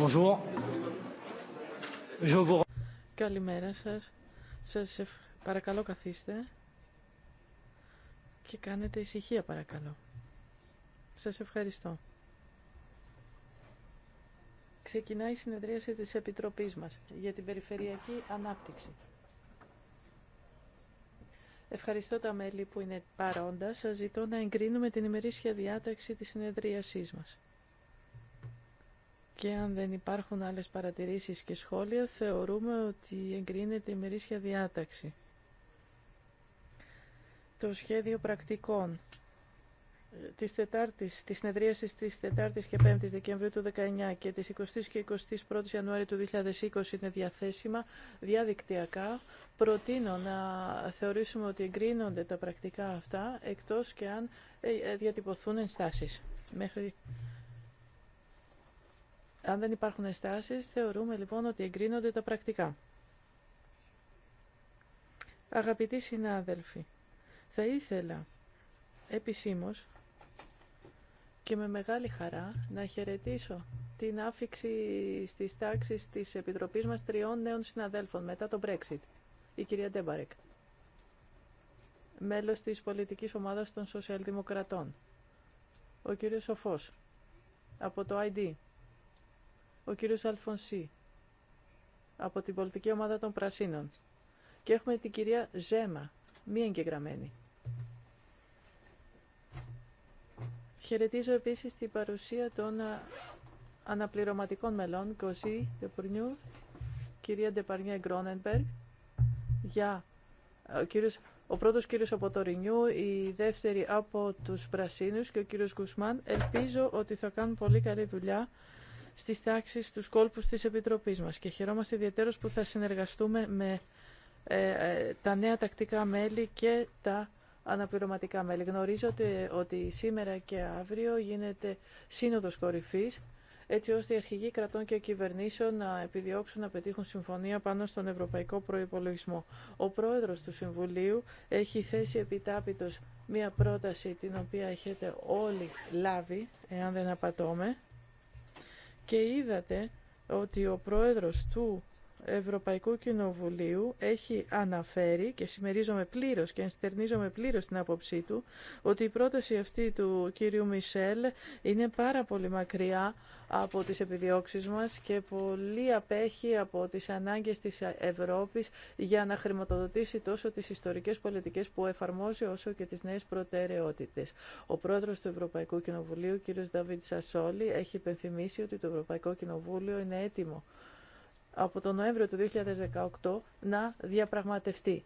Bonjour. Καλημέρα σας. Σας παρακαλώ καθίστε και κάνετε ησυχία παρακαλώ. Σας ευχαριστώ. Ξεκινάει η συνεδρίαση της Επιτροπής μας για την Περιφερειακή Ανάπτυξη. Ευχαριστώ τα μέλη που είναι παρόντα. Σας ζητώ να εγκρίνουμε την ημερήσια διάταξη της συνεδρίασής μας και αν δεν υπάρχουν άλλες παρατηρήσεις και σχόλια θεωρούμε ότι εγκρίνεται η μερίσια διάταξη. Το σχέδιο πρακτικών της, τετάρτης, της συνεδρίασης της 4ης και 5ης Δεκεμβρίου του 19 και της 20ης και 21ης Ιανουαρίου του 2020 είναι διαθέσιμα διαδικτυακά. Προτείνω να θεωρήσουμε ότι εγκρίνονται τα πρακτικά αυτά εκτός και αν ε, ε, διατυπωθούν ενστάσεις. Μέχρι αν δεν υπάρχουν στάσει, θεωρούμε λοιπόν ότι εγκρίνονται τα πρακτικά. Αγαπητοί συνάδελφοι, θα ήθελα επισήμως και με μεγάλη χαρά να χαιρετήσω την άφηξη στις τάξεις της Επιτροπής μας τριών νέων συναδέλφων μετά το Brexit, η κυρία Ντέμπαρεκ, μέλος της πολιτικής ομάδας των Σοσιαλδημοκρατών, ο κύριος Σοφός, από το ID, ο κύριος Αλφονσί από την πολιτική ομάδα των Πρασίνων. Και έχουμε την κυρία Ζέμα, μη εγγεγραμμένη. Χαιρετίζω επίσης την παρουσία των αναπληρωματικών μελών, Κωσί Δεπουρνιού, κυρία Ντεπαρνιέ Γκρόνενμπεργκ, για ο, κύριος, ο πρώτος κύριος από το Ρινιού, η δεύτερη από τους Πρασίνους και ο κύριος Γκουσμάν. Ελπίζω ότι θα κάνουν πολύ καλή δουλειά στις τάξεις, στου κόλπου τη Επιτροπής μας και χαιρόμαστε ιδιαίτερω που θα συνεργαστούμε με ε, ε, τα νέα τακτικά μέλη και τα αναπληρωματικά μέλη. Γνωρίζω ότι, ότι σήμερα και αύριο γίνεται σύνοδος κορυφής έτσι ώστε οι αρχηγοί κρατών και κυβερνήσεων να επιδιώξουν να πετύχουν συμφωνία πάνω στον ευρωπαϊκό προϋπολογισμό. Ο πρόεδρος του Συμβουλίου έχει θέσει επιτάπητος μία πρόταση την οποία έχετε όλοι λάβει, εάν δεν απατώμε, και είδατε ότι ο πρόεδρος του Ευρωπαϊκού Κοινοβουλίου έχει αναφέρει και συμμερίζομαι πλήρως και ενστερνίζομαι πλήρως την άποψή του ότι η πρόταση αυτή του κύριου Μισελ είναι πάρα πολύ μακριά από τις επιδιώξεις μας και πολύ απέχει από τις ανάγκες της Ευρώπης για να χρηματοδοτήσει τόσο τις ιστορικές πολιτικές που εφαρμόζει όσο και τις νέες προτεραιότητες. Ο πρόεδρος του Ευρωπαϊκού Κοινοβουλίου, κύριος Νταβίτ Σασόλη, έχει υπενθυμίσει ότι το Ευρωπαϊκό Κοινοβούλιο είναι έτοιμο από τον Νοέμβριο του 2018 να διαπραγματευτεί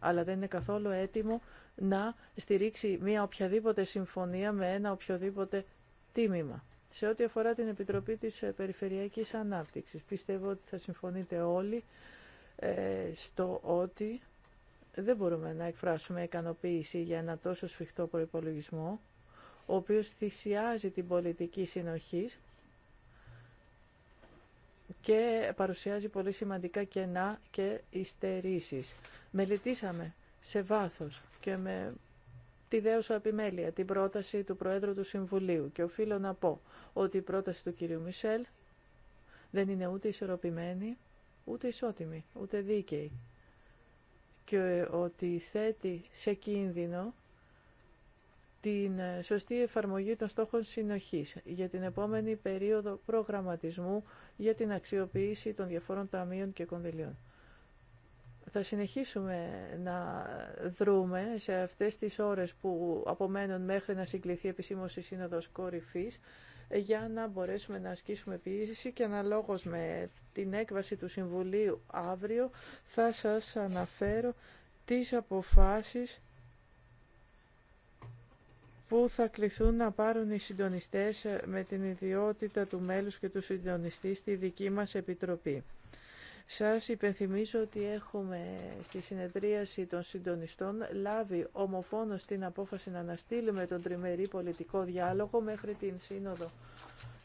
αλλά δεν είναι καθόλου έτοιμο να στηρίξει μια οποιαδήποτε συμφωνία με ένα οποιοδήποτε τίμημα. Σε ό,τι αφορά την Επιτροπή της ε, Περιφερειακής Ανάπτυξης, πιστεύω ότι θα συμφωνείτε όλοι ε, στο ότι δεν μπορούμε να εκφράσουμε ικανοποίηση για ένα τόσο σφιχτό προϋπολογισμό, ο οποίος θυσιάζει την πολιτική συνοχής και παρουσιάζει πολύ σημαντικά κενά και ιστερήσεις. Μελετήσαμε σε βάθος και με τη δέουσα επιμέλεια την πρόταση του Προέδρου του Συμβουλίου και οφείλω να πω ότι η πρόταση του κυρίου Μισελ δεν είναι ούτε ισορροπημένη, ούτε ισότιμη, ούτε δίκαιη και ότι θέτει σε κίνδυνο την ε, σωστή εφαρμογή των στόχων συνοχής για την επόμενη περίοδο προγραμματισμού για την αξιοποίηση των διαφόρων ταμείων και κονδυλίων. Θα συνεχίσουμε να δρούμε σε αυτές τις ώρες που απομένουν μέχρι να συγκληθεί η η Σύνοδος Κορυφής ε, για να μπορέσουμε να ασκήσουμε ποιήση και αναλόγως με την έκβαση του Συμβουλίου αύριο θα σας αναφέρω τις αποφάσεις που θα κληθούν να πάρουν οι συντονιστές ε, με την ιδιότητα του μέλους και του συντονιστή στη δική μας Επιτροπή. Σας υπενθυμίζω ότι έχουμε στη συνεδρίαση των συντονιστών λάβει ομοφόνος την απόφαση να αναστείλουμε τον τριμερή πολιτικό διάλογο μέχρι την σύνοδο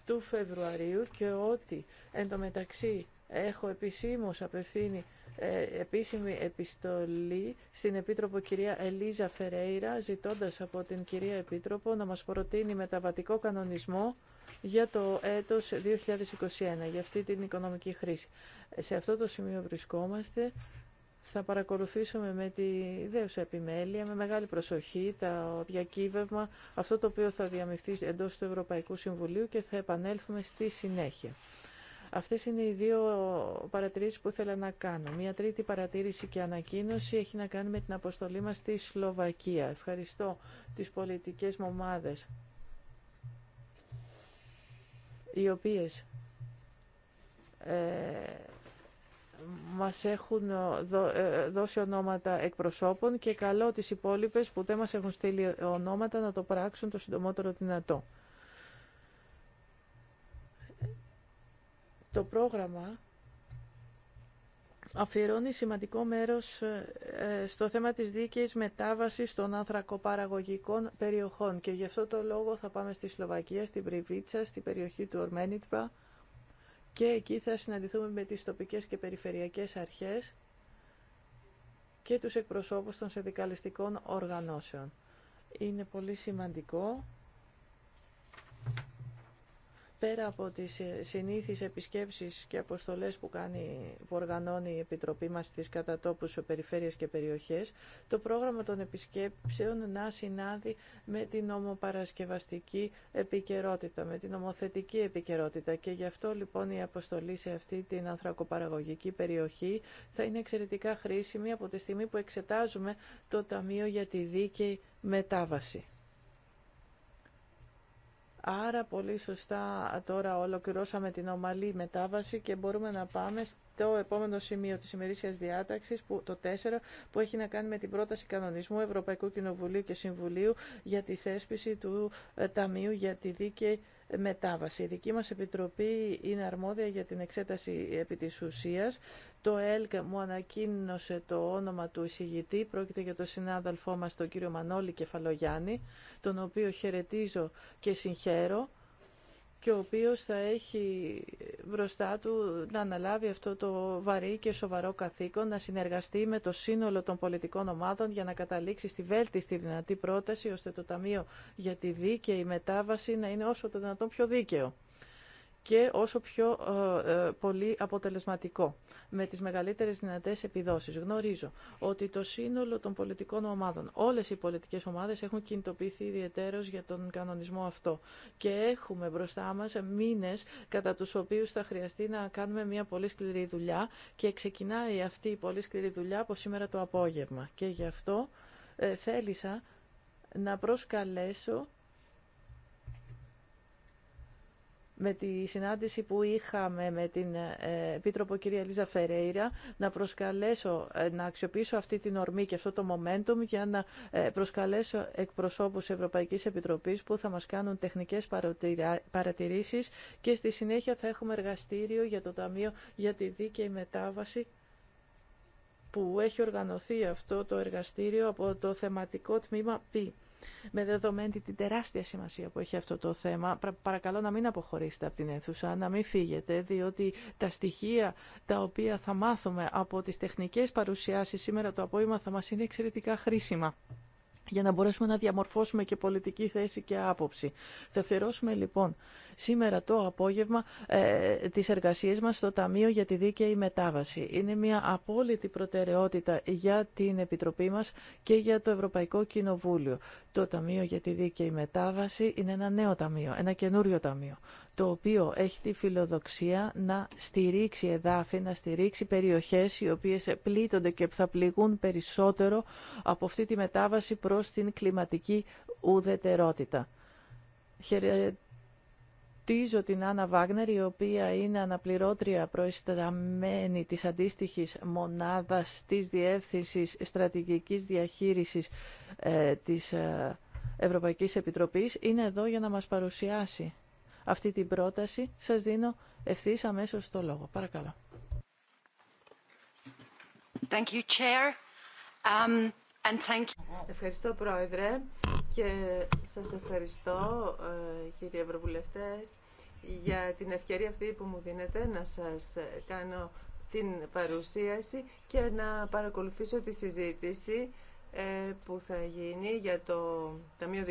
του Φεβρουαρίου και ότι εν τω μεταξύ έχω επισήμως απευθύνει ε, επίσημη επιστολή στην Επίτροπο κυρία Ελίζα Φερέιρα ζητώντας από την κυρία Επίτροπο να μας προτείνει μεταβατικό κανονισμό για το έτος 2021, για αυτή την οικονομική χρήση. Σε αυτό το σημείο βρισκόμαστε. Θα παρακολουθήσουμε με τη δέουσα επιμέλεια, με μεγάλη προσοχή, τα διακύβευμα, αυτό το οποίο θα διαμειχθεί εντός του Ευρωπαϊκού Συμβουλίου και θα επανέλθουμε στη συνέχεια. Αυτές είναι οι δύο παρατηρήσεις που ήθελα να κάνω. Μια τρίτη παρατήρηση και ανακοίνωση έχει να κάνει με την αποστολή μας στη Σλοβακία. Ευχαριστώ τις πολιτικές μου ομάδες οι οποίες ε, μας έχουν ε, δώσει ονόματα εκπροσώπων και καλό τις υπόλοιπες που δεν μας έχουν στείλει ονόματα να το πράξουν το συντομότερο δυνατό. Το πρόγραμμα αφιερώνει σημαντικό μέρος ε, στο θέμα της δίκαιης μετάβασης των ανθρακοπαραγωγικών περιοχών και γι' αυτό το λόγο θα πάμε στη Σλοβακία, στην Πριβίτσα, στην περιοχή του Ορμένιτπρα και εκεί θα συναντηθούμε με τις τοπικές και περιφερειακές αρχές και τους εκπροσώπους των συνδικαλιστικών οργανώσεων. Είναι πολύ σημαντικό πέρα από τις συνήθεις επισκέψεις και αποστολές που, κάνει, που οργανώνει η Επιτροπή μας στις κατατόπους περιφέρειες και περιοχές, το πρόγραμμα των επισκέψεων να συνάδει με την ομοπαρασκευαστική επικαιρότητα, με την ομοθετική επικαιρότητα και γι' αυτό λοιπόν η αποστολή σε αυτή την ανθρακοπαραγωγική περιοχή θα είναι εξαιρετικά χρήσιμη από τη στιγμή που εξετάζουμε το Ταμείο για τη Δίκαιη Μετάβαση. Άρα πολύ σωστά τώρα ολοκληρώσαμε την ομαλή μετάβαση και μπορούμε να πάμε στο επόμενο σημείο της ημερήσιας διάταξης, που, το 4, που έχει να κάνει με την πρόταση κανονισμού Ευρωπαϊκού Κοινοβουλίου και Συμβουλίου για τη θέσπιση του ε, Ταμείου για τη Δίκαιη μετάβαση. Η δική μας Επιτροπή είναι αρμόδια για την εξέταση επί της ουσίας. Το ΕΛΚ μου ανακοίνωσε το όνομα του εισηγητή. Πρόκειται για τον συνάδελφό μας, τον κύριο Μανώλη Κεφαλογιάννη, τον οποίο χαιρετίζω και συγχαίρω και ο οποίος θα έχει μπροστά του να αναλάβει αυτό το βαρύ και σοβαρό καθήκον, να συνεργαστεί με το σύνολο των πολιτικών ομάδων για να καταλήξει στη βέλτιστη δυνατή πρόταση, ώστε το Ταμείο για τη Δίκαιη Μετάβαση να είναι όσο το δυνατόν πιο δίκαιο και όσο πιο ε, ε, πολύ αποτελεσματικό, με τις μεγαλύτερες δυνατές επιδόσεις. Γνωρίζω ότι το σύνολο των πολιτικών ομάδων, όλες οι πολιτικές ομάδες έχουν κινητοποιηθεί ιδιαιτέρως για τον κανονισμό αυτό και έχουμε μπροστά μας μήνες κατά τους οποίους θα χρειαστεί να κάνουμε μια πολύ σκληρή δουλειά και ξεκινάει αυτή η πολύ σκληρή δουλειά από σήμερα το απόγευμα και γι' αυτό ε, θέλησα να προσκαλέσω με τη συνάντηση που είχαμε με την ε, Επίτροπο κυρία Λίζα Φερέιρα να προσκαλέσω, ε, να αξιοποιήσω αυτή την ορμή και αυτό το momentum για να ε, προσκαλέσω εκπροσώπους Ευρωπαϊκής Επιτροπής που θα μας κάνουν τεχνικές παρατηρήσεις και στη συνέχεια θα έχουμε εργαστήριο για το Ταμείο για τη Δίκαιη Μετάβαση που έχει οργανωθεί αυτό το εργαστήριο από το θεματικό τμήμα Π με δεδομένη την τεράστια σημασία που έχει αυτό το θέμα. Παρακαλώ να μην αποχωρήσετε από την αίθουσα, να μην φύγετε, διότι τα στοιχεία τα οποία θα μάθουμε από τις τεχνικές παρουσιάσεις σήμερα το απόγευμα θα μας είναι εξαιρετικά χρήσιμα για να μπορέσουμε να διαμορφώσουμε και πολιτική θέση και άποψη. Θα αφιερώσουμε λοιπόν σήμερα το απόγευμα ε, τις εργασίες μας στο Ταμείο για τη Δίκαιη Μετάβαση. Είναι μια απόλυτη προτεραιότητα για την Επιτροπή μας και για το Ευρωπαϊκό Κοινοβούλιο. Το Ταμείο για τη Δίκαιη Μετάβαση είναι ένα νέο ταμείο, ένα καινούριο ταμείο το οποίο έχει τη φιλοδοξία να στηρίξει εδάφη, να στηρίξει περιοχές οι οποίες πλήττονται και θα πληγούν περισσότερο από αυτή τη μετάβαση προς την κλιματική ουδετερότητα. Χαιρετίζω την Άννα Βάγνερ, η οποία είναι αναπληρώτρια προϊσταμένη της αντίστοιχης μονάδας της Διεύθυνσης Στρατηγικής Διαχείρισης ε, της ε, Ευρωπαϊκής Επιτροπής, είναι εδώ για να μας παρουσιάσει αυτή την πρόταση. Σας δίνω ευθύ αμέσω το λόγο. Παρακαλώ. Thank you, Chair. Um, and thank you. Ευχαριστώ, Πρόεδρε, και σας ευχαριστώ, ε, κύριε Ευρωβουλευτές, για την ευκαιρία αυτή που μου δίνετε να σας κάνω την παρουσίαση και να παρακολουθήσω τη συζήτηση ε, που θα γίνει για το Ταμείο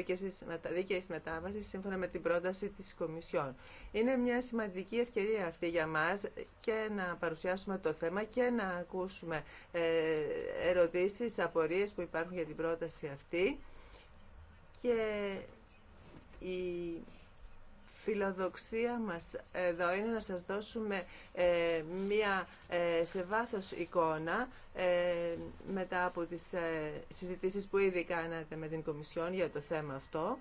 Δίκαιης Μετάβασης σύμφωνα με την πρόταση της Κομισιόν. Είναι μια σημαντική ευκαιρία αυτή για μας και να παρουσιάσουμε το θέμα και να ακούσουμε ε, ερωτήσεις, απορίες που υπάρχουν για την πρόταση αυτή και η φιλοδοξία μας εδώ είναι να σας δώσουμε ε, μία ε, σε βάθος εικόνα ε, μετά από τις συζητήσεις που ήδη κάνατε με την Κομισιόν για το θέμα αυτό.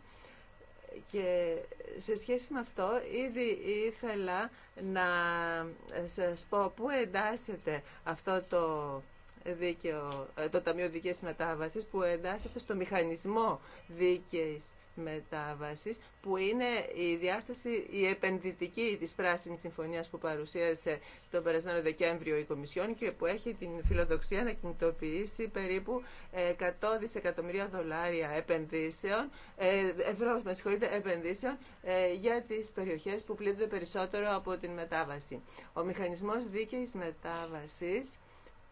Και σε σχέση με αυτό, ήδη ήθελα να σας πω πού εντάσσεται αυτό το δίκαιο, ε, το Ταμείο Δίκαιη μετάβαση που εντάσσεται στο μηχανισμό δίκαιη μετάβασης που είναι η διάσταση η επενδυτική της πράσινη Συμφωνίας που παρουσίασε τον περασμένο Δεκέμβριο η Κομισιόν και που έχει την φιλοδοξία να κινητοποιήσει περίπου 100 ε, δισεκατομμύρια δολάρια επενδύσεων, ε, ευρώ, με συγχωρείτε, επενδύσεων για τι περιοχέ που πλήττονται περισσότερο από την μετάβαση. Ο μηχανισμός δίκαιης μετάβαση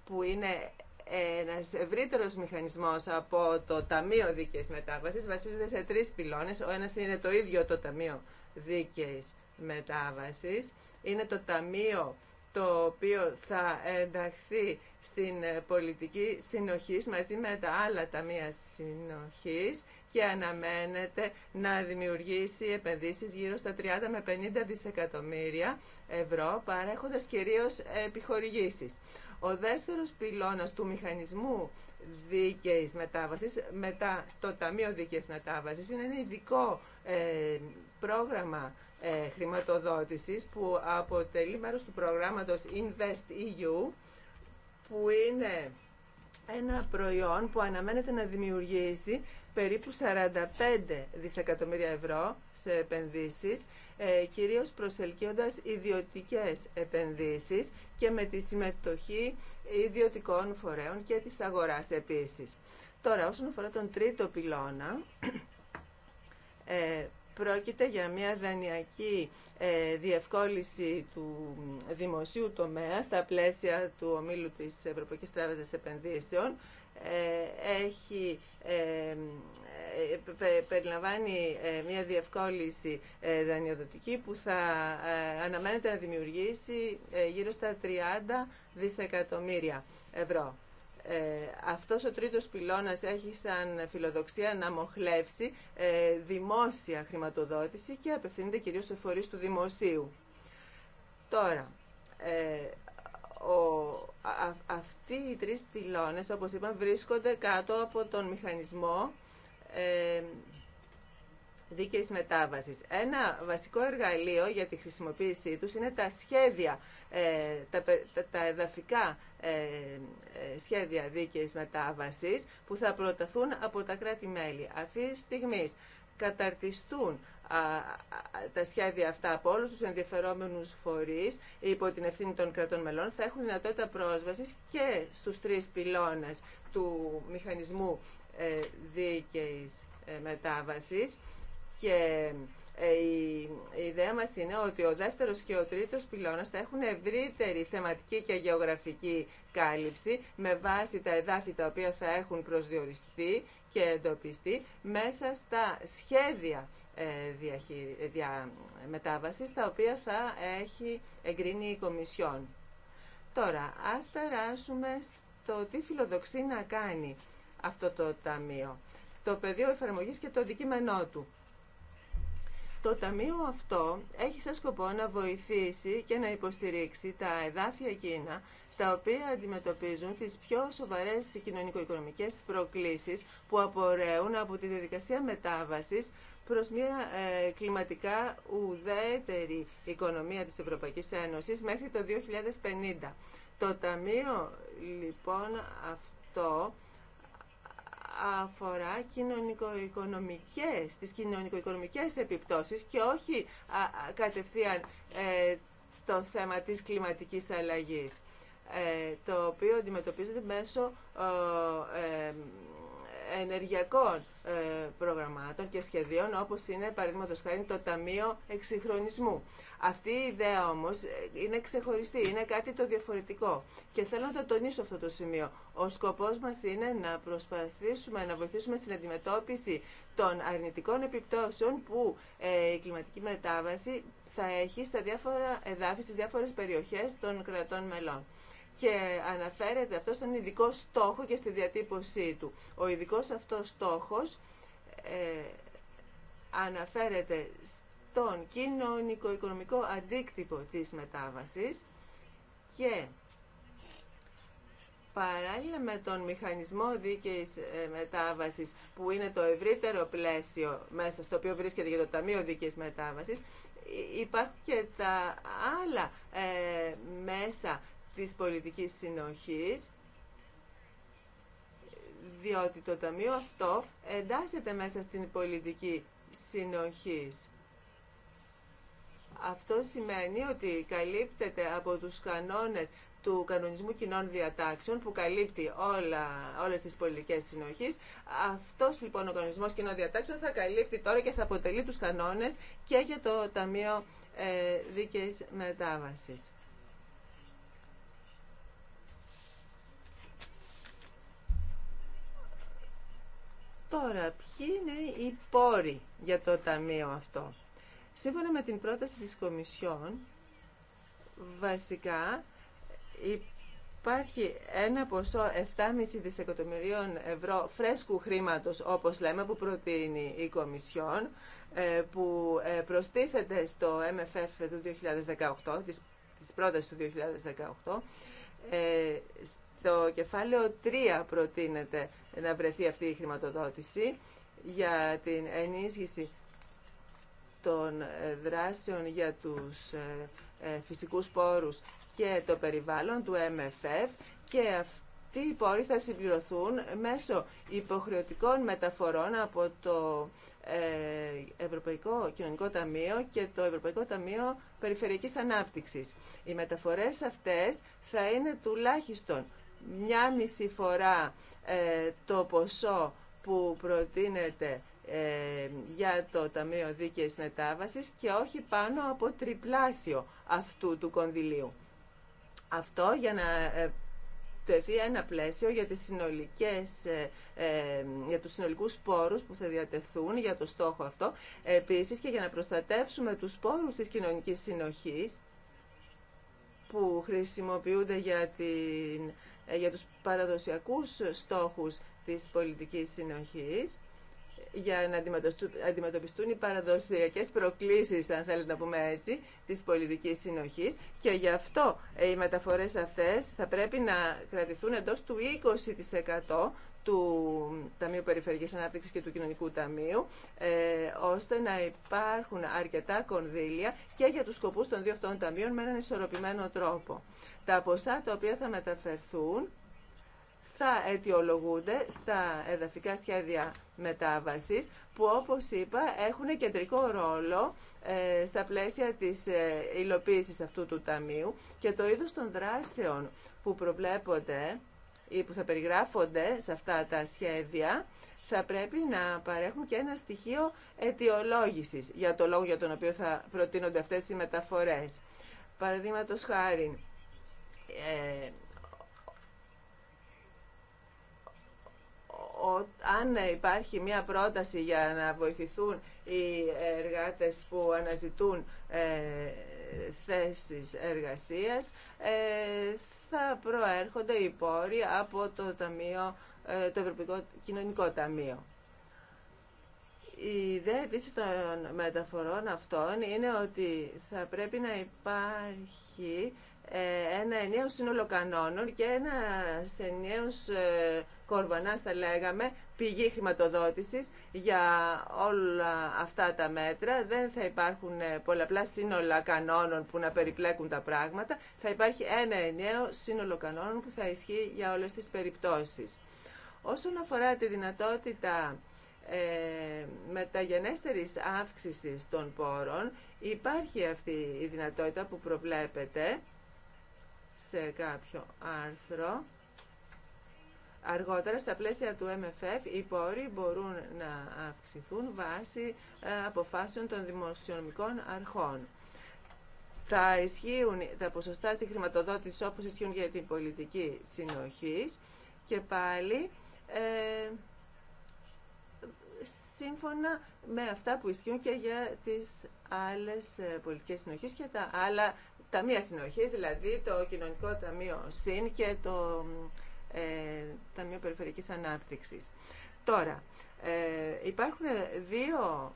που είναι ε, ένας ευρύτερος μηχανισμός από το Ταμείο Δίκαιης Μετάβασης βασίζεται σε τρεις πυλώνες. Ο ένας είναι το ίδιο το Ταμείο Δίκαιης Μετάβασης. Είναι το Ταμείο το οποίο θα ενταχθεί στην πολιτική συνοχής μαζί με τα άλλα ταμεία συνοχής και αναμένεται να δημιουργήσει επενδύσεις γύρω στα 30 με 50 δισεκατομμύρια ευρώ παρέχοντας κυρίως επιχορηγήσεις. Ο δεύτερος πυλώνας του μηχανισμού δίκαιης μετάβασης, μετά το Ταμείο Δίκαιης Μετάβασης, είναι ένα ειδικό ε, πρόγραμμα ε, χρηματοδότησης που αποτελεί μέρος του προγράμματος Invest EU, που είναι ένα προϊόν που αναμένεται να δημιουργήσει περίπου 45 δισεκατομμύρια ευρώ σε επενδύσεις, ε, κυρίως προσελκύοντας ιδιωτικές επενδύσεις και με τη συμμετοχή ιδιωτικών φορέων και της αγοράς επίσης. Τώρα, όσον αφορά τον τρίτο πυλώνα, ε, πρόκειται για μια δανειακή ε, διευκόλυση του δημοσίου τομέα στα πλαίσια του ομίλου της Ευρωπαϊκής Τράπεζας Επενδύσεων, ε, έχει, ε, ε, περιλαμβάνει μια διευκόλυνση δανειοδοτική που θα αναμένεται να δημιουργήσει γύρω στα 30 δισεκατομμύρια ευρώ. Αυτός ο τρίτος πυλώνας έχει σαν φιλοδοξία να μοχλεύσει δημόσια χρηματοδότηση και απευθύνεται κυρίως σε φορείς του δημοσίου. Τώρα, α, αυτοί οι τρεις πυλώνες, όπως είπα, βρίσκονται κάτω από τον μηχανισμό ε, δίκαιης μετάβασης. Ένα βασικό εργαλείο για τη χρησιμοποίησή τους είναι τα σχέδια, ε, τα, εδαφικά ε, ε, σχέδια δίκαιης μετάβασης που θα προταθούν από τα κράτη-μέλη. Αυτή τη στιγμή καταρτιστούν τα σχέδια αυτά από όλους τους ενδιαφερόμενους φορείς υπό την ευθύνη των κρατών μελών θα έχουν δυνατότητα πρόσβασης και στους τρεις πυλώνες του μηχανισμού ε, δίκαιης ε, μετάβασης και ε, η ιδέα μας είναι ότι ο δεύτερος και ο τρίτος πυλώνας θα έχουν ευρύτερη θεματική και γεωγραφική κάλυψη με βάση τα εδάφη τα οποία θα έχουν προσδιοριστεί και εντοπιστεί μέσα στα σχέδια ε, ε, μετάβασης, τα οποία θα έχει εγκρίνει η Κομισιόν. Τώρα, ας περάσουμε στο τι φιλοδοξεί να κάνει αυτό το Ταμείο. Το πεδίο εφαρμογής και το αντικείμενό του. Το Ταμείο αυτό έχει σαν σκοπό να βοηθήσει και να υποστηρίξει τα εδάφια εκείνα τα οποία αντιμετωπίζουν τις πιο σοβαρές κοινωνικο-οικονομικές προκλήσεις που απορρέουν από τη διαδικασία μετάβασης Προ μια ε, κλιματικά ουδέτερη οικονομία τη Ευρωπαϊκή Ένωση μέχρι το 2050. Το Ταμείο λοιπόν αυτό αφορά τις κοινωνικο-οικονομικές επιπτώσεις και όχι κατευθείαν ε, το θέμα της κλιματικής αλλαγής, ε, το οποίο αντιμετωπίζεται μέσω ενεργειακών ε, προγραμμάτων και σχεδίων, όπως είναι, παραδείγματο χάρη, το Ταμείο Εξυγχρονισμού. Αυτή η ιδέα όμως είναι ξεχωριστή, είναι κάτι το διαφορετικό. Και θέλω να το τονίσω αυτό το σημείο. Ο σκοπός μας είναι να προσπαθήσουμε να βοηθήσουμε στην αντιμετώπιση των αρνητικών επιπτώσεων που ε, η κλιματική μετάβαση θα έχει στα διάφορα εδάφη, στις διάφορες περιοχές των κρατών μελών και αναφέρεται αυτό στον ειδικό στόχο και στη διατύπωσή του. Ο ειδικό αυτός στόχος ε, αναφέρεται στον κοινωνικο-οικονομικό αντίκτυπο της μετάβασης και παράλληλα με τον μηχανισμό δίκαιης ε, μετάβασης που είναι το ευρύτερο πλαίσιο μέσα στο οποίο βρίσκεται και το Ταμείο Δίκαιης Μετάβασης υπάρχουν και τα άλλα ε, μέσα της πολιτικής συνοχής, διότι το Ταμείο αυτό εντάσσεται μέσα στην πολιτική συνοχής. Αυτό σημαίνει ότι καλύπτεται από τους κανόνες του κανονισμού κοινών διατάξεων που καλύπτει όλα, όλες τις πολιτικές συνοχές. Αυτός λοιπόν ο κανονισμός κοινών διατάξεων θα καλύπτει τώρα και θα αποτελεί τους κανόνες και για το Ταμείο ε, Δίκαιης Μετάβασης. Τώρα, ποιοι είναι οι πόροι για το ταμείο αυτό. Σύμφωνα με την πρόταση της Κομισιόν, βασικά υπάρχει ένα ποσό 7,5 δισεκατομμυρίων ευρώ φρέσκου χρήματος, όπως λέμε, που προτείνει η Κομισιόν, ε, που ε, προστίθεται στο MFF του 2018, της, πρότασης του 2018. Ε, στο κεφάλαιο 3 προτείνεται να βρεθεί αυτή η χρηματοδότηση για την ενίσχυση των ε, δράσεων για τους ε, ε, φυσικούς πόρους και το περιβάλλον του MFF και αυτοί οι πόροι θα συμπληρωθούν μέσω υποχρεωτικών μεταφορών από το Ευρωπαϊκό Κοινωνικό Ταμείο και το Ευρωπαϊκό Ταμείο Περιφερειακής Ανάπτυξης. Οι μεταφορές αυτές θα είναι τουλάχιστον μια μισή φορά ε, το ποσό που προτείνεται ε, για το Ταμείο Δίκαιης Μετάβασης και όχι πάνω από τριπλάσιο αυτού του κονδυλίου. Αυτό για να ε, τεθεί ένα πλαίσιο για, τις συνολικές, για τους συνολικούς πόρους που θα διατεθούν για το στόχο αυτό, επίσης και για να προστατεύσουμε τους πόρους της κοινωνικής συνοχής που χρησιμοποιούνται για την ε, για τους παραδοσιακούς στόχους της πολιτικής συνοχής για να αντιμετωπιστούν οι παραδοσιακές προκλήσεις, αν θέλετε να πούμε έτσι, της πολιτικής συνοχής και γι' αυτό ε, οι μεταφορές αυτές θα πρέπει να κρατηθούν εντός του 20% του Ταμείου Περιφερειακής Ανάπτυξης και του Κοινωνικού Ταμείου, ε, ώστε να υπάρχουν αρκετά κονδύλια και για τους σκοπούς των δύο αυτών ταμείων με έναν ισορροπημένο τρόπο. Τα ποσά τα οποία θα μεταφερθούν θα αιτιολογούνται στα εδαφικά σχέδια μετάβασης που όπως είπα έχουν κεντρικό ρόλο ε, στα πλαίσια της ε, υλοποίησης αυτού του ταμείου και το είδος των δράσεων που προβλέπονται ή που θα περιγράφονται σε αυτά τα σχέδια θα πρέπει να παρέχουν και ένα στοιχείο αιτιολόγησης για το λόγο για τον οποίο θα προτείνονται αυτές οι μεταφορές. Παραδείγματο χάρη, ε, Ο, αν υπάρχει μια πρόταση για να βοηθηθούν οι εργάτες που αναζητούν ε, θέσεις εργασίας ε, θα προέρχονται οι πόροι από το, ταμείο, ε, το Ευρωπαϊκό Κοινωνικό Ταμείο. Η ιδέα επίσης των μεταφορών αυτών είναι ότι θα πρέπει να υπάρχει ε, ένα ενιαίο σύνολο κανόνων και ένα ενιαίο κορβανάς θα λέγαμε πηγή χρηματοδότησης για όλα αυτά τα μέτρα. Δεν θα υπάρχουν ε, πολλαπλά σύνολα κανόνων που να περιπλέκουν τα πράγματα. Θα υπάρχει ένα ενιαίο σύνολο κανόνων που θα ισχύει για όλες τις περιπτώσεις. Όσον αφορά τη δυνατότητα ε, μεταγενέστερης αύξησης των πόρων, υπάρχει αυτή η δυνατότητα που προβλέπεται σε κάποιο άρθρο Αργότερα, στα πλαίσια του MFF, οι πόροι μπορούν να αυξηθούν βάσει ε, αποφάσεων των δημοσιονομικών αρχών. Θα ισχύουν τα ποσοστά στη χρηματοδότηση όπως ισχύουν για την πολιτική συνοχής και πάλι ε, σύμφωνα με αυτά που ισχύουν και για τις άλλες ε, πολιτικές συνοχής και τα άλλα ταμεία συνοχής, δηλαδή το Κοινωνικό Ταμείο ΣΥΝ και το ε, Ταμείο περιφερικής Ανάπτυξης. Τώρα, ε, υπάρχουν δύο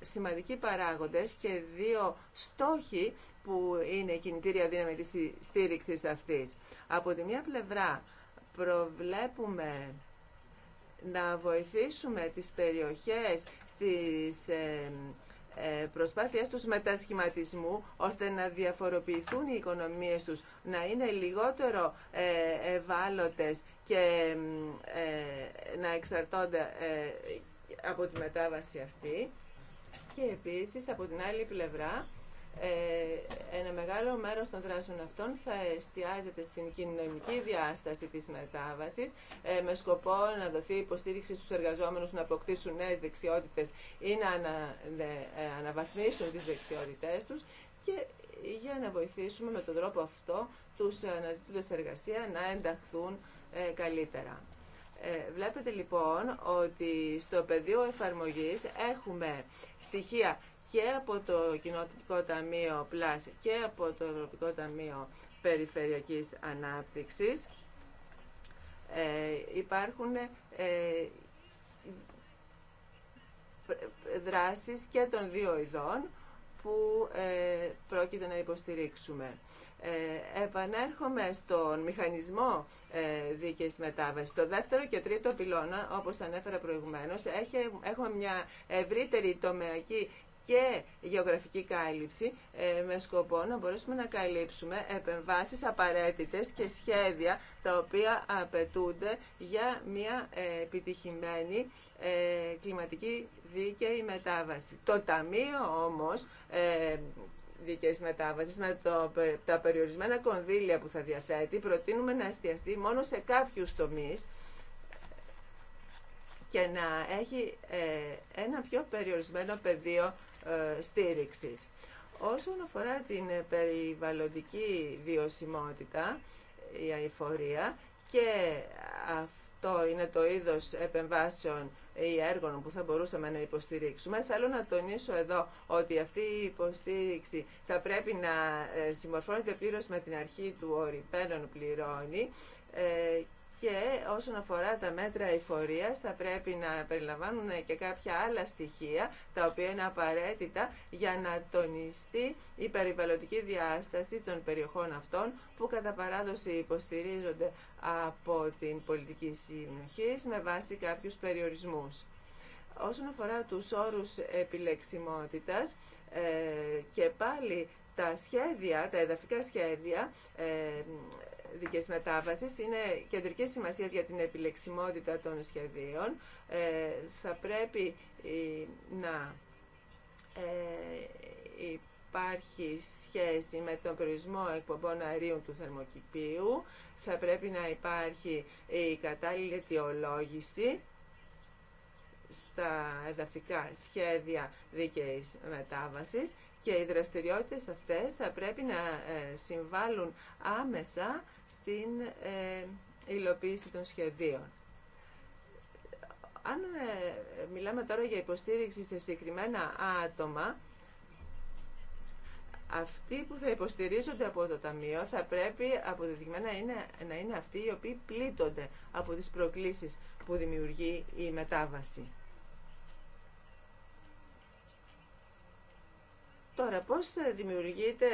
σημαντικοί παράγοντες και δύο στόχοι που είναι η κινητήρια δύναμη της στήριξης αυτής. Από τη μία πλευρά προβλέπουμε να βοηθήσουμε τις περιοχές στις ε, ε, προσπάθειας τους μετασχηματισμού ώστε να διαφοροποιηθούν οι οικονομίες τους, να είναι λιγότερο ε, ευάλωτες και ε, να εξαρτώνται από τη μετάβαση αυτή. Και επίσης από την άλλη πλευρά ε, ένα μεγάλο μέρος των δράσεων αυτών θα εστιάζεται στην κοινωνική διάσταση της μετάβασης ε, με σκοπό να δοθεί υποστήριξη στους εργαζόμενους να αποκτήσουν νέες δεξιότητες ή να ε, αναβαθμίσουν τις δεξιότητές τους και για να βοηθήσουμε με τον τρόπο αυτό τους αναζητούντες εργασία να ενταχθούν καλύτερα. Βλέπετε λοιπόν ότι στο πεδίο εφαρμογής έχουμε στοιχεία και από το Κοινοτικό Ταμείο Πλάς και από το Ευρωπαϊκό Ταμείο Περιφερειακής Ανάπτυξης ε, υπάρχουν ε, δράσεις και των δύο ειδών που ε, πρόκειται να υποστηρίξουμε. Ε, επανέρχομαι στον μηχανισμό ε, δίκαιης μετάβασης. Το δεύτερο και τρίτο πυλώνα, όπως ανέφερα προηγουμένως, έχει, έχουμε μια ευρύτερη τομεακή και γεωγραφική κάλυψη ε, με σκοπό να μπορέσουμε να καλύψουμε επεμβάσεις απαραίτητες και σχέδια τα οποία απαιτούνται για μια ε, επιτυχημένη ε, κλιματική δίκαιη μετάβαση. Το Ταμείο όμως δίκαιης μετάβασης με το, τα περιορισμένα κονδύλια που θα διαθέτει προτείνουμε να εστιαστεί μόνο σε κάποιους τομείς και να έχει ένα πιο περιορισμένο πεδίο ε, στήριξης. Όσον αφορά την ε, περιβαλλοντική βιωσιμότητα, η αηφορία και αυτό είναι το είδος επεμβάσεων ή έργων που θα μπορούσαμε να υποστηρίξουμε. Θέλω να τονίσω εδώ ότι αυτή η υποστήριξη θα πρέπει να ε, συμμορφώνεται πλήρως με την αρχή του ορυπένων πληρώνει» και όσον αφορά τα μέτρα εφορίας θα πρέπει να περιλαμβάνουν και κάποια άλλα στοιχεία τα οποία είναι απαραίτητα για να τονιστεί η περιβαλλοντική διάσταση των περιοχών αυτών που κατά παράδοση υποστηρίζονται από την πολιτική συνοχή με βάση κάποιους περιορισμούς. Όσον αφορά τους όρους επιλεξιμότητας ε, και πάλι τα σχέδια, τα εδαφικά σχέδια ε, δικές μετάβαση. είναι κεντρική σημασία για την επιλεξιμότητα των σχεδίων. Ε, θα πρέπει ε, να ε, υπάρχει σχέση με τον περιορισμό εκπομπών αερίων του θερμοκηπίου. Θα πρέπει να υπάρχει ε, η κατάλληλη αιτιολόγηση στα εδαφικά σχέδια δίκαιης μετάβασης και οι δραστηριότητες αυτές θα πρέπει να συμβάλλουν άμεσα στην ε, υλοποίηση των σχεδίων. Αν ε, μιλάμε τώρα για υποστήριξη σε συγκεκριμένα άτομα, αυτοί που θα υποστηρίζονται από το Ταμείο θα πρέπει αποδεδειγμένα είναι, να είναι αυτοί οι οποίοι πλήττονται από τις προκλήσεις που δημιουργεί η μετάβαση. Τώρα, πώς ε, δημιουργείται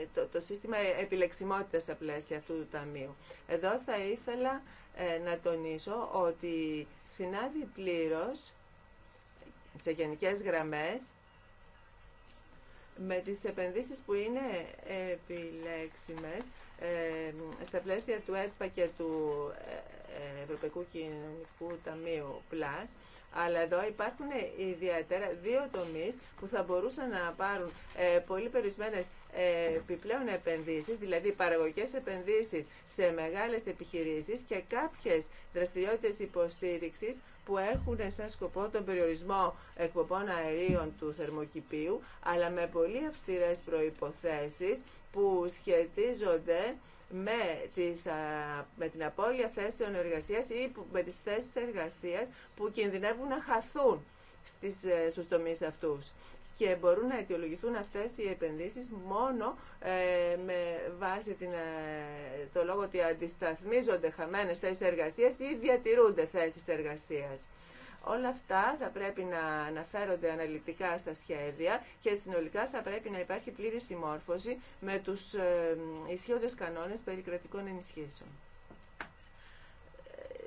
ε, το, το σύστημα επιλεξιμότητας στα πλαίσια αυτού του Ταμείου. Εδώ θα ήθελα ε, να τονίσω ότι συνάδει πλήρως σε γενικές γραμμές με τις επενδύσεις που είναι επιλέξιμες στα πλαίσια του ΕΤΠΑ και του Ευρωπαϊκού Κοινωνικού Ταμείου πλάς. Αλλά εδώ υπάρχουν ιδιαίτερα δύο τομεί που θα μπορούσαν να πάρουν ε, πολύ περισμένες ε, επιπλέον επενδύσεις, δηλαδή παραγωγικές επενδύσεις σε μεγάλες επιχειρήσεις και κάποιες δραστηριότητες υποστήριξης που έχουν σαν σκοπό τον περιορισμό εκπομπών αερίων του θερμοκηπίου, αλλά με πολύ αυστηρές προποθέσει που σχετίζονται με, τις, με την απώλεια θέσεων εργασίας ή με τις θέσεις εργασίας που κινδυνεύουν να χαθούν στις, ε, στους τομείς αυτούς. Και μπορούν να αιτιολογηθούν αυτές οι επενδύσεις μόνο ε, με βάση την, ε, το λόγο ότι αντισταθμίζονται χαμένες θέσεις εργασίας ή διατηρούνται θέσεις εργασίας. Όλα αυτά θα πρέπει να αναφέρονται αναλυτικά στα σχέδια και συνολικά θα πρέπει να υπάρχει πλήρη συμμόρφωση με τους ε, ισχύοντες κανόνες περί κρατικών ενισχύσεων.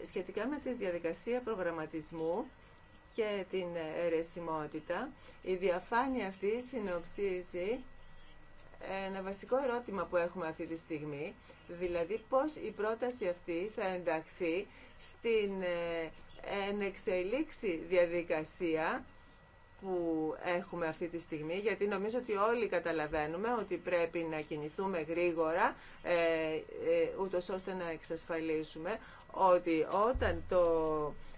Ε, σχετικά με τη διαδικασία προγραμματισμού, και την αιρεσιμότητα. Η διαφάνεια αυτή συνοψίζει ένα βασικό ερώτημα που έχουμε αυτή τη στιγμή, δηλαδή πώς η πρόταση αυτή θα ενταχθεί στην ε, εξελίξη διαδικασία που έχουμε αυτή τη στιγμή, γιατί νομίζω ότι όλοι καταλαβαίνουμε ότι πρέπει να κινηθούμε γρήγορα, ε, ε ούτως ώστε να εξασφαλίσουμε ότι όταν το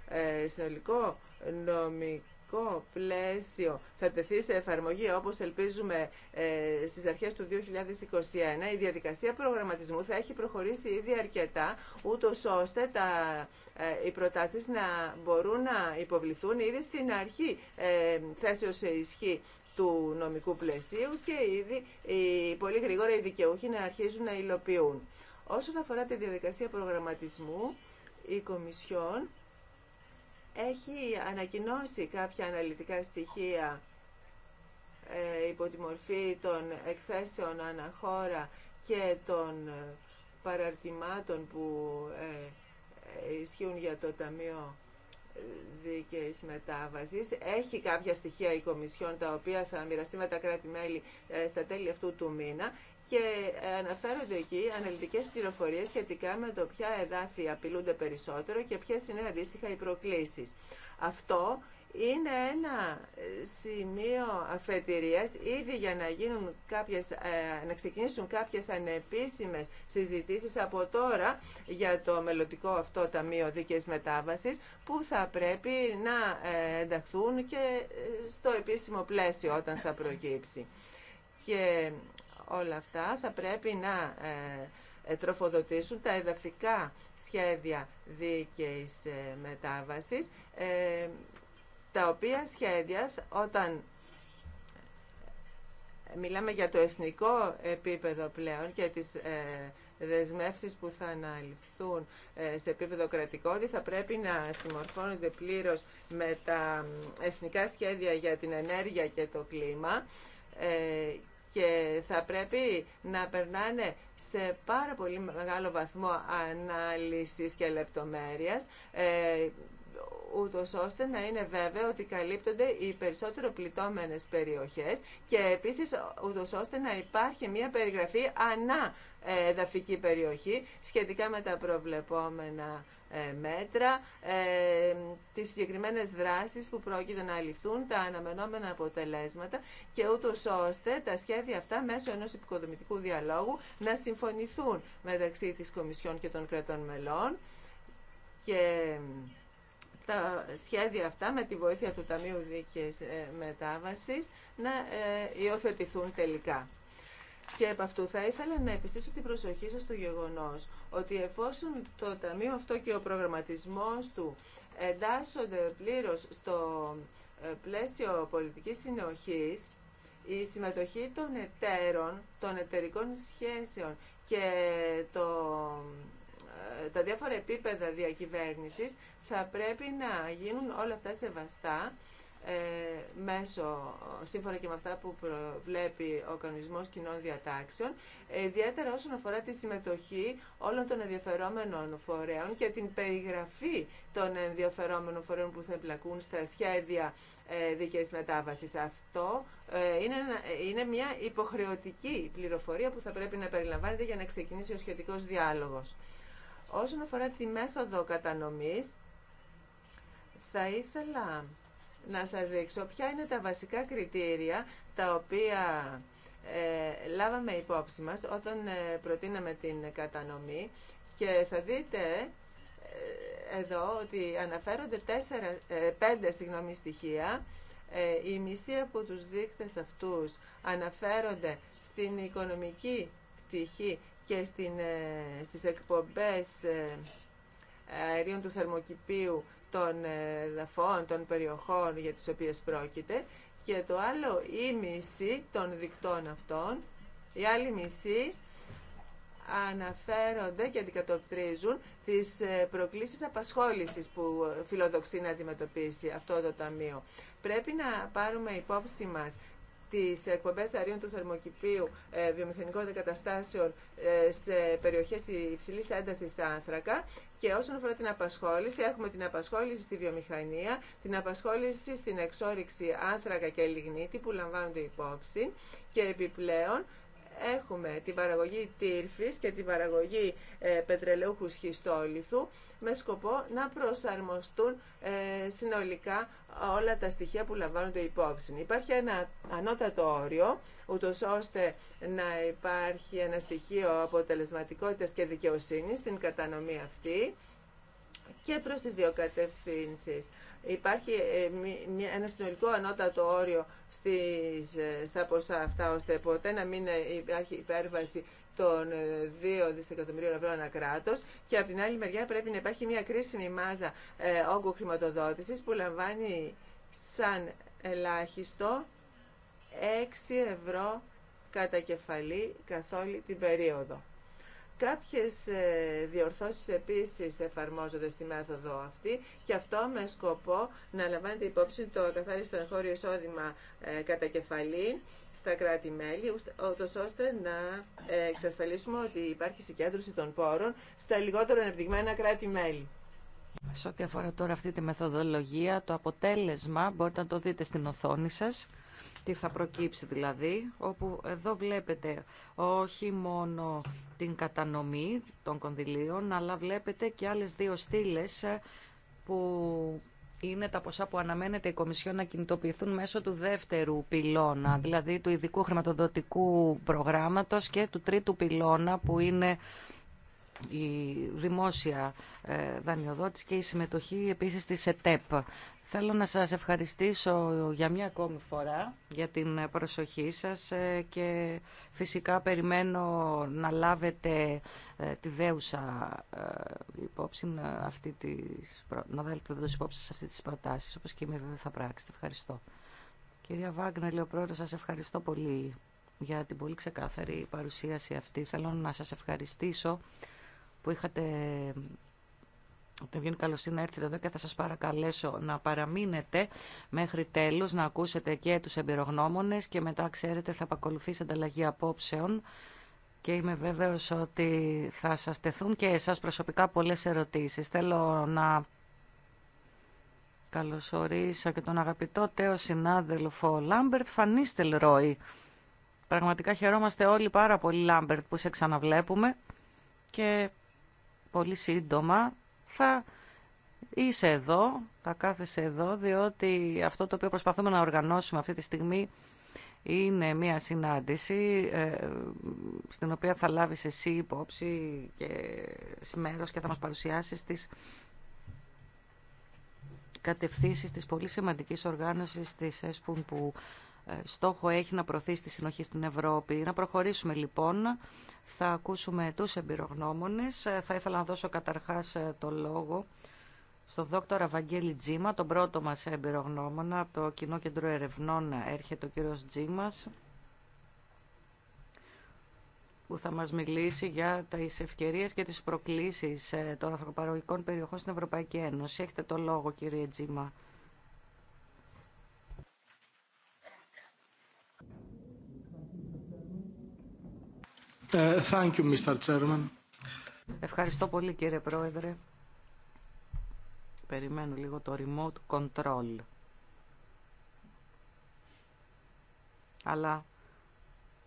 ε, συνολικό νομικό νομικό πλαίσιο θα τεθεί σε εφαρμογή όπως ελπίζουμε ε, στις αρχές του 2021, η διαδικασία προγραμματισμού θα έχει προχωρήσει ήδη αρκετά, ούτω ώστε τα, ε, οι προτάσεις να μπορούν να υποβληθούν ήδη στην αρχή ε, θέσεως σε ισχύ του νομικού πλαισίου και ήδη οι, πολύ γρήγορα οι δικαιούχοι να αρχίζουν να υλοποιούν. Όσον αφορά τη διαδικασία προγραμματισμού, η Κομισιόν έχει ανακοινώσει κάποια αναλυτικά στοιχεία ε, υπό τη μορφή των εκθέσεων αναχώρα και των ε, παραρτημάτων που ε, ε, ισχύουν για το Ταμείο ε, Δίκαιης Μετάβασης. Έχει κάποια στοιχεία η Κομισιόν τα οποία θα μοιραστεί με τα κράτη-μέλη στα τέλη αυτού του μήνα και ε, αναφέρονται εκεί αναλυτικές πληροφορίες σχετικά με το ποια εδάφη απειλούνται περισσότερο και ποιε είναι αντίστοιχα οι προκλήσει. Αυτό είναι ένα ε, σημείο αφετηρίας ήδη για να, γίνουν κάποιες, ε, να ξεκινήσουν κάποιες ανεπίσημες συζητήσεις από τώρα για το μελλοντικό αυτό Ταμείο Δίκαιης Μετάβασης που θα πρέπει να ενταχθούν και στο επίσημο πλαίσιο όταν θα προκύψει. Και όλα αυτά θα πρέπει να ε, ε, τροφοδοτήσουν τα εδαφικά σχέδια δίκαιης ε, μετάβασης, τα οποία σχέδια όταν μιλάμε για το εθνικό επίπεδο πλέον και τις δεσμεύσεις που θα αναλυφθούν σε επίπεδο κρατικό ότι θα πρέπει να συμμορφώνονται πλήρως με τα εθνικά σχέδια για την ενέργεια και το κλίμα και θα πρέπει να περνάνε σε πάρα πολύ μεγάλο βαθμό ανάλυσης και λεπτομέρειας, ε, ούτως ώστε να είναι βέβαιο ότι καλύπτονται οι περισσότερο πληττόμενες περιοχές και επίσης ούτως ώστε να υπάρχει μια περιγραφή ανά ε, εδαφική περιοχή σχετικά με τα προβλεπόμενα ε, μέτρα, ε, τις συγκεκριμένες δράσεις που πρόκειται να ληφθούν, τα αναμενόμενα αποτελέσματα και ούτω ώστε τα σχέδια αυτά μέσω ενός επικοδομητικού διαλόγου να συμφωνηθούν μεταξύ της Κομισιόν και των κρατών μελών και τα σχέδια αυτά με τη βοήθεια του Ταμείου Δίκαιης ε, Μετάβασης να υιοθετηθούν τελικά. Και από αυτού θα ήθελα να επιστήσω την προσοχή σας στο γεγονός ότι εφόσον το Ταμείο αυτό και ο προγραμματισμός του εντάσσονται πλήρως στο ε, πλαίσιο πολιτικής συνοχής, η συμμετοχή των εταίρων, των εταιρικών σχέσεων και ε, τα διάφορα επίπεδα διακυβέρνησης θα πρέπει να γίνουν όλα αυτά σεβαστά ε, μέσω, σύμφωνα και με αυτά που βλέπει ο κανονισμός κοινών διατάξεων, ιδιαίτερα όσον αφορά τη συμμετοχή όλων των ενδιαφερόμενων φορέων και την περιγραφή των ενδιαφερόμενων φορέων που θα εμπλακούν στα σχέδια ε, δίκαιης μετάβασης. Αυτό ε, είναι, είναι μια υποχρεωτική πληροφορία που θα πρέπει να περιλαμβάνεται για να ξεκινήσει ο σχετικός διάλογος. Όσον αφορά τη μέθοδο κατανομής, θα ήθελα να σας δείξω ποια είναι τα βασικά κριτήρια τα οποία ε, λάβαμε υπόψη μας όταν ε, προτείναμε την κατανομή και θα δείτε ε, εδώ ότι αναφέρονται τέσσερα, πέντε συγγνώμη, στοιχεία η μισή από τους δείκτες αυτούς αναφέρονται στην οικονομική πτυχή και στην, στις εκπομπές αερίων του θερμοκηπίου των ε, εδαφών, των περιοχών για τις οποίες πρόκειται και το άλλο η μισή των δικτών αυτών, η άλλη μισή αναφέρονται και αντικατοπτρίζουν τις ε, προκλήσεις απασχόλησης που φιλοδοξεί να αντιμετωπίσει αυτό το Ταμείο. Πρέπει να πάρουμε υπόψη μας τις εκπομπές αερίων του θερμοκηπίου ε, βιομηχανικών εγκαταστάσεων ε, σε περιοχές υψηλής έντασης άνθρακα και όσον αφορά την απασχόληση, έχουμε την απασχόληση στη βιομηχανία, την απασχόληση στην εξόριξη άνθρακα και λιγνίτη που λαμβάνονται υπόψη και επιπλέον έχουμε την παραγωγή τύρφης και την παραγωγή ε, πετρελαιού σχιστόλιθου με σκοπό να προσαρμοστούν ε, συνολικά όλα τα στοιχεία που λαμβάνονται υπόψη. Υπάρχει ένα ανώτατο όριο, ούτω ώστε να υπάρχει ένα στοιχείο αποτελεσματικότητας και δικαιοσύνης στην κατανομή αυτή και προς τις δύο κατευθύνσεις υπάρχει ε, ένα συνολικό ανώτατο όριο στις, ε, στα ποσά αυτά, ώστε ποτέ να μην ε, υπάρχει υπέρβαση των 2 δισεκατομμυρίων ευρώ ένα κράτο και από την άλλη μεριά πρέπει να υπάρχει μια κρίσιμη μάζα όγκου χρηματοδότηση που λαμβάνει σαν ελάχιστο 6 ευρώ κατά κεφαλή καθ' όλη την περίοδο. Κάποιες ε, διορθώσεις επίσης εφαρμόζονται στη μέθοδο αυτή και αυτό με σκοπό να λαμβάνεται υπόψη το καθάριστο εγχώριο εισόδημα ε, κατά κεφαλή στα κράτη-μέλη, ούτως ώστε να ε, εξασφαλίσουμε ότι υπάρχει συγκέντρωση των πόρων στα λιγότερο ενεπτυγμένα κράτη-μέλη. Σε ό,τι αφορά τώρα αυτή τη μεθοδολογία, το αποτέλεσμα μπορείτε να το δείτε στην οθόνη σας τι θα προκύψει δηλαδή, όπου εδώ βλέπετε όχι μόνο την κατανομή των κονδυλίων, αλλά βλέπετε και άλλες δύο στήλες που είναι τα ποσά που αναμένεται η Κομισιόν να κινητοποιηθούν μέσω του δεύτερου πυλώνα, δηλαδή του ειδικού χρηματοδοτικού προγράμματος και του τρίτου πυλώνα που είναι η δημόσια ε, δανειοδότηση και η συμμετοχή επίσης της ΕΤΕΠ. Θέλω να σας ευχαριστήσω για μια ακόμη φορά για την προσοχή σας ε, και φυσικά περιμένω να λάβετε ε, τη δέουσα υπόψη αυτή της, να δέλετε τη υπόψη σε αυτή τις προτάσεις όπως και με βέβαια θα πράξετε. Ευχαριστώ. Κυρία Βάγκνα, ο πρόεδρος, σας ευχαριστώ πολύ για την πολύ ξεκάθαρη παρουσίαση αυτή. Θέλω να σας ευχαριστήσω που είχατε την βγαίνει να εδώ και θα σας παρακαλέσω να παραμείνετε μέχρι τέλους, να ακούσετε και τους εμπειρογνώμονες και μετά ξέρετε θα απακολουθήσει ανταλλαγή απόψεων και είμαι βέβαιος ότι θα σας τεθούν και εσάς προσωπικά πολλές ερωτήσεις. Θέλω να καλωσορίσω και τον αγαπητό τέο συνάδελφο Λάμπερτ Φανίστελ Ρόι. Πραγματικά χαιρόμαστε όλοι πάρα πολύ Λάμπερτ που σε ξαναβλέπουμε και πολύ σύντομα θα είσαι εδώ, θα κάθεσαι εδώ, διότι αυτό το οποίο προσπαθούμε να οργανώσουμε αυτή τη στιγμή είναι μια συνάντηση ε, στην οποία θα λάβεις εσύ υπόψη και σημαίνω και θα μας παρουσιάσεις τις κατευθύνσεις της πολύ σημαντικής οργάνωσης της ΕΣΠΟΥΝ που ε, στόχο έχει να προωθήσει τη συνοχή στην Ευρώπη. Να προχωρήσουμε λοιπόν. Θα ακούσουμε τους εμπειρογνώμονες. Ε, θα ήθελα να δώσω καταρχάς ε, το λόγο στον δόκτωρα Βαγγέλη Τζίμα, τον πρώτο μας εμπειρογνώμονα από το Κοινό Κέντρο Ερευνών έρχεται ο κύριος Τζίμας που θα μας μιλήσει για τις ευκαιρίες και τις προκλήσεις των αυτοπαραγωγικών περιοχών στην Ευρωπαϊκή Ένωση. Έχετε το λόγο κύριε Τζίμα. Ε, Ευχαριστώ πολύ κύριε Πρόεδρε. Περιμένω λίγο το remote control. Αλλά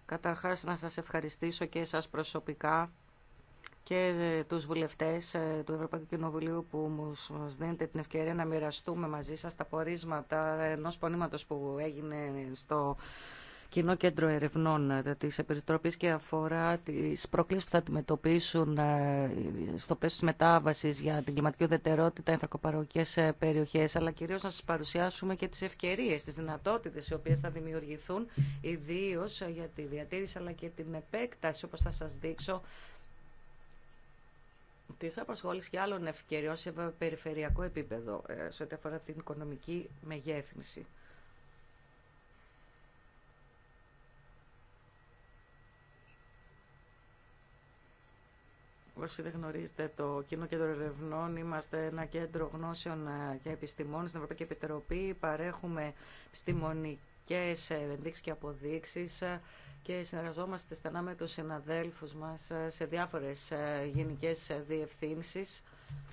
καταρχάς να σας ευχαριστήσω και εσάς προσωπικά και ε, τους βουλευτές ε, του Ευρωπαϊκού Κοινοβουλίου που μας δίνετε την ευκαιρία να μοιραστούμε μαζί σας τα πορίσματα ενός πονήματος που έγινε στο κοινό κέντρο ερευνών ε, της Επιτροπής και αφορά τις προκλήσεις που θα αντιμετωπίσουν ε, στο πλαίσιο της μετάβασης για την κλιματική ουδετερότητα, ενθρακοπαραγωγικές ε, περιοχές, αλλά κυρίως να σας παρουσιάσουμε και τις ευκαιρίες, τις δυνατότητες οι οποίες θα δημιουργηθούν, ιδίω για τη διατήρηση αλλά και την επέκταση, όπως θα σας δείξω, Τη απασχόληση και άλλων ευκαιριών σε περιφερειακό επίπεδο, σε ό,τι αφορά την οικονομική μεγέθυνση. Όσοι δεν γνωρίζετε το Κοινό Κέντρο Ερευνών, είμαστε ένα κέντρο γνώσεων ε, και επιστημών στην Ευρωπαϊκή Επιτροπή. Παρέχουμε επιστημονικές ενδείξεις και αποδείξεις ε, και συνεργαζόμαστε στενά με τους συναδέλφους μας ε, σε διάφορες γενικές διευθύνσεις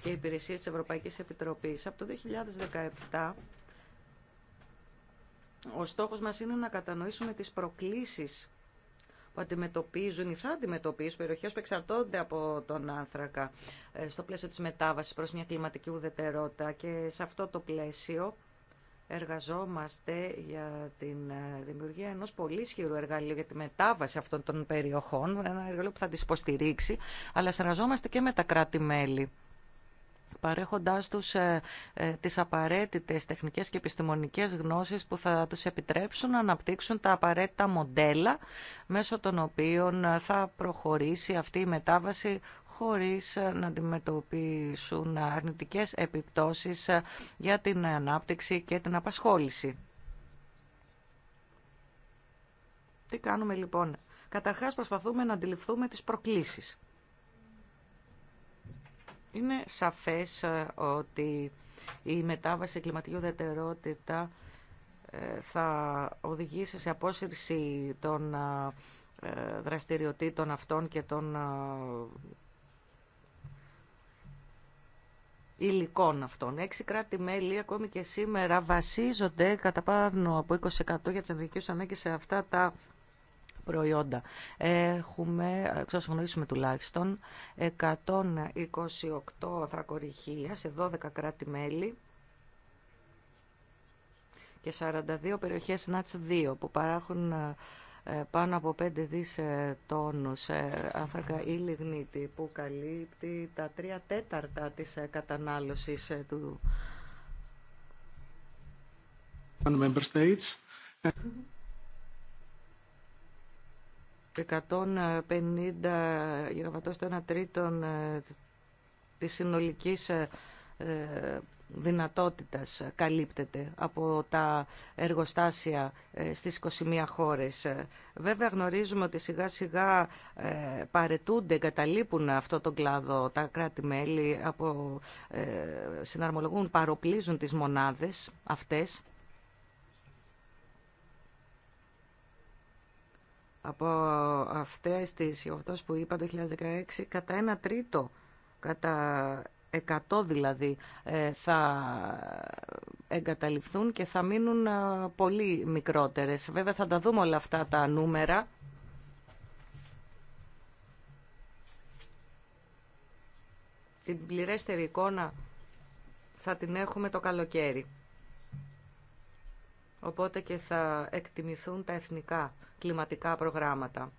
και υπηρεσίες της Ευρωπαϊκής Επιτροπής. Από το 2017 ο στόχος μας είναι να κατανοήσουμε τις προκλήσεις που αντιμετωπίζουν ή θα αντιμετωπίσουν περιοχε που εξαρτώνται από τον άνθρακα ε, στο πλαίσιο της μετάβασης προς μια κλιματική ουδετερότητα και σε αυτό το πλαίσιο εργαζόμαστε για την ε, δημιουργία ενός πολύ ισχυρού εργαλείου για τη μετάβαση αυτών των περιοχών, ένα εργαλείο που θα τις υποστηρίξει, αλλά συνεργαζόμαστε και με τα κράτη-μέλη παρέχοντάς τους ε, ε, τις απαραίτητες τεχνικές και επιστημονικές γνώσεις που θα τους επιτρέψουν να αναπτύξουν τα απαραίτητα μοντέλα μέσω των οποίων ε, θα προχωρήσει αυτή η μετάβαση χωρίς να αντιμετωπίσουν αρνητικές επιπτώσεις για την ανάπτυξη και την απασχόληση. Τι κάνουμε λοιπόν. Καταρχάς προσπαθούμε να αντιληφθούμε τις προκλήσεις. Είναι σαφές ε, ότι η μετάβαση κλιματική ουδετερότητα ε, θα οδηγήσει σε απόσυρση των ε, δραστηριοτήτων αυτών και των υλικών αυτών. Έξι κράτη-μέλη ακόμη και σήμερα βασίζονται κατά πάνω από 20% για τις ανθρωπικές ανάγκες σε αυτά τα προϊόντα. Έχουμε, εξ γνωρίσουμε τουλάχιστον, 128 ανθρακοριχεία σε 12 κράτη-μέλη και 42 περιοχές ΝΑΤΣ2 που παράχουν ε, πάνω από 5 δις ε, τόνους ε, άνθρακα ή λιγνίτη που καλύπτει τα 3 τέταρτα της κατανάλωσης του 150 50 το 1 τρίτον ε, της συνολικής ε, ε, δυνατότητας καλύπτεται από τα εργοστάσια στις 21 χώρες. Βέβαια γνωρίζουμε ότι σιγά σιγά παρετούνται, εγκαταλείπουν αυτό το κλάδο τα κράτη-μέλη, από, συναρμολογούν, παροπλίζουν τις μονάδες αυτές από αυτές τις 8 που είπα το 2016 κατά ένα τρίτο κατά 100 δηλαδή ε, θα εγκαταληφθούν και θα μείνουν ε, πολύ μικρότερες. Βέβαια θα τα δούμε όλα αυτά τα νούμερα. Την πληρέστερη εικόνα θα την έχουμε το καλοκαίρι οπότε και θα εκτιμηθούν τα εθνικά κλιματικά προγράμματα.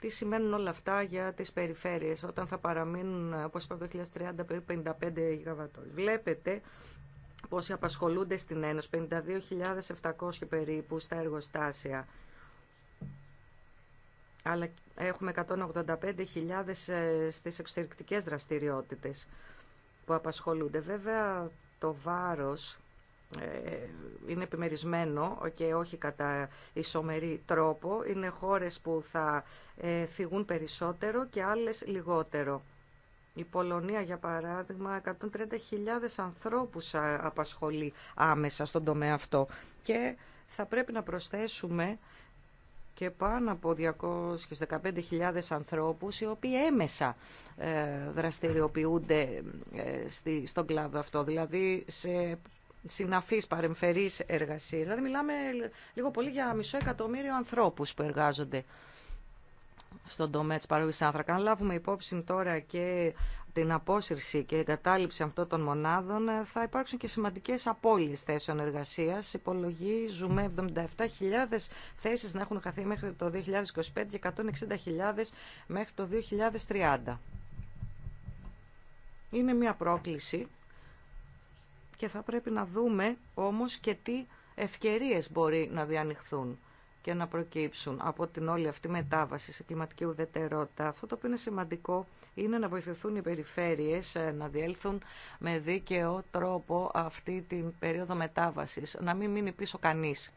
Τι σημαίνουν όλα αυτά για τις περιφέρειες όταν θα παραμείνουν, όπως είπα, το 2030 περίπου 55 γιγαβατόρες. Βλέπετε πόσοι απασχολούνται στην Ένωση, 52.700 περίπου στα εργοστάσια. Αλλά έχουμε 185.000 ε, στις εξωτερικτικές δραστηριότητες που απασχολούνται. Βέβαια, το βάρος ε, είναι επιμερισμένο και όχι κατά ισομερή τρόπο. Είναι χώρες που θα ε, θυγούν περισσότερο και άλλες λιγότερο. Η Πολωνία, για παράδειγμα, 130.000 ανθρώπους απασχολεί άμεσα στον τομέα αυτό. Και θα πρέπει να προσθέσουμε και πάνω από 215.000 ανθρώπους οι οποίοι έμεσα ε, δραστηριοποιούνται στον κλάδο αυτό, δηλαδή σε Συναφή παρεμφερή εργασία. Δηλαδή μιλάμε λίγο πολύ για μισό εκατομμύριο ανθρώπου που εργάζονται στον τομέα τη παραγωγή άνθρακα. Αν λάβουμε υπόψη τώρα και την απόσυρση και κατάληψη αυτών των μονάδων, θα υπάρξουν και σημαντικέ απώλειε θέσεων εργασία. Υπολογίζουμε 77.000 θέσει να έχουν χαθεί μέχρι το 2025 και 160.000 μέχρι το 2030. Είναι μια πρόκληση και θα πρέπει να δούμε όμως και τι ευκαιρίες μπορεί να διανοιχθούν και να προκύψουν από την όλη αυτή μετάβαση σε κλιματική ουδετερότητα. Αυτό το οποίο είναι σημαντικό είναι να βοηθηθούν οι περιφέρειες ε, να διέλθουν με δίκαιο τρόπο αυτή την περίοδο μετάβασης, να μην μείνει πίσω κανείς.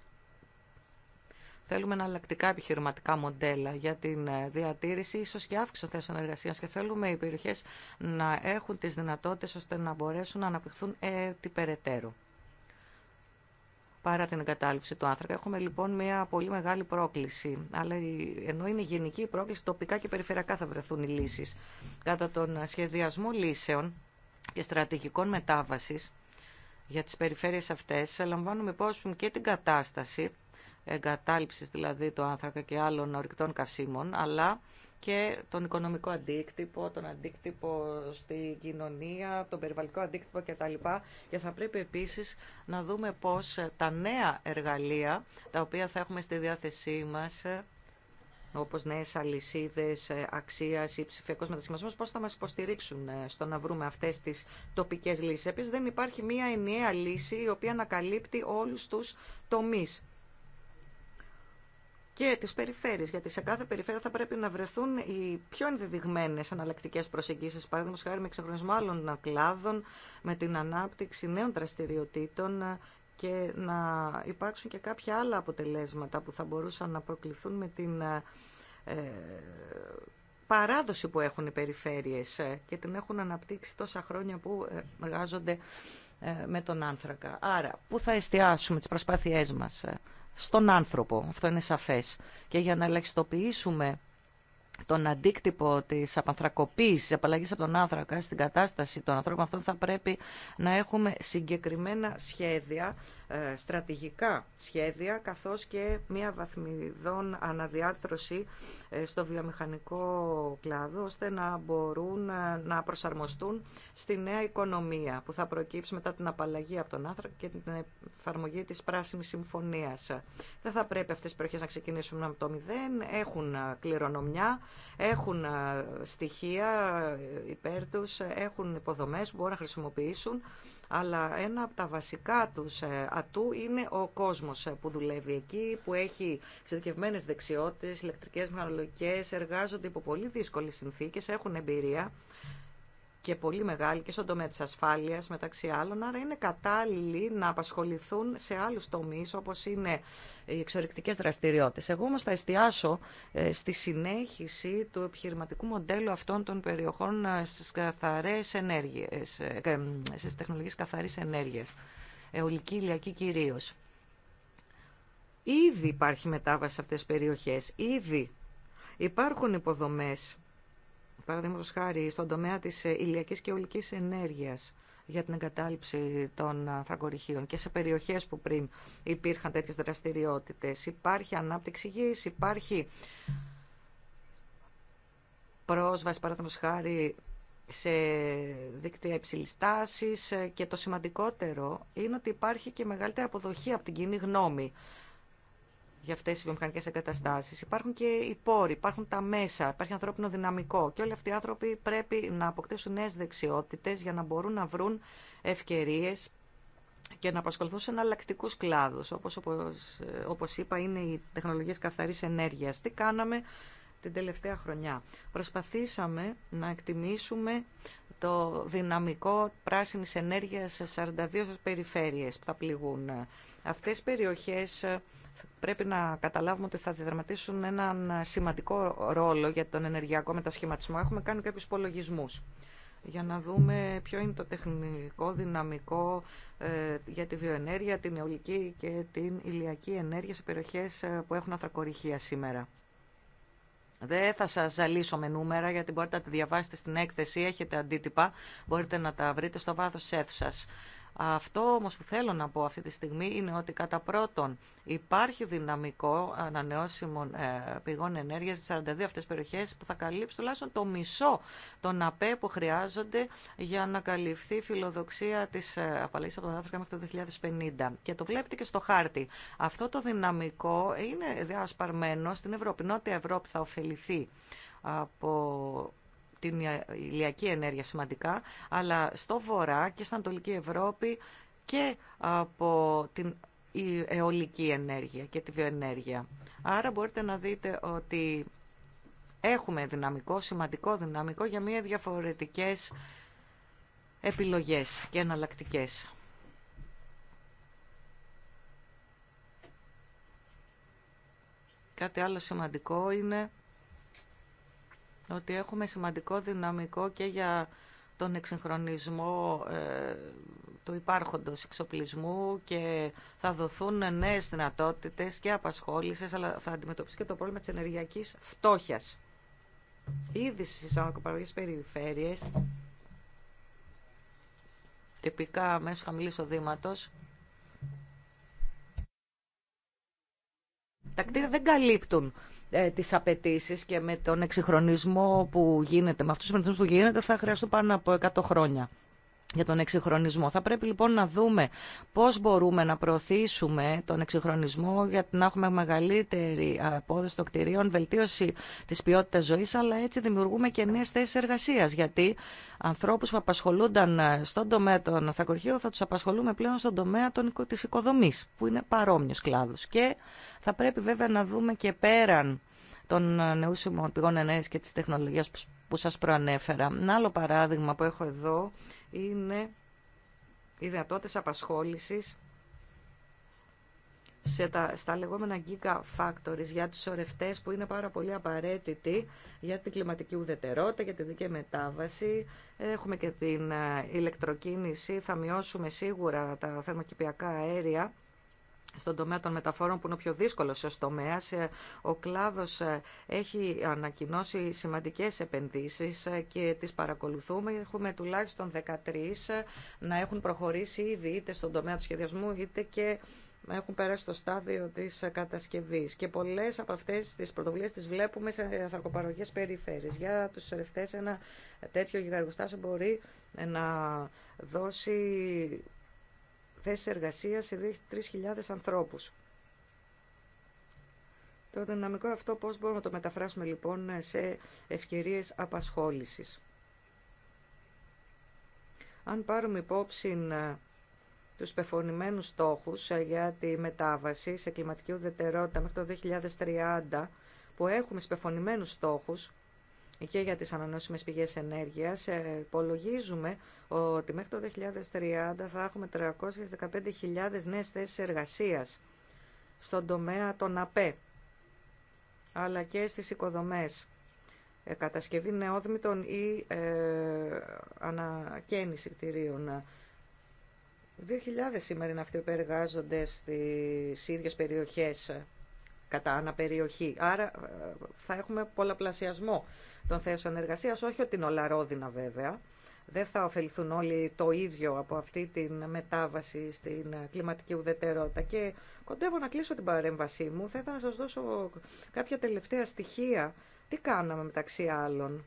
Θέλουμε εναλλακτικά επιχειρηματικά μοντέλα για την ε, διατήρηση, ίσω και αύξηση των θέσεων εργασία και θέλουμε οι περιοχέ να έχουν τι δυνατότητε ώστε να μπορέσουν να αναπτυχθούν έτσι περαιτέρω. Παρά την εγκατάλειψη του άνθρακα, έχουμε λοιπόν μια πολύ μεγάλη πρόκληση. Αλλά ενώ είναι γενική η πρόκληση, τοπικά και περιφερειακά θα βρεθούν οι λύσει. Κατά τον σχεδιασμό λύσεων και στρατηγικών μετάβαση για τι περιφέρειες αυτέ, λαμβάνουμε υπόψη και την κατάσταση εγκατάλειψης δηλαδή του άνθρακα και άλλων ορυκτών καυσίμων, αλλά και τον οικονομικό αντίκτυπο, τον αντίκτυπο στη κοινωνία, τον περιβαλλικό αντίκτυπο κτλ. Και θα πρέπει επίσης να δούμε πώς τα νέα εργαλεία, τα οποία θα έχουμε στη διάθεσή μας, όπως νέες αλυσίδες ε, αξίας ή ψηφιακός μετασχηματισμός, πώς θα μας υποστηρίξουν ε, στο να βρούμε αυτές τις τοπικές λύσεις. Επίσης δεν υπάρχει μία ενιαία λύση η οποία να καλύπτει όλους τους τομείς και τι περιφέρειες, γιατί σε κάθε περιφέρεια θα πρέπει να βρεθούν οι πιο ενδεδειγμένε αναλλακτικέ προσεγγίσει, παράδειγμα χάρη με ξεχρονισμό άλλων κλάδων, με την ανάπτυξη νέων δραστηριοτήτων και να υπάρξουν και κάποια άλλα αποτελέσματα που θα μπορούσαν να προκληθούν με την ε, παράδοση που έχουν οι περιφέρειες και την έχουν αναπτύξει τόσα χρόνια που ε, εργάζονται ε, με τον άνθρακα. Άρα, πού θα εστιάσουμε τις προσπάθειές μας στον άνθρωπο. Αυτό είναι σαφές. Και για να ελαχιστοποιήσουμε τον αντίκτυπο τη απανθρακοποίηση, τη απαλλαγή από τον άνθρακα στην κατάσταση των ανθρώπων αυτών, θα πρέπει να έχουμε συγκεκριμένα σχέδια, ε, στρατηγικά σχέδια, καθώ και μια βαθμιδόν αναδιάρθρωση ε, στο βιομηχανικό κλάδο, ώστε να μπορούν ε, να προσαρμοστούν στη νέα οικονομία που θα προκύψει μετά την απαλλαγή από τον άνθρακα και την εφαρμογή τη Πράσινη Συμφωνία. Δεν θα πρέπει αυτέ οι περιοχέ να ξεκινήσουν από το μηδέν, έχουν κληρονομιά έχουν στοιχεία υπέρ τους, έχουν υποδομές που μπορούν να χρησιμοποιήσουν, αλλά ένα από τα βασικά τους ε, ατού είναι ο κόσμος ε, που δουλεύει εκεί, που έχει εξειδικευμένες δεξιότητες, ηλεκτρικές, μηχανολογικές, εργάζονται υπό πολύ δύσκολες συνθήκες, έχουν εμπειρία και πολύ μεγάλη και στον τομέα της ασφάλειας μεταξύ άλλων, άρα είναι κατάλληλοι να απασχοληθούν σε άλλους τομείς όπως είναι οι εξορρυκτικές δραστηριότητες. Εγώ όμως θα εστιάσω ε, στη συνέχιση του επιχειρηματικού μοντέλου αυτών των περιοχών ε, στις, καθαρές ενέργειες, ε, στις τεχνολογίες καθαρής ενέργειας, αιωλική, ηλιακή κυρίω. Ήδη υπάρχει μετάβαση σε αυτές τις περιοχές, ήδη υπάρχουν υποδομές παραδείγματος χάρη στον τομέα της ε, ηλιακής και ολικής ενέργειας για την εγκατάλειψη των ε, φραγκοριχείων και σε περιοχές που πριν υπήρχαν τέτοιες δραστηριότητες. Υπάρχει ανάπτυξη γης, υπάρχει πρόσβαση παραδείγματος χάρη σε δίκτυα υψηλή τάση ε, και το σημαντικότερο είναι ότι υπάρχει και μεγαλύτερη αποδοχή από την κοινή γνώμη για αυτέ τι βιομηχανικέ εγκαταστάσει. Υπάρχουν και οι πόροι, υπάρχουν τα μέσα, υπάρχει ανθρώπινο δυναμικό και όλοι αυτοί οι άνθρωποι πρέπει να αποκτήσουν νέε δεξιότητε για να μπορούν να βρουν ευκαιρίε και να απασχοληθούν σε εναλλακτικού κλάδου, όπω όπως, όπως είπα είναι οι τεχνολογίε καθαρή ενέργεια. Τι κάναμε την τελευταία χρονιά. Προσπαθήσαμε να εκτιμήσουμε το δυναμικό πράσινης ενέργειας σε 42 περιφέρειες που θα πληγούν. Αυτές οι περιοχές πρέπει να καταλάβουμε ότι θα διαδραματίσουν έναν σημαντικό ρόλο για τον ενεργειακό μετασχηματισμό. Έχουμε κάνει κάποιους υπολογισμού για να δούμε ποιο είναι το τεχνικό δυναμικό ε, για τη βιοενέργεια, την αιωλική και την ηλιακή ενέργεια σε περιοχές ε, που έχουν ανθρακοριχεία σήμερα. Δεν θα σας ζαλίσω με νούμερα γιατί μπορείτε να τη διαβάσετε στην έκθεση, έχετε αντίτυπα, μπορείτε να τα βρείτε στο βάθος της αίθουσας. Αυτό όμω που θέλω να πω αυτή τη στιγμή είναι ότι κατά πρώτον υπάρχει δυναμικό ανανεώσιμων ε, πηγών ενέργειας στι 42 αυτές περιοχέ περιοχές που θα καλύψει τουλάχιστον το μισό των ΑΠΕ που χρειάζονται για να καλυφθεί η φιλοδοξία της ε, απαλλαγή από τον άνθρωπο μέχρι το 2050. Και το βλέπετε και στο χάρτη. Αυτό το δυναμικό είναι διασπαρμένο στην Ευρώπη. Νότια Ευρώπη θα ωφεληθεί από την ε, ηλιακή ενέργεια σημαντικά, αλλά στο βορρά και στην Ανατολική Ευρώπη και από την αιωλική ενέργεια και τη βιοενέργεια. Άρα μπορείτε να δείτε ότι έχουμε δυναμικό, σημαντικό δυναμικό για μία διαφορετικές επιλογές και εναλλακτικέ. Κάτι άλλο σημαντικό είναι ότι έχουμε σημαντικό δυναμικό και για τον εξυγχρονισμό ε, του υπάρχοντος εξοπλισμού και θα δοθούν νέες δυνατότητες και απασχόλησες, αλλά θα αντιμετωπίσει και το πρόβλημα της ενεργειακής φτώχειας. Ήδη στις περιφέρειες, τυπικά μέσω χαμηλής οδήματος, Τα κτίρια δεν καλύπτουν ε, τις απαιτήσει και με τον εξυγχρονισμό που γίνεται, με του τους που γίνεται θα χρειαστούν πάνω από 100 χρόνια για τον εξυγχρονισμό. Θα πρέπει λοιπόν να δούμε πώς μπορούμε να προωθήσουμε τον εξυγχρονισμό για να έχουμε μεγαλύτερη απόδοση των κτηρίων, βελτίωση της ποιότητας ζωής, αλλά έτσι δημιουργούμε και νέες θέσεις εργασίας, γιατί ανθρώπους που απασχολούνταν στον τομέα των ανθακορχείων θα τους απασχολούμε πλέον στον τομέα της οικοδομής, που είναι παρόμοιος κλάδος. Και θα πρέπει βέβαια να δούμε και πέραν των νεούσιμων πηγών ενέργειας και της τεχνολογίας που σας προανέφερα. Ένα άλλο παράδειγμα που έχω εδώ είναι οι δυνατότητε απασχόλησης σε στα λεγόμενα giga factories για τους ορευτές που είναι πάρα πολύ απαραίτητοι για την κλιματική ουδετερότητα, για τη δική μετάβαση. Έχουμε και την ε, ηλεκτροκίνηση, θα μειώσουμε σίγουρα τα θερμοκηπιακά αέρια στον τομέα των μεταφορών που είναι ο πιο δύσκολο ω τομέα. Ε, ο κλάδο ε, έχει ανακοινώσει σημαντικές επενδύσεις ε, και τις παρακολουθούμε. Έχουμε τουλάχιστον 13 να έχουν προχωρήσει ήδη είτε στον τομέα του σχεδιασμού είτε και έχουν περάσει στο στάδιο της κατασκευής και πολλές από αυτές τι πρωτοβουλίες τι βλέπουμε σε θαρκοπαρογέ περιφέρειε. Για του σωρευτές ένα τέτοιο γιγαργοστάσιο μπορεί να δώσει θέσεις εργασίας σε 3.000 ανθρώπους. Το δυναμικό αυτό πώς μπορούμε να το μεταφράσουμε λοιπόν σε ευκαιρίες απασχόλησης. Αν πάρουμε υπόψη ε, τους πεφωνημένους στόχους ε, για τη μετάβαση σε κλιματική ουδετερότητα μέχρι το 2030 που έχουμε στους στόχους και για τις ανανεώσιμες πηγές ενέργειας. Ε, υπολογίζουμε ότι μέχρι το 2030 θα έχουμε 315.000 νέες θέσεις εργασίας στον τομέα των ΑΠΕ, αλλά και στις οικοδομές, ε, κατασκευή νεόδμητων ή ε, ανακαίνιση κτηρίων. 2.000 σήμερα είναι αυτοί που εργάζονται στις ίδιες περιοχές κατά αναπεριοχή. Άρα ε, θα έχουμε πολλαπλασιασμό των θέσεων εργασία, όχι ότι είναι ολαρόδινα βέβαια. Δεν θα ωφεληθούν όλοι το ίδιο από αυτή τη μετάβαση στην κλιματική ουδετερότητα. Και κοντεύω να κλείσω την παρέμβασή μου. Θα ήθελα να σας δώσω κάποια τελευταία στοιχεία. Τι κάναμε μεταξύ άλλων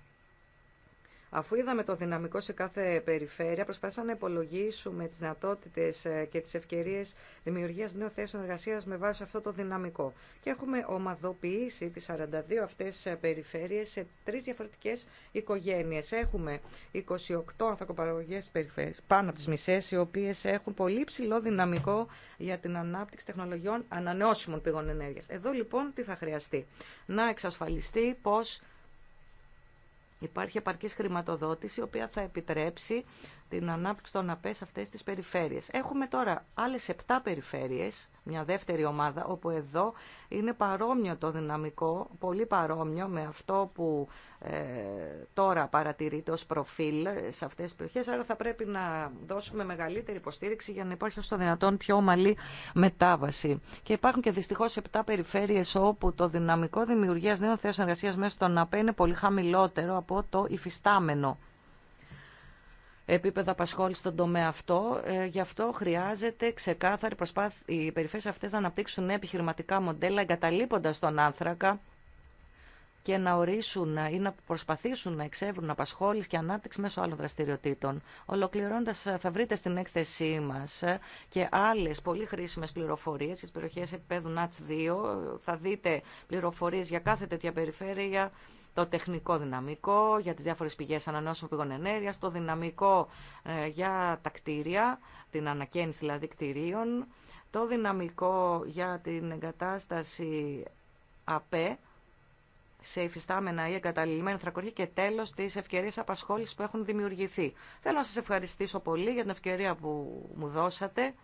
Αφού είδαμε το δυναμικό σε κάθε περιφέρεια, προσπάθησαμε να υπολογίσουμε τι δυνατότητε ε, και τι ευκαιρίε δημιουργία νέων θέσεων εργασία με βάση αυτό το δυναμικό. Και έχουμε ομαδοποιήσει τι 42 αυτέ ε, περιφέρειε σε τρει διαφορετικέ οικογένειε. Έχουμε 28 ανθρωποπαραγωγέ περιφέρειε, πάνω από τι μισέ, οι οποίε έχουν πολύ ψηλό δυναμικό για την ανάπτυξη τεχνολογιών ανανεώσιμων πηγών ενέργεια. Εδώ λοιπόν τι θα χρειαστεί. Να εξασφαλιστεί πω Υπάρχει επαρκής χρηματοδότηση, η οποία θα επιτρέψει την ανάπτυξη των ΑΠΕ σε αυτέ τι περιφέρειες. Έχουμε τώρα άλλε 7 περιφέρειες, μια δεύτερη ομάδα, όπου εδώ είναι παρόμοιο το δυναμικό, πολύ παρόμοιο με αυτό που ε, τώρα παρατηρείται ω προφίλ σε αυτέ τι περιοχέ, άρα θα πρέπει να δώσουμε μεγαλύτερη υποστήριξη για να υπάρχει όσο δυνατόν πιο ομαλή μετάβαση. Και υπάρχουν και δυστυχώ 7 περιφέρειες όπου το δυναμικό δημιουργία νέων θέσεων εργασία μέσα στον ΑΠΕ είναι πολύ χαμηλότερο από το υφιστάμενο επίπεδο απασχόληση στον τομέα αυτό. Ε, γι' αυτό χρειάζεται ξεκάθαρη προσπάθεια οι περιφέρειε αυτέ να αναπτύξουν επιχειρηματικά μοντέλα εγκαταλείποντας τον άνθρακα και να ορίσουν ή να προσπαθήσουν να εξεύρουν απασχόληση και ανάπτυξη μέσω άλλων δραστηριοτήτων. Ολοκληρώνοντα, θα βρείτε στην έκθεσή μα και άλλε πολύ χρήσιμε πληροφορίε για τι περιοχέ επίπεδου ΝΑΤΣ 2. Θα δείτε πληροφορίε για κάθε τέτοια περιφέρεια το τεχνικό δυναμικό για τις διάφορες πηγές ανανεώσιμων πηγών ενέργειας, το δυναμικό ε, για τα κτίρια, την ανακαίνιση δηλαδή κτιρίων, το δυναμικό για την εγκατάσταση ΑΠΕ σε υφιστάμενα ή εγκαταλειμμένα θρακορία και τέλο τι ευκαιρίε απασχόληση που έχουν δημιουργηθεί. Θέλω να σα ευχαριστήσω πολύ για την ευκαιρία που μου δώσατε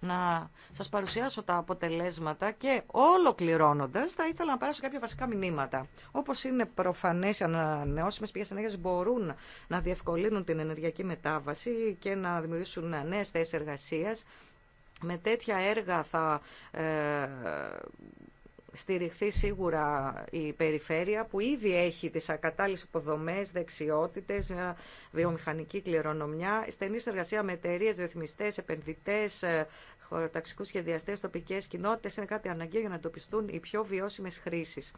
να σα παρουσιάσω τα αποτελέσματα και ολοκληρώνοντα θα ήθελα να περάσω κάποια βασικά μηνύματα. Όπω είναι προφανέ οι ανανεώσιμε πηγές ενέργειας μπορούν να διευκολύνουν την ενεργειακή μετάβαση και να δημιουργήσουν νέε θέσει εργασία. Με τέτοια έργα θα ε, στηριχθεί σίγουρα η περιφέρεια που ήδη έχει τις ακατάλληλες υποδομές, δεξιότητες, βιομηχανική κληρονομιά, στενή συνεργασία με εταιρείε, ρυθμιστές, επενδυτές, ε, χωροταξικούς σχεδιαστές, τοπικές κοινότητες είναι κάτι αναγκαίο για να εντοπιστούν οι πιο βιώσιμες χρήσεις.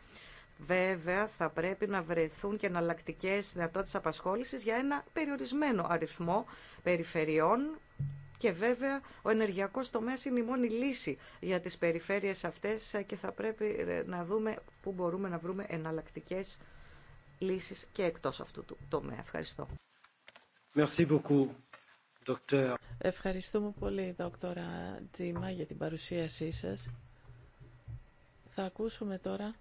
Βέβαια, θα πρέπει να βρεθούν και εναλλακτικέ δυνατότητε απασχόληση για ένα περιορισμένο αριθμό περιφερειών και βέβαια ο ενεργειακός τομέας είναι η μόνη λύση για τις περιφέρειες αυτές και θα πρέπει ε, να δούμε πού μπορούμε να βρούμε εναλλακτικέ λύσεις και εκτός αυτού του τομέα. Ευχαριστώ. Merci beaucoup, Ευχαριστούμε πολύ, δόκτωρα Τζίμα, για την παρουσίασή σας. Θα ακούσουμε τώρα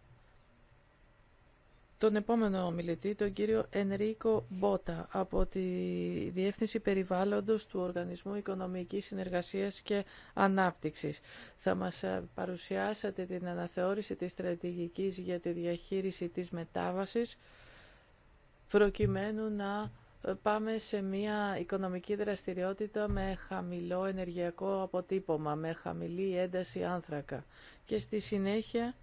τον επόμενο ομιλητή, τον κύριο Ενρίκο Μπότα, από τη Διεύθυνση Περιβάλλοντος του Οργανισμού Οικονομικής Συνεργασίας και Ανάπτυξης. Θα μας ε, παρουσιάσατε την αναθεώρηση της στρατηγικής για τη διαχείριση της μετάβασης, προκειμένου να ε, πάμε σε μια οικονομική δραστηριότητα με χαμηλό ενεργειακό αποτύπωμα, με χαμηλή ένταση άνθρακα. Και στη συνέχεια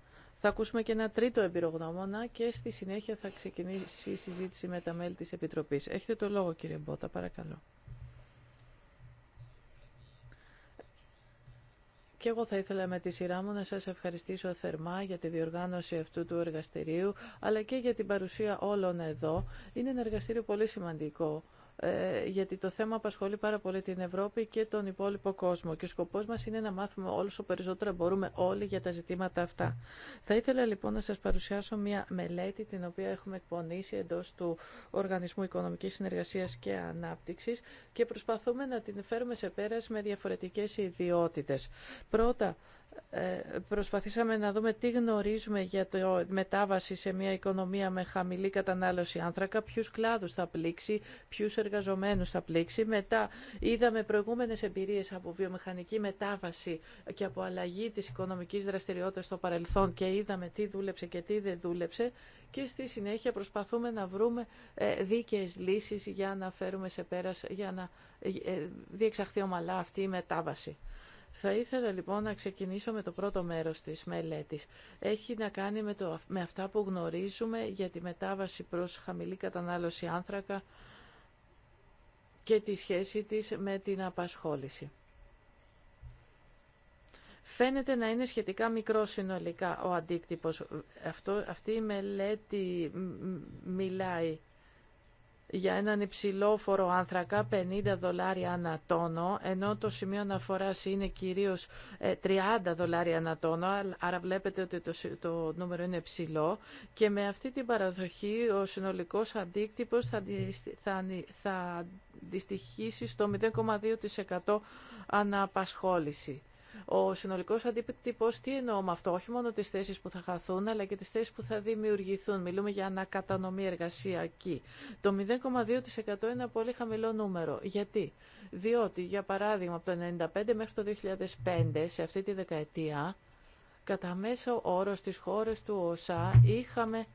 θα ακούσουμε και ένα τρίτο εμπειρογνώμονα και στη συνέχεια θα ξεκινήσει η συζήτηση με τα μέλη της Επιτροπής. Έχετε το λόγο κύριε Μπότα, παρακαλώ. Και εγώ θα ήθελα με τη σειρά μου να σας ευχαριστήσω θερμά για τη διοργάνωση αυτού του εργαστηρίου, αλλά και για την παρουσία όλων εδώ. Είναι ένα εργαστήριο πολύ σημαντικό ε, γιατί το θέμα απασχολεί πάρα πολύ την Ευρώπη και τον υπόλοιπο κόσμο και ο σκοπός μας είναι να μάθουμε ο περισσότερο μπορούμε όλοι για τα ζητήματα αυτά. Θα ήθελα λοιπόν να σας παρουσιάσω μια μελέτη την οποία έχουμε εκπονήσει εντός του Οργανισμού Οικονομικής Συνεργασίας και Ανάπτυξης και προσπαθούμε να την φέρουμε σε πέρας με διαφορετικές ιδιότητες. Πρώτα, ε, προσπαθήσαμε να δούμε τι γνωρίζουμε για τη μετάβαση σε μια οικονομία με χαμηλή κατανάλωση άνθρακα, ποιους κλάδους θα πλήξει, ποιους εργαζομένους θα πλήξει. Μετά είδαμε προηγούμενες εμπειρίες από βιομηχανική μετάβαση και από αλλαγή της οικονομικής δραστηριότητας στο παρελθόν και είδαμε τι δούλεψε και τι δεν δούλεψε και στη συνέχεια προσπαθούμε να βρούμε ε, δίκαιες λύσεις για να φέρουμε σε πέρας, για να ε, διεξαχθεί ομαλά αυτή η μετάβαση. Θα ήθελα λοιπόν να ξεκινήσω με το πρώτο μέρος της μελέτης. Έχει να κάνει με, το, με αυτά που γνωρίζουμε για τη μετάβαση προς χαμηλή κατανάλωση άνθρακα και τη σχέση της με την απασχόληση. Φαίνεται να είναι σχετικά μικρό συνολικά ο αντίκτυπος. Αυτό, αυτή η μελέτη μιλάει για έναν υψηλό φορο άνθρακα, 50 δολάρια ανά τόνο, ενώ το σημείο αναφοράς είναι κυρίως 30 ε, δολάρια ανά τόνο, άρα βλέπετε ότι το, το νούμερο είναι ψηλό και με αυτή την παραδοχή ο συνολικός αντίκτυπος θα, θα, θα αντιστοιχίσει στο 0,2% αναπασχόληση. Ο συνολικό αντίπτυπος τι εννοώ με αυτό, όχι μόνο τις θέσει που θα χαθούν, αλλά και τις θέσει που θα δημιουργηθούν. Μιλούμε για ανακατανομή εργασιακή. Το 0,2% είναι πολύ χαμηλό νούμερο. Γιατί, διότι για παράδειγμα από το 1995 μέχρι το 2005, σε αυτή τη δεκαετία, κατά μέσο όρο στις χώρες του ΟΣΑ είχαμε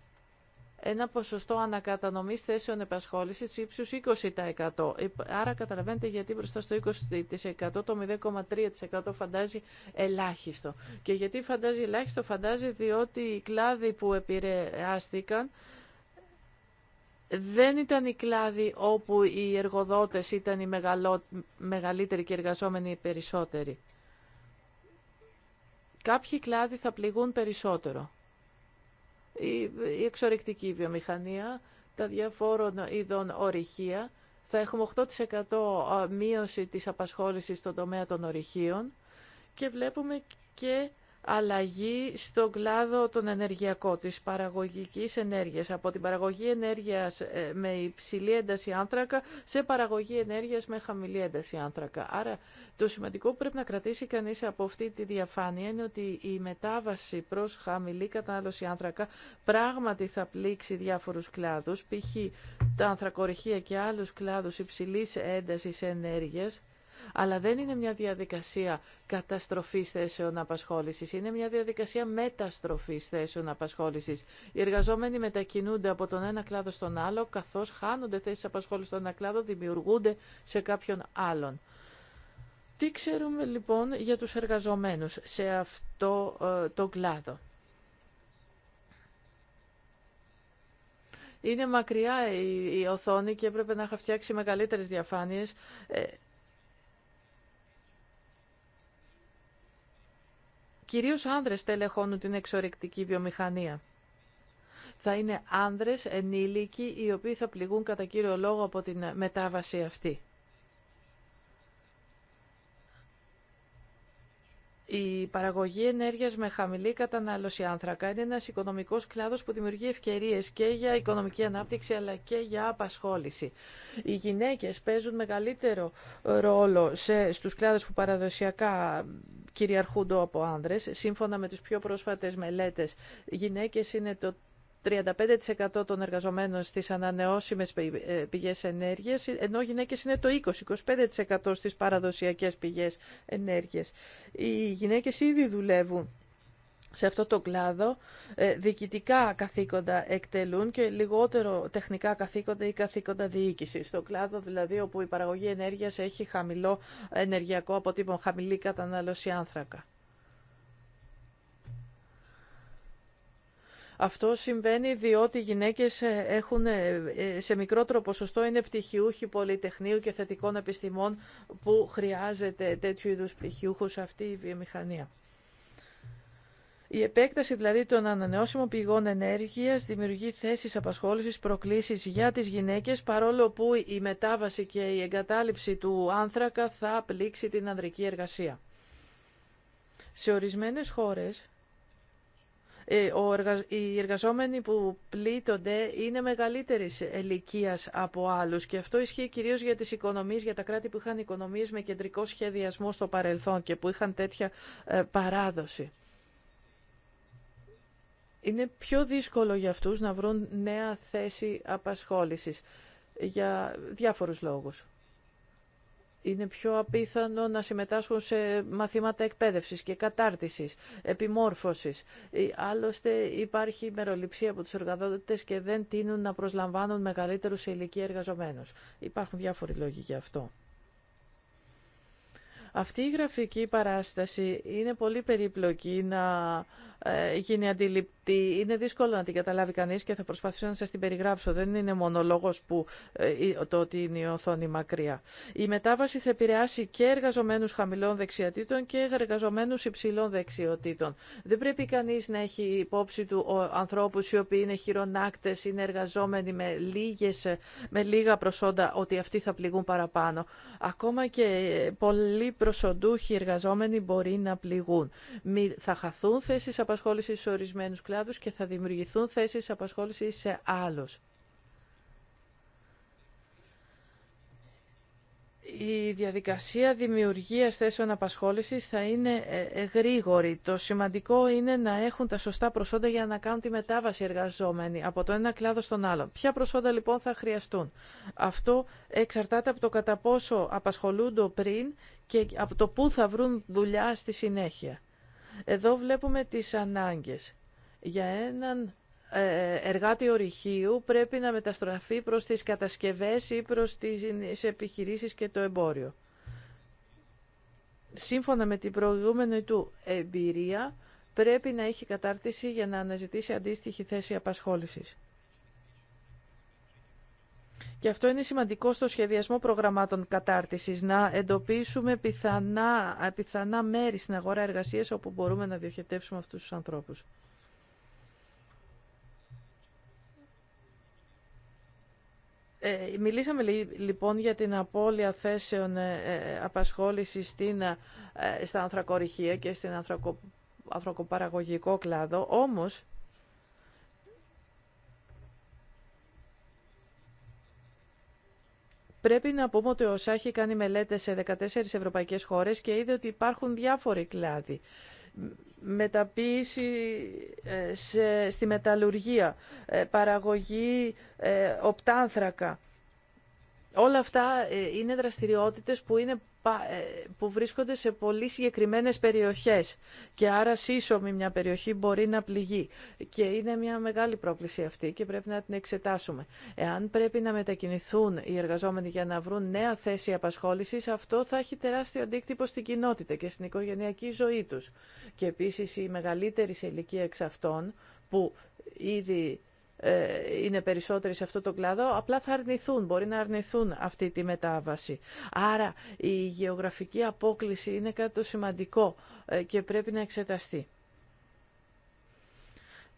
ένα ποσοστό ανακατανομής θέσεων επασχόλησης ύψους 20%. Άρα καταλαβαίνετε γιατί μπροστά στο 20% το 0,3% φαντάζει ελάχιστο. Και γιατί φαντάζει ελάχιστο, φαντάζει διότι οι κλάδοι που επηρεάστηκαν δεν ήταν οι κλάδοι όπου οι εργοδότες ήταν οι μεγαλό... μεγαλύτεροι και οι εργαζόμενοι οι περισσότεροι. Κάποιοι κλάδοι θα πληγούν περισσότερο η εξορρυκτική βιομηχανία, τα διαφόρων είδων ορυχεία. Θα έχουμε 8% μείωση της απασχόλησης στον τομέα των ορυχείων και βλέπουμε και αλλαγή στον κλάδο των ενεργειακών της παραγωγικής ενέργειας, από την παραγωγή ενέργειας ε, με υψηλή ένταση άνθρακα σε παραγωγή ενέργειας με χαμηλή ένταση άνθρακα. Άρα το σημαντικό που πρέπει να κρατήσει κανείς από αυτή τη διαφάνεια είναι ότι η μετάβαση προς χαμηλή κατανάλωση άνθρακα πράγματι θα πλήξει διάφορους κλάδους, π.χ. τα ανθρακοριχεία και άλλους κλάδους υψηλής έντασης ενέργειας, αλλά δεν είναι μια διαδικασία καταστροφής θέσεων απασχόλησης, είναι μια διαδικασία μεταστροφής θέσεων απασχόλησης. Οι εργαζόμενοι μετακινούνται από τον ένα κλάδο στον άλλο, καθώς χάνονται θέσεις απασχόλησης στον ένα κλάδο, δημιουργούνται σε κάποιον άλλον. Τι ξέρουμε λοιπόν για τους εργαζομένους σε αυτό ε, το κλάδο. Είναι μακριά η, οθόνη και έπρεπε να είχα φτιάξει μεγαλύτερες διαφάνειες. Ε, Κυρίως άνδρες τελεχώνουν την εξορρεκτική βιομηχανία. Θα είναι άνδρες ενήλικοι οι οποίοι θα πληγούν κατά κύριο λόγο από την μετάβαση αυτή. Η παραγωγή ενέργειας με χαμηλή κατανάλωση άνθρακα είναι ένας οικονομικός κλάδος που δημιουργεί ευκαιρίες και για οικονομική ανάπτυξη αλλά και για απασχόληση. Οι γυναίκες παίζουν μεγαλύτερο ρόλο σε, στους κλάδους που παραδοσιακά κυριαρχούνται από άνδρες. Σύμφωνα με τις πιο πρόσφατες μελέτες, γυναίκες είναι το 35% των εργαζομένων στις ανανεώσιμες ε, πηγές ενέργειας, ενώ γυναίκες είναι το 20-25% στις παραδοσιακές πηγές ενέργειας. Οι γυναίκες ήδη δουλεύουν σε αυτό το κλάδο ε, διοικητικά καθήκοντα εκτελούν και λιγότερο τεχνικά καθήκοντα ή καθήκοντα διοίκηση. Στο κλάδο δηλαδή όπου η παραγωγή ενέργειας έχει χαμηλό ενεργειακό αποτύπωμα, χαμηλή κατανάλωση άνθρακα. Αυτό συμβαίνει διότι οι γυναίκες ε, έχουν ε, ε, σε μικρότερο ποσοστό είναι πτυχιούχοι πολυτεχνείου και θετικών επιστημών που χρειάζεται τέτοιου είδους πτυχιούχους αυτή η βιομηχανία. Η επέκταση δηλαδή των ανανεώσιμων πηγών ενέργειας δημιουργεί θέσεις απασχόλησης, προκλήσεις για τις γυναίκες, παρόλο που η μετάβαση και η εγκατάλειψη του άνθρακα θα πλήξει την ανδρική εργασία. Σε ορισμένες χώρες ε, οι εργαζόμενοι που πλήττονται είναι μεγαλύτερη ηλικία από άλλου. και αυτό ισχύει κυρίω για τι οικονομίε, για τα κράτη που είχαν οικονομίε με κεντρικό σχεδιασμό στο παρελθόν και που είχαν τέτοια ε, παράδοση. Είναι πιο δύσκολο για αυτούς να βρουν νέα θέση απασχόλησης για διάφορους λόγους είναι πιο απίθανο να συμμετάσχουν σε μαθήματα εκπαίδευσης και κατάρτισης, επιμόρφωσης. Ε, άλλωστε υπάρχει μεροληψία από τους εργαδότες και δεν τείνουν να προσλαμβάνουν μεγαλύτερους σε ηλικία εργαζομένους. Υπάρχουν διάφοροι λόγοι γι' αυτό. Αυτή η γραφική παράσταση είναι πολύ περίπλοκη να ε, γίνει αντιληπτή. Είναι δύσκολο να την καταλάβει κανεί και θα προσπαθήσω να σα την περιγράψω. Δεν είναι μονολόγο που, ε, το ότι είναι η οθόνη μακριά. Η μετάβαση θα επηρεάσει και εργαζομένου χαμηλών δεξιοτήτων και εργαζομένου υψηλών δεξιοτήτων. Δεν πρέπει κανεί να έχει υπόψη του ανθρώπου οι οποίοι είναι χειρονάκτε, είναι εργαζόμενοι με, λίγες, με λίγα προσόντα, ότι αυτοί θα πληγούν παραπάνω. Ακόμα και πολλοί προσοντούχοι εργαζόμενοι μπορεί να πληγούν. Θα χαθούν θέσει Απασχόληση σε ορισμένους κλάδους και θα δημιουργηθούν θέσεις απασχόλησης σε άλλους. η διαδικασία δημιουργίας θέσεων απασχόλησης θα είναι ε, ε, γρήγορη. Το σημαντικό είναι να έχουν τα σωστά προσόντα για να κάνουν τη μετάβαση εργαζόμενοι από το ένα κλάδο στον άλλο. Ποια προσόντα λοιπόν θα χρειαστούν. Αυτό εξαρτάται από το κατά πόσο απασχολούνται πριν και από το πού θα βρουν δουλειά στη συνέχεια. Εδώ βλέπουμε τις ανάγκες. Για έναν ε, εργάτη ορυχείου πρέπει να μεταστραφεί προς τις κατασκευές ή προς τις επιχειρήσεις και το εμπόριο. Σύμφωνα με την προηγούμενη του εμπειρία, πρέπει να έχει κατάρτιση για να αναζητήσει αντίστοιχη θέση απασχόλησης. Και αυτό είναι σημαντικό στο σχεδιασμό προγραμμάτων κατάρτισης, να εντοπίσουμε πιθανά, πιθανά μέρη στην αγορά εργασίας όπου μπορούμε να διοχετεύσουμε αυτούς τους ανθρώπους. Ε, μιλήσαμε λοιπόν για την απώλεια θέσεων ε, ε, απασχόλησης στην, στα ανθρακοριχεία και στην ανθρακοπαραγωγικό κλάδο, όμως Πρέπει να πούμε ότι ο ΣΑΧΙ έχει κάνει μελέτες σε 14 ευρωπαϊκές χώρες και είδε ότι υπάρχουν διάφοροι κλάδοι μεταποίηση ε, σε, στη μεταλλουργία, ε, παραγωγή ε, οπτάνθρακα, Όλα αυτά ε, είναι δραστηριότητες που, είναι, ε, που βρίσκονται σε πολύ συγκεκριμένες περιοχές και άρα σύσσωμη μια περιοχή μπορεί να πληγεί και είναι μια μεγάλη πρόκληση αυτή και πρέπει να την εξετάσουμε. Εάν πρέπει να μετακινηθούν οι εργαζόμενοι για να βρουν νέα θέση απασχόλησης, αυτό θα έχει τεράστιο αντίκτυπο στην κοινότητα και στην οικογενειακή ζωή τους. Και επίσης η μεγαλύτερη σε ηλικία εξ αυτών που ήδη ε, είναι περισσότεροι σε αυτό το κλάδο, απλά θα αρνηθούν, μπορεί να αρνηθούν αυτή τη μετάβαση. Άρα η γεωγραφική απόκληση είναι κάτι το σημαντικό ε, και πρέπει να εξεταστεί.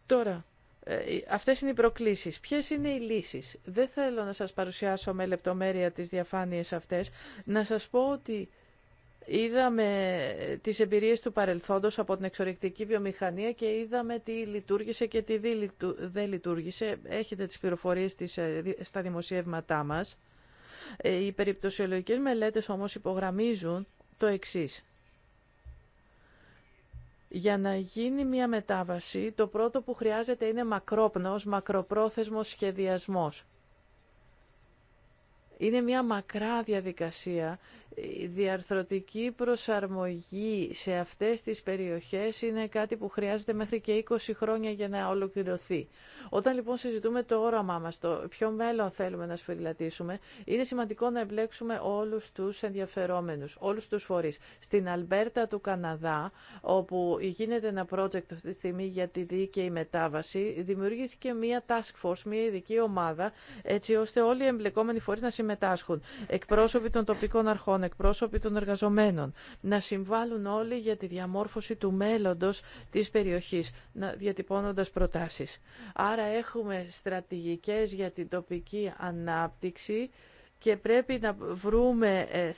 Τώρα, ε, αυτές είναι οι προκλήσεις. Ποιες είναι οι λύσεις. Δεν θέλω να σας παρουσιάσω με λεπτομέρεια τις διαφάνειες αυτές. Να σας πω ότι Είδαμε τις εμπειρίες του παρελθόντος από την εξωρικτική βιομηχανία και είδαμε τι λειτουργήσε και τι δεν λειτουργήσε. Έχετε τις πληροφορίες ε, στα δημοσιεύματά μας. Ε, οι περιπτωσιολογικές μελέτες όμως υπογραμμίζουν το εξής. Για να γίνει μια μετάβαση, το πρώτο που χρειάζεται είναι μακρόπνος, μακροπρόθεσμος σχεδιασμός. Είναι μια μακρά διαδικασία. Η διαρθρωτική προσαρμογή σε αυτές τις περιοχές είναι κάτι που χρειάζεται μέχρι και 20 χρόνια για να ολοκληρωθεί. Όταν λοιπόν συζητούμε το όραμά μας, το ποιο μέλλον θέλουμε να σφυριλατήσουμε, είναι σημαντικό να εμπλέξουμε όλους τους ενδιαφερόμενους, όλους τους φορείς. Στην Αλμπέρτα του Καναδά, όπου γίνεται ένα project αυτή τη στιγμή για τη δίκαιη μετάβαση, δημιουργήθηκε μια task force, μια ειδική ομάδα, έτσι ώστε όλοι οι εμπλεκόμενοι φορείς να συμμετέχουν εκπρόσωποι των τοπικών αρχών, εκπρόσωποι των εργαζομένων, να συμβάλλουν όλοι για τη διαμόρφωση του μέλλοντος της περιοχής, διατυπώνοντας προτάσεις. Άρα έχουμε στρατηγικές για την τοπική ανάπτυξη και πρέπει να βρούμε ε,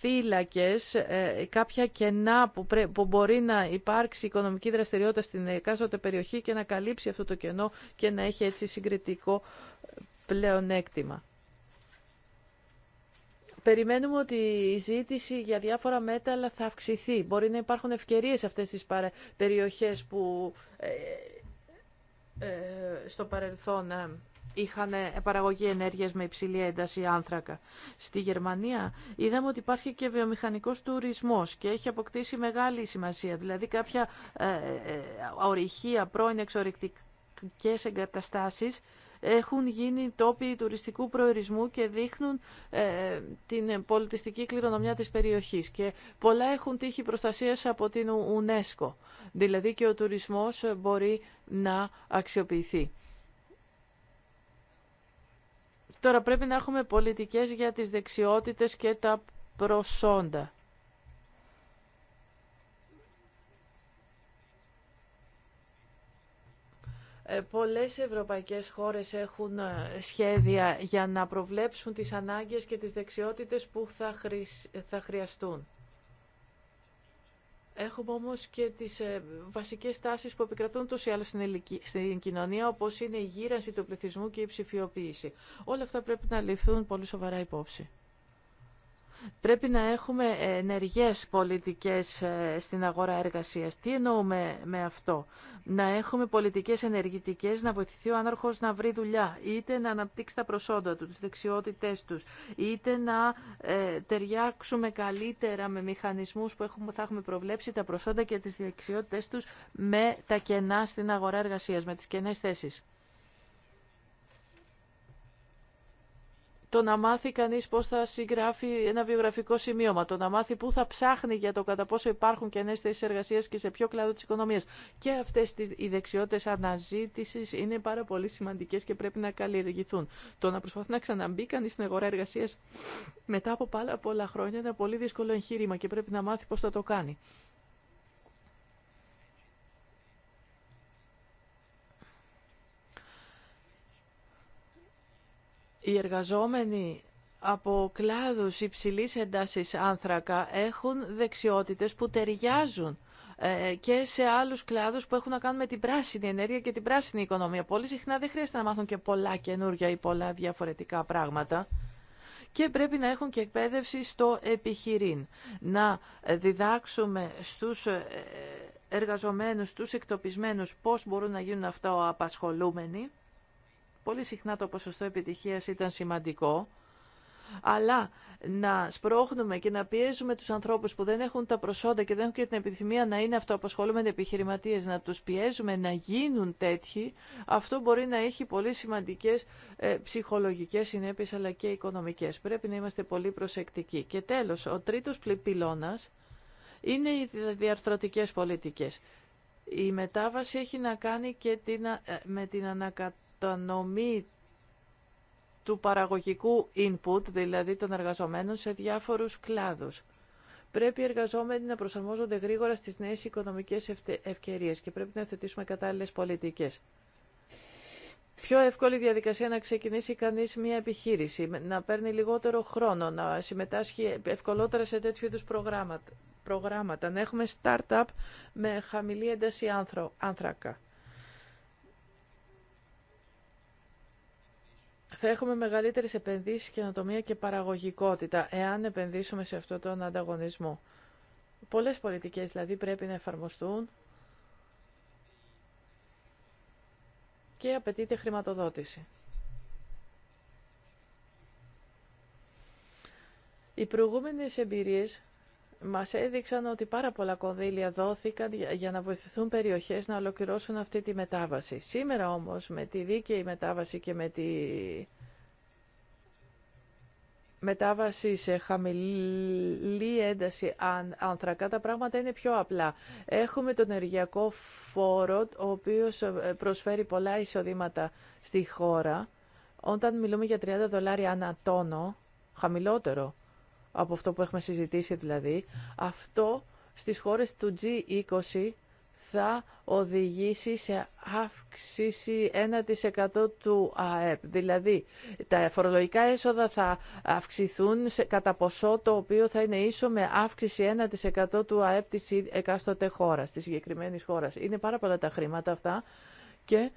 θύλακες, ε, κάποια κενά που, που μπορεί να υπάρξει οικονομική δραστηριότητα στην εκάστοτε περιοχή και να καλύψει αυτό το κενό και να έχει έτσι συγκριτικό ε, πλεονέκτημα. Περιμένουμε ότι η ζήτηση για διάφορα μέταλλα θα αυξηθεί. Μπορεί να υπάρχουν ευκαιρίες σε αυτές τις περιοχές που ε, ε, στο παρελθόν ε, είχαν παραγωγή ενέργειας με υψηλή ένταση άνθρακα. Στη Γερμανία είδαμε ότι υπάρχει και βιομηχανικός τουρισμός και έχει αποκτήσει μεγάλη σημασία. Δηλαδή κάποια ορυχεία πρώην εξορυκτικές εγκαταστάσεις έχουν γίνει τόποι τουριστικού προορισμού και δείχνουν ε, την πολιτιστική κληρονομιά της περιοχής. Και πολλά έχουν τύχει προστασίας από την UNESCO. Δηλαδή και ο τουρισμός μπορεί να αξιοποιηθεί. Τώρα πρέπει να έχουμε πολιτικές για τις δεξιότητες και τα προσόντα. Ε, πολλές ευρωπαϊκές χώρες έχουν ε, σχέδια για να προβλέψουν τις ανάγκες και τις δεξιότητες που θα χρειαστούν. Έχουμε όμως και τις ε, βασικές τάσεις που επικρατούν τόσο ή άλλως τους η στην κοινωνια οπως ειναι η γυρανση του πληθυσμού και η ψηφιοποίηση. Όλα αυτά πρέπει να ληφθούν πολύ σοβαρά υπόψη. Πρέπει να έχουμε ενεργές πολιτικές ε, στην αγορά εργασίας. Τι εννοούμε με αυτό. Να έχουμε πολιτικές ενεργητικές, να βοηθηθεί ο άναρχος να βρει δουλειά, είτε να αναπτύξει τα προσόντα του, τις δεξιότητές τους, είτε να ε, ταιριάξουμε καλύτερα με μηχανισμούς που έχουμε, θα έχουμε προβλέψει τα προσόντα και τις δεξιότητές τους με τα κενά στην αγορά εργασίας, με τις κενές θέσεις. το να μάθει κανείς πώς θα συγγράφει ένα βιογραφικό σημείωμα, το να μάθει πού θα ψάχνει για το κατά πόσο υπάρχουν και θέσει θέσεις και σε ποιο κλάδο της οικονομίας. Και αυτές τις, οι δεξιότητες αναζήτησης είναι πάρα πολύ σημαντικές και πρέπει να καλλιεργηθούν. Το να προσπαθεί να ξαναμπεί κανείς στην αγορά εργασίας μετά από πάρα πολλά χρόνια είναι ένα πολύ δύσκολο εγχείρημα και πρέπει να μάθει πώς θα το κάνει. οι εργαζόμενοι από κλάδους υψηλής εντάσεις άνθρακα έχουν δεξιότητες που ταιριάζουν ε, και σε άλλους κλάδους που έχουν να κάνουν με την πράσινη ενέργεια και την πράσινη οικονομία. Πολύ συχνά δεν χρειάζεται να μάθουν και πολλά καινούργια ή πολλά διαφορετικά πράγματα και πρέπει να έχουν και εκπαίδευση στο επιχειρήν. Να ε, διδάξουμε στους ε, εργαζομένους, τους εκτοπισμένους πώς μπορούν να γίνουν αυτά απασχολούμενοι Πολύ συχνά το ποσοστό επιτυχίας ήταν σημαντικό, αλλά να σπρώχνουμε και να πιέζουμε τους ανθρώπους που δεν έχουν τα προσόντα και δεν έχουν και την επιθυμία να είναι αυτοαποσχολούμενοι επιχειρηματίες, να τους πιέζουμε να γίνουν τέτοιοι, αυτό μπορεί να έχει πολύ σημαντικές ε, ψυχολογικές συνέπειες αλλά και οικονομικές. Πρέπει να είμαστε πολύ προσεκτικοί. Και τέλος, ο τρίτος πυλώνας είναι οι διαρθρωτικές πολιτικές. Η μετάβαση έχει να κάνει και την, ε, με την ανακατάσταση κατανομή του παραγωγικού input, δηλαδή των εργαζομένων, σε διάφορους κλάδους. Πρέπει οι εργαζόμενοι να προσαρμόζονται γρήγορα στις νέες οικονομικές ευκαιρίες και πρέπει να θετήσουμε κατάλληλες πολιτικές. Πιο εύκολη διαδικασία να ξεκινήσει κανείς μια επιχείρηση, να παίρνει λιγότερο χρόνο, να συμμετάσχει ευκολότερα σε τέτοιου είδους προγράμματα, προγράμματα να έχουμε startup με χαμηλή ένταση άνθρακα. θα έχουμε μεγαλύτερες επενδύσεις, ανατομία και παραγωγικότητα, εάν επενδύσουμε σε αυτόν τον ανταγωνισμό. Πολλές πολιτικές δηλαδή πρέπει να εφαρμοστούν και απαιτείται χρηματοδότηση. Οι προηγούμενες εμπειρίες μας έδειξαν ότι πάρα πολλά κονδύλια δόθηκαν για να βοηθηθούν περιοχές να ολοκληρώσουν αυτή τη μετάβαση. Σήμερα όμως με τη δίκαιη μετάβαση και με τη μετάβαση σε χαμηλή ένταση ανθρακά τα πράγματα είναι πιο απλά. Έχουμε τον ενεργειακό φόρο ο οποίος ε, προσφέρει πολλά εισοδήματα στη χώρα. Όταν μιλούμε για 30 δολάρια ανά τόνο, χαμηλότερο από αυτό που έχουμε συζητήσει δηλαδή, αυτό στις χώρες του G20 θα οδηγήσει σε αύξηση 1% του ΑΕΠ. Δηλαδή, τα φορολογικά έσοδα θα αυξηθούν σε κατά ποσό το οποίο θα είναι ίσο με αύξηση 1% του ΑΕΠ της εκάστοτε χώρας, της συγκεκριμένη χώρας. Είναι πάρα πολλά τα χρήματα αυτά και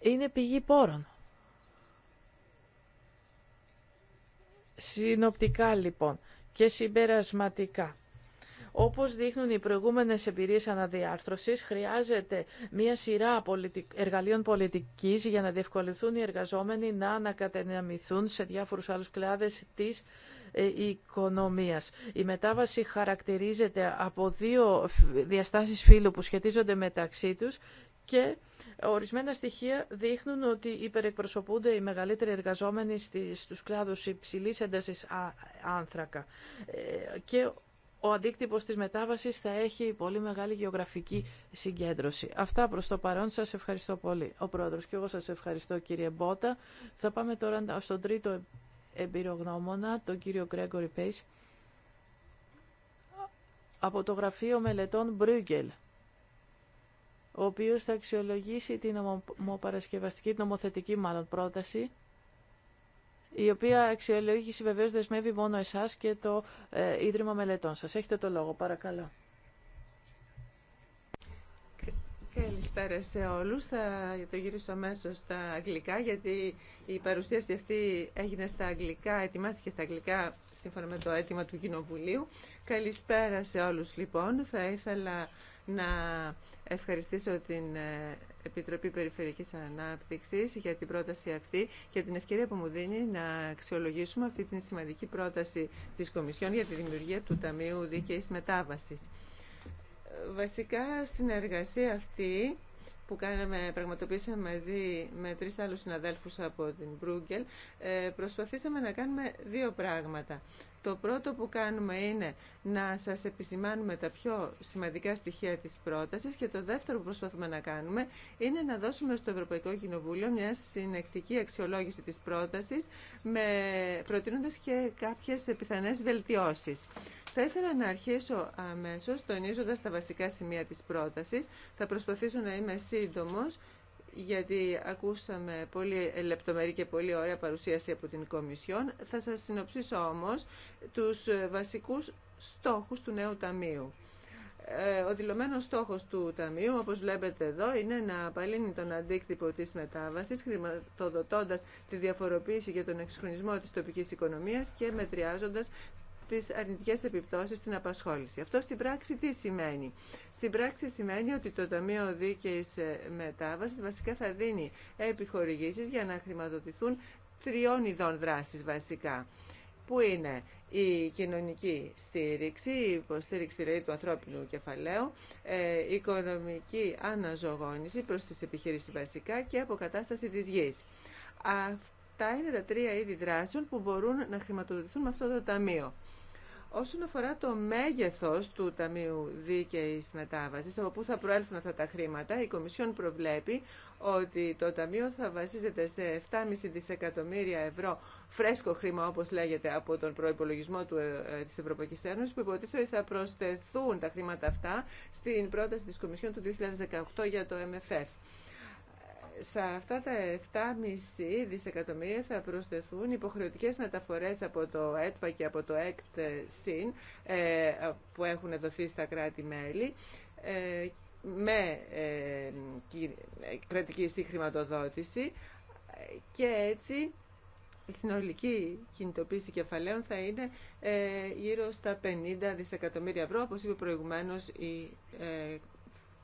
είναι πηγή πόρων. Συνοπτικά λοιπόν και συμπερασματικά. Όπως δείχνουν οι προηγούμενες εμπειρίες αναδιάρθρωσης, χρειάζεται μία σειρά εργαλείων πολιτικής για να διευκολυνθούν οι εργαζόμενοι να ανακατεναμηθούν σε διάφορους άλλους κλάδες της ε, οικονομίας. Η μετάβαση χαρακτηρίζεται από δύο διαστάσεις φύλου που σχετίζονται μεταξύ τους και ορισμένα στοιχεία δείχνουν ότι υπερεκπροσωπούνται οι μεγαλύτεροι εργαζόμενοι στους κλάδους υψηλής έντασης άνθρακα ε, και ο αντίκτυπος της μετάβασης θα έχει πολύ μεγάλη γεωγραφική συγκέντρωση. Αυτά προς το παρόν. Σας ευχαριστώ πολύ. Ο Πρόεδρος και εγώ σας ευχαριστώ κύριε Μπότα. Θα πάμε τώρα στον τρίτο εμπειρογνώμονα, τον κύριο Γκρέγκορη Πέις, από το Γραφείο Μελετών Μπρούγκελ ο οποίος θα αξιολογήσει την νομοπαρασκευαστική, νομοθετική μάλλον πρόταση, η οποία αξιολόγηση βεβαίως δεσμεύει μόνο εσάς και το ε, Ίδρυμα Μελετών σας. Έχετε το λόγο, παρακαλώ. Καλησπέρα σε όλους. Θα το γυρίσω αμέσω στα αγγλικά, γιατί η παρουσίαση αυτή έγινε στα αγγλικά, ετοιμάστηκε στα αγγλικά σύμφωνα με το αίτημα του Κοινοβουλίου. Καλησπέρα σε όλους λοιπόν. Θα ήθελα να ευχαριστήσω την ε, Επιτροπή Περιφερειακής Ανάπτυξης για την πρόταση αυτή και την ευκαιρία που μου δίνει να αξιολογήσουμε αυτή την σημαντική πρόταση της Κομισιόν για τη δημιουργία του Ταμείου Δίκαιης Μετάβασης. Βασικά στην εργασία αυτή που κάναμε, πραγματοποίησαμε μαζί με τρεις άλλους συναδέλφους από την Μπρούγκελ, προσπαθήσαμε να κάνουμε δύο πράγματα. Το πρώτο που κάνουμε είναι να σας επισημάνουμε τα πιο σημαντικά στοιχεία της πρότασης και το δεύτερο που προσπαθούμε να κάνουμε είναι να δώσουμε στο Ευρωπαϊκό Κοινοβούλιο μια συνεκτική αξιολόγηση της πρότασης με, προτείνοντας και κάποιες πιθανές βελτιώσεις. Θα ήθελα να αρχίσω αμέσως τονίζοντας τα βασικά σημεία της πρότασης. Θα προσπαθήσω να είμαι σύντομος γιατί ακούσαμε πολύ λεπτομερή και πολύ ωραία παρουσίαση από την Κομισιόν. Θα σας συνοψίσω όμως τους βασικούς στόχους του νέου Ταμείου. Ε, ο δηλωμένος στόχος του Ταμείου, όπως βλέπετε εδώ, είναι να απαλύνει τον αντίκτυπο της μετάβασης, χρηματοδοτώντας τη διαφοροποίηση για τον εξυγχρονισμό της τοπικής οικονομίας και μετριάζοντας τις αρνητικές επιπτώσεις στην απασχόληση. Αυτό στην πράξη τι σημαίνει. Στην πράξη σημαίνει ότι το Ταμείο Δίκαιης Μετάβασης βασικά θα δίνει επιχορηγήσεις για να χρηματοδοτηθούν τριών ειδών δράσεις βασικά που είναι η κοινωνική στήριξη, η υποστήριξη δηλαδή, του ανθρώπινου κεφαλαίου, η ε, οικονομική αναζωογόνηση προς τις επιχειρήσεις βασικά και αποκατάσταση της γης. Αυτά είναι τα τρία είδη δράσεων που μπορούν να χρηματοδοτηθούν με αυτό το ταμείο. Όσον αφορά το μέγεθος του Ταμείου Δίκαιης Μετάβασης, από πού θα προέλθουν αυτά τα χρήματα, η Κομισιόν προβλέπει ότι το Ταμείο θα βασίζεται σε 7,5 δισεκατομμύρια ευρώ φρέσκο χρήμα, όπως λέγεται, από τον προϋπολογισμό του, ε, ε της Ευρωπαϊκής Ένωσης, που υποτίθεται θα προσθεθούν τα χρήματα αυτά στην πρόταση της Κομισιόν του 2018 για το MFF σε αυτά τα 7,5 δισεκατομμύρια θα προσθεθούν υποχρεωτικές μεταφορές από το ΕΤΠΑ και από το ΕΚΤ-ΣΥΝ ε, που έχουν δοθεί στα κράτη-μέλη ε, με ε, κρατική συγχρηματοδότηση και έτσι η συνολική κινητοποίηση κεφαλαίων θα είναι γύρω στα 50 δισεκατομμύρια ευρώ, όπως είπε προηγουμένως η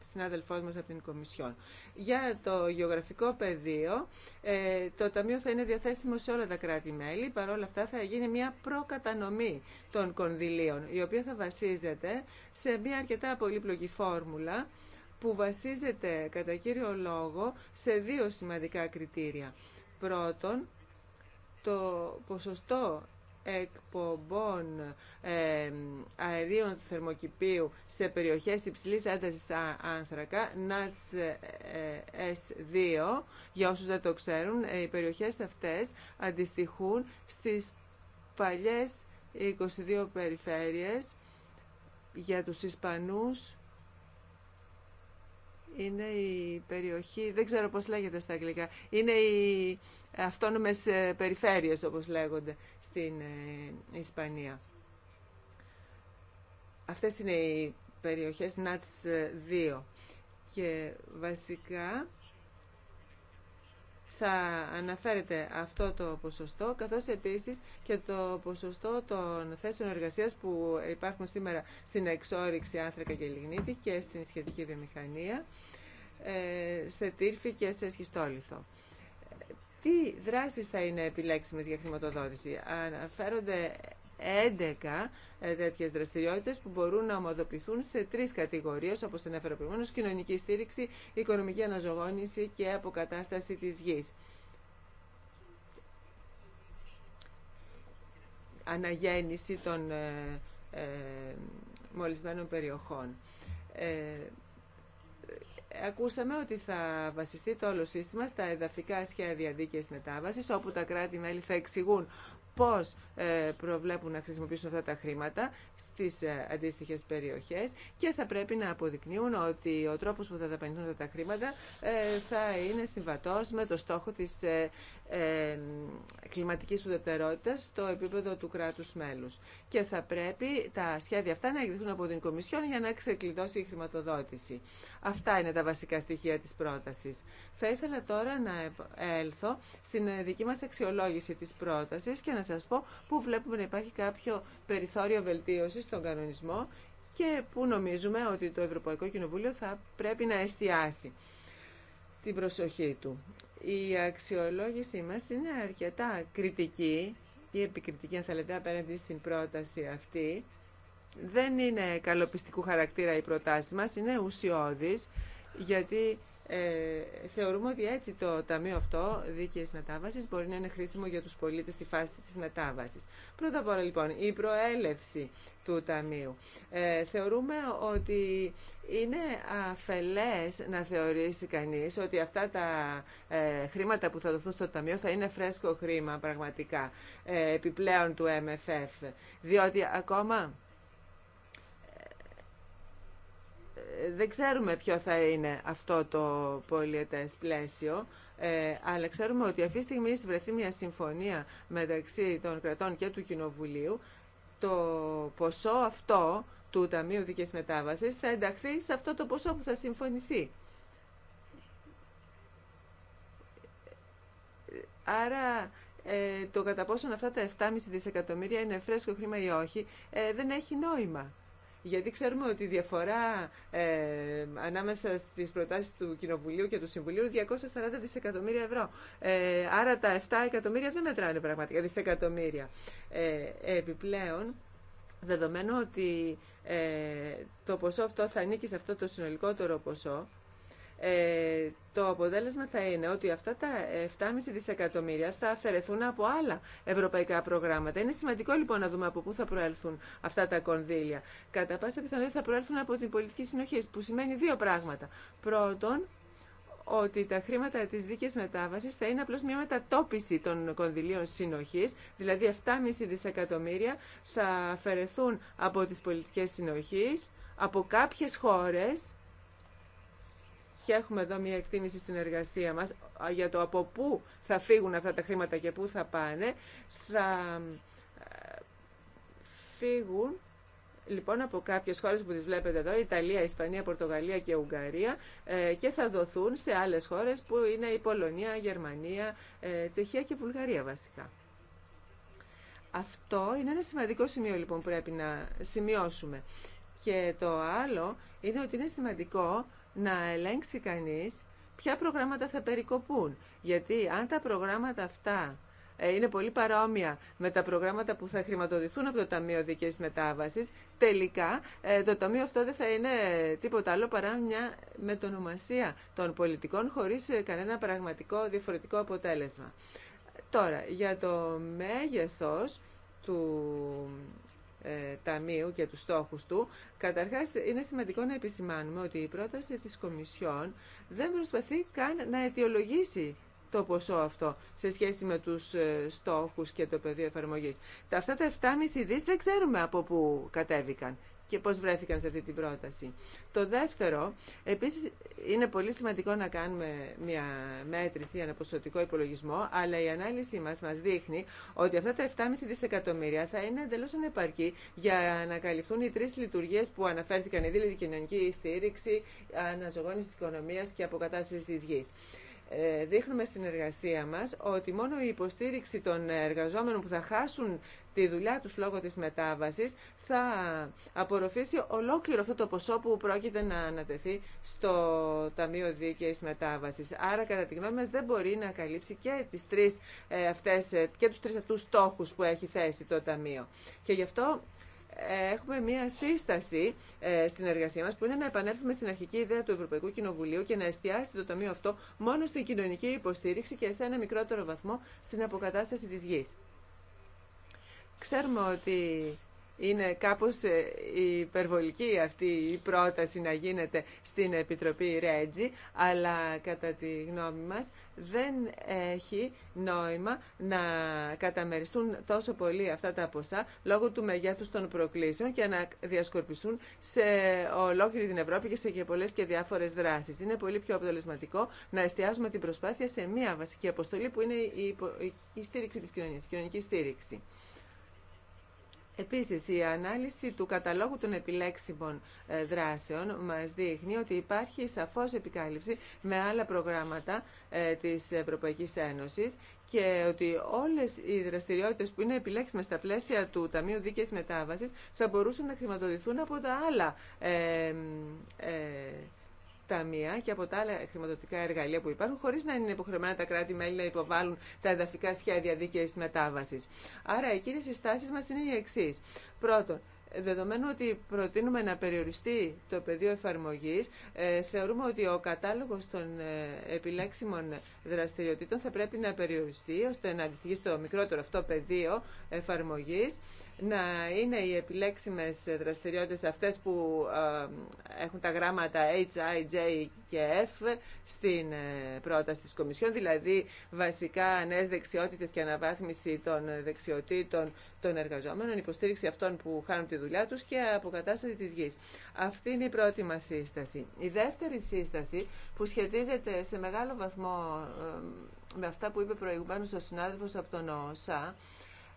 συνάδελφός μας από την Κομισιόν. Για το γεωγραφικό πεδίο, ε, το Ταμείο θα είναι διαθέσιμο σε όλα τα κράτη-μέλη. Παρ' όλα αυτά θα γίνει μια προκατανομή των κονδυλίων, η οποία θα βασίζεται σε μια αρκετά πολύπλοκη φόρμουλα, που βασίζεται κατά κύριο λόγο σε δύο σημαντικά κριτήρια. Πρώτον, το ποσοστό εκπομπών ε, αερίων του θερμοκηπίου σε περιοχές υψηλής έντασης άνθρακα, NATS ε, ε, S2, για όσους δεν το ξέρουν, οι περιοχές αυτές αντιστοιχούν στις παλιές 22 περιφέρειες για τους Ισπανούς είναι η περιοχή, δεν ξέρω πώς λέγεται στα αγγλικά, είναι η αυτόνομες ε, περιφέρειες όπως λέγονται στην ε, Ισπανία. Αυτές είναι οι περιοχές ΝΑΤΣ 2 ε, και βασικά θα αναφέρεται αυτό το ποσοστό, καθώς επίσης και το ποσοστό των θέσεων εργασίας που υπάρχουν σήμερα στην εξόριξη άνθρακα και λιγνίτη και στην σχετική βιομηχανία, σε τύρφη και σε σχιστόλιθο τι δράσεις θα είναι επιλέξιμες για χρηματοδότηση. Αναφέρονται 11 ε, τέτοιε δραστηριότητε που μπορούν να ομοδοποιηθούν σε τρει κατηγορίε, όπω ανέφερα προηγουμένω: κοινωνική στήριξη, οικονομική αναζωογόνηση και αποκατάσταση τη γη. Αναγέννηση των ε, ε, μολυσμένων περιοχών. Ε, Ακούσαμε ότι θα βασιστεί το όλο σύστημα στα εδαφικά σχέδια δίκαιη μετάβασης, όπου τα κράτη-μέλη θα εξηγούν πώς ε, προβλέπουν να χρησιμοποιήσουν αυτά τα χρήματα στις ε, αντίστοιχες περιοχές και θα πρέπει να αποδεικνύουν ότι ο τρόπο που θα δαπανηθούν αυτά τα χρήματα ε, θα είναι συμβατός με το στόχο τη ε, κλιματικής ουδετερότητας στο επίπεδο του κράτους μέλους. Και θα πρέπει τα σχέδια αυτά να εγκριθούν από την Κομισιόν για να ξεκλειδώσει η χρηματοδότηση. Αυτά είναι τα βασικά στοιχεία της πρότασης. Θα ήθελα τώρα να έλθω στην ε, δική μας αξιολόγηση της πρότασης και να σας πω που βλέπουμε να υπάρχει κάποιο περιθώριο βελτίωσης στον κανονισμό και που νομίζουμε ότι το Ευρωπαϊκό Κοινοβούλιο θα πρέπει να εστιάσει την προσοχή του η αξιολόγησή μας είναι αρκετά κριτική ή επικριτική αν θέλετε απέναντι στην πρόταση αυτή. Δεν είναι καλοπιστικού χαρακτήρα η προτάση μας, είναι ουσιώδης γιατί ε, θεωρούμε ότι έτσι το Ταμείο αυτό δίκαιη μετάβαση μπορεί να είναι χρήσιμο για τους πολίτες στη φάση της μετάβασης. Πρώτα απ' όλα λοιπόν η προέλευση του Ταμείου. Ε, θεωρούμε ότι είναι αφελές να θεωρήσει κανείς ότι αυτά τα ε, χρήματα που θα δοθούν στο Ταμείο θα είναι φρέσκο χρήμα πραγματικά ε, επιπλέον του MFF. Διότι ακόμα δεν ξέρουμε ποιο θα είναι αυτό το πολιετές πλαίσιο, ε, αλλά ξέρουμε ότι αυτή τη στιγμή βρεθεί μια συμφωνία μεταξύ των κρατών και του Κοινοβουλίου. Το ποσό αυτό του Ταμείου Δικής Μετάβασης θα ενταχθεί σε αυτό το ποσό που θα συμφωνηθεί. Άρα ε, το κατά πόσον αυτά τα 7,5 δισεκατομμύρια είναι φρέσκο χρήμα ή όχι ε, δεν έχει νόημα γιατί ξέρουμε ότι η διαφορά ε, ανάμεσα στις προτάσεις του Κοινοβουλίου και του Συμβουλίου είναι 240 δισεκατομμύρια ευρώ. Ε, άρα τα 7 εκατομμύρια δεν μετράνε πραγματικά, δισεκατομμύρια. Ε, επιπλέον, δεδομένου ότι ε, το ποσό αυτό θα ανήκει σε αυτό το συνολικότερο ποσό, ε, το αποτέλεσμα θα είναι ότι αυτά τα 7,5 δισεκατομμύρια θα αφαιρεθούν από άλλα ευρωπαϊκά προγράμματα. Είναι σημαντικό λοιπόν να δούμε από πού θα προέλθουν αυτά τα κονδύλια. Κατά πάσα πιθανότητα θα προέλθουν από την πολιτική συνοχή, που σημαίνει δύο πράγματα. Πρώτον, ότι τα χρήματα της δίκαιης μετάβασης θα είναι απλώς μια μετατόπιση των κονδυλίων συνοχής, δηλαδή 7,5 δισεκατομμύρια θα αφαιρεθούν από τις πολιτικές συνοχή από κάποιες χώρες, και έχουμε εδώ μια εκτίμηση στην εργασία μας για το από πού θα φύγουν αυτά τα χρήματα και πού θα πάνε. Θα ε, φύγουν λοιπόν από κάποιες χώρες που τις βλέπετε εδώ, Ιταλία, Ισπανία, Πορτογαλία και Ουγγαρία, ε, και θα δοθούν σε άλλες χώρες που είναι η Πολωνία, Γερμανία, ε, Τσεχία και Βουλγαρία βασικά. Αυτό είναι ένα σημαντικό σημείο λοιπόν που πρέπει να σημειώσουμε. Και το άλλο είναι ότι είναι σημαντικό να ελέγξει κανείς ποια προγράμματα θα περικοπούν. Γιατί αν τα προγράμματα αυτά ε, είναι πολύ παρόμοια με τα προγράμματα που θα χρηματοδοτηθούν από το Ταμείο Δικής Μετάβασης, τελικά ε, το Ταμείο αυτό δεν θα είναι τίποτα άλλο παρά μια μετονομασία των πολιτικών χωρίς ε, κανένα πραγματικό διαφορετικό αποτέλεσμα. Τώρα, για το μέγεθος του ε, ταμείου και τους στόχους του, καταρχάς είναι σημαντικό να επισημάνουμε ότι η πρόταση της Κομισιόν δεν προσπαθεί καν να αιτιολογήσει το ποσό αυτό σε σχέση με τους ε, στόχους και το πεδίο εφαρμογής. Τα αυτά τα 7,5 δις δεν ξέρουμε από πού κατέβηκαν και πώς βρέθηκαν σε αυτή την πρόταση. Το δεύτερο, επίσης είναι πολύ σημαντικό να κάνουμε μια μέτρηση, ένα ποσοτικό υπολογισμό, αλλά η ανάλυση μας μας δείχνει ότι αυτά τα 7,5 δισεκατομμύρια θα είναι εντελώς ανεπαρκή για να καλυφθούν οι τρεις λειτουργίες που αναφέρθηκαν, η δηλαδή κοινωνική στήριξη, αναζωγόνηση της οικονομίας και αποκατάσταση της γης ε, δείχνουμε στην εργασία μας ότι μόνο η υποστήριξη των εργαζόμενων που θα χάσουν τη δουλειά τους λόγω της μετάβασης θα απορροφήσει ολόκληρο αυτό το ποσό που πρόκειται να ανατεθεί στο Ταμείο Δίκαιης Μετάβασης. Άρα κατά τη γνώμη μας δεν μπορεί να καλύψει και, τις τρεις, ε, αυτές, ε, και τους τρεις αυτούς στόχους που έχει θέσει το Ταμείο. Και γι' αυτό ε, έχουμε μία σύσταση στην εργασία μας που είναι να επανέλθουμε στην αρχική ιδέα του Ευρωπαϊκού Κοινοβουλίου και να εστιάσει το Ταμείο αυτό μόνο στην κοινωνική υποστήριξη και σε ένα μικρότερο βαθμό στην αποκατάσταση της γης. Ξέρουμε ότι είναι κάπως ε, υπερβολική αυτή η πρόταση να γίνεται στην Επιτροπή Ρέτζι, αλλά κατά τη γνώμη μας δεν έχει νόημα να καταμεριστούν τόσο πολύ αυτά τα ποσά λόγω του μεγέθους των προκλήσεων και να διασκορπιστούν σε ολόκληρη την Ευρώπη και σε και πολλές και διάφορες δράσεις. Είναι πολύ πιο αποτελεσματικό να εστιάζουμε την προσπάθεια σε μία βασική αποστολή που είναι η στήριξη της κοινωνίας, η κοινωνική στήριξη. Επίσης, η ανάλυση του καταλόγου των επιλέξιμων ε, δράσεων μας δείχνει ότι υπάρχει σαφώς επικάλυψη με άλλα προγράμματα ε, της Ευρωπαϊκής Ένωσης και ότι όλες οι δραστηριότητες που είναι επιλέξιμες στα πλαίσια του Ταμείου Δίκαιης Μετάβασης θα μπορούσαν να χρηματοδοτηθούν από τα άλλα ε, ταμεία και από τα άλλα χρηματοδοτικά εργαλεία που υπάρχουν, χωρί να είναι υποχρεωμένα τα κράτη-μέλη να υποβάλουν τα εδαφικά σχέδια δίκαιη μετάβαση. Άρα, οι κύριε συστάσει μα είναι οι εξή. Πρώτον, Δεδομένου ότι προτείνουμε να περιοριστεί το πεδίο εφαρμογής, ε, θεωρούμε ότι ο κατάλογος των ε, επιλέξιμων δραστηριοτήτων θα πρέπει να περιοριστεί ώστε να αντιστοιχεί στο μικρότερο αυτό πεδίο εφαρμογής να είναι οι επιλέξιμες δραστηριότητες αυτές που ε, έχουν τα γράμματα H, I, J και F στην ε, πρόταση της Κομισιόν, δηλαδή βασικά νέες δεξιότητες και αναβάθμιση των δεξιοτήτων των εργαζόμενων, υποστήριξη αυτών που χάνουν τη δουλειά τους και αποκατάσταση της γης. Αυτή είναι η πρώτη μας σύσταση. Η δεύτερη σύσταση που σχετίζεται σε μεγάλο βαθμό ε, με αυτά που είπε προηγουμένως ο συνάδελφος από τον ΟΣΑ,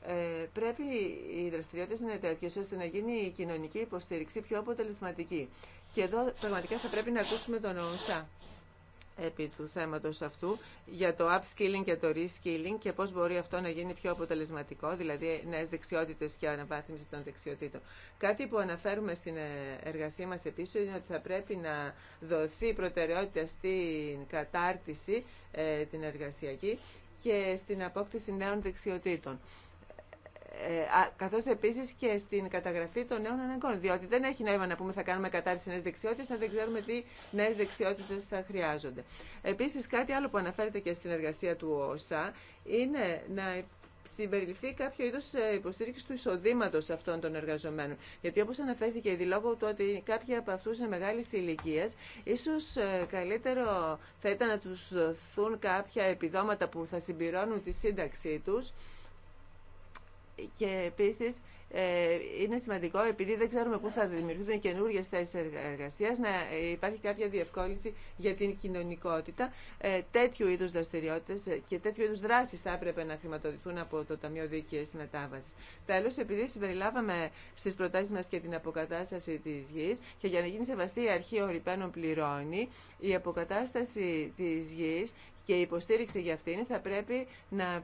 ε, πρέπει οι δραστηριότητε να είναι τέτοιε ώστε να γίνει η κοινωνική υποστήριξη πιο αποτελεσματική. Και εδώ πραγματικά θα πρέπει να ακούσουμε τον ΩΣΑ επί του θέματος αυτού για το upskilling και το reskilling και πώς μπορεί αυτό να γίνει πιο αποτελεσματικό, δηλαδή νέες δεξιότητες και αναβάθμιση των δεξιοτήτων. Κάτι που αναφέρουμε στην ε, εργασία μας επίσης είναι ότι θα πρέπει να δοθεί προτεραιότητα στην κατάρτιση ε, την εργασιακή και στην απόκτηση νέων δεξιοτήτων. Ε, καθώς επίσης και στην καταγραφή των νέων αναγκών. Διότι δεν έχει νόημα να πούμε θα κάνουμε κατάρτιση νέες δεξιότητες αν δεν ξέρουμε τι νέες δεξιότητες θα χρειάζονται. Επίσης κάτι άλλο που αναφέρεται και στην εργασία του ΩΣΑ είναι να συμπεριληφθεί κάποιο είδο ε, υποστήριξη του εισοδήματο αυτών των εργαζομένων. Γιατί όπω αναφέρθηκε ήδη λόγω του ότι κάποιοι από αυτού είναι μεγάλη ηλικία, ίσω ε, καλύτερο θα ήταν να του δοθούν κάποια επιδόματα που θα συμπληρώνουν τη σύνταξή του και ε, είναι σημαντικό, επειδή δεν ξέρουμε πού θα δημιουργηθούν καινούργιε θέσει εργασίας, να υπάρχει κάποια διευκόλυνση για την κοινωνικότητα. Ε, τέτοιου είδου δραστηριότητε και τέτοιου είδου δράσει θα έπρεπε να χρηματοδοτηθούν από το Ταμείο Δίκαιη μετάβαση. Τέλο, επειδή συμπεριλάβαμε στι προτάσει μα και την αποκατάσταση τη γη, και για να γίνει σεβαστή η αρχή ο πληρώνει, η αποκατάσταση τη γη και η υποστήριξη για αυτήν θα πρέπει να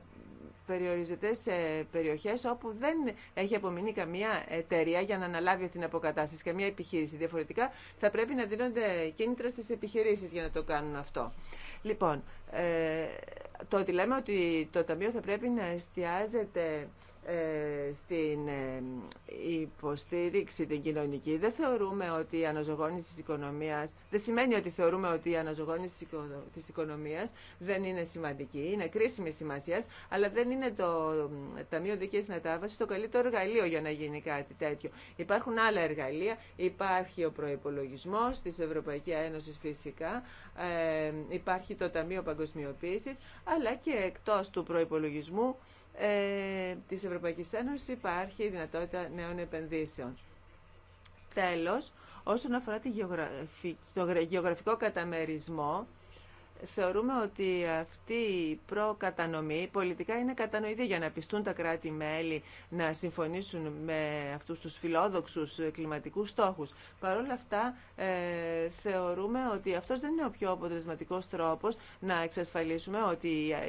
περιοριζεται σε περιοχές όπου δεν έχει απομείνει καμία εταιρεία για να αναλάβει την αποκατάσταση, καμία επιχείρηση. Διαφορετικά θα πρέπει να δίνονται κίνητρα στις επιχειρήσεις για να το κάνουν αυτό. Λοιπόν, ε, το ότι λέμε ότι το Ταμείο θα πρέπει να εστιάζεται ε, στην ε, υποστήριξη την κοινωνική. Δεν θεωρούμε ότι η αναζωγόνηση της οικονομίας, δεν σημαίνει ότι θεωρούμε ότι η αναζωγόνηση της οικονομίας δεν είναι σημαντική, είναι κρίσιμη σημασία, αλλά δεν είναι το Ταμείο Δικής Μετάβασης το καλύτερο εργαλείο για να γίνει κάτι τέτοιο. Υπάρχουν άλλα εργαλεία, υπάρχει ο προπολογισμό της Ευρωπαϊκή Ένωση φυσικά, ε, υπάρχει το Ταμείο Παγκοσμιοποίησης, αλλά και εκτός του προπολογισμού ε, της Ευρωπαϊκής Ένωσης υπάρχει η δυνατότητα νέων επενδύσεων. Τέλος, όσον αφορά τη το γεωγραφικό καταμερισμό, θεωρούμε ότι αυτή η προκατανομή πολιτικά είναι κατανοητή για να πιστούν τα κράτη-μέλη να συμφωνήσουν με αυτούς τους φιλόδοξους κλιματικούς στόχους. Παρ' όλα αυτά ε, θεωρούμε ότι αυτός δεν είναι ο πιο αποτελεσματικός τρόπος να εξασφαλίσουμε ότι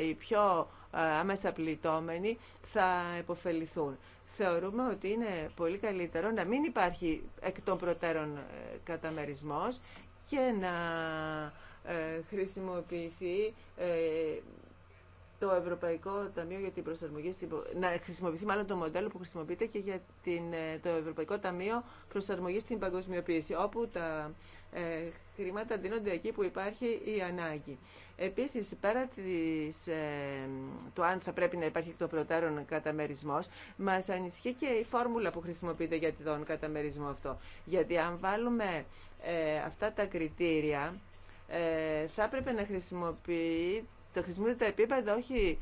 οι πιο ε, άμεσα πληττόμενοι θα υποφεληθούν. Θεωρούμε ότι είναι πολύ καλύτερο να μην υπάρχει εκ των προτέρων ε, καταμερισμός και να ε, χρησιμοποιηθεί ε, το Ευρωπαϊκό Ταμείο για την Προσαρμογή στην... να χρησιμοποιηθεί μάλλον το μοντέλο που χρησιμοποιείται και για την, ε, το Ευρωπαϊκό Ταμείο προσαρμογή στην Παγκοσμιοποίηση, όπου τα ε, χρήματα δίνονται εκεί που υπάρχει η ανάγκη. Επίση, πέρα της, ε, του αν θα πρέπει να υπάρχει το προτέρων καταμερισμό, μα ανισχύει και η φόρμουλα που χρησιμοποιείται για τον καταμερισμό αυτό. Γιατί αν βάλουμε αυτά τα κριτήρια, ε, θα έπρεπε να χρησιμοποιεί το χρησιμοποιεί τα επίπεδα όχι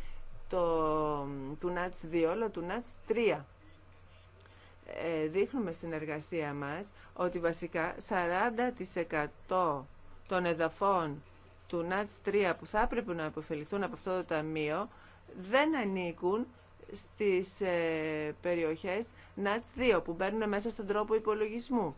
το, του ΝΑΤΣ 2, αλλά του ΝΑΤΣ 3. Ε, δείχνουμε στην εργασία μας ότι βασικά 40% των εδαφών του ΝΑΤΣ 3 που θα έπρεπε να αποφεληθούν από αυτό το ταμείο δεν ανήκουν στις ε, περιοχές ΝΑΤΣ 2 που μπαίνουν μέσα στον τρόπο υπολογισμού.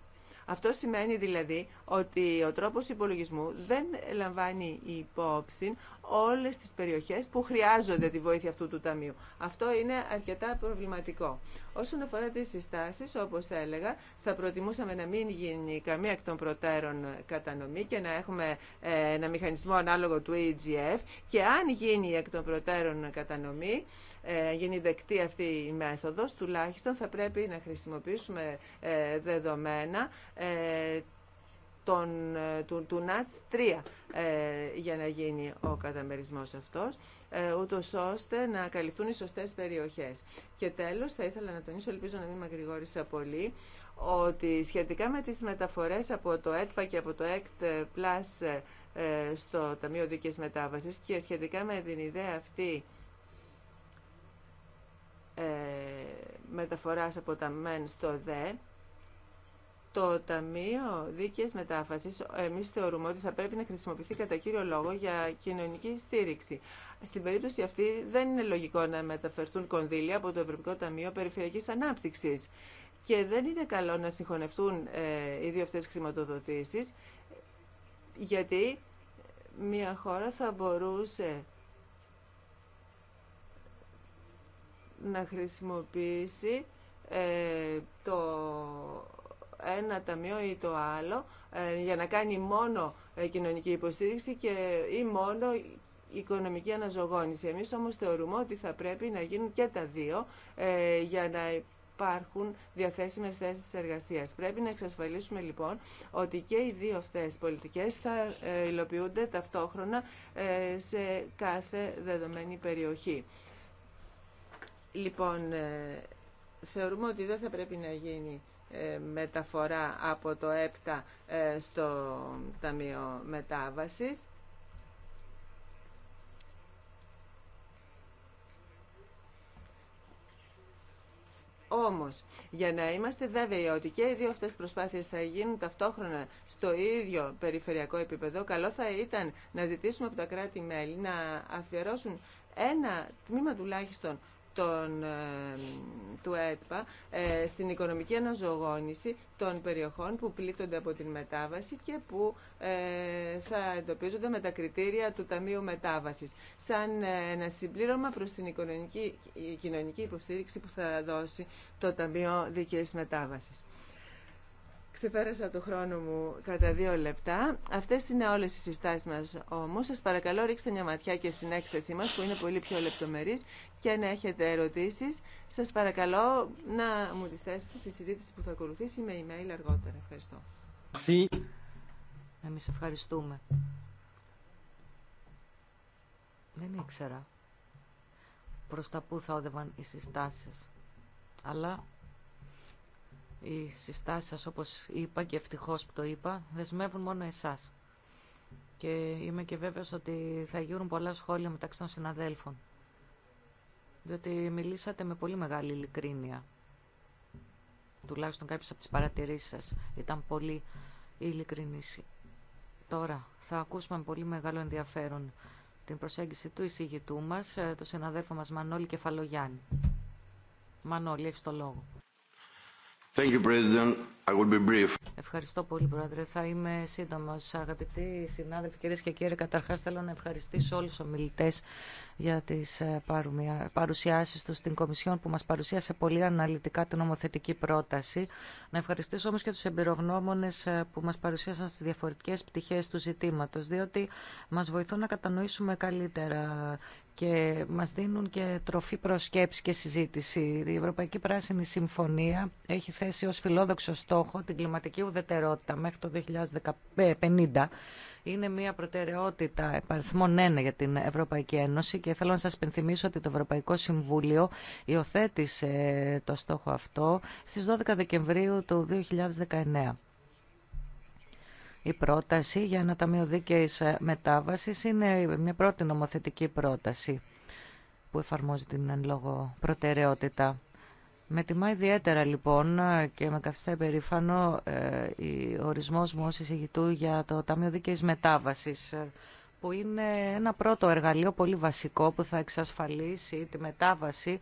Αυτό σημαίνει δηλαδή ότι ο τρόπος υπολογισμού δεν λαμβάνει υπόψη όλες τις περιοχές που χρειάζονται τη βοήθεια αυτού του ταμείου. Αυτό είναι αρκετά προβληματικό. Όσον αφορά τις συστάσεις, όπως έλεγα, θα προτιμούσαμε να μην γίνει καμία εκ των προτέρων κατανομή και να έχουμε ε, ένα μηχανισμό ανάλογο του EGF και αν γίνει εκ των προτέρων κατανομή, ε, γίνει δεκτή αυτή η μέθοδος, τουλάχιστον θα πρέπει να χρησιμοποιήσουμε ε, δεδομένα τον ε, του, του ΝΑΤΣ 3 ε, για να γίνει ο καταμερισμός αυτός, ε, ούτως ώστε να καλυφθούν οι σωστές περιοχές. Και τέλος, θα ήθελα να τονίσω, ελπίζω να μην μακρηγόρησα πολύ, ότι σχετικά με τις μεταφορές από το ΕΤΠΑ και από το ΕΚΤ Plus ε, στο Ταμείο Δικής Μετάβασης και σχετικά με την ιδέα αυτή ε, μεταφοράς από τα ΜΕΝ στο ΔΕ, το Ταμείο Δίκαιης Μετάφασης εμείς θεωρούμε ότι θα πρέπει να χρησιμοποιηθεί κατά κύριο λόγο για κοινωνική στήριξη. Στην περίπτωση αυτή δεν είναι λογικό να μεταφερθούν κονδύλια από το Ευρωπαϊκό Ταμείο Περιφερειακής Ανάπτυξης και δεν είναι καλό να συγχωνευτούν ε, οι δύο αυτές χρηματοδοτήσεις γιατί μια χώρα θα μπορούσε να χρησιμοποιήσει ε, το ένα ταμείο ή το άλλο ε, για να κάνει μόνο ε, κοινωνική υποστήριξη και, ή μόνο οικονομική αναζωγόνηση. Εμείς όμως θεωρούμε ότι θα πρέπει να γίνουν και τα δύο ε, για να υπάρχουν διαθέσιμες θέσεις εργασίας. Πρέπει να εξασφαλίσουμε λοιπόν ότι και οι δύο αυτές πολιτικές θα υλοποιούνται ταυτόχρονα σε κάθε δεδομένη περιοχή. Λοιπόν, θεωρούμε ότι δεν θα πρέπει να γίνει ε, μεταφορά από το ΕΠΤΑ ε, στο Ταμείο Μετάβασης. Όμως, για να είμαστε βέβαιοι ότι και οι δύο αυτές προσπάθειες θα γίνουν ταυτόχρονα στο ίδιο περιφερειακό επίπεδο, καλό θα ήταν να ζητήσουμε από τα κράτη-μέλη να αφιερώσουν ένα τμήμα τουλάχιστον των, ε, του ΕΤΠΑ ε, στην οικονομική αναζωογόνηση των περιοχών που πλήττονται από την μετάβαση και που ε, θα εντοπίζονται με τα κριτήρια του Ταμείου Μετάβασης σαν ένα συμπλήρωμα προς την οικονομική, κοινωνική υποστήριξη που θα δώσει το Ταμείο Δίκαιης Μετάβασης. Ξεπέρασα το χρόνο μου κατά δύο λεπτά. Αυτές είναι όλες οι συστάσεις μας όμως. Σας παρακαλώ ρίξτε μια ματιά και στην έκθεσή μας που είναι πολύ πιο λεπτομερής και αν έχετε ερωτήσει. σας παρακαλώ να μου τι θέσετε στη συζήτηση που θα ακολουθήσει με email αργότερα. Ευχαριστώ. Εμείς ευχαριστούμε. Δεν ήξερα Προ τα που θα όδευαν οι συστάσει. Αλλά οι συστάσεις σας, όπως είπα και ευτυχώς που το είπα, δεσμεύουν μόνο εσάς. Και είμαι και βέβαιος ότι θα γίνουν πολλά σχόλια μεταξύ των συναδέλφων. Διότι μιλήσατε με πολύ μεγάλη ειλικρίνεια. Τουλάχιστον κάποιες από τις παρατηρήσεις σας ήταν πολύ ειλικρινής. Τώρα θα ακούσουμε με πολύ μεγάλο ενδιαφέρον την προσέγγιση του εισηγητού μας, ε, του συναδέλφου μας Μανώλη Κεφαλογιάννη. Μανώλη, έχεις το λόγο. Thank you, President. I will be brief. Ευχαριστώ πολύ, Πρόεδρε. Θα είμαι σύντομο. Αγαπητοί συνάδελφοι, κυρίε και κύριοι, καταρχά θέλω να ευχαριστήσω όλου του ομιλητέ για τι ε, παρουσιάσει του στην Κομισιόν που μα παρουσίασε πολύ αναλυτικά την νομοθετική πρόταση. Να ευχαριστήσω όμω και ε, του εμπειρογνώμονε που μα παρουσίασαν στι διαφορετικέ πτυχέ του ζητήματο, διότι μα βοηθούν να κατανοήσουμε καλύτερα και μας δίνουν και τροφή προσκέψη και συζήτηση. Η Ευρωπαϊκή Πράσινη Συμφωνία έχει θέσει ως φιλόδοξο στόχο την κλιματική ουδετερότητα μέχρι το 2050. Είναι μια προτεραιότητα επαριθμών 1 για την Ευρωπαϊκή Ένωση και θέλω να σας πενθυμίσω ότι το Ευρωπαϊκό Συμβούλιο υιοθέτησε το στόχο αυτό στις 12 Δεκεμβρίου του 2019 η πρόταση για ένα ταμείο δίκαιης ε, μετάβασης. Είναι μια πρώτη νομοθετική πρόταση που εφαρμόζει την εν λόγω προτεραιότητα. Με τιμά ιδιαίτερα λοιπόν ε, και με καθιστά περήφανο ο ε, ορισμός μου ως εισηγητού για το Ταμείο Δίκαιης Μετάβασης που είναι ένα πρώτο εργαλείο πολύ βασικό που θα εξασφαλίσει τη μετάβαση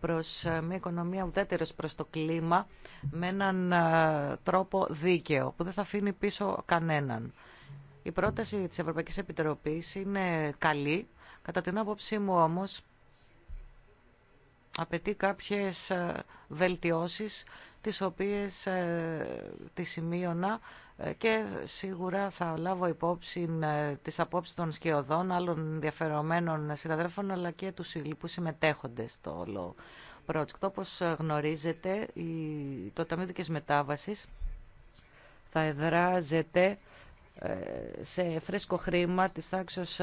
προς ε, μια οικονομία ουδέτερος προς το κλίμα με έναν ε, τρόπο δίκαιο που δεν θα αφήνει πίσω κανέναν. Η πρόταση της Ευρωπαϊκής Επιτροπής είναι καλή. Κατά την άποψή μου όμως απαιτεί κάποιες ε, βελτιώσεις τις οποίες τη σημείωνα ε, και σίγουρα θα λάβω υπόψη ε, τις απόψεις των σκιωδών, άλλων ενδιαφερομένων συναδρέφων αλλά και τους που συμμετέχοντες στο όλο project. Όπως ε, γνωρίζετε, το Ταμείο Δικής Μετάβασης θα εδράζεται σε φρέσκο χρήμα της τάξης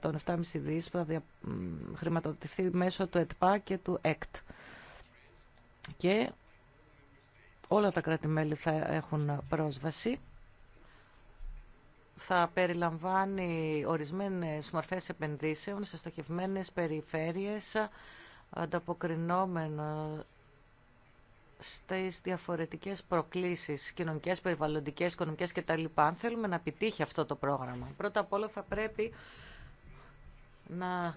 των 7,5 δις που θα δια... χρηματοδοτηθεί μέσω του ΕΤΠΑ και του ΕΚΤ. Και όλα τα κράτη-μέλη θα έχουν πρόσβαση θα περιλαμβάνει ορισμένες μορφές επενδύσεων σε στοχευμένες περιφέρειες ανταποκρινόμενο στις διαφορετικές προκλήσεις κοινωνικές, περιβαλλοντικές, οικονομικές κτλ. Αν θέλουμε να επιτύχει αυτό το πρόγραμμα, πρώτα απ' όλα θα πρέπει να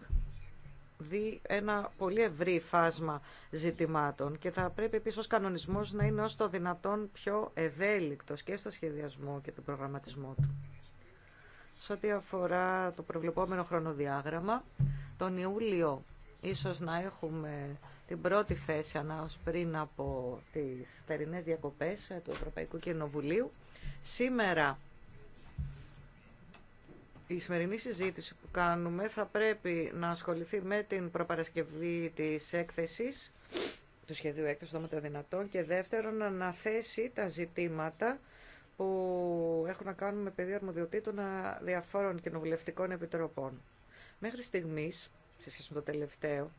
δει ένα πολύ ευρύ φάσμα ζητημάτων και θα πρέπει επίσης ως κανονισμός να είναι ως το δυνατόν πιο ευέλικτος και στο σχεδιασμό και τον προγραμματισμό του. Σε ό,τι αφορά το προβλεπόμενο χρονοδιάγραμμα, τον Ιούλιο ίσως να έχουμε την πρώτη θέση ανάως πριν από τις θερινές διακοπές του Ευρωπαϊκού Κοινοβουλίου. Σήμερα η σημερινή συζήτηση που κάνουμε θα πρέπει να ασχοληθεί με την προπαρασκευή της έκθεσης του σχεδίου έκθεσης των δυνατών και δεύτερον να θέσει τα ζητήματα που έχουν να κάνουν με πεδίο αρμοδιοτήτων διαφόρων κοινοβουλευτικών επιτροπών. Μέχρι στιγμή, σε σχέση με το τελευταίο,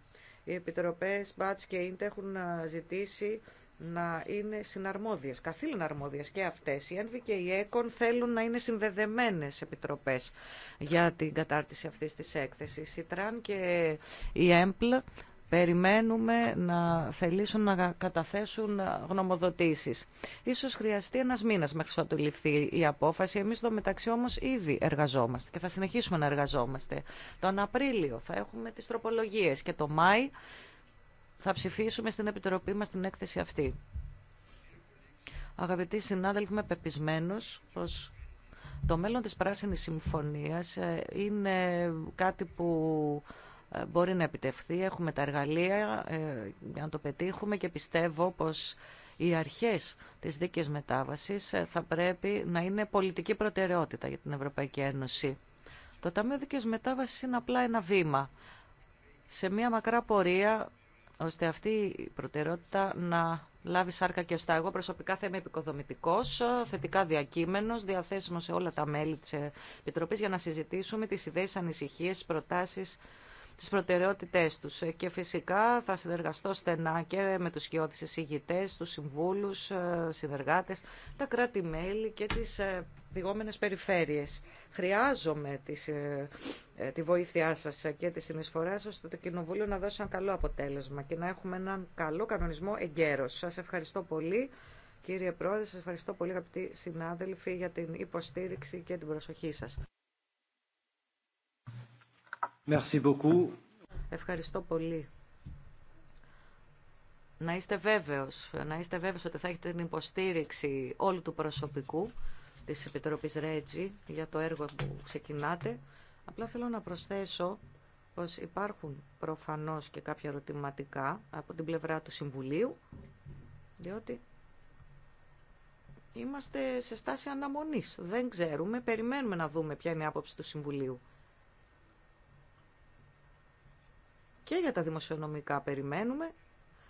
οι επιτροπέ Μπάτ και Ίντ έχουν ζητήσει να είναι συναρμόδιες, καθήλων αρμόδιες και αυτές. Οι ΕΝΒΙ και η ΕΚΟΝ θέλουν να είναι συνδεδεμένες επιτροπές για την κατάρτιση αυτής της έκθεσης. Η ΤΡΑΝ και η ΕΜΠΛ Περιμένουμε να θελήσουν να καταθέσουν γνωμοδοτήσεις. Ίσως χρειαστεί ένας μήνας μέχρι να ληφθεί η απόφαση. Εμείς το μεταξύ όμως ήδη εργαζόμαστε και θα συνεχίσουμε να εργαζόμαστε. Τον Απρίλιο θα έχουμε τις τροπολογίες και το Μάη θα ψηφίσουμε στην Επιτροπή μας την έκθεση αυτή. Αγαπητοί συνάδελφοι, είμαι πεπισμένος πως το μέλλον της Πράσινης Συμφωνίας ε, είναι κάτι που μπορεί να επιτευχθεί. Έχουμε τα εργαλεία ε, για να το πετύχουμε και πιστεύω πως οι αρχές της δίκαιης μετάβασης ε, θα πρέπει να είναι πολιτική προτεραιότητα για την Ευρωπαϊκή Ένωση. Το Ταμείο Δίκαιης Μετάβασης είναι απλά ένα βήμα σε μια μακρά πορεία ώστε αυτή η προτεραιότητα να λάβει σάρκα και ωστά. Εγώ προσωπικά θα είμαι επικοδομητικό, θετικά διακείμενο, διαθέσιμο σε όλα τα μέλη τη Επιτροπή για να συζητήσουμε τι ιδέε, ανησυχίε, προτάσει τις προτεραιότητές τους. Ε, και φυσικά θα συνεργαστώ στενά και με τους σκιώδεις εισηγητές, τους συμβούλους, ε, συνεργάτες, τα κράτη-μέλη και τις ε, διγόμενες περιφέρειες. Χρειάζομαι τη βοήθειά σας και τη συνεισφορά σας στο το Κοινοβούλιο να δώσει ένα καλό αποτέλεσμα και να έχουμε έναν καλό κανονισμό εγκαίρος. Σας ευχαριστώ πολύ. Κύριε Πρόεδρε, σας ευχαριστώ πολύ αγαπητοί συνάδελφοι για την υποστήριξη και την προσοχή σας. Ευχαριστώ πολύ. Να είστε βέβαιος, να είστε βέβαιος ότι θα έχετε την υποστήριξη όλου του προσωπικού της Επιτροπής Ρέτζι για το έργο που ξεκινάτε. Απλά θέλω να προσθέσω πως υπάρχουν προφανώς και κάποια ερωτηματικά από την πλευρά του Συμβουλίου, διότι είμαστε σε στάση αναμονής. Δεν ξέρουμε, περιμένουμε να δούμε ποια είναι η άποψη του Συμβουλίου. Και για τα δημοσιονομικά περιμένουμε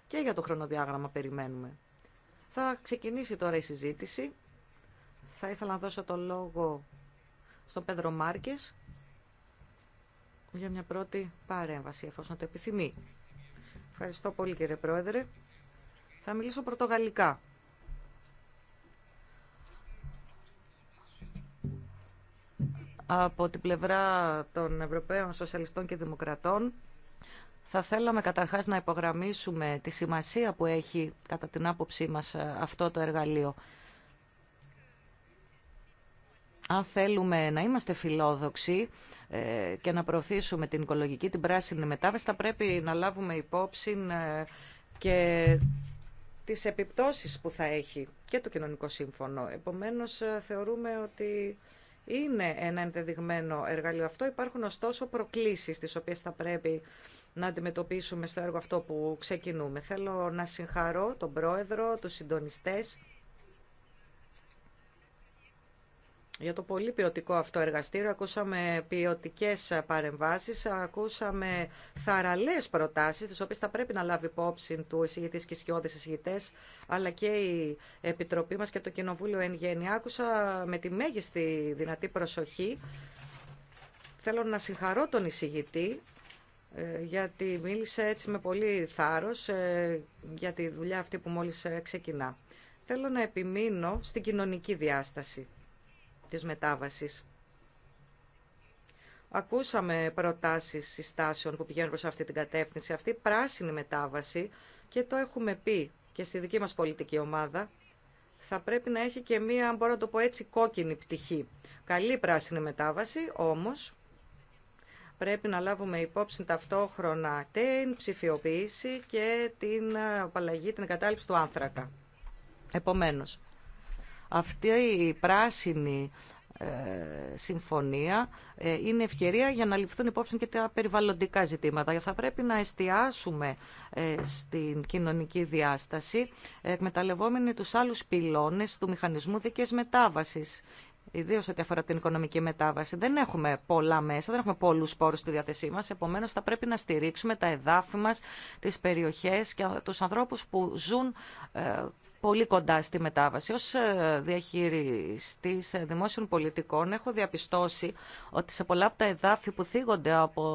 και για το χρονοδιάγραμμα περιμένουμε. Θα ξεκινήσει τώρα η συζήτηση. Θα ήθελα να δώσω το λόγο στον Πέντρο Μάρκες για μια πρώτη παρέμβαση, εφόσον το επιθυμεί. Ευχαριστώ πολύ κύριε Πρόεδρε. Θα μιλήσω πρωτογαλλικά. Από την πλευρά των Ευρωπαίων Σοσιαλιστών και Δημοκρατών θα θέλαμε καταρχάς να υπογραμμίσουμε τη σημασία που έχει κατά την άποψή μας ε, αυτό το εργαλείο. Αν θέλουμε να είμαστε φιλόδοξοι ε, και να προωθήσουμε την οικολογική, την πράσινη μετάβαση, θα πρέπει να λάβουμε υπόψη ε, και τις επιπτώσεις που θα έχει και το κοινωνικό σύμφωνο. Επομένως, θεωρούμε ότι είναι ένα ενδεδειγμένο εργαλείο αυτό. Υπάρχουν ωστόσο προκλήσεις τις οποίες θα πρέπει να αντιμετωπίσουμε στο έργο αυτό που ξεκινούμε. Θέλω να συγχαρώ τον Πρόεδρο, τους συντονιστές, για το πολύ ποιοτικό αυτό εργαστήριο. Ακούσαμε ποιοτικέ παρεμβάσεις, ακούσαμε θαραλές προτάσεις τις οποίες θα πρέπει να λάβει υπόψη του εισηγητή και σκιώδη εισηγητέ, αλλά και η Επιτροπή μας και το Κοινοβούλιο εν Άκουσα με τη μέγιστη δυνατή προσοχή. Θέλω να συγχαρώ τον εισηγητή ε, γιατί μίλησε έτσι με πολύ θάρρος ε, για τη δουλειά αυτή που μόλις ε, ξεκινά. Θέλω να επιμείνω στην κοινωνική διάσταση της μετάβασης. Ακούσαμε προτάσεις συστάσεων που πηγαίνουν προς αυτή την κατεύθυνση. Αυτή η πράσινη μετάβαση, και το έχουμε πει και στη δική μας πολιτική ομάδα, θα πρέπει να έχει και μία, αν μπορώ να το πω έτσι, κόκκινη πτυχή. Καλή πράσινη μετάβαση, όμως, πρέπει να λάβουμε υπόψη ταυτόχρονα την ψηφιοποίηση και την ε, απαλλαγή, την εγκατάλειψη του άνθρακα. Επομένως, αυτή η πράσινη ε, συμφωνία ε, είναι ευκαιρία για να ληφθούν υπόψη και τα περιβαλλοντικά ζητήματα. Θα πρέπει να εστιάσουμε στην κοινωνική διάσταση εκμεταλλευόμενοι τους άλλους πυλώνες του μηχανισμού δικές μετάβασης ιδίω ό,τι αφορά την οικονομική μετάβαση. Δεν έχουμε πολλά μέσα, δεν έχουμε πολλού πόρου στη διάθεσή μα. Επομένω, θα πρέπει να στηρίξουμε τα εδάφη μα, τι περιοχέ και του ανθρώπου που ζουν ε, πολύ κοντά στη μετάβαση. Ως ε, διαχειριστής ε, δημόσιων πολιτικών έχω διαπιστώσει ότι σε πολλά από τα εδάφη που θίγονται από,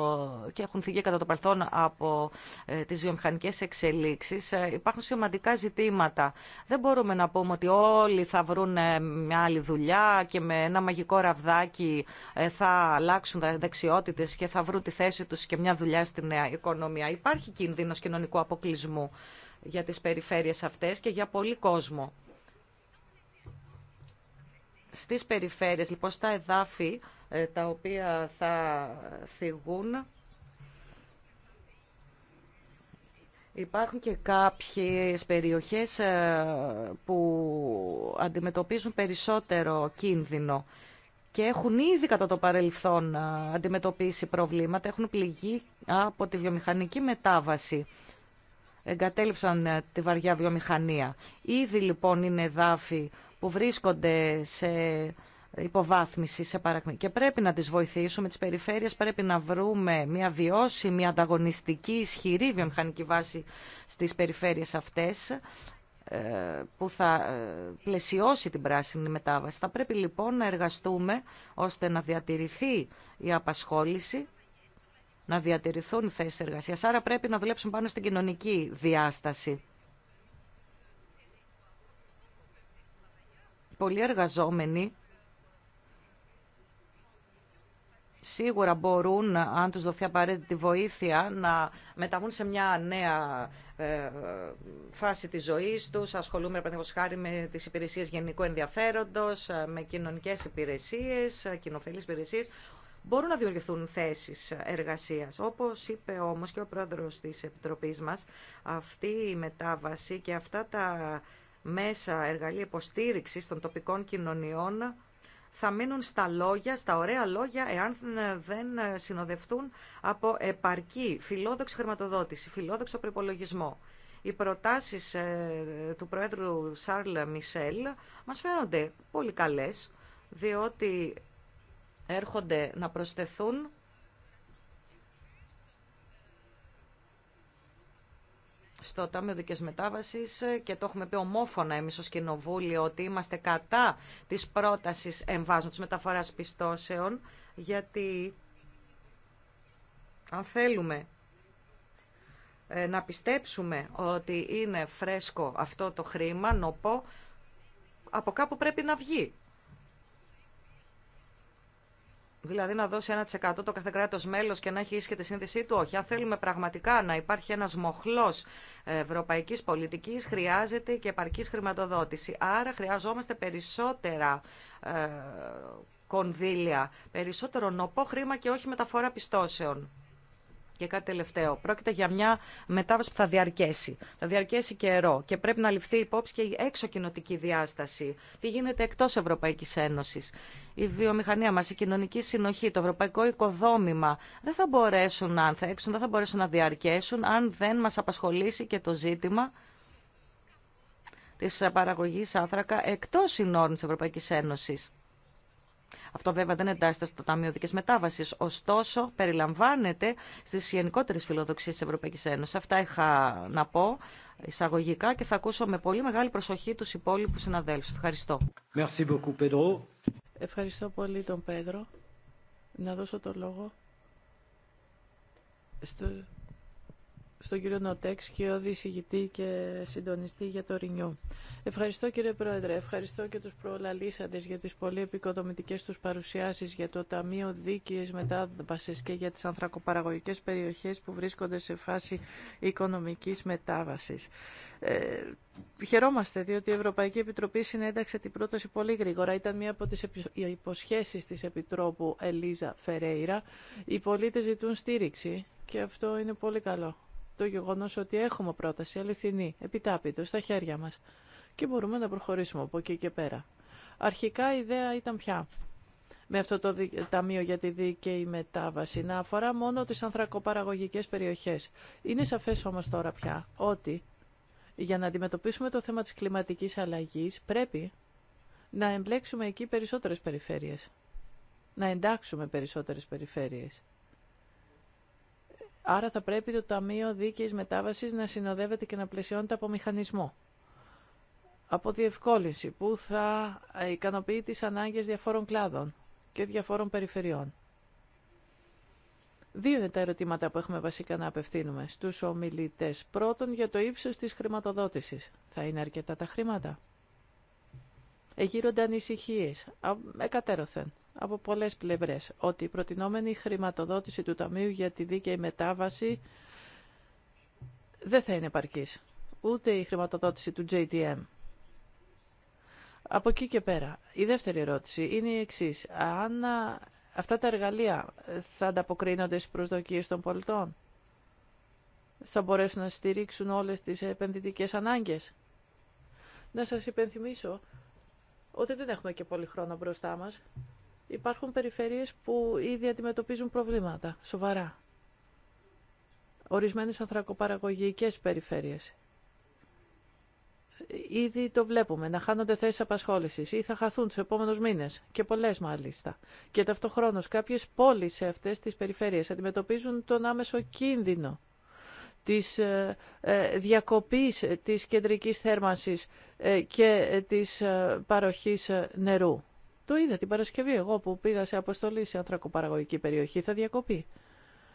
και έχουν θίγει κατά το παρελθόν από ε, τις βιομηχανικές εξελίξεις υπάρχουν σημαντικά ζητήματα. Δεν μπορούμε να πούμε ότι όλοι θα βρουν μια άλλη δουλειά και με ένα μαγικό ραβδάκι θα αλλάξουν δεξιότητες και θα βρουν τη θέση τους και μια δουλειά στη νέα οικονομία. Υπάρχει κίνδυνος κοινωνικού αποκλεισμού για τις περιφέρειες αυτές και για πολύ κόσμο. Στις περιφέρειες, λοιπόν, στα εδάφη ε, τα οποία θα θυγούν, Υπάρχουν και κάποιες περιοχές ε, που αντιμετωπίζουν περισσότερο κίνδυνο και έχουν ήδη κατά το παρελθόν ε, αντιμετωπίσει προβλήματα, έχουν πληγεί από τη βιομηχανική μετάβαση εγκατέλειψαν ε, τη βαριά βιομηχανία. Ήδη λοιπόν είναι εδάφη που βρίσκονται σε υποβάθμιση, σε παρακμή. Και πρέπει να τις βοηθήσουμε, τις περιφέρειες πρέπει να βρούμε μια βιώσιμη, ανταγωνιστική, ισχυρή βιομηχανική βάση στις περιφέρειες αυτές ε, που θα ε, πλαισιώσει την πράσινη μετάβαση. Θα πρέπει λοιπόν να εργαστούμε ώστε να διατηρηθεί η απασχόληση να διατηρηθούν θέσει εργασία. Άρα πρέπει να δουλέψουν πάνω στην κοινωνική διάσταση. Πολλοί εργαζόμενοι σίγουρα μπορούν, αν τους δοθεί απαραίτητη βοήθεια, να μεταβούν σε μια νέα ε, φάση της ζωής τους. Ασχολούμαι, παραδείγματος χάρη, με τις υπηρεσίες γενικού ενδιαφέροντος, ε, με κοινωνικές υπηρεσίες, ε, κοινοφελείς υπηρεσίες μπορούν να δημιουργηθούν θέσει εργασίας. Όπως είπε όμω και ο πρόεδρος της Επιτροπής μας, αυτή η μετάβαση και αυτά τα μέσα εργαλεία υποστήριξη των τοπικών κοινωνιών θα μείνουν στα λόγια, στα ωραία λόγια, εάν δεν συνοδευτούν από επαρκή φιλόδοξη χρηματοδότηση, φιλόδοξο προπολογισμό. Οι προτάσεις ε, του Προέδρου Σάρλ Μισελ μας φαίνονται πολύ καλές, διότι έρχονται να προσθεθούν στο Τάμιο Δικές Μετάβασης ε, και το έχουμε πει ομόφωνα εμείς ως Κοινοβούλιο ότι είμαστε κατά της πρότασης εμβάσματος μεταφοράς πιστώσεων γιατί αν θέλουμε ε, να πιστέψουμε ότι είναι φρέσκο αυτό το χρήμα, νοπό, από κάπου πρέπει να βγει. Δηλαδή να δώσει 1% το κάθε κράτο μέλο και να έχει ίσχυτη τη σύνδεσή του. Όχι. Αν θέλουμε πραγματικά να υπάρχει ένα μοχλό ευρωπαϊκή πολιτική, χρειάζεται και επαρκή χρηματοδότηση. Άρα χρειαζόμαστε περισσότερα ε, κονδύλια, περισσότερο νοπό χρήμα και όχι μεταφορά πιστώσεων. Και κάτι τελευταίο. Πρόκειται για μια μετάβαση που θα διαρκέσει. Θα διαρκέσει καιρό και πρέπει να ληφθεί υπόψη και η έξω κοινοτική διάσταση. Τι γίνεται εκτό Ευρωπαϊκή Ένωση. Η βιομηχανία μα, η κοινωνική συνοχή, το ευρωπαϊκό οικοδόμημα δεν θα μπορέσουν να ανθέξουν, δεν θα μπορέσουν να διαρκέσουν αν δεν μα απασχολήσει και το ζήτημα τη παραγωγή άνθρακα εκτό συνόρων τη Ευρωπαϊκή Ένωση. Αυτό βέβαια δεν εντάσσεται στο Ταμείο Δική Μετάβαση. Ωστόσο, περιλαμβάνεται στι γενικότερε φιλοδοξίε τη Ευρωπαϊκή Ένωση. Αυτά είχα να πω εισαγωγικά και θα ακούσω με πολύ μεγάλη προσοχή του υπόλοιπου συναδέλφου. Ευχαριστώ. Merci beaucoup, Pedro. Ευχαριστώ πολύ τον Πέδρο. Να δώσω το λόγο στον κύριο Νοτέξ και ο δισηγητή και συντονιστή για το Ρινιού. Ευχαριστώ κύριε Πρόεδρε, ευχαριστώ και τους προλαλήσαντες για τις πολύ επικοδομητικές τους παρουσιάσεις για το Ταμείο Δίκαιης Μετάβασης και για τις ανθρακοπαραγωγικές περιοχές που βρίσκονται σε φάση οικονομικής μετάβασης. Ε, χαιρόμαστε διότι η Ευρωπαϊκή Επιτροπή συνένταξε την πρόταση πολύ γρήγορα. Ήταν μία από τις υποσχέσεις της Επιτρόπου Ελίζα Φερέιρα. Οι πολίτες ζητούν στήριξη και αυτό είναι πολύ καλό το γεγονός ότι έχουμε πρόταση αληθινή, επιτάπητο, στα χέρια μας και μπορούμε να προχωρήσουμε από εκεί και πέρα. Αρχικά η ιδέα ήταν πια με αυτό το Ταμείο για τη Δίκαιη Μετάβαση να αφορά μόνο τι ανθρακοπαραγωγικέ περιοχές. Είναι σαφές όμως τώρα πια ότι για να αντιμετωπίσουμε το θέμα της κλιματική αλλαγή πρέπει να εμπλέξουμε εκεί περισσότερες περιφέρειες, να εντάξουμε περισσότερες περιφέρειες. Άρα θα πρέπει το Ταμείο Δίκαιης Μετάβασης να συνοδεύεται και να πλαισιώνεται από μηχανισμό, από διευκόλυνση που θα ικανοποιεί τις ανάγκες διαφόρων κλάδων και διαφόρων περιφερειών. Δύο είναι τα ερωτήματα που έχουμε βασικά να απευθύνουμε στους ομιλητές. Πρώτον, για το ύψος της χρηματοδότησης. Θα είναι αρκετά τα χρήματα. Εγείρονται ανησυχίες, εκατέρωθεν από πολλές πλευρές ότι η προτινόμενη χρηματοδότηση του Ταμείου για τη δίκαιη μετάβαση δεν θα είναι επαρκής, ούτε η χρηματοδότηση του JTM. Από εκεί και πέρα, η δεύτερη ερώτηση είναι η εξής. Αν αυτά τα εργαλεία θα ανταποκρίνονται στις προσδοκίες των πολιτών, θα μπορέσουν να στηρίξουν όλες τις επενδυτικές ανάγκες. Να σας υπενθυμίσω ότι δεν έχουμε και πολύ χρόνο μπροστά μας υπάρχουν περιφέρειες που ήδη αντιμετωπίζουν προβλήματα σοβαρά. Ορισμένες ανθρακοπαραγωγικές περιφέρειες. Ήδη το βλέπουμε να χάνονται θέσεις απασχόλησης ή θα χαθούν τους επόμενους μήνες. και πολλές, μάλιστα. Και ταυτοχρόνω κάποιες πόλεις σε αυτές τις περιφερείες αντιμετωπίζουν τον άμεσο κίνδυνο της ε, ε, διακοπής της κεντρικής θέρμανσης ε, και της παροχής νερού. Το είδα την Παρασκευή εγώ που πήγα σε αποστολή σε ανθρακοπαραγωγική περιοχή. Θα διακοπεί.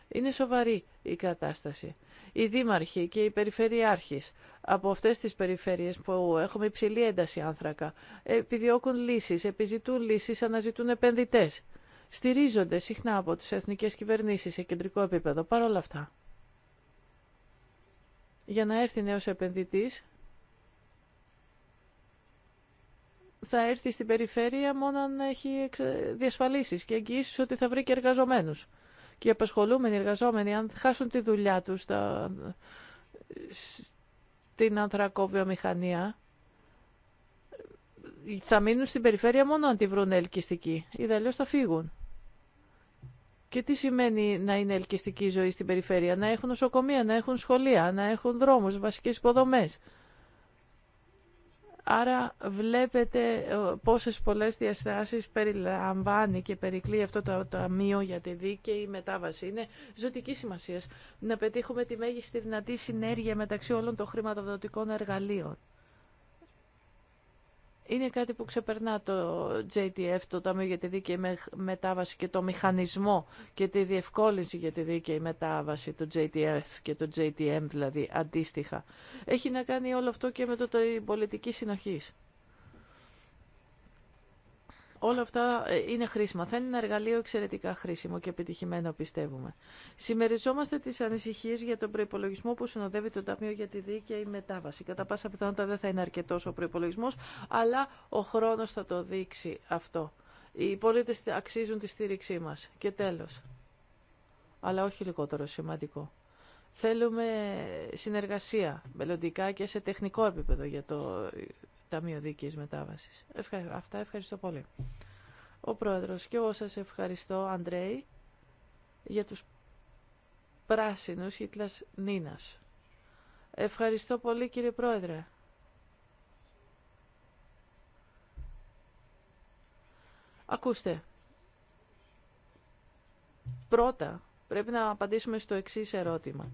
Είναι σοβαρή η κατάσταση. Οι δήμαρχοι και οι περιφερειάρχης από αυτές τις περιφέρειες που έχουμε υψηλή ένταση άνθρακα επιδιώκουν λύσεις, επιζητούν λύσεις, αναζητούν επενδυτές. Στηρίζονται συχνά από τις εθνικές κυβερνήσεις σε κεντρικό επίπεδο. Παρ' όλα αυτά, για να έρθει νέος επενδυτής θα έρθει στην περιφέρεια μόνο αν έχει διασφαλίσεις και εγγυήσει ότι θα βρει και εργαζομένους. Και οι απασχολούμενοι εργαζόμενοι, αν χάσουν τη δουλειά τους στα... στην ανθρακόβιομηχανία, θα μείνουν στην περιφέρεια μόνο αν τη βρουν ελκυστική. Ή αλλιώς θα φύγουν. Και τι σημαίνει να είναι ελκυστική η ζωή στην περιφέρεια. Να έχουν νοσοκομεία, να έχουν σχολεία, να έχουν δρόμου, βασικέ υποδομέ. Άρα βλέπετε ε, πόσες πολλές διαστάσεις περιλαμβάνει και περικλεί αυτό το ταμείο για τη δίκαιη μετάβαση. Είναι ζωτική σημασία να πετύχουμε τη μέγιστη δυνατή συνέργεια μεταξύ όλων των χρηματοδοτικών εργαλείων είναι κάτι που ξεπερνά το JTF, το Ταμείο για τη Δίκαιη Μετάβαση και το μηχανισμό και τη διευκόλυνση για τη δίκαιη μετάβαση του JTF και του JTM δηλαδή αντίστοιχα. Έχει να κάνει όλο αυτό και με το, το πολιτική συνοχής όλα αυτά ε, είναι χρήσιμα. Θα είναι ένα εργαλείο εξαιρετικά χρήσιμο και επιτυχημένο, πιστεύουμε. Συμμεριζόμαστε τι ανησυχίε για τον προπολογισμό που συνοδεύει το Ταμείο για τη Δίκαιη Μετάβαση. Κατά πάσα πιθανότητα δεν θα είναι αρκετό ο προπολογισμό, αλλά ο χρόνο θα το δείξει αυτό. Οι πολίτε αξίζουν τη στήριξή μα. Και τέλο. Αλλά όχι λιγότερο σημαντικό. Θέλουμε συνεργασία μελλοντικά και σε τεχνικό επίπεδο για το Ταμείο Δίκαιης Μετάβαση. Ευχα... Αυτά ευχαριστώ πολύ. Ο πρόεδρο και εγώ σα ευχαριστώ, Αντρέη, για τους πράσινου Χίτλα Νίνας. Ευχαριστώ πολύ, κύριε Πρόεδρε. Ακούστε. Πρώτα, πρέπει να απαντήσουμε στο εξής ερώτημα.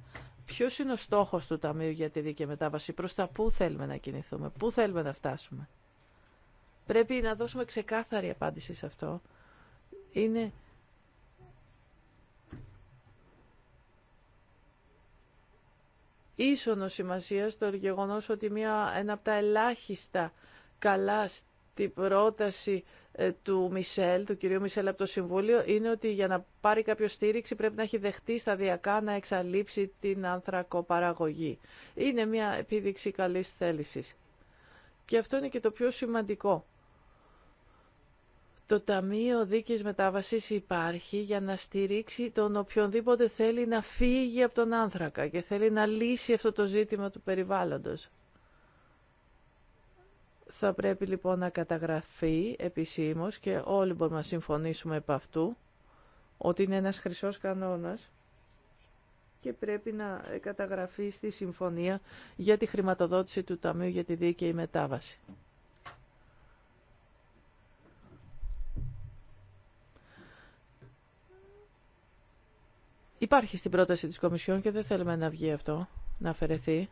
Ποιο είναι ο στόχος του Ταμείου για τη Δίκαιη Μετάβαση, προς τα πού θέλουμε να κινηθούμε, πού θέλουμε να φτάσουμε. Πρέπει να δώσουμε ξεκάθαρη απάντηση σε αυτό. Είναι ίσονο σημασία στο γεγονό ότι μια, ένα από τα ελάχιστα καλά Τη πρόταση ε, του Μισελ, του κυρίου Μισελ από το Συμβούλιο, είναι ότι για να πάρει κάποιο στήριξη πρέπει να έχει δεχτεί σταδιακά να εξαλείψει την άνθρακο παραγωγή. Είναι μια επίδειξη καλής θέλησης. Και αυτό είναι και το πιο σημαντικό. Το Ταμείο Δίκης Μετάβασης υπάρχει για να στηρίξει τον οποιονδήποτε θέλει να φύγει από τον άνθρακα και θέλει να λύσει αυτό το ζήτημα του περιβάλλοντος θα πρέπει λοιπόν να καταγραφεί επισήμως και όλοι μπορούμε να συμφωνήσουμε επ' αυτού ότι είναι ένας χρυσός κανόνας και πρέπει να καταγραφεί στη συμφωνία για τη χρηματοδότηση του Ταμείου για τη Δίκαιη Μετάβαση. Υπάρχει στην πρόταση της Κομισιόν και δεν θέλουμε να βγει αυτό, να αφαιρεθεί.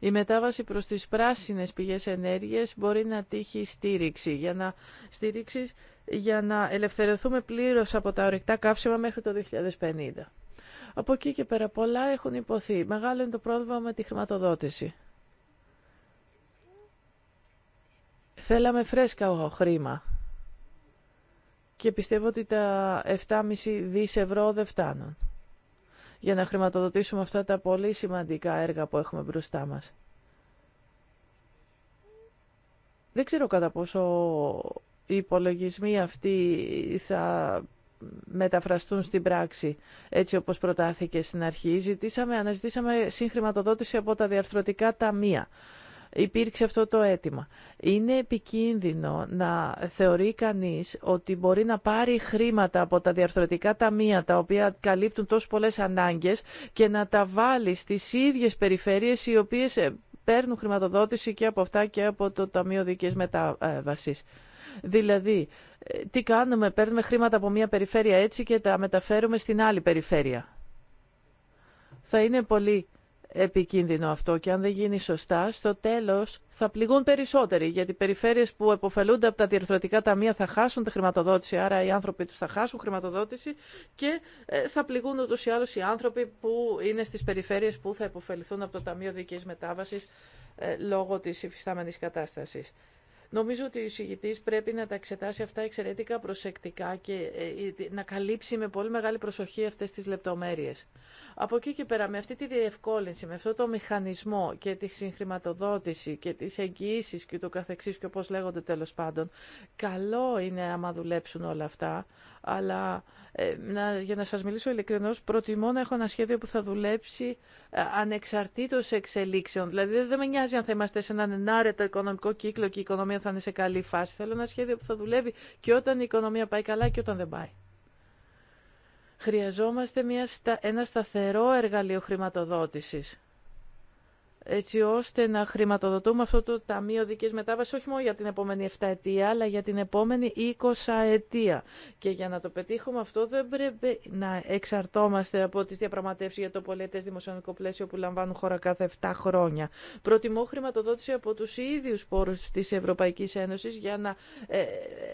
Η μετάβαση προς τις πράσινες πηγές ενέργειας μπορεί να τύχει στήριξη για να στήριξεις για να ελευθερωθούμε πλήρως από τα ορυκτά καύσιμα μέχρι το 2050. Από εκεί και πέρα πολλά έχουν υποθεί. Μεγάλο είναι το πρόβλημα με τη χρηματοδότηση. Θέλαμε φρέσκα χρήμα και πιστεύω ότι τα 7,5 δις ευρώ δεν φτάνουν για να χρηματοδοτήσουμε αυτά τα πολύ σημαντικά έργα που έχουμε μπροστά μας. Δεν ξέρω κατά πόσο οι υπολογισμοί αυτοί θα μεταφραστούν στην πράξη, έτσι όπως προτάθηκε στην αρχή. Ζητήσαμε, αναζητήσαμε συγχρηματοδότηση από τα διαρθρωτικά ταμεία υπήρξε αυτό το αίτημα. Είναι επικίνδυνο να θεωρεί κανείς ότι μπορεί να πάρει χρήματα από τα διαρθρωτικά ταμεία τα οποία καλύπτουν τόσο πολλές ανάγκες και να τα βάλει στις ίδιες περιφέρειες οι οποίες ε, παίρνουν χρηματοδότηση και από αυτά και από το Ταμείο Δικής Μετάβασης. Δηλαδή, ε, τι κάνουμε, παίρνουμε χρήματα από μια περιφέρεια έτσι και τα μεταφέρουμε στην άλλη περιφέρεια. Θα είναι πολύ επικίνδυνο αυτό και αν δεν γίνει σωστά, στο τέλος θα πληγούν περισσότεροι, γιατί οι περιφέρειες που επωφελούνται από τα διερθρωτικά ταμεία θα χάσουν τη χρηματοδότηση, άρα οι άνθρωποι τους θα χάσουν χρηματοδότηση και ε, θα πληγούν ούτως ή οι άνθρωποι που είναι στις περιφέρειες που θα επωφεληθούν από το Ταμείο Δικής Μετάβασης ε, λόγω της υφιστάμενης κατάστασης. Νομίζω ότι ο εισηγητής πρέπει να τα εξετάσει αυτά εξαιρετικά προσεκτικά και ε, ε, ε, να καλύψει με πολύ μεγάλη προσοχή αυτές τις λεπτομέρειες. Από εκεί και πέρα, με αυτή τη διευκόλυνση, με αυτό το μηχανισμό και τη συγχρηματοδότηση και τι εγγυήσει και το καθεξής και όπως λέγονται τέλος πάντων, καλό είναι άμα δουλέψουν όλα αυτά, αλλά ε, για να σας μιλήσω ειλικρινώς, προτιμώ να έχω ένα σχέδιο που θα δουλέψει ε, ανεξαρτήτως εξελίξεων. Δηλαδή δεν με νοιάζει αν θα είμαστε σε έναν ενάρετο οικονομικό κύκλο και η οικονομία θα είναι σε καλή φάση. Θέλω ένα σχέδιο που θα δουλεύει και όταν η οικονομία πάει καλά και όταν δεν πάει. Χρειαζόμαστε μια, ένα σταθερό εργαλείο χρηματοδότησης έτσι ώστε να χρηματοδοτούμε αυτό το Ταμείο Δικής Μετάβασης όχι μόνο για την επόμενη 7 ετία, αλλά για την επόμενη 20 ετία. Και για να το πετύχουμε αυτό δεν πρέπει να εξαρτώμαστε από τις διαπραγματεύσεις για το πολιτές δημοσιονομικό πλαίσιο που λαμβάνουν χώρα κάθε 7 χρόνια. Προτιμώ χρηματοδότηση από τους ίδιους πόρους της Ευρωπαϊκής Ένωσης για να ε,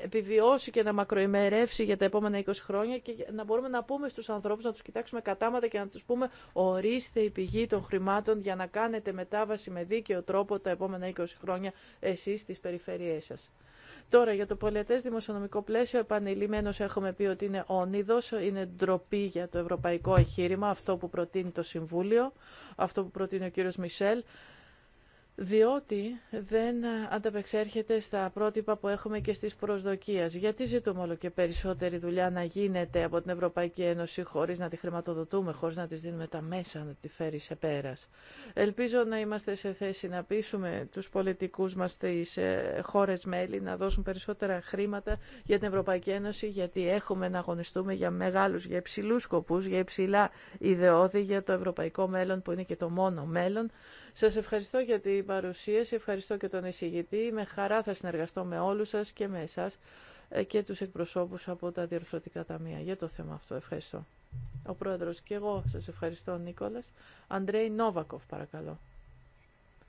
επιβιώσει και να μακροημερεύσει για τα επόμενα 20 χρόνια και να μπορούμε να πούμε στους ανθρώπους, να τους κοιτάξουμε κατάματα και να τους πούμε ορίστε η πηγή των χρημάτων για να κάνετε με μετάβαση με δίκαιο τρόπο τα επόμενα 20 χρόνια εσείς στις περιφέρειές σας. Τώρα για το πολιετές δημοσιονομικό πλαίσιο επανειλημμένως έχουμε πει ότι είναι όνειδος, είναι ντροπή για το ευρωπαϊκό εγχείρημα, αυτό που προτείνει το Συμβούλιο, αυτό που προτείνει ο κύριος Μισελ διότι δεν ανταπεξέρχεται στα πρότυπα που έχουμε και στις προσδοκίες. Γιατί ζητούμε όλο και περισσότερη δουλειά να γίνεται από την Ευρωπαϊκή Ένωση χωρίς να τη χρηματοδοτούμε, χωρίς να της δίνουμε τα μέσα να τη φέρει σε πέρας. Ελπίζω να είμαστε σε θέση να πείσουμε τους πολιτικούς μας στις ε, χώρες μέλη να δώσουν περισσότερα χρήματα για την Ευρωπαϊκή Ένωση γιατί έχουμε να αγωνιστούμε για μεγάλους, για υψηλούς σκοπούς, για υψηλά ιδεώδη, για το ευρωπαϊκό μέλλον που είναι και το μόνο μέλλον σας ευχαριστώ για την παρουσίαση, ευχαριστώ και τον εισηγητή. Με χαρά θα συνεργαστώ με όλους σας και με εσάς ε, και τους εκπροσώπους από τα διορθωτικά ταμεία για το θέμα αυτό. Ευχαριστώ. Ο Πρόεδρος και εγώ σας ευχαριστώ, Νίκολας. Αντρέι Νόβακοφ, παρακαλώ.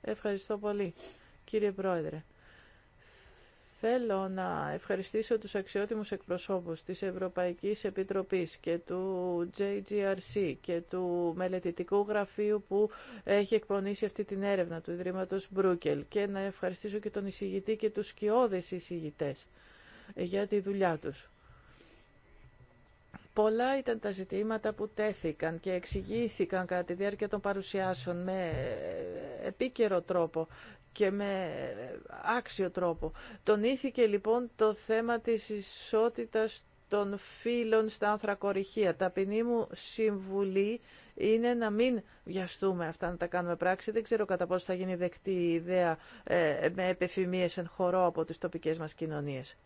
Ευχαριστώ πολύ, κύριε Πρόεδρε. Θέλω να ευχαριστήσω τους αξιότιμους εκπροσώπους της Ευρωπαϊκής Επιτροπής και του JGRC και του μελετητικού γραφείου που έχει εκπονήσει αυτή την έρευνα του Ιδρύματος Μπρούκελ και να ευχαριστήσω και τον εισηγητή και τους σκιώδες εισηγητές για τη δουλειά τους. Πολλά ήταν τα ζητήματα που τέθηκαν και εξηγήθηκαν κατά τη διάρκεια των παρουσιάσεων με επίκαιρο τρόπο και με άξιο τρόπο. Τονήθηκε λοιπόν το θέμα της ισότητας των φύλων στα ανθρακοριχεία. Ταπεινή μου συμβουλή είναι να μην βιαστούμε αυτά να τα κάνουμε πράξη. Δεν ξέρω κατά πόσο θα γίνει δεκτή η ιδέα ε, με επεφημίες εν χορό από τις τοπικές μας κοινωνίες.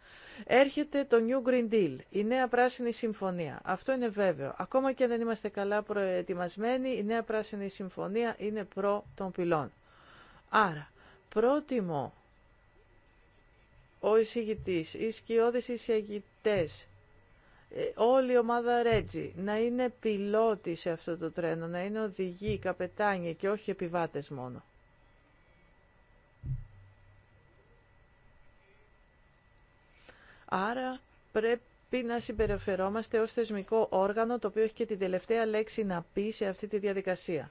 Έρχεται το New Green Deal, η νέα πράσινη συμφωνία. Αυτό είναι βέβαιο. Ακόμα και αν δεν είμαστε καλά προετοιμασμένοι, η νέα πράσινη συμφωνία είναι προ των πυλών. Άρα, πρότιμο ο εισηγητής, οι σκιώδες εισηγητές, ε, όλη η ομάδα Ρέτζι να είναι πιλότοι σε αυτό το τρένο, να είναι οδηγοί, καπετάνιοι και όχι επιβάτες μόνο. Άρα πρέπει να συμπεριφερόμαστε ως θεσμικό όργανο το οποίο έχει και την τελευταία λέξη να πει σε αυτή τη διαδικασία.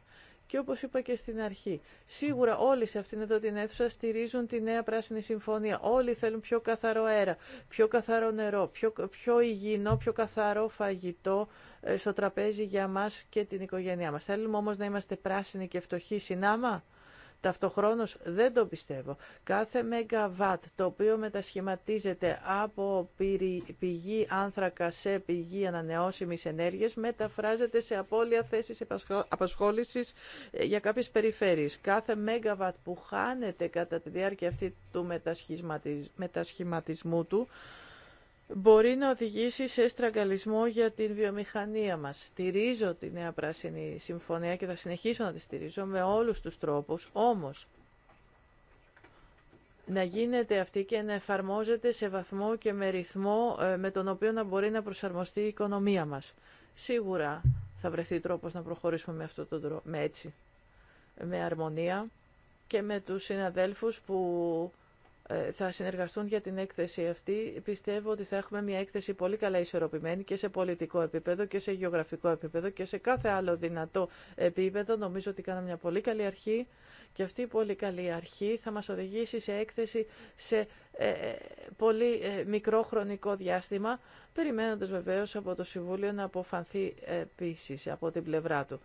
Και όπως είπα και στην αρχή, σίγουρα όλοι σε αυτήν εδώ την αίθουσα στηρίζουν τη νέα πράσινη συμφωνία. Όλοι θέλουν πιο καθαρό αέρα, πιο καθαρό νερό, πιο, πιο υγιεινό, πιο καθαρό φαγητό ε, στο τραπέζι για μας και την οικογένειά μας. Θέλουμε όμως να είμαστε πράσινοι και φτωχοί συνάμα. Ταυτοχρόνως δεν το πιστεύω. Κάθε ΜΒ το οποίο μετασχηματίζεται από πηγή άνθρακα σε πηγή ανανεώσιμης ενέργειας μεταφράζεται σε απώλεια θέσης απασχόλησης ε, για κάποιες περιφέρειες. Κάθε ΜΒ που χάνεται κατά τη διάρκεια αυτή του μετασχηματισμού του μπορεί να οδηγήσει σε στραγγαλισμό για την βιομηχανία μας. Στηρίζω τη Νέα Πράσινη Συμφωνία και θα συνεχίσω να τη στηρίζω με όλους τους τρόπους, όμως να γίνεται αυτή και να εφαρμόζεται σε βαθμό και με ρυθμό ε, με τον οποίο να μπορεί να προσαρμοστεί η οικονομία μας. Σίγουρα θα βρεθεί τρόπος να προχωρήσουμε με αυτό τον τρόπο, με έτσι, με αρμονία και με τους συναδέλφους που ε, θα συνεργαστούν για την έκθεση αυτή. Πιστεύω ότι θα έχουμε μια έκθεση πολύ καλά ισορροπημένη και σε πολιτικό επίπεδο και σε γεωγραφικό επίπεδο και σε κάθε άλλο δυνατό επίπεδο. Νομίζω ότι κάναμε μια πολύ καλή αρχή και αυτή η πολύ καλή αρχή θα μας οδηγήσει σε έκθεση σε ε, ε, πολύ μικρό χρονικό διάστημα, περιμένοντας βεβαίως από το Συμβούλιο να αποφανθεί επίση από την πλευρά του.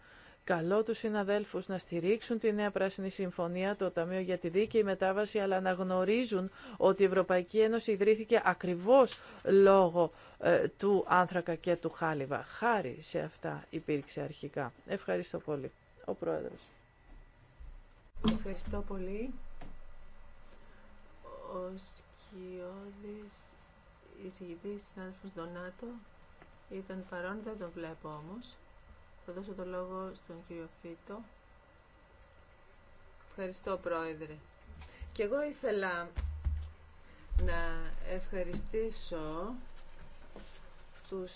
Καλό τους συναδέλφους να στηρίξουν τη Νέα Πράσινη Συμφωνία, το Ταμείο για τη Δίκαιη Μετάβαση, αλλά να γνωρίζουν ότι η Ευρωπαϊκή Ένωση ιδρύθηκε ακριβώς λόγω ε, του άνθρακα και του χάλιβα. Χάρη σε αυτά υπήρξε αρχικά. Ευχαριστώ πολύ. Ο Πρόεδρος. Ευχαριστώ πολύ. Ο Σκιώδης εισηγητής συνάδελφος Ντονάτο ήταν παρόν, δεν τον βλέπω όμως. Θα δώσω το λόγο στον κύριο Φίτο. Ευχαριστώ, Πρόεδρε. Και εγώ ήθελα να ευχαριστήσω τους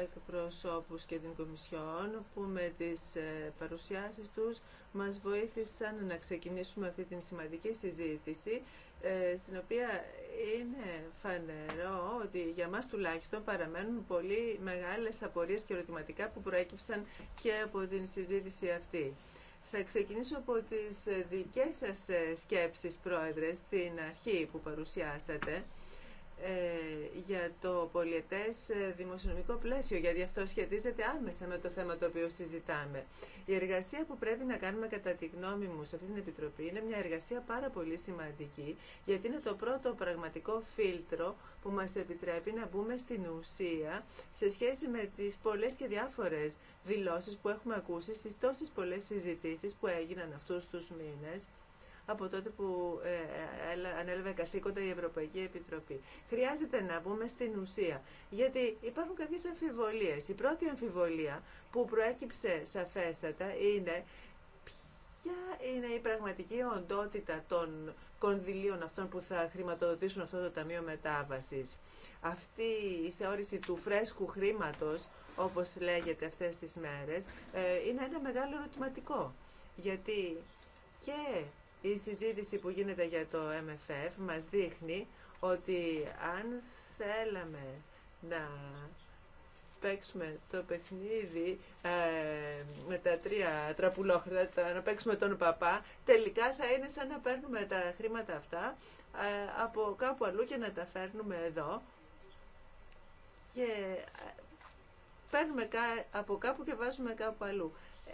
εκπροσώπους και την Κομισιόν που με τις ε, παρουσιάσεις τους μας βοήθησαν να ξεκινήσουμε αυτή την σημαντική συζήτηση ε, στην οποία είναι φανερό ότι για μας τουλάχιστον παραμένουν πολύ μεγάλες απορίες και ερωτηματικά που προέκυψαν και από την συζήτηση αυτή. Θα ξεκινήσω από τις δικές σας ε, σκέψεις, Πρόεδρε, στην αρχή που παρουσιάσατε ε, για το πολιετές ε, δημοσιονομικό πλαίσιο, γιατί αυτό σχετίζεται άμεσα με το θέμα το οποίο συζητάμε. Η εργασία που πρέπει να κάνουμε κατά τη γνώμη μου σε αυτή την Επιτροπή είναι μια εργασία πάρα πολύ σημαντική, γιατί είναι το πρώτο πραγματικό φίλτρο που μας επιτρέπει να μπούμε στην ουσία σε σχέση με τις πολλές και διάφορες δηλώσεις που έχουμε ακούσει στις τόσες πολλές συζητήσεις που έγιναν αυτούς τους μήνες από τότε που ε, ε, ανέλαβε καθήκοντα η Ευρωπαϊκή Επιτροπή. Χρειάζεται να μπούμε στην ουσία, γιατί υπάρχουν κάποιες αμφιβολίες. Η πρώτη αμφιβολία που προέκυψε σαφέστατα είναι ποια είναι η πραγματική οντότητα των κονδυλίων αυτών που θα χρηματοδοτήσουν αυτό το Ταμείο Μετάβασης. Αυτή η θεώρηση του φρέσκου χρήματος, όπως λέγεται αυτές τις μέρες, ε, είναι ένα μεγάλο ερωτηματικό. Γιατί και η συζήτηση που γίνεται για το MFF μας δείχνει ότι αν θέλαμε να παίξουμε το παιχνίδι ε, με τα τρία τραπουλόχρητα, να παίξουμε τον παπά, τελικά θα είναι σαν να παίρνουμε τα χρήματα αυτά ε, από κάπου αλλού και να τα φέρνουμε εδώ. Και ε, παίρνουμε από κάπου και βάζουμε κάπου αλλού. Ε,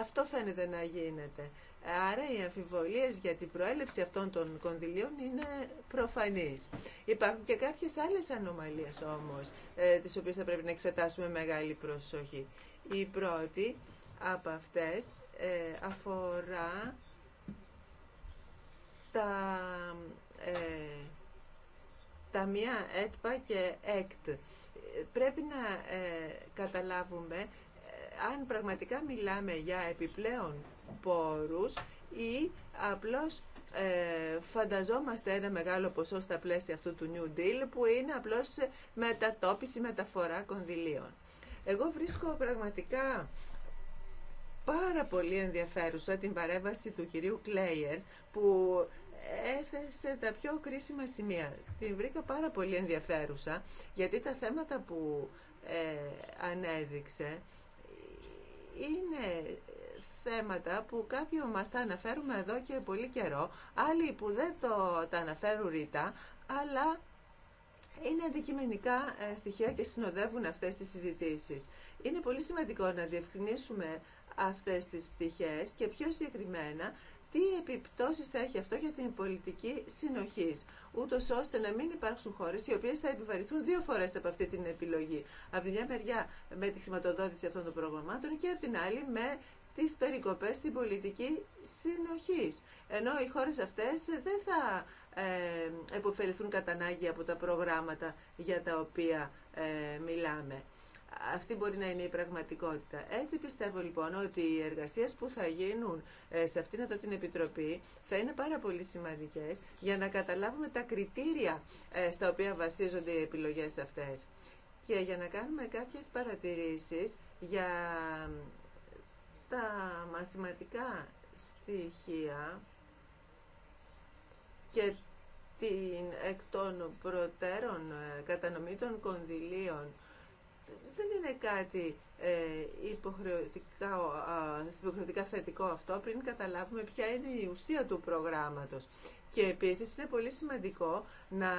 αυτό φαίνεται να γίνεται. Άρα οι αμφιβολίες για την προέλευση αυτών των κονδυλίων είναι προφανείς. Υπάρχουν και κάποιες άλλες ανομαλίες όμως, ε, τις οποίες θα πρέπει να εξετάσουμε μεγάλη προσοχή. Η πρώτη από αυτές ε, αφορά τα ε, μια ΕΤΠΑ και ΕΚΤ. Πρέπει να ε, καταλάβουμε αν πραγματικά μιλάμε για επιπλέον πόρους ή απλώς ε, φανταζόμαστε ένα μεγάλο ποσό στα πλαίσια αυτού του New Deal που είναι απλώς μετατόπιση, μεταφορά κονδυλίων. Εγώ βρίσκω πραγματικά πάρα πολύ ενδιαφέρουσα την παρέμβαση του κυρίου Κλέιερς που έθεσε τα πιο κρίσιμα σημεία. Την βρήκα πάρα πολύ ενδιαφέρουσα γιατί τα θέματα που ε, ανέδειξε είναι θέματα που κάποιοι μας τα αναφέρουμε εδώ και πολύ καιρό, άλλοι που δεν το, τα αναφέρουν ρητά, αλλά είναι αντικειμενικά ε, στοιχεία και συνοδεύουν αυτές τις συζητήσεις. Είναι πολύ σημαντικό να διευκρινίσουμε αυτές τις πτυχές και πιο συγκεκριμένα τι επιπτώσεις θα έχει αυτό για την πολιτική συνοχής, ούτω ώστε να μην υπάρξουν χώρες οι οποίες θα επιβαρυνθούν δύο φορές από αυτή την επιλογή. Από τη μια μεριά με τη χρηματοδότηση αυτών των προγραμμάτων και από την άλλη με τις περικοπές στην πολιτική συνοχής. Ενώ οι χώρες αυτές δεν θα ε, επωφεληθούν κατά ανάγκη από τα προγράμματα για τα οποία ε, μιλάμε. Αυτή μπορεί να είναι η πραγματικότητα. Έτσι πιστεύω λοιπόν ότι οι εργασίες που θα γίνουν ε, σε αυτήν εδώ την Επιτροπή θα είναι πάρα πολύ σημαντικές για να καταλάβουμε τα κριτήρια ε, στα οποία βασίζονται οι επιλογές αυτές. και για να κάνουμε κάποιες παρατηρήσεις για τα μαθηματικά στοιχεία και την εκ των προτέρων ε, κατανομή των κονδυλίων δεν είναι κάτι ε, υποχρεωτικά, υποχρεωτικά θετικό αυτό πριν καταλάβουμε ποια είναι η ουσία του προγράμματος. Και επίσης είναι πολύ σημαντικό να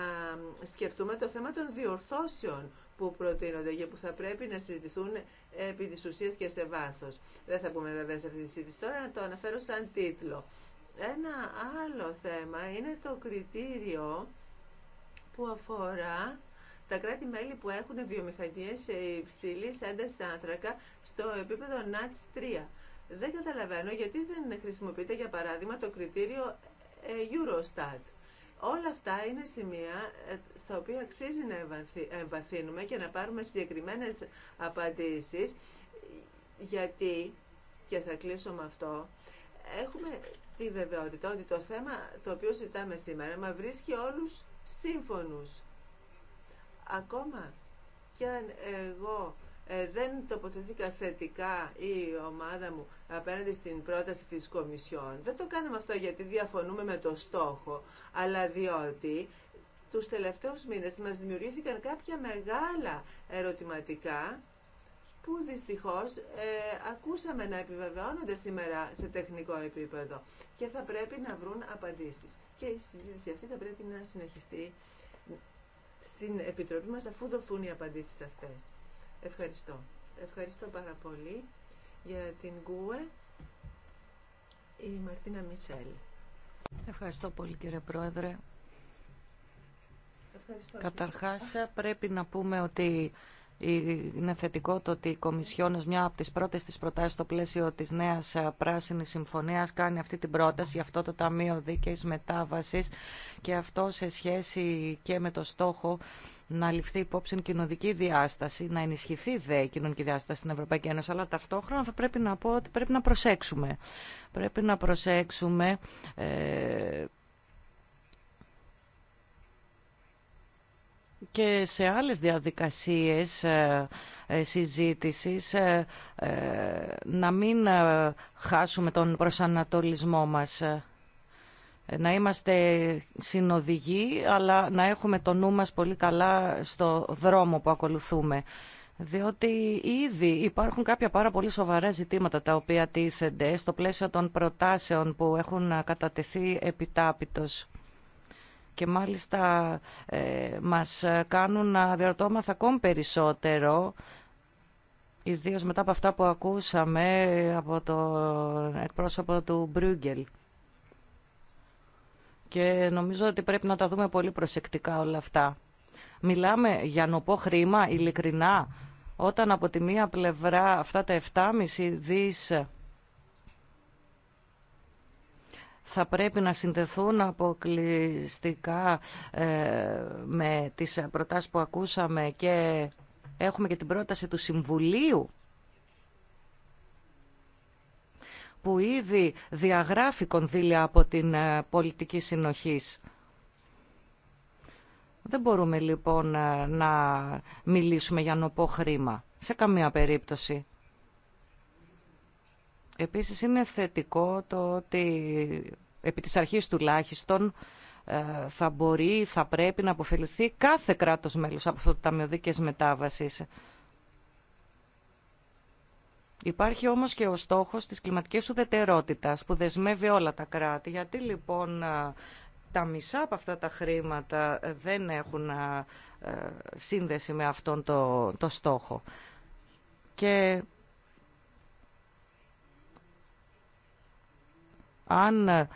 σκεφτούμε το θέμα των διορθώσεων που προτείνονται και που θα πρέπει να συζητηθούν επί τη ουσία και σε βάθο. Δεν θα πούμε βέβαια σε αυτή τη συζήτηση τώρα, να το αναφέρω σαν τίτλο. Ένα άλλο θέμα είναι το κριτήριο που αφορά τα κράτη-μέλη που έχουν βιομηχανίες υψηλής ένταση άνθρακα στο επίπεδο ΝΑΤΣ 3. Δεν καταλαβαίνω γιατί δεν χρησιμοποιείται για παράδειγμα το κριτήριο ε, Eurostat. Όλα αυτά είναι σημεία ε, στα οποία αξίζει να εμβαθύνουμε και να πάρουμε συγκεκριμένες απαντήσεις γιατί, και θα κλείσω με αυτό, έχουμε τη βεβαιότητα ότι το θέμα το οποίο ζητάμε σήμερα μα βρίσκει όλους σύμφωνους. Ακόμα και αν εγώ ε, δεν τοποθετήκα θετικά η ομάδα μου απέναντι στην πρόταση της Κομισιόν. Δεν το κάναμε αυτό γιατί διαφωνούμε με το στόχο, αλλά διότι τους τελευταίους μήνες μας δημιουργήθηκαν κάποια μεγάλα ερωτηματικά που δυστυχώς ε, ακούσαμε να επιβεβαιώνονται σήμερα σε τεχνικό επίπεδο και θα πρέπει να βρουν απαντήσεις. Και η συζήτηση αυτή θα πρέπει να συνεχιστεί στην Επιτροπή μας αφού δοθούν οι απαντήσεις αυτές. Ευχαριστώ. Ευχαριστώ πάρα πολύ για την ΚΟΕ η Μαρτίνα Μισελ. Ευχαριστώ πολύ κύριε Πρόεδρε. Ευχαριστώ, Καταρχάς πρέπει να πούμε ότι είναι θετικό το ότι η Κομισιόν μια από τις πρώτες της προτάσεις στο πλαίσιο της νέας πράσινης συμφωνίας κάνει αυτή την πρόταση για αυτό το Ταμείο Δίκαιης Μετάβασης και αυτό σε σχέση και με το στόχο να ληφθεί υπόψη κοινωνική διάσταση, να ενισχυθεί δε η κοινωνική διάσταση στην Ευρωπαϊκή Ένωση, αλλά ταυτόχρονα θα πρέπει να πω ότι πρέπει να προσέξουμε. Πρέπει να προσέξουμε ε, και σε άλλες διαδικασίες ε, ε συζήτησης ε, να μην χάσουμε τον προσανατολισμό μας να είμαστε συνοδηγοί, αλλά να έχουμε το νου μας πολύ καλά στο δρόμο που ακολουθούμε. Διότι ήδη υπάρχουν κάποια πάρα πολύ σοβαρά ζητήματα τα οποία τίθενται στο πλαίσιο των προτάσεων που έχουν κατατεθεί επιτάπητος και μάλιστα ε, μας κάνουν να διαρωτώμαθα ακόμη περισσότερο ιδίως μετά από αυτά που ακούσαμε από τον εκπρόσωπο του Μπρούγκελ και νομίζω ότι πρέπει να τα δούμε πολύ προσεκτικά όλα αυτά. Μιλάμε για νοπό χρήμα, ειλικρινά, όταν από τη μία πλευρά αυτά τα 7,5 δις θα πρέπει να συνδεθούν αποκλειστικά ε, με τις προτάσεις που ακούσαμε και έχουμε και την πρόταση του Συμβουλίου που ήδη διαγράφει κονδύλια από την ε, πολιτική συνοχής. Δεν μπορούμε λοιπόν ε, να μιλήσουμε για νοπό χρήμα, σε καμία περίπτωση. Επίσης είναι θετικό το ότι επί της αρχής τουλάχιστον ε, θα μπορεί, θα πρέπει να αποφεληθεί κάθε κράτος μέλος από αυτό το Ταμείο Μετάβασης. Υπάρχει όμως και ο στόχος της κλιματικής ουδετερότητας που δεσμεύει όλα τα κράτη. Γιατί λοιπόν τα μισά από αυτά τα χρήματα ε, δεν έχουν ε, σύνδεση με αυτόν το, στόχο. Και αν ε,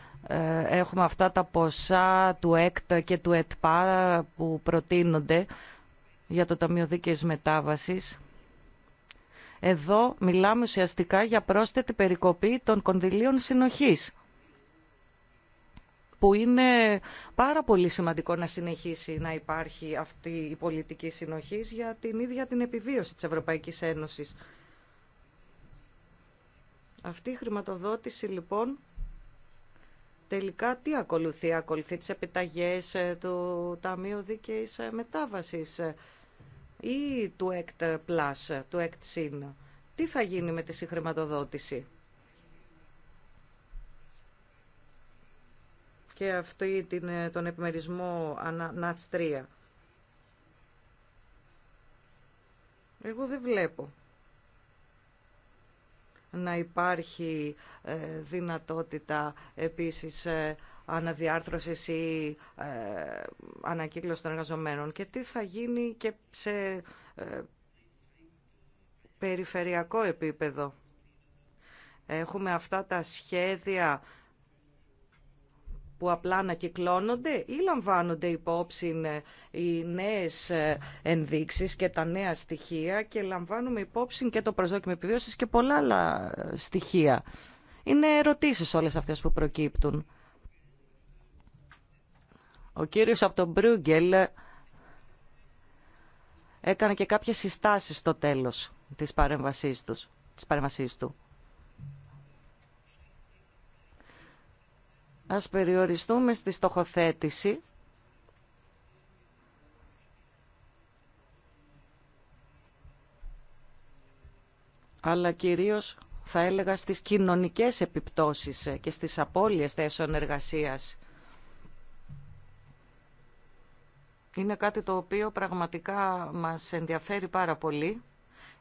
έχουμε αυτά τα ποσά του ΕΚΤ και του ΕΤΠΑ που προτείνονται για το Ταμείο Δίκαιης Μετάβασης, εδώ μιλάμε ουσιαστικά για πρόσθετη περικοπή των κονδυλίων συνοχής που είναι πάρα πολύ σημαντικό να συνεχίσει να υπάρχει αυτή η πολιτική συνοχής για την ίδια την επιβίωση της Ευρωπαϊκής Ένωσης. Αυτή η χρηματοδότηση λοιπόν τελικά τι ακολουθεί. Ακολουθεί τις επιταγές ε, του Ταμείου Δίκαιης ε, Μετάβασης ε, ή του ΕΚΤ Plus, του ΕΚΤ ΣΥΝ. Τι θα γίνει με τη συγχρηματοδότηση. Και αυτό την, τον επιμερισμό ΝΑΤΣ 3. Εγώ δεν βλέπω να υπάρχει ε, δυνατότητα επίσης ε, αναδιάρθρωσης ή ε, ανακύκλωση των εργαζομένων και τι θα γίνει και σε ε, περιφερειακό επίπεδο. Έχουμε αυτά τα σχέδια που απλά ανακυκλώνονται ή λαμβάνονται υπόψη ε, οι νέες ενδείξεις και τα νέα στοιχεία και λαμβάνουμε υπόψη και το προσδόκιμο επιβίωσης και πολλά άλλα στοιχεία. Είναι ερωτήσεις όλες αυτές που προκύπτουν. Ο κύριος από τον Μπρούγκελ έκανε και κάποιες συστάσεις στο τέλος της παρέμβασής, της παρέμβασής του. Ας περιοριστούμε στη στοχοθέτηση αλλά κυρίως θα έλεγα στις κοινωνικές επιπτώσεις και στις απώλειες θέσεων εργασίας Είναι κάτι το οποίο πραγματικά μας ενδιαφέρει πάρα πολύ.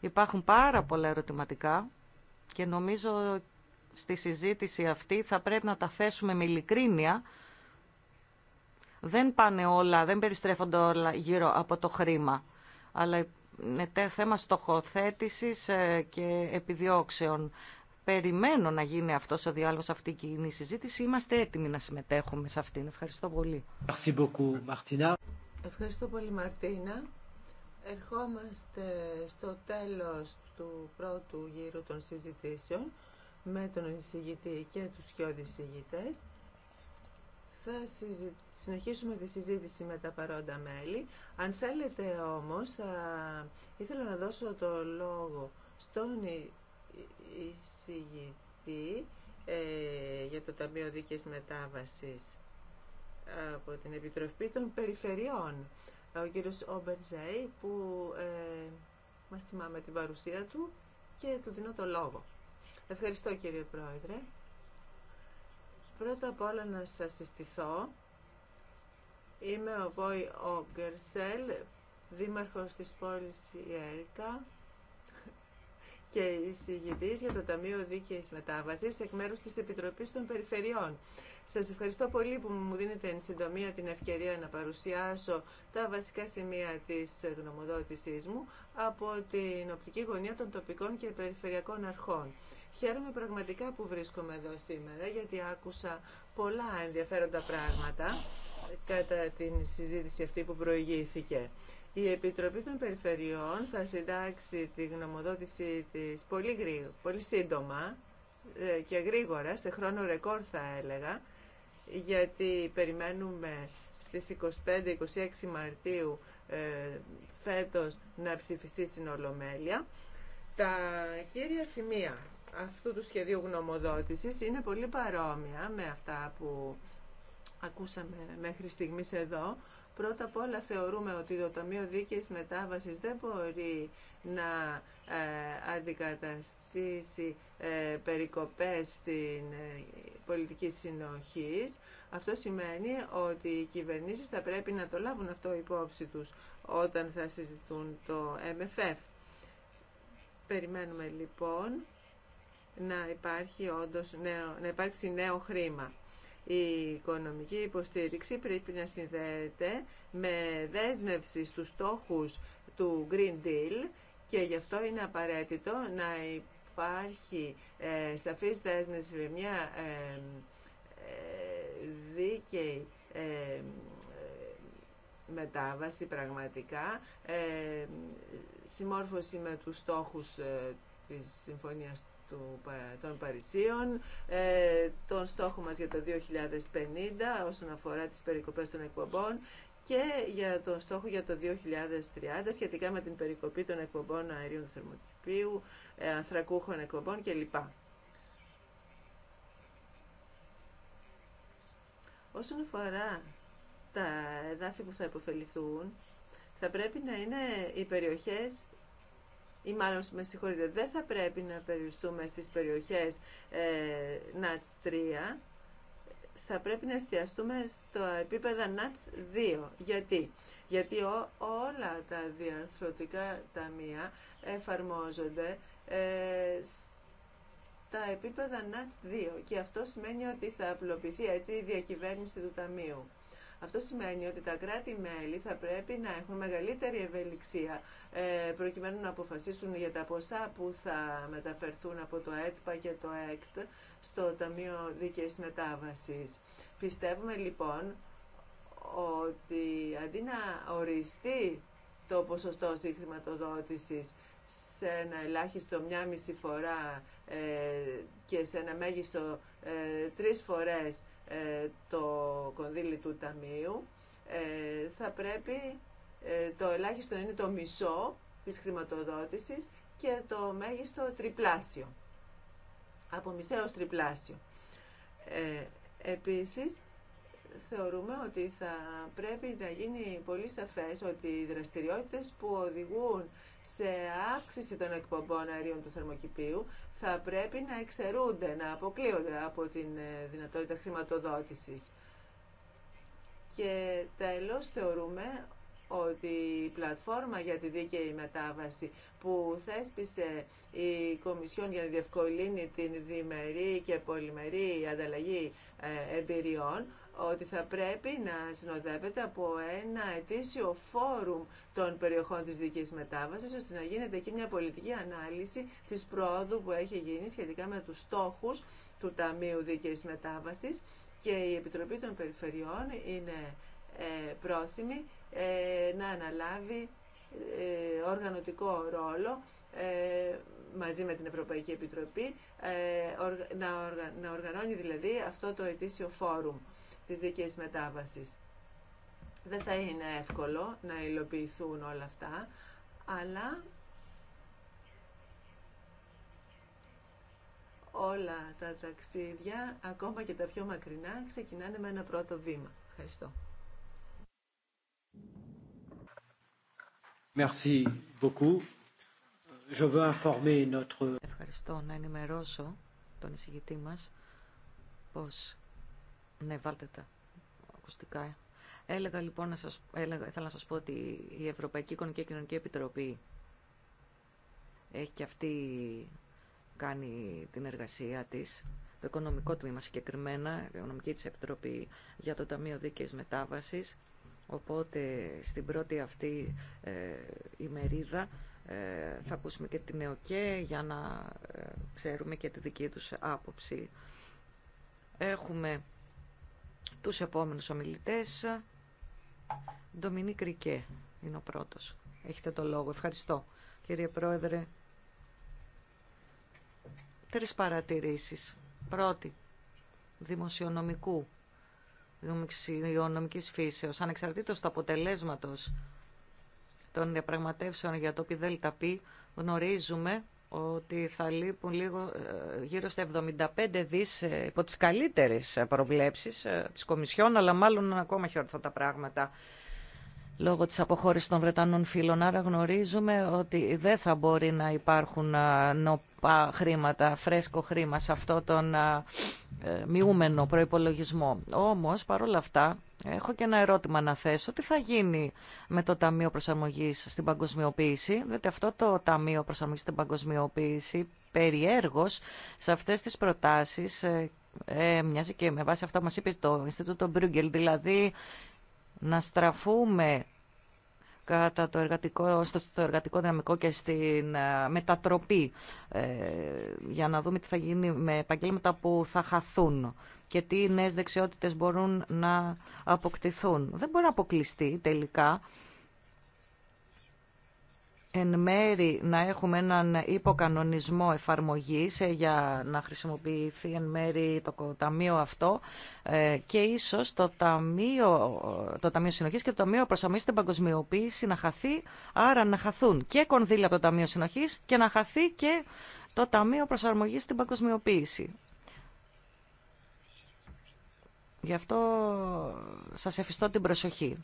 Υπάρχουν πάρα πολλά ερωτηματικά και νομίζω στη συζήτηση αυτή θα πρέπει να τα θέσουμε με ειλικρίνεια. Δεν πάνε όλα, δεν περιστρέφονται όλα γύρω από το χρήμα, αλλά είναι θέμα στοχοθέτησης ε, και επιδιώξεων. Περιμένω να γίνει αυτός ο διάλογος, αυτή η κοινή συζήτηση. Είμαστε έτοιμοι να συμμετέχουμε σε αυτήν. Ευχαριστώ πολύ. Ευχαριστώ πολύ Μαρτίνα. Ερχόμαστε στο τέλος του πρώτου γύρου των συζητήσεων με τον εισηγητή και τους σκιώδη εισηγητές. Θα συνεχίσουμε τη συζήτηση με τα παρόντα μέλη. Αν θέλετε όμως, α... ήθελα να δώσω το λόγο στον εισηγητή ε, για το Ταμείο Δίκαιης Μετάβασης από την Επιτροπή των Περιφερειών, ο κύριος Ομπερζέη, που ε, μας θυμάμαι την παρουσία του και του δίνω το λόγο. Ευχαριστώ κύριε Πρόεδρε. Πρώτα απ' όλα να σας συστηθώ. Είμαι ο Βόι Ογκερσέλ, δήμαρχος της πόλης Ιέρικα, και εισηγητή για το Ταμείο δίκαιη μετάβαση εκ μέρου τη επιτροπή των Περιφερειών. Σα ευχαριστώ πολύ που μου δίνετε εν συντομία την ευκαιρία να παρουσιάσω τα βασικά σημεία της γνωμοδότησής μου από την οπτική γωνία των τοπικών και περιφερειακών αρχών. Χαίρομαι πραγματικά που βρίσκομαι εδώ σήμερα γιατί άκουσα πολλά ενδιαφέροντα πράγματα κατά την συζήτηση αυτή που προηγήθηκε. Η Επιτροπή των Περιφερειών θα συντάξει τη γνωμοδότησή της πολύ, σύντομα ε, και γρήγορα, σε χρόνο ρεκόρ θα έλεγα, γιατί περιμένουμε στις 25-26 Μαρτίου ε, φέτος να ψηφιστεί στην Ολομέλεια. Τα κύρια σημεία αυτού του σχεδίου γνωμοδότησης είναι πολύ παρόμοια με αυτά που ακούσαμε μέχρι στιγμής εδώ, Πρώτα απ' όλα θεωρούμε ότι το Ταμείο Δίκαιης Μετάβασης δεν μπορεί να ε, αντικαταστήσει ε, περικοπές στην ε, πολιτική συνοχής. Αυτό σημαίνει ότι οι κυβερνήσεις θα πρέπει να το λάβουν αυτό υπόψη τους όταν θα συζητούν το MFF. Περιμένουμε λοιπόν να, υπάρχει όντως νέο, να υπάρξει νέο χρήμα. Η οικονομική υποστήριξη πρέπει να συνδέεται με δέσμευση στους στόχους του Green Deal και γι' αυτό είναι απαραίτητο να υπάρχει ε, σαφής δέσμευση με μια ε, ε δίκαιη ε, μετάβαση πραγματικά, ε, συμμόρφωση με τους στόχους της Συμφωνίας των Παρισίων, ε, τον στόχο μας για το 2050 όσον αφορά τις περικοπές των εκπομπών και για τον στόχο για το 2030 σχετικά με την περικοπή των εκπομπών αερίων θερμοκηπίου, θερμοκηπίου, ανθρακούχων εκπομπών κλπ. Όσον αφορά τα εδάφη που θα υποφεληθούν, θα πρέπει να είναι οι περιοχές ή μάλλον με συγχωρείτε, δεν θα πρέπει να περιοριστούμε στις περιοχές ε, ΝΑΤΣ 3, θα πρέπει να εστιαστούμε στο επίπεδο ΝΑΤΣ 2. Γιατί? Γιατί όλα τα διαρθρωτικά ταμεία εφαρμόζονται ε, στα επίπεδα ΝΑΤΣ 2 και αυτό σημαίνει ότι θα απλοποιηθεί έτσι η διακυβέρνηση του ταμείου. Αυτό σημαίνει ότι τα κράτη-μέλη θα πρέπει να έχουν μεγαλύτερη ευελιξία ε, προκειμένου να αποφασίσουν για τα ποσά που θα μεταφερθούν από το ΕΤΠΑ και το ΕΚΤ στο Ταμείο Δίκαιης Μετάβασης. Πιστεύουμε λοιπόν ότι αντί να οριστεί το ποσοστό στη χρηματοδότηση σε ένα ελάχιστο μία μισή φορά ε, και σε ένα μέγιστο ε, τρεις φορές ε, το κονδύλι του Ταμείου, ε, θα πρέπει ε, το ελάχιστο είναι το μισό της χρηματοδότησης και το μέγιστο τριπλάσιο, από μισέως τριπλάσιο. Ε, επίσης, θεωρούμε ότι θα πρέπει να γίνει πολύ σαφές ότι οι δραστηριότητες που οδηγούν σε αύξηση των εκπομπών αερίων του θερμοκηπίου θα πρέπει να εξαιρούνται, να αποκλείονται από την ε, δυνατότητα χρηματοδότησης. Και τέλος θεωρούμε ότι η πλατφόρμα για τη δίκαιη μετάβαση που θέσπισε η Κομισιόν για να διευκολύνει την διμερή και πολυμερή ανταλλαγή ε, εμπειριών ότι θα πρέπει να συνοδεύεται από ένα ετήσιο φόρουμ των περιοχών της δικής μετάβασης, ώστε να γίνεται εκεί μια πολιτική ανάλυση της πρόοδου που έχει γίνει σχετικά με τους στόχους του Ταμείου Δικής Μετάβασης και η Επιτροπή των Περιφερειών είναι ε, πρόθυμη ε, να αναλάβει ε, οργανωτικό ρόλο μαζί με την Ευρωπαϊκή Επιτροπή να οργανώνει δηλαδή αυτό το ετήσιο φόρουμ της δικής μετάβασης. Δεν θα είναι εύκολο να υλοποιηθούν όλα αυτά, αλλά όλα τα ταξίδια, ακόμα και τα πιο μακρινά, ξεκινάνε με ένα πρώτο βήμα. Ευχαριστώ. Merci beaucoup. Je veux informer notre... Ευχαριστώ να ενημερώσω τον εισηγητή μας πως ναι, βάλτε τα ακουστικά. Ε. Έλεγα λοιπόν, να σας, έλεγα, ήθελα να σας πω ότι η Ευρωπαϊκή Οικονομική και Κοινωνική Επιτροπή έχει και αυτή κάνει την εργασία της, το οικονομικό τμήμα συγκεκριμένα, η Οικονομική της Επιτροπή για το Ταμείο Δίκαιης Μετάβασης. Οπότε στην πρώτη αυτή ε, ημερίδα ε, θα ακούσουμε και την ΕΟΚΕ για να ε, ξέρουμε και τη δική τους άποψη. Έχουμε τους επόμενους ομιλητές. Ντομινί Κρικέ είναι ο πρώτος. Έχετε το λόγο. Ευχαριστώ, κύριε Πρόεδρε. Τρεις παρατηρήσεις. Πρώτη, δημοσιονομικού, δημοσιονομικής φύσεως, ανεξαρτήτως του αποτελέσματος των διαπραγματεύσεων για το πι γνωρίζουμε ότι θα λείπουν λίγο ε, γύρω στα 75 δις ε, υπό τις καλύτερες ε, προβλέψεις της Κομισιόν, αλλά μάλλον ακόμα χειρότερα τα πράγματα λόγω της αποχώρησης των Βρετανών φίλων. Άρα γνωρίζουμε ότι δεν θα μπορεί να υπάρχουν νοπά χρήματα, φρέσκο χρήμα σε αυτό τον ε, μειούμενο προϋπολογισμό. Όμως, παρόλα αυτά, έχω και ένα ερώτημα να θέσω. Τι θα γίνει με το Ταμείο Προσαρμογής στην Παγκοσμιοποίηση, διότι αυτό το Ταμείο Προσαρμογής στην Παγκοσμιοποίηση περιέργως σε αυτές τις προτάσεις ε, ε μοιάζει και με βάση αυτά που μας είπε το Ινστιτούτο Μπρούγκελ, δηλαδή να στραφούμε κατά το εργατικό, στο, στο εργατικό δυναμικό και στην ε, μετατροπή ε, για να δούμε τι θα γίνει με επαγγέλματα που θα χαθούν και τι νέες δεξιότητες μπορούν να αποκτηθούν. Δεν μπορεί να αποκλειστεί τελικά εν μέρη να έχουμε έναν υποκανονισμό εφαρμογής ε, για να χρησιμοποιηθεί εν μέρη το ταμείο αυτό ε, και ίσως το ταμείο, το ταμείο Συνοχής και το Ταμείο Προσαρμογής στην Παγκοσμιοποίηση να χαθεί, άρα να χαθούν και κονδύλια από το Ταμείο Συνοχής και να χαθεί και το Ταμείο Προσαρμογής στην Παγκοσμιοποίηση. Γι' αυτό σας ευχαριστώ την προσοχή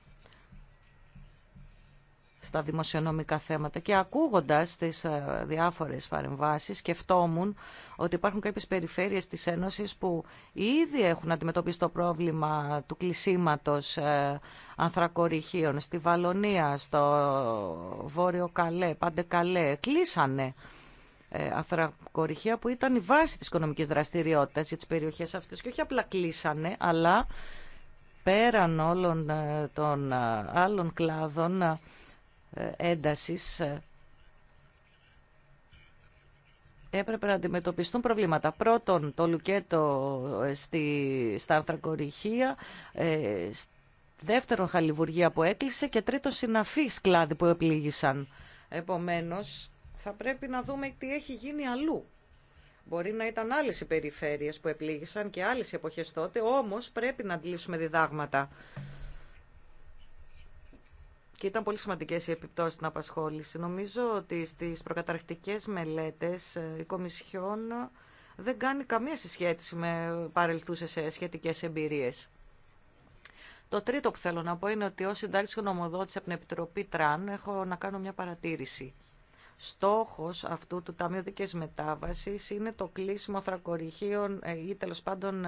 στα δημοσιονομικά θέματα και ακούγοντας τις ε, διάφορες παρεμβάσεις σκεφτόμουν ότι υπάρχουν κάποιες περιφέρειες της Ένωσης που ήδη έχουν αντιμετωπίσει το πρόβλημα του κλεισίματος ε, ανθρακοριχείων στη Βαλονία, στο Βόρειο Καλέ, Πάντε Καλέ, κλείσανε ε, ανθρακοριχεία που ήταν η βάση της οικονομικής δραστηριότητας για τις περιοχές αυτές και όχι απλά κλείσανε αλλά πέραν όλων των άλλων κλάδων ε, έντασης ε, έπρεπε να αντιμετωπιστούν προβλήματα. Πρώτον, το λουκέτο ε, στη, στα ανθρακοριχεία, δεύτερον, χαλιβουργία που έκλεισε και τρίτον, συναφή κλάδη που επλήγησαν. Επομένως, θα πρέπει να δούμε τι έχει γίνει αλλού. Μπορεί να ήταν άλλες οι που επλήγησαν και άλλες οι εποχές τότε, όμως πρέπει να αντλήσουμε διδάγματα και ήταν πολύ σημαντικέ οι επιπτώσεις στην απασχόληση. Νομίζω ότι στις προκαταρκτικέ μελέτες ε, η Κομισιόν δεν κάνει καμία συσχέτιση με παρελθούσες ε, σχετικέ εμπειρίε. Το τρίτο που θέλω να πω είναι ότι ω συντάξει γνωμοδότη από την Επιτροπή Τραν έχω να κάνω μια παρατήρηση. Στόχος αυτού του Ταμείου μετάβαση είναι το κλείσιμο θρακοριχείων ε, ή τέλο πάντων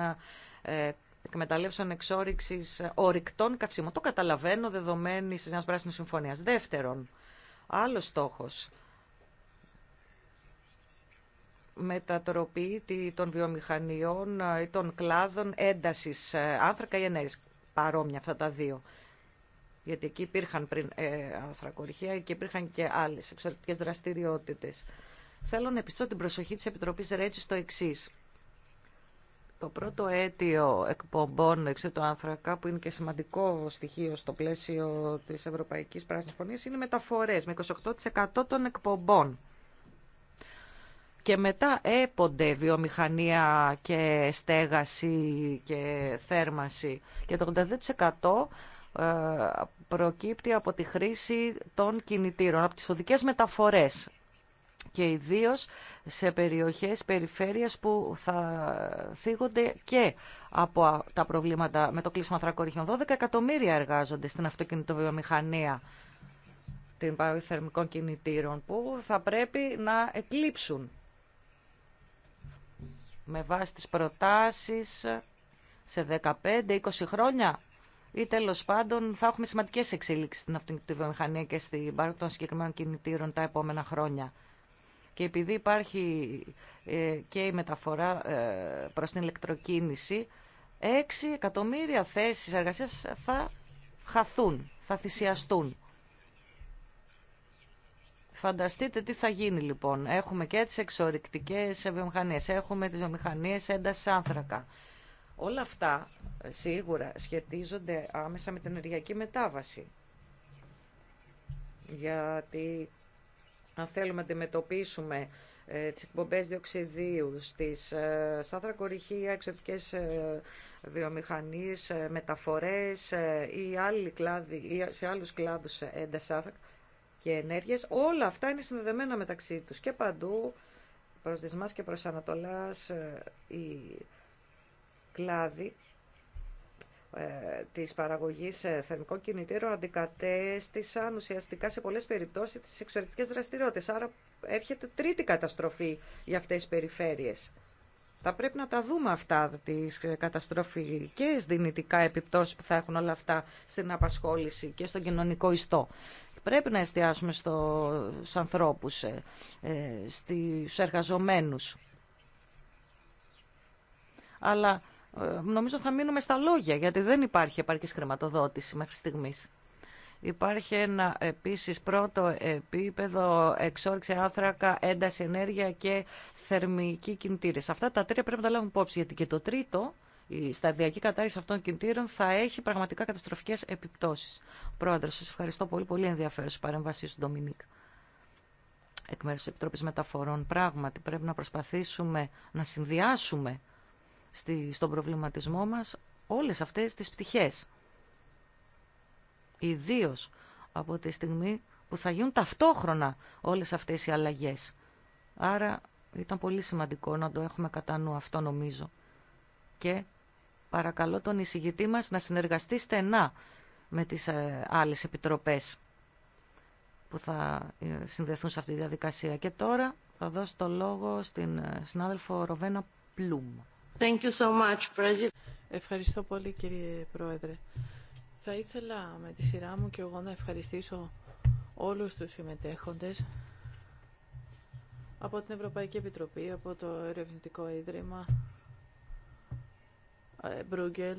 εκμεταλλεύσεων εξόριξη ορυκτών καυσίμων. Το καταλαβαίνω δεδομένη τη Νέα Πράσινη Συμφωνία. Δεύτερον, άλλο στόχο. Μετατροπή των βιομηχανιών ε, ή των κλάδων ένταση ε, άνθρακα ή ενέργεια. Παρόμοια αυτά τα δύο. Γιατί εκεί υπήρχαν πριν ε, ανθρακοριχεία και υπήρχαν και άλλε εξωτερικέ δραστηριότητε. Θέλω να επιστώ την προσοχή τη Επιτροπή Ρέτζη στο εξή το πρώτο αίτιο εκπομπών εξαιτία άνθρακα, που είναι και σημαντικό στοιχείο στο πλαίσιο τη Ευρωπαϊκή Πράσινη Συμφωνία, είναι μεταφορέ με 28% των εκπομπών. Και μετά έπονται βιομηχανία και στέγαση και θέρμαση. Και το 82% ε, προκύπτει από τη χρήση των κινητήρων, από τις οδικές μεταφορές και ιδίως σε περιοχές, περιφέρειες που θα θίγονται και από τα προβλήματα με το κλείσμα ανθρακοριχιών. 12 εκατομμύρια εργάζονται στην αυτοκινητοβιομηχανία των παροθερμικών κινητήρων που θα πρέπει να εκλείψουν με βάση τις προτάσεις σε 15-20 χρόνια ή τέλος πάντων θα έχουμε σημαντικές εξελίξεις στην αυτοκινητοβιομηχανία και στην παραγωγή των συγκεκριμένων κινητήρων τα επόμενα χρόνια. Και επειδή υπάρχει ε, και η μεταφορά ε, προς την ηλεκτροκίνηση, 6 εκατομμύρια θέσεις εργασίας θα χαθούν, θα θυσιαστούν. Φανταστείτε τι θα γίνει λοιπόν. Έχουμε και τις εξορρυκτικές βιομηχανίες, έχουμε τις βιομηχανίες έντασης άνθρακα. Όλα αυτά ε, σίγουρα σχετίζονται άμεσα με την ενεργειακή μετάβαση. Γιατί αν θέλουμε να αντιμετωπίσουμε ε, τις εκπομπές διοξιδίου στις ε, στάθρα κορυχεία, εξωτικές ε, βιομηχανίες, ε, μεταφορές ε, ή, άλλοι κλάδοι, σε άλλους κλάδους έντας και ενέργειες, όλα αυτά είναι συνδεδεμένα μεταξύ τους και παντού προς Δυσμάς και προς Ανατολάς οι κλάδοι ε, της παραγωγής ε, θερμικών κινητήρων αντικατέστησαν ουσιαστικά σε πολλές περιπτώσεις τις εξωτερικές δραστηριότητες. Άρα έρχεται τρίτη καταστροφή για αυτές τις περιφέρειες. Θα πρέπει να τα δούμε αυτά, τις καταστροφικές δυνητικά επιπτώσεις που θα έχουν όλα αυτά στην απασχόληση και στον κοινωνικό ιστό. Πρέπει να εστιάσουμε στους ανθρώπους, ε, στους εργαζομένους. Αλλά ε, νομίζω θα μείνουμε στα λόγια, γιατί δεν υπάρχει επαρκής χρηματοδότηση μέχρι στιγμής. Υπάρχει ένα επίσης πρώτο επίπεδο εξόρυξη άθρακα, ένταση ενέργεια και θερμική κινητήρες. Αυτά τα τρία πρέπει να τα λάβουμε υπόψη, γιατί και το τρίτο, η σταδιακή κατάρριξη αυτών των κινητήρων θα έχει πραγματικά καταστροφικές επιπτώσεις. Πρόεδρο, σας ευχαριστώ πολύ, πολύ ενδιαφέρον ενδιαφέρουσα παρέμβασή σου, Ντομινίκ. Εκ μέρους της Επιτροπής Μεταφορών, πράγματι πρέπει να προσπαθήσουμε να συνδυάσουμε στη, στον προβληματισμό μας όλες αυτές τις πτυχές. Ιδίω από τη στιγμή που θα γίνουν ταυτόχρονα όλες αυτές οι αλλαγές. Άρα ήταν πολύ σημαντικό να το έχουμε κατά νου αυτό νομίζω. Και παρακαλώ τον εισηγητή μας να συνεργαστεί στενά με τις ε, άλλες επιτροπές που θα ε, συνδεθούν σε αυτή τη διαδικασία. Και τώρα θα δώσω το λόγο στην ε, συνάδελφο Ροβένα Πλούμ. Ευχαριστώ πολύ κύριε Πρόεδρε. Θα ήθελα με τη σειρά μου και εγώ να ευχαριστήσω όλους τους συμμετέχοντες από την Ευρωπαϊκή Επιτροπή, από το Ερευνητικό Ίδρυμα, ε,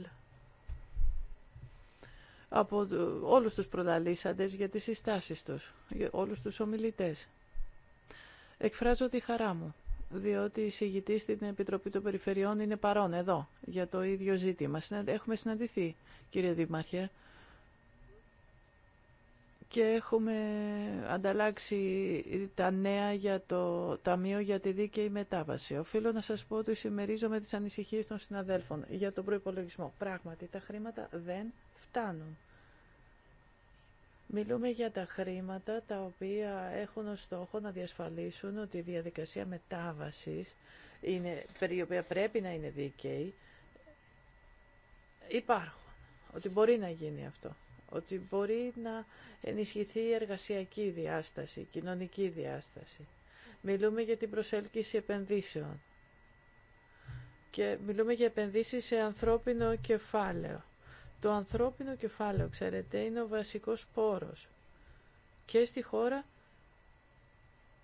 από όλους τους προλαλήσαντες για τις συστάσεις τους, για όλους τους ομιλητές. Εκφράζω τη χαρά μου διότι η συγητή στην Επιτροπή των Περιφερειών είναι παρόν εδώ για το ίδιο ζήτημα. Έχουμε συναντηθεί, κύριε Δήμαρχε, και έχουμε ανταλλάξει τα νέα για το Ταμείο για τη Δίκαιη Μετάβαση. Οφείλω να σας πω ότι συμμερίζομαι τις ανησυχίες των συναδέλφων για τον προϋπολογισμό. Πράγματι, τα χρήματα δεν φτάνουν. Μιλούμε για τα χρήματα τα οποία έχουν ως στόχο να διασφαλίσουν ότι η διαδικασία μετάβασης, είναι, η οποία πρέπει να είναι δίκαιη, υπάρχουν. Ότι μπορεί να γίνει αυτό. Ότι μπορεί να ενισχυθεί η εργασιακή διάσταση, η κοινωνική διάσταση. Μιλούμε για την προσέλκυση επενδύσεων. Και μιλούμε για επενδύσεις σε ανθρώπινο κεφάλαιο. Το ανθρώπινο κεφάλαιο, ξέρετε, είναι ο βασικός πόρος και στη χώρα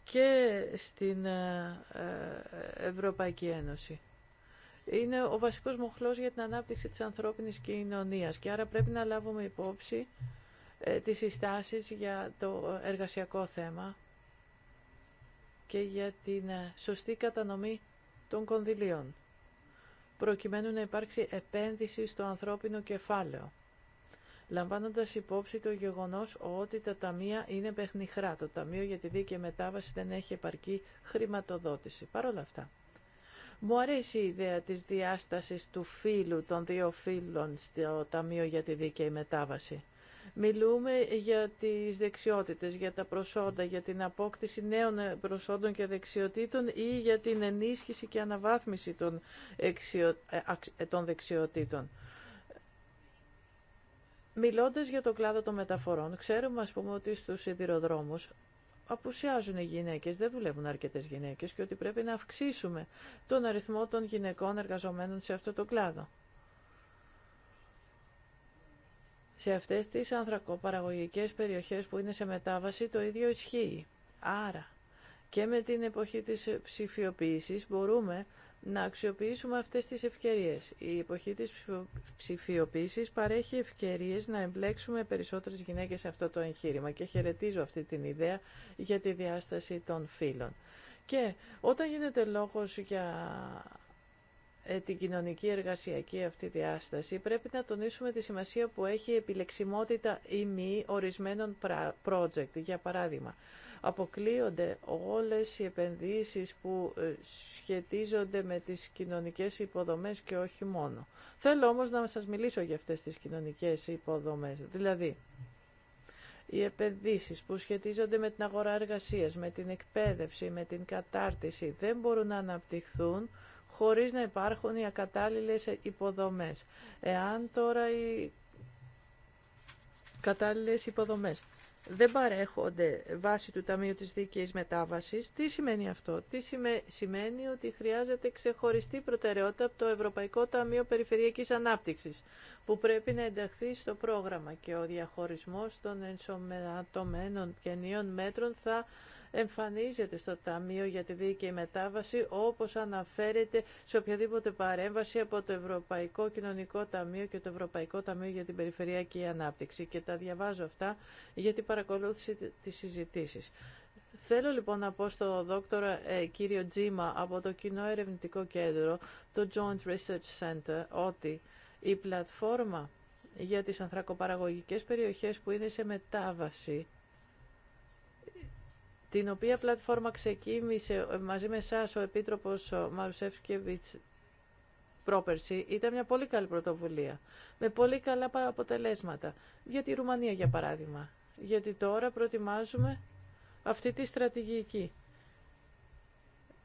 και στην ε, ε, Ευρωπαϊκή Ένωση. Είναι ο βασικός μοχλός για την ανάπτυξη της ανθρώπινης κοινωνίας και άρα πρέπει να λάβουμε υπόψη ε, τις συστάσεις για το εργασιακό θέμα και για την σωστή κατανομή των κονδυλίων προκειμένου να υπάρξει επένδυση στο ανθρώπινο κεφάλαιο λαμβάνοντας υπόψη το γεγονός ότι τα ταμεία είναι παιχνιχρά. Το Ταμείο για τη Δίκαιη Μετάβαση δεν έχει επαρκή χρηματοδότηση. Παρ' όλα αυτά. Μου αρέσει η ιδέα της διάστασης του φίλου των δύο φίλων στο Ταμείο για τη Δίκαιη Μετάβαση. Μιλούμε για τις δεξιότητες, για τα προσόντα, για την απόκτηση νέων προσόντων και δεξιοτήτων ή για την ενίσχυση και αναβάθμιση των, ε, ε, των δεξιοτήτων. Μιλώντας για το κλάδο των μεταφορών, ξέρουμε ας πούμε ότι στους σιδηροδρόμους απουσιάζουν οι γυναίκες, δεν δουλεύουν αρκετές γυναίκες και ότι πρέπει να αυξήσουμε τον αριθμό των γυναικών εργαζομένων σε αυτό το κλάδο. Σε αυτές τις ανθρακοπαραγωγικές περιοχές που είναι σε μετάβαση το ίδιο ισχύει. Άρα και με την εποχή της ψηφιοποίησης μπορούμε να αξιοποιήσουμε αυτές τις ευκαιρίες. Η εποχή της ψηφιοποίησης παρέχει ευκαιρίες να εμπλέξουμε περισσότερες γυναίκες σε αυτό το εγχείρημα και χαιρετίζω αυτή την ιδέα για τη διάσταση των φύλων. Και όταν γίνεται λόγος για ε, την κοινωνική εργασιακή αυτή διάσταση, πρέπει να τονίσουμε τη σημασία που έχει η επιλεξιμότητα ή μη ορισμένων project. Για παράδειγμα, αποκλείονται όλες οι επενδύσεις που ε, σχετίζονται με τις κοινωνικές υποδομές και όχι μόνο. Θέλω όμως να σας μιλήσω για αυτές τις κοινωνικές υποδομές. Δηλαδή, οι επενδύσει που σχετίζονται με την αγορά εργασίας, με την εκπαίδευση, με την κατάρτιση δεν μπορούν να αναπτυχθούν χωρίς να υπάρχουν οι ακατάλληλες υποδομές. Εάν τώρα οι κατάλληλες υποδομές δεν παρέχονται βάσει του Ταμείου της Δίκαιης Μετάβασης, τι σημαίνει αυτό. Τι σημαίνει ότι χρειάζεται ξεχωριστή προτεραιότητα από το Ευρωπαϊκό Ταμείο Περιφερειακής Ανάπτυξης, που πρέπει να ενταχθεί στο πρόγραμμα και ο διαχωρισμός των ενσωματωμένων και μέτρων θα εμφανίζεται στο Ταμείο για τη Δίκαιη Μετάβαση όπως αναφέρεται σε οποιαδήποτε παρέμβαση από το Ευρωπαϊκό Κοινωνικό Ταμείο και το Ευρωπαϊκό Ταμείο για την Περιφερειακή Ανάπτυξη και τα διαβάζω αυτά για την παρακολούθηση της συζητήσης. Θέλω λοιπόν να πω στο δόκτωρα ε, κύριο Τζίμα από το Κοινό Ερευνητικό Κέντρο, το Joint Research Center, ότι η πλατφόρμα για τις ανθρακοπαραγωγικές περιοχές που είναι σε μετάβαση την οποία πλατφόρμα ξεκίνησε μαζί με εσά ο Επίτροπος Μαρουσεύσκεβιτς πρόπερση, ήταν μια πολύ καλή πρωτοβουλία, με πολύ καλά αποτελέσματα, για τη Ρουμανία για παράδειγμα, γιατί τώρα προετοιμάζουμε αυτή τη στρατηγική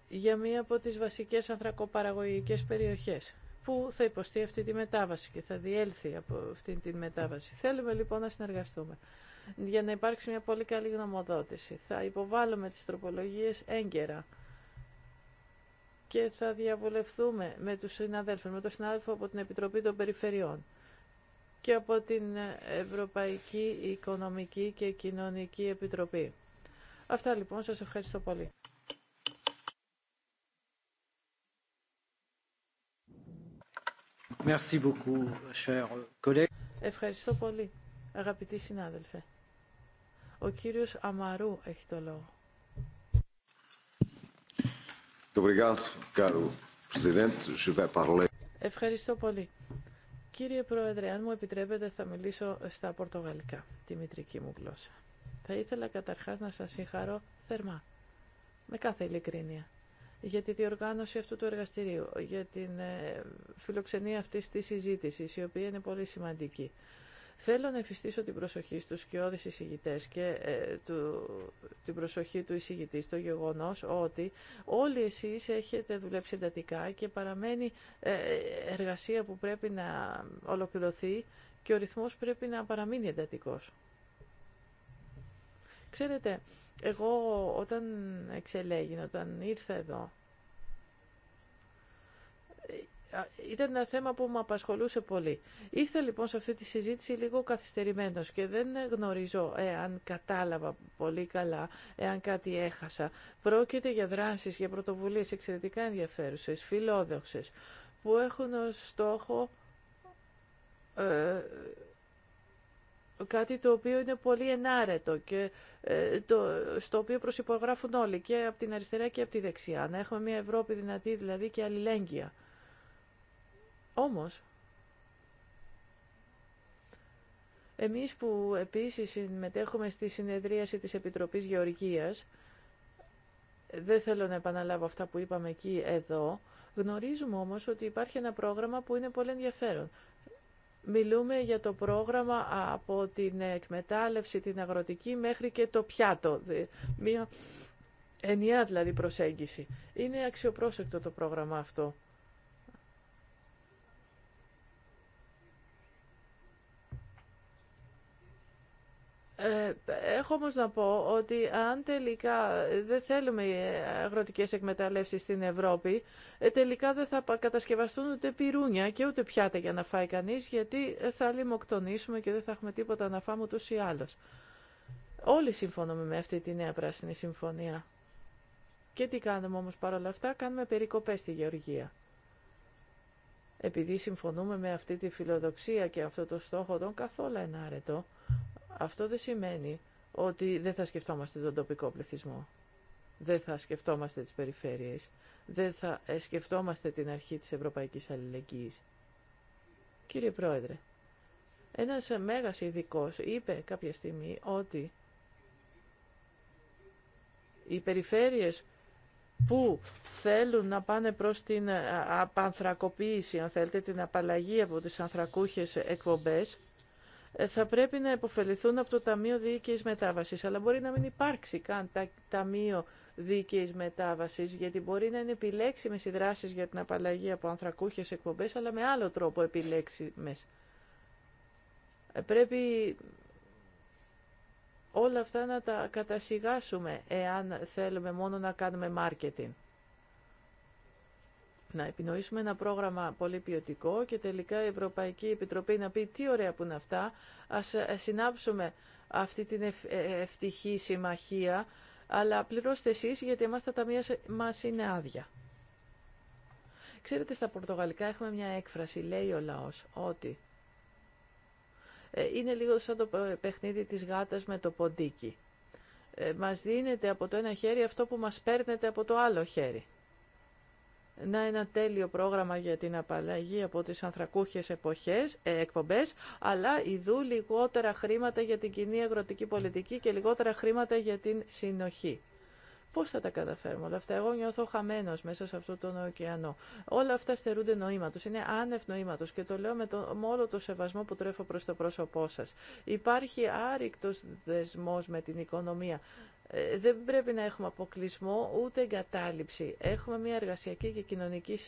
για μία από τις βασικές ανθρακοπαραγωγικές περιοχές που θα υποστεί αυτή τη μετάβαση και θα διέλθει από αυτή τη μετάβαση. Θέλουμε λοιπόν να συνεργαστούμε για να υπάρξει μια πολύ καλή γνωμοδότηση. Θα υποβάλουμε τις τροπολογίες έγκαιρα και θα διαβολευτούμε με τους συναδέλφους, με τον συνάδελφο από την Επιτροπή των Περιφερειών και από την Ευρωπαϊκή Οικονομική και Κοινωνική Επιτροπή. Αυτά λοιπόν, σας ευχαριστώ πολύ. Merci beaucoup, cher collègue. Ευχαριστώ πολύ, αγαπητοί συνάδελφοι. Ο κύριος Αμαρού έχει το λόγο. Ευχαριστώ πολύ. Κύριε Πρόεδρε, αν μου επιτρέπετε θα μιλήσω στα πορτογαλικά, τη μητρική μου γλώσσα. Θα ήθελα καταρχάς να σας συγχαρώ θερμά, με κάθε ειλικρίνεια, για τη διοργάνωση αυτού του εργαστηρίου, για την ε, φιλοξενία αυτής της συζήτησης, η οποία είναι πολύ σημαντική. Θέλω να εφιστήσω την προσοχή στους σκιώδεις εισηγητές και ε, την προσοχή του εισηγητή στο γεγονός ότι όλοι εσείς έχετε δουλέψει εντατικά και παραμένει ε, εργασία που πρέπει να ολοκληρωθεί και ο ρυθμός πρέπει να παραμείνει εντατικός. Ξέρετε, εγώ όταν εξελέγει, όταν ήρθα εδώ, ήταν ένα θέμα που με απασχολούσε πολύ. Ήρθα λοιπόν σε αυτή τη συζήτηση λίγο καθυστερημένο και δεν γνωρίζω εάν κατάλαβα πολύ καλά, εάν κάτι έχασα. Πρόκειται για δράσεις, για πρωτοβουλίες εξαιρετικά ενδιαφέρουσε, φιλόδοξε, που έχουν ως στόχο ε, κάτι το οποίο είναι πολύ ενάρετο και ε, το, στο οποίο προσυπογράφουν όλοι και από την αριστερά και από τη δεξιά. Να έχουμε μια Ευρώπη δυνατή δηλαδή και αλληλέγγυα. Όμως, εμείς που επίσης συμμετέχουμε στη συνεδρίαση της Επιτροπής Γεωργίας, δεν θέλω να επαναλάβω αυτά που είπαμε εκεί εδώ, γνωρίζουμε όμως ότι υπάρχει ένα πρόγραμμα που είναι πολύ ενδιαφέρον. Μιλούμε για το πρόγραμμα από την εκμετάλλευση, την αγροτική μέχρι και το πιάτο. Ε, μία ενιαία δηλαδή προσέγγιση. Είναι αξιοπρόσεκτο το πρόγραμμα αυτό. Ε, έχω όμως να πω ότι αν τελικά δεν θέλουμε αγροτικές εκμεταλλεύσεις στην Ευρώπη, ε, τελικά δεν θα κατασκευαστούν ούτε πυρούνια και ούτε πιάτα για να φάει κανείς, γιατί θα λιμοκτονήσουμε και δεν θα έχουμε τίποτα να φάμε ούτως ή άλλως. Όλοι συμφωνούμε με αυτή τη νέα πράσινη συμφωνία. Και τι κάνουμε όμως παρόλα αυτά, κάνουμε περικοπές στη γεωργία. Επειδή συμφωνούμε με αυτή τη φιλοδοξία και αυτό το στόχο, τον καθόλου ενάρετο, αυτό δεν σημαίνει ότι δεν θα σκεφτόμαστε τον τοπικό πληθυσμό. Δεν θα σκεφτόμαστε τις περιφέρειες. Δεν θα ε, σκεφτόμαστε την αρχή της ευρωπαϊκής αλληλεγγύης. Κύριε Πρόεδρε, ένας μέγας ειδικό είπε κάποια στιγμή ότι οι περιφέρειες που θέλουν να πάνε προς την ε, απανθρακοποίηση, αν θέλετε, την απαλλαγή από τις ανθρακούχες εκπομπές, ε, θα πρέπει να υποφεληθούν από το Ταμείο Δίκαιης Μετάβασης. Αλλά μπορεί να μην υπάρξει καν Ταμείο Δίκαιης Μετάβασης, γιατί μπορεί να είναι επιλέξιμες οι δράσεις για την απαλλαγή από ανθρακούχες εκπομπές, αλλά με άλλο τρόπο επιλέξιμες. Ε, πρέπει όλα αυτά να τα κατασυγάσουμε, εάν θέλουμε μόνο να κάνουμε μάρκετινγκ να επινοήσουμε ένα πρόγραμμα πολύ ποιοτικό και τελικά η Ευρωπαϊκή Επιτροπή να πει τι ωραία που είναι αυτά, ας ε, ε, συνάψουμε αυτή την ε, ευτυχή συμμαχία, αλλά πληρώστε εσείς γιατί εμάς τα ταμεία μας είναι άδεια. Ξέρετε, στα πορτογαλικά έχουμε μια έκφραση, λέει ο λαός, ότι είναι λίγο σαν το παιχνίδι της γάτας με το ποντίκι. Μας δίνεται από το ένα χέρι αυτό που μας παίρνετε από το άλλο χέρι να ένα τέλειο πρόγραμμα για την απαλλαγή από τις ανθρακούχες εποχές, ε, εκπομπές, αλλά ειδού λιγότερα χρήματα για την κοινή αγροτική πολιτική και λιγότερα χρήματα για την συνοχή. Πώς θα τα καταφέρουμε όλα αυτά. Εγώ νιώθω χαμένο μέσα σε αυτόν τον ωκεανό. Όλα αυτά στερούνται νοήματος. Είναι άνευ νοήματος και το λέω με, με όλο το σεβασμό που τρέφω προ το πρόσωπό σας. Υπάρχει άρρηκτος δεσμός με την οικονομία. Ε, δεν πρέπει να έχουμε αποκλεισμό ούτε εγκατάλειψη. Έχουμε μια εργασιακή και κοινωνική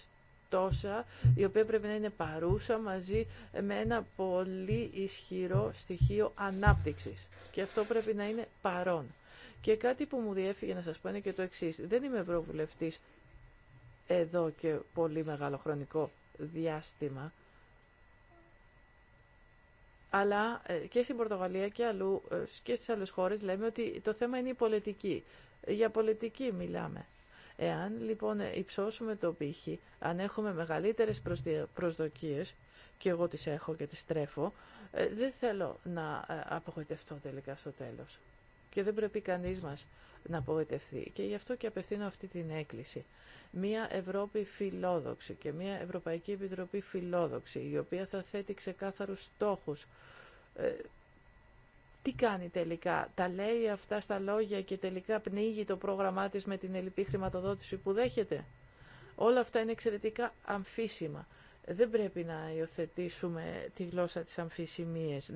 τόσα, η οποία πρέπει να είναι παρούσα μαζί με ένα πολύ ισχυρό στοιχείο ανάπτυξης. Και αυτό πρέπει να είναι παρόν. Και κάτι που μου διέφυγε να σας πω είναι και το εξή. Δεν είμαι ευρωβουλευτής εδώ και πολύ μεγάλο χρονικό διάστημα αλλά ε, και στην Πορτογαλία και αλλού ε, και στις άλλες χώρες λέμε ότι το θέμα είναι η πολιτική. Για πολιτική μιλάμε. Εάν λοιπόν ε, υψώσουμε το πύχη, αν έχουμε μεγαλύτερες προσδοκίες, και εγώ τις έχω και τις τρέφω, δεν θέλω να απογοητευτώ τελικά στο τέλος και δεν πρέπει κανείς μας να απογοητευτεί. Και γι' αυτό και απευθύνω αυτή την έκκληση. Μία Ευρώπη φιλόδοξη και μία Ευρωπαϊκή Επιτροπή φιλόδοξη, η οποία θα θέτει ξεκάθαρους στόχους. Ε, τι κάνει τελικά, τα λέει αυτά στα λόγια και τελικά πνίγει το πρόγραμμά της με την ελληπή χρηματοδότηση που δέχεται. Όλα αυτά είναι εξαιρετικά αμφίσιμα δεν πρέπει να υιοθετήσουμε τη γλώσσα της αμφισημίας,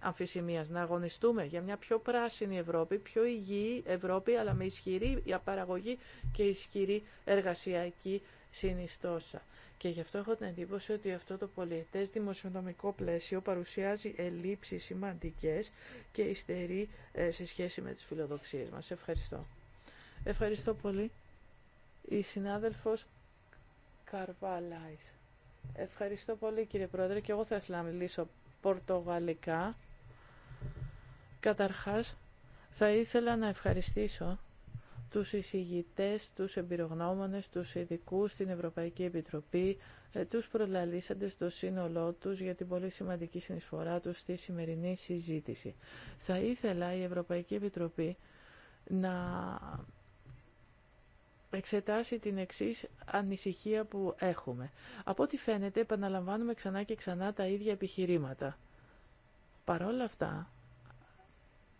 αμφισημίας, να αγωνιστούμε για μια πιο πράσινη Ευρώπη, πιο υγιή Ευρώπη, αλλά με ισχυρή παραγωγή και ισχυρή εργασιακή συνιστόσα. Και γι' αυτό έχω την εντύπωση ότι αυτό το πολιετές δημοσιονομικό πλαίσιο παρουσιάζει ελλείψεις σημαντικές και υστερεί ε, σε σχέση με τις φιλοδοξίες μας. Ευχαριστώ. Ευχαριστώ πολύ. Η συνάδελφος Καρβάλάης. Ευχαριστώ πολύ κύριε Πρόεδρε και εγώ θα ήθελα να μιλήσω πορτογαλικά. Καταρχάς θα ήθελα να ευχαριστήσω τους εισηγητές, τους εμπειρογνώμονες, τους ειδικού στην Ευρωπαϊκή Επιτροπή, ε, τους προλαλήσαντες στο σύνολό τους για την πολύ σημαντική συνεισφορά τους στη σημερινή συζήτηση. Θα ήθελα η Ευρωπαϊκή Επιτροπή να εξετάσει την εξής ανησυχία που έχουμε. Από ό,τι φαίνεται επαναλαμβάνουμε ξανά και ξανά τα ίδια επιχειρήματα. Παρόλα αυτά,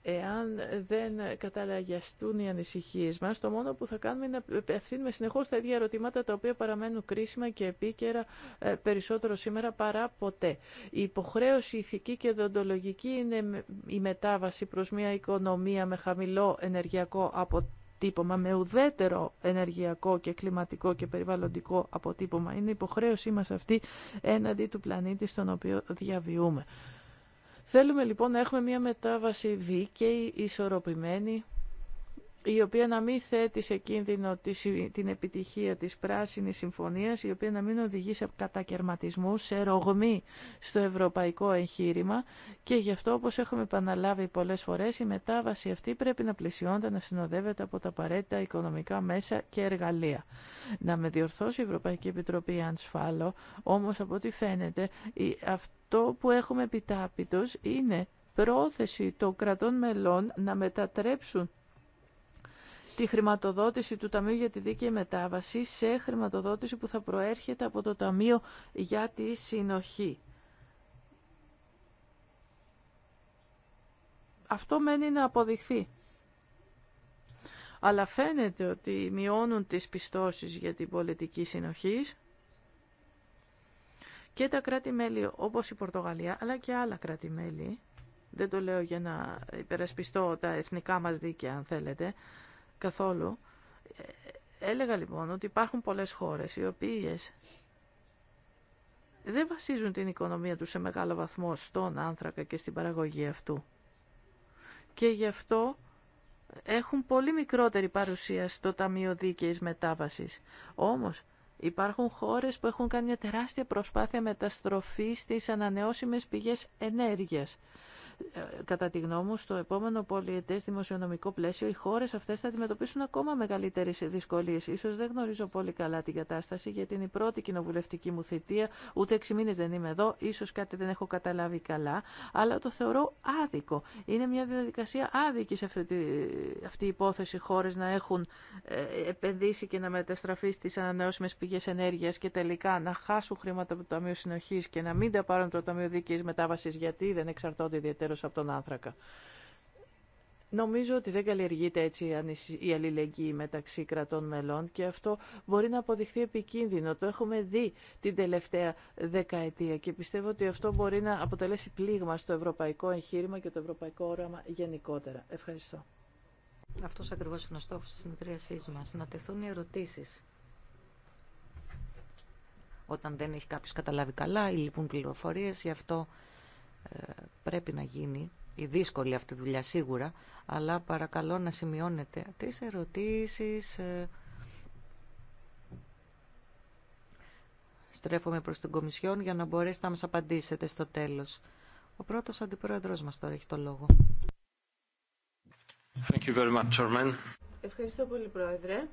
εάν δεν καταλαγιαστούν οι ανησυχίες μας, το μόνο που θα κάνουμε είναι να ευθύνουμε συνεχώς τα ίδια ερωτήματα τα οποία παραμένουν κρίσιμα και επίκαιρα ε, περισσότερο σήμερα παρά ποτέ. Η υποχρέωση ηθική και δοντολογική είναι η μετάβαση προς μια οικονομία με χαμηλό ενεργειακό αποτέλεσμα αποτύπωμα, με ουδέτερο ενεργειακό και κλιματικό και περιβαλλοντικό αποτύπωμα. Είναι υποχρέωσή μας αυτή έναντι του πλανήτη στον οποίο διαβιούμε. Θέλουμε λοιπόν να έχουμε μια μετάβαση δίκαιη, ισορροπημένη, η οποία να μην θέτει σε κίνδυνο την επιτυχία της πράσινης συμφωνίας, η οποία να μην οδηγεί σε κατακαιρματισμού, σε ρογμή στο ευρωπαϊκό εγχείρημα και γι' αυτό όπως έχουμε επαναλάβει πολλές φορές η μετάβαση αυτή πρέπει να πλησιώνται, να συνοδεύεται από τα απαραίτητα οικονομικά μέσα και εργαλεία. Να με διορθώσει η Ευρωπαϊκή Επιτροπή αν σφάλω, όμως από ό,τι φαίνεται αυτό που έχουμε επιτάπητος είναι πρόθεση των κρατών μελών να μετατρέψουν τη χρηματοδότηση του Ταμείου για τη Δίκαιη Μετάβαση σε χρηματοδότηση που θα προέρχεται από το Ταμείο για τη Συνοχή. Αυτό μένει να αποδειχθεί. Αλλά φαίνεται ότι μειώνουν τις πιστώσεις για την πολιτική συνοχής και τα κράτη-μέλη όπως η Πορτογαλία, αλλά και άλλα κράτη-μέλη, δεν το λέω για να υπερασπιστώ τα εθνικά μας δίκαια αν θέλετε, καθόλου. Ε, έλεγα λοιπόν ότι υπάρχουν πολλές χώρες οι οποίες δεν βασίζουν την οικονομία τους σε μεγάλο βαθμό στον άνθρακα και στην παραγωγή αυτού. Και γι' αυτό έχουν πολύ μικρότερη παρουσία στο Ταμείο Δίκαιης Μετάβασης. Όμως υπάρχουν χώρες που έχουν κάνει μια τεράστια προσπάθεια μεταστροφής στις ανανεώσιμες πηγές ενέργειας κατά τη γνώμη μου, στο επόμενο πολιετέ δημοσιονομικό πλαίσιο οι χώρε αυτέ θα αντιμετωπίσουν ακόμα μεγαλύτερε δυσκολίε. Σω δεν γνωρίζω πολύ καλά την κατάσταση, γιατί είναι η πρώτη κοινοβουλευτική μου θητεία, ούτε έξι μήνες δεν είμαι εδώ, ίσως κάτι δεν έχω καταλάβει καλά, αλλά το θεωρώ άδικο. Είναι μια διαδικασία άδικη αυτή, η υπόθεση χώρε να έχουν ε, επενδύσει και να μεταστραφεί στι ανανεώσιμε πηγέ ενέργεια και τελικά να χάσουν χρήματα από το Ταμείο συνοχή και να μην τα πάρουν το Ταμείο Δίκαιη μετάβαση γιατί δεν εξαρτώνται ιδιαίτερα από τον άνθρακα. Νομίζω ότι δεν καλλιεργείται έτσι η αλληλεγγύη μεταξύ κρατών μελών και αυτό μπορεί να αποδειχθεί επικίνδυνο. Το έχουμε δει την τελευταία δεκαετία και πιστεύω ότι αυτό μπορεί να αποτελέσει πλήγμα στο ευρωπαϊκό εγχείρημα και το ευρωπαϊκό όραμα γενικότερα. Ευχαριστώ. Αυτό ακριβώ είναι ο στόχο τη συνεδρίασής μα, να τεθούν οι ερωτήσει. Όταν δεν έχει κάποιο καταλάβει καλά ή λοιπόν πληροφορίε, γι' αυτό πρέπει να γίνει η δύσκολη αυτή δουλειά σίγουρα, αλλά παρακαλώ να σημειώνετε τις ερωτήσεις. Ε, στρέφομαι προς την Κομισιόν για να μπορέσετε να μας απαντήσετε στο τέλος. Ο πρώτος αντιπρόεδρος μας τώρα έχει το λόγο. Thank you very much, Ευχαριστώ πολύ, Πρόεδρε.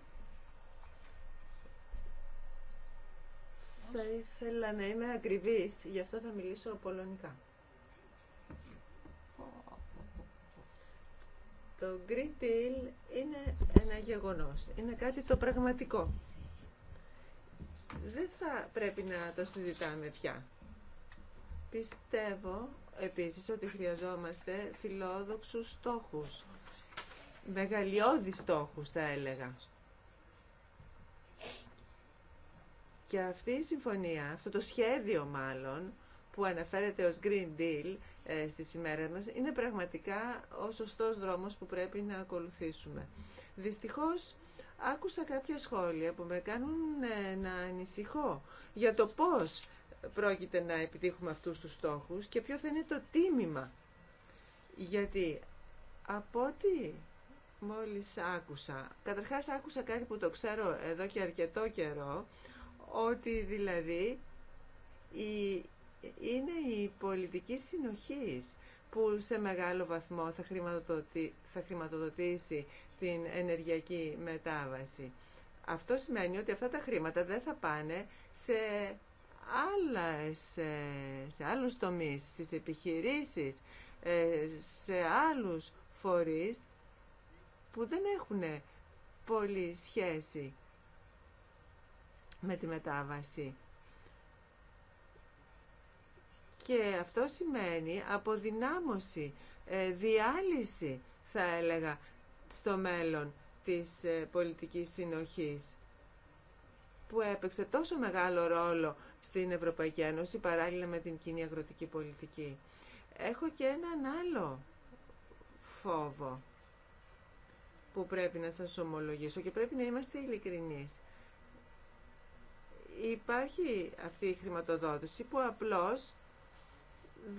Θα ήθελα να είμαι ακριβής, γι' αυτό θα μιλήσω πολωνικά. Το Green Deal είναι ένα γεγονός, είναι κάτι το πραγματικό. Δεν θα πρέπει να το συζητάμε πια. Πιστεύω επίσης ότι χρειαζόμαστε φιλόδοξους στόχους, μεγαλειώδεις στόχους θα έλεγα. Και αυτή η συμφωνία, αυτό το σχέδιο μάλλον, που αναφέρεται ως Green Deal ε, στις ημέρες μας είναι πραγματικά ο σωστός δρόμος που πρέπει να ακολουθήσουμε. Δυστυχώς άκουσα κάποια σχόλια που με κάνουν ε, να ανησυχώ για το πώς πρόκειται να επιτύχουμε αυτούς τους στόχους και ποιο θα είναι το τίμημα. Γιατί από ό,τι μόλις άκουσα, καταρχάς άκουσα κάτι που το ξέρω εδώ και αρκετό καιρό, ότι δηλαδή η είναι η πολιτική συνοχής που σε μεγάλο βαθμό θα, χρηματοδοτη... θα χρηματοδοτήσει την ενεργειακή μετάβαση. Αυτό σημαίνει ότι αυτά τα χρήματα δεν θα πάνε σε, άλλες, ε, σε άλλους τομείς, στις επιχειρήσεις, ε, σε άλλους φορείς που δεν έχουν πολύ σχέση με τη μετάβαση. Και αυτό σημαίνει αποδυνάμωση, ε, διάλυση θα έλεγα στο μέλλον της ε, πολιτικής συνοχής που έπαιξε τόσο μεγάλο ρόλο στην Ευρωπαϊκή Ένωση παράλληλα με την κοινή αγροτική πολιτική. Έχω και έναν άλλο φόβο που πρέπει να σας ομολογήσω και πρέπει να είμαστε ειλικρινείς. Υπάρχει αυτή η χρηματοδότηση που απλώς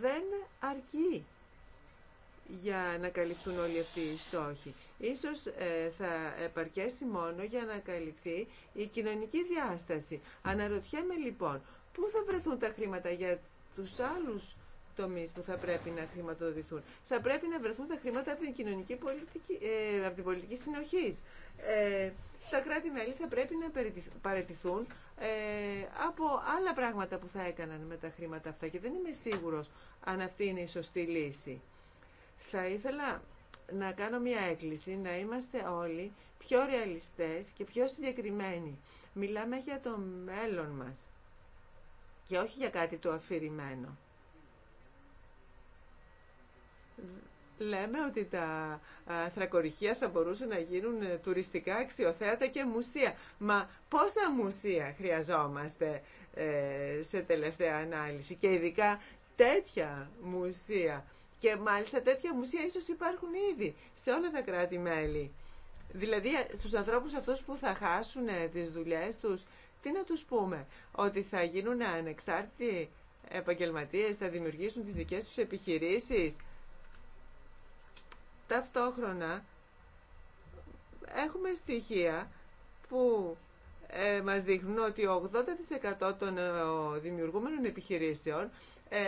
δεν αρκεί για να καλυφθούν όλοι αυτοί οι στόχοι. Ίσως ε, θα επαρκέσει μόνο για να καλυφθεί η κοινωνική διάσταση. Αναρωτιέμαι λοιπόν, πού θα βρεθούν τα χρήματα για τους άλλους τομείς που θα πρέπει να χρηματοδοτηθούν. Θα πρέπει να βρεθούν τα χρήματα από την κοινωνική πολιτική, ε, από συνοχής. Ε, τα κράτη-μέλη θα πρέπει να παρετηθουν ε, από άλλα πράγματα που θα έκαναν με τα χρήματα αυτά και δεν είμαι σίγουρος αν αυτή είναι η σωστή λύση. Θα ήθελα να κάνω μια έκκληση, να είμαστε όλοι πιο ρεαλιστές και πιο συγκεκριμένοι. Μιλάμε για το μέλλον μας και όχι για κάτι το αφηρημένο λέμε ότι τα θρακοριχεία θα μπορούσαν να γίνουν ε, τουριστικά αξιοθέατα και μουσεία. Μα πόσα μουσεία χρειαζόμαστε ε, σε τελευταία ανάλυση και ειδικά τέτοια μουσεία. Και μάλιστα τέτοια μουσεία ίσως υπάρχουν ήδη σε όλα τα κράτη-μέλη. Δηλαδή ε, στους ανθρώπους αυτούς που θα χάσουν τις δουλειές τους, τι να τους πούμε, ότι θα γίνουν ανεξάρτητοι επαγγελματίες, θα δημιουργήσουν τις δικές τους επιχειρήσεις Ταυτόχρονα έχουμε στοιχεία που ε, μας δείχνουν ότι 80% των ε, δημιουργούμενων επιχειρήσεων ε,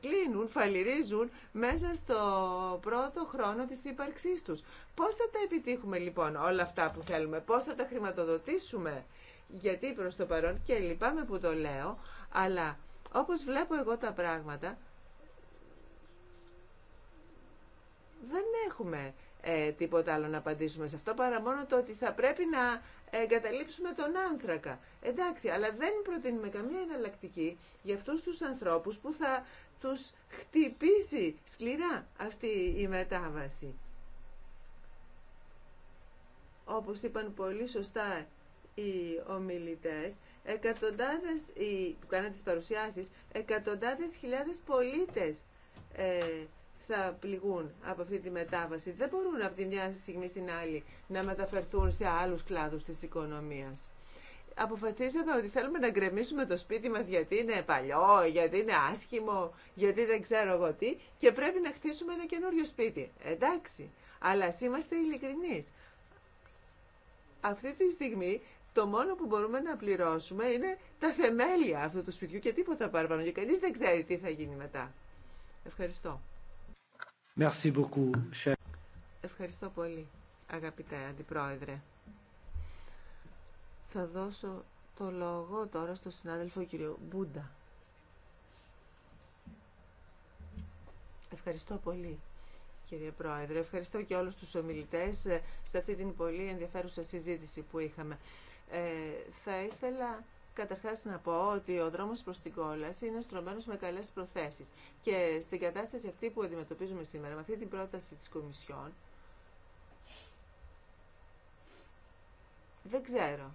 κλείνουν, φαλυρίζουν μέσα στο πρώτο χρόνο της ύπαρξής τους. Πώς θα τα επιτύχουμε λοιπόν όλα αυτά που θέλουμε, πώς θα τα χρηματοδοτήσουμε, γιατί προς το παρόν και λυπάμαι που το λέω, αλλά όπως βλέπω εγώ τα πράγματα, δεν έχουμε ε, τίποτα άλλο να απαντήσουμε σε αυτό παρά μόνο το ότι θα πρέπει να εγκαταλείψουμε τον άνθρακα. Εντάξει, αλλά δεν προτείνουμε καμία εναλλακτική για αυτούς τους ανθρώπους που θα τους χτυπήσει σκληρά αυτή η μετάβαση. Όπως είπαν πολύ σωστά οι ομιλητές, εκατοντάδες, οι, που κάνανε τις παρουσιάσεις, εκατοντάδες χιλιάδες πολίτες ε, θα πληγούν από αυτή τη μετάβαση. Δεν μπορούν από τη μια στιγμή στην άλλη να μεταφερθούν σε άλλους κλάδους της οικονομίας. Αποφασίσαμε ότι θέλουμε να γκρεμίσουμε το σπίτι μας γιατί είναι παλιό, γιατί είναι άσχημο, γιατί δεν ξέρω εγώ τι και πρέπει να χτίσουμε ένα καινούριο σπίτι. Εντάξει, αλλά ας είμαστε ειλικρινείς. Αυτή τη στιγμή το μόνο που μπορούμε να πληρώσουμε είναι τα θεμέλια αυτού του σπιτιού και τίποτα παραπάνω. Και κανείς δεν ξέρει τι θα γίνει μετά. Ευχαριστώ. Ευχαριστώ πολύ, αγαπητέ Αντιπρόεδρε. Θα δώσω το λόγο τώρα στον συνάδελφο κύριο Μπούντα. Ευχαριστώ πολύ, κύριε Πρόεδρε. Ευχαριστώ και όλους τους ομιλητές ε, σε αυτή την πολύ ενδιαφέρουσα συζήτηση που είχαμε. Ε, θα ήθελα Καταρχά να πω ότι ο δρόμος προς την κόλαση είναι στρωμένο με καλές προθέσεις. Και στην κατάσταση αυτή που αντιμετωπίζουμε σήμερα, με αυτή την πρόταση τη Κομισιόν, δεν ξέρω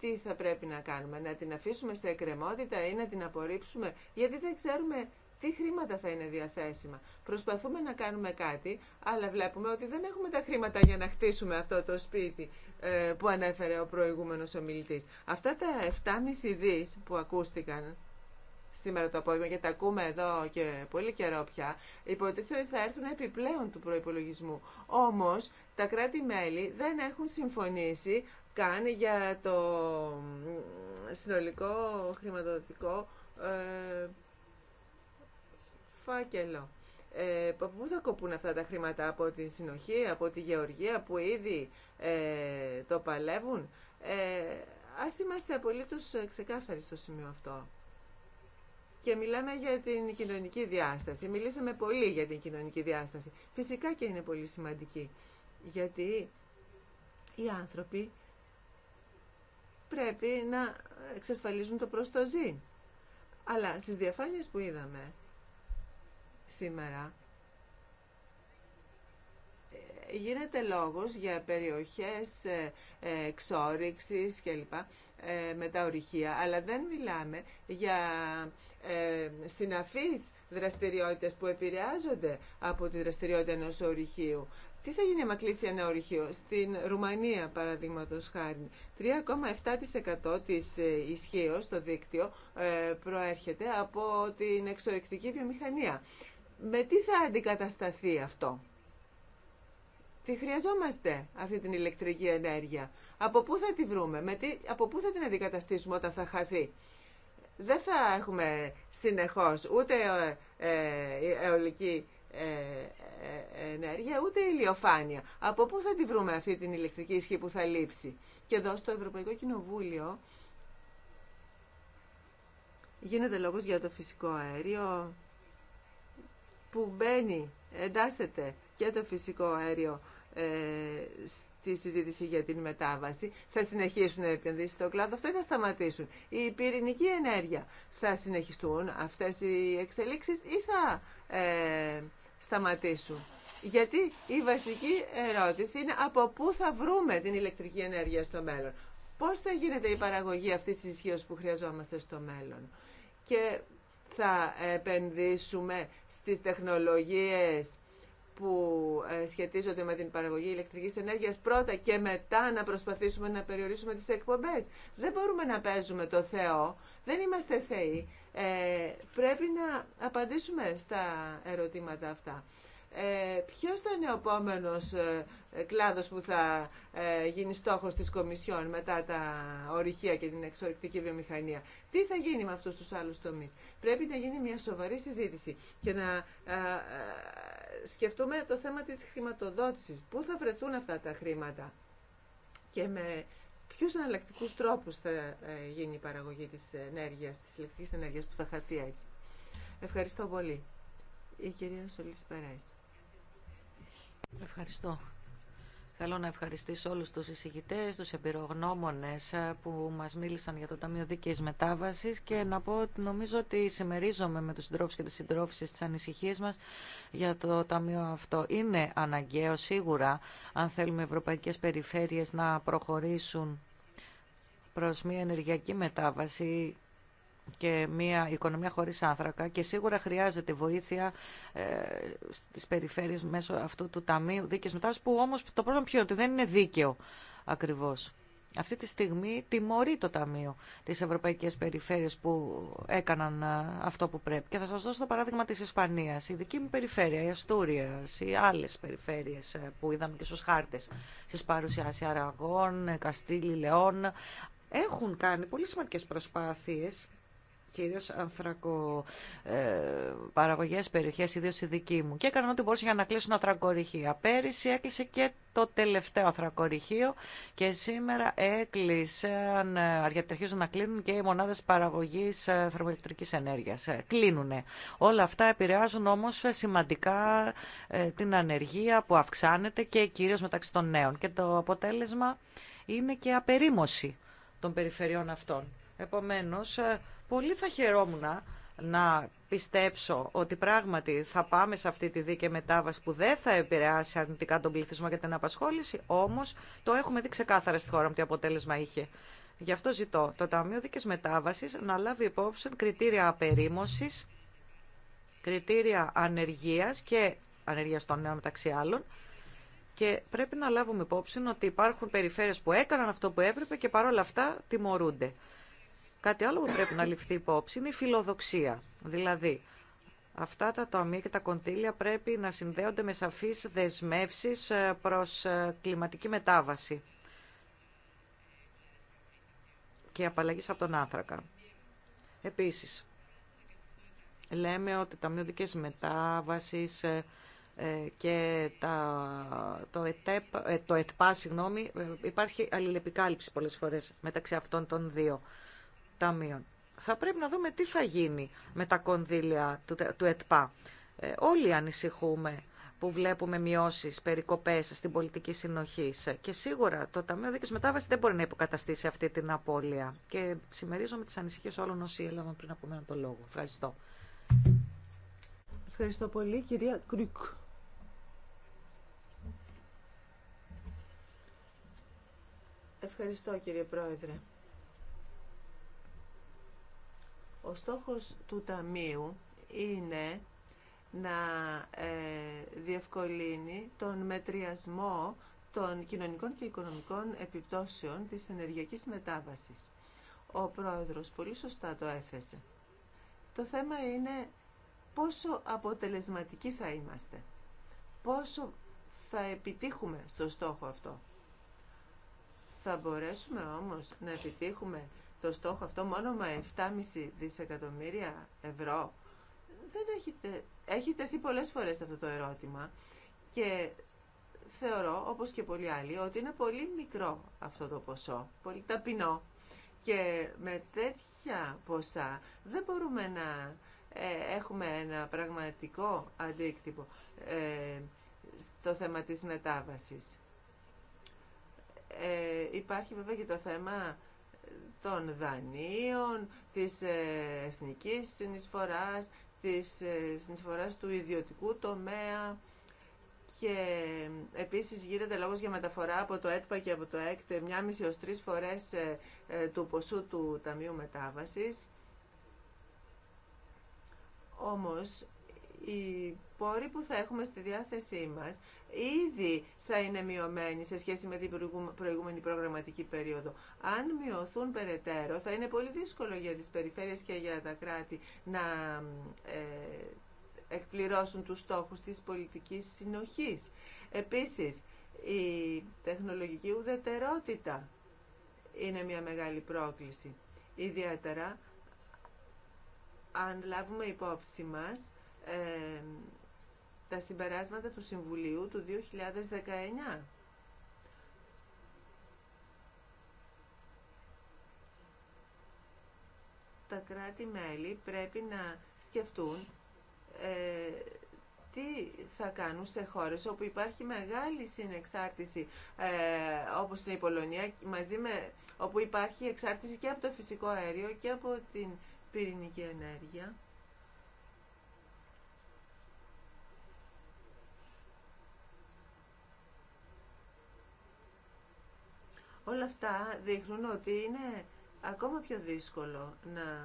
τι θα πρέπει να κάνουμε, να την αφήσουμε σε εκκρεμότητα ή να την απορρίψουμε, γιατί δεν ξέρουμε τι χρήματα θα είναι διαθέσιμα. Προσπαθούμε να κάνουμε κάτι, αλλά βλέπουμε ότι δεν έχουμε τα χρήματα για να χτίσουμε αυτό το σπίτι ε, που ανέφερε ο προηγούμενος ομιλητής. Αυτά τα 7,5 δις που ακούστηκαν σήμερα το απόγευμα και τα ακούμε εδώ και πολύ καιρό πια, υποτίθεται ότι θα έρθουν επιπλέον του προϋπολογισμού. Όμως τα κράτη-μέλη δεν έχουν συμφωνήσει καν για το συνολικό χρηματοδοτικό ε, φάκελο. Ε, πού θα κοπούν αυτά τα χρήματα από τη συνοχή, από τη γεωργία που ήδη ε, το παλεύουν. Ε, ας είμαστε απολύτως ε, ξεκάθαροι στο σημείο αυτό. Και μιλάμε για την κοινωνική διάσταση. Μιλήσαμε πολύ για την κοινωνική διάσταση. Φυσικά και είναι πολύ σημαντική. Γιατί οι άνθρωποι πρέπει να εξασφαλίζουν το προστοζή. Αλλά στις διαφάνειες που είδαμε, σήμερα ε, γίνεται λόγος για περιοχές ε, ε, εξόριξης λοιπά με τα ορυχεία, αλλά δεν μιλάμε για συναφείς δραστηριότητες που επηρεάζονται από τη δραστηριότητα ενός ορυχείου. Τι θα γίνει άμα κλείσει ένα ορυχείο. Στην Ρουμανία, παραδείγματο χάρη, 3,7% της ισχύω στο δίκτυο προέρχεται από την εξορυκτική βιομηχανία με τι θα αντικατασταθεί αυτό. τι χρειαζόμαστε αυτή την ηλεκτρική ενέργεια. Από πού θα τη βρούμε, με τι, από πού θα την αντικαταστήσουμε όταν θα χαθεί. Δεν θα έχουμε συνεχώς ούτε ε, ε, αιωλική ε, ενέργεια, ούτε ηλιοφάνεια. Από πού θα τη βρούμε αυτή την ηλεκτρική ισχύ που θα λείψει. Και εδώ στο Ευρωπαϊκό Κοινοβούλιο γίνεται λόγος για το φυσικό αέριο, που μπαίνει, εντάσσεται και το φυσικό αέριο ε, στη συζήτηση για την μετάβαση. Θα συνεχίσουν να επενδύσει στο κλάδο αυτό ή θα σταματήσουν. Η πυρηνική ενέργεια. Θα συνεχιστούν αυτές οι εξελίξεις ή θα ε, σταματήσουν. Γιατί η βασική ερώτηση είναι από πού θα βρούμε την ηλεκτρική ενέργεια στο μέλλον. Πώς θα γίνεται η παραγωγή αυτής της ισχύω που χρειαζόμαστε στο μέλλον. Και θα επενδύσουμε στις τεχνολογίες που ε, σχετίζονται με την παραγωγή ηλεκτρικής ενέργειας πρώτα και μετά να προσπαθήσουμε να περιορίσουμε τις εκπομπές. Δεν μπορούμε να παίζουμε το Θεό, δεν είμαστε θεοί. Ε, πρέπει να απαντήσουμε στα ερωτήματα αυτά. Ε, ποιος θα είναι ο επόμενος ε, κλάδος που θα ε, γίνει στόχος της Κομισιόν μετά τα ορυχεία και την εξορυκτική βιομηχανία. Τι θα γίνει με αυτούς τους άλλους τομείς. Πρέπει να γίνει μια σοβαρή συζήτηση και να ε, σκεφτούμε το θέμα της χρηματοδότησης. Πού θα βρεθούν αυτά τα χρήματα και με ποιους εναλλακτικού τρόπους θα γίνει η παραγωγή της ενέργειας, της ηλεκτρικής ενέργειας που θα χαθεί έτσι. Ευχαριστώ πολύ. Η κυρία Σολής Περέση. Ευχαριστώ. Θέλω να ευχαριστήσω όλους του εισηγητέ, τους εμπειρογνώμονε ε, που μας μίλησαν για το Ταμείο δίκαιη Μετάβασης και να πω ότι νομίζω ότι συμμερίζομαι με τους συντρόφου και τις συντρόφισες της ανησυχίας μας για το Ταμείο αυτό. Είναι αναγκαίο σίγουρα αν θέλουμε ευρωπαϊκές περιφέρειες να προχωρήσουν προς μια ενεργειακή μετάβαση και μια οικονομία χωρίς άνθρακα και σίγουρα χρειάζεται βοήθεια ε, στις περιφέρειες μέσω αυτού του Ταμείου Δίκαιης Μετάβασης που όμως το πρόβλημα ποιο είναι ότι δεν είναι δίκαιο ακριβώς. Αυτή τη στιγμή τιμωρεί το Ταμείο τις Ευρωπαϊκές Περιφέρειες που έκαναν ε, αυτό που πρέπει. Και θα σας δώσω το παράδειγμα της Ισπανίας. Η δική μου περιφέρεια, η Αστούρια, οι άλλες περιφέρειες ε, που είδαμε και στους χάρτες, στις παρουσιάσεις Αραγών, Καστήλη, Λεών, έχουν κάνει πολύ σημαντικές προσπάθειες κυρίως ε, παραγωγές, περιοχές, ιδίως η δική μου. Και έκαναν ό,τι μπορούσαν για να κλείσουν ανθρακορυχεία. Πέρυσι έκλεισε και το τελευταίο ανθρακορυχείο και σήμερα έκλεισαν, γιατί ε, να κλείνουν και οι μονάδες παραγωγής ε, θερμοελεκτρικής ενέργειας. Κλείνουνε. Όλα αυτά επηρεάζουν όμως σημαντικά την ανεργία που αυξάνεται και κυρίως μεταξύ των νέων. Και το αποτέλεσμα είναι και απερίμωση των περιφερειών αυτών. Επομένως, Πολύ θα χαιρόμουν να πιστέψω ότι πράγματι θα πάμε σε αυτή τη δίκαιη μετάβαση που δεν θα επηρεάσει αρνητικά τον πληθυσμό για την απασχόληση, όμως το έχουμε δει ξεκάθαρα στη χώρα μου τι αποτέλεσμα είχε. Γι' αυτό ζητώ το Ταμείο Δίκαιης Μετάβασης να λάβει υπόψη κριτήρια απερίμωσης, κριτήρια ανεργίας και ανεργία των νέων μεταξύ άλλων, και πρέπει να λάβουμε υπόψη ότι υπάρχουν περιφέρειες που έκαναν αυτό που έπρεπε και παρόλα αυτά τιμωρούνται. Κάτι άλλο που πρέπει να ληφθεί υπόψη είναι η φιλοδοξία. Δηλαδή, αυτά τα ταμεία και τα κοντήλια πρέπει να συνδέονται με σαφείς δεσμεύσεις ε, προς ε, κλιματική μετάβαση και απαλλαγής από τον άνθρακα. Επίσης, λέμε ότι τα μειοδικές μετάβασης ε, και τα, το, ΕΤΕΠ, το ΕΤΠΑ, υπάρχει αλληλεπικάλυψη πολλές φορές μεταξύ αυτών των δύο ταμείων. Θα πρέπει να δούμε τι θα γίνει με τα κονδύλια του, του ΕΤΠΑ. Ε, όλοι ανησυχούμε που βλέπουμε μειώσεις, περικοπές στην πολιτική συνοχή. Και σίγουρα το Ταμείο Δίκαιος Μετάβαση δεν μπορεί να υποκαταστήσει αυτή την απώλεια. Και συμμερίζομαι τις ανησυχίες όλων όσοι έλαβαν πριν από μένα τον λόγο. Ευχαριστώ. Ευχαριστώ πολύ, κυρία Κρυκ. Ευχαριστώ, κύριε Πρόεδρε. Ο στόχος του Ταμείου είναι να ε, διευκολύνει τον μετριασμό των κοινωνικών και οικονομικών επιπτώσεων της ενεργειακής μετάβασης. Ο πρόεδρος πολύ σωστά το έθεσε. Το θέμα είναι πόσο αποτελεσματικοί θα είμαστε, πόσο θα επιτύχουμε στο στόχο αυτό. Θα μπορέσουμε όμως να επιτύχουμε το στόχο αυτό μόνο με 7,5 δισεκατομμύρια ευρώ. Δεν έχετε, έχει τεθεί πολλές φορές αυτό το ερώτημα και θεωρώ, όπως και πολλοί άλλοι, ότι είναι πολύ μικρό αυτό το ποσό, πολύ ταπεινό. Και με τέτοια ποσά δεν μπορούμε να ε, έχουμε ένα πραγματικό αντίκτυπο ε, στο θέμα της μετάβασης. Ε, υπάρχει βέβαια και το θέμα των δανείων, της ε, εθνικής συνεισφοράς, της ε, συνεισφοράς του ιδιωτικού τομέα και ε, επίσης γίνεται λόγος για μεταφορά από το ΕΤΠΑ και από το ΕΚΤ μια μισή ως τρεις φορές του ποσού του Ταμείου Μετάβασης. Όμως οι πόροι που θα έχουμε στη διάθεσή μας ήδη θα είναι μειωμένοι σε σχέση με την προηγούμενη προγραμματική περίοδο. Αν μειωθούν περαιτέρω, θα είναι πολύ δύσκολο για τις περιφέρειες και για τα κράτη να ε, εκπληρώσουν τους στόχους της πολιτικής συνοχής. Επίσης, η τεχνολογική ουδετερότητα είναι μια μεγάλη πρόκληση. Ιδιαίτερα, αν λάβουμε υπόψη μας ε, τα συμπεράσματα του Συμβουλίου του 2019. Τα κράτη-μέλη πρέπει να σκεφτούν ε, τι θα κάνουν σε χώρες όπου υπάρχει μεγάλη συνεξάρτηση ε, όπως είναι η Πολωνία μαζί με, όπου υπάρχει εξάρτηση και από το φυσικό αέριο και από την πυρηνική ενέργεια. Όλα αυτά δείχνουν ότι είναι ακόμα πιο δύσκολο να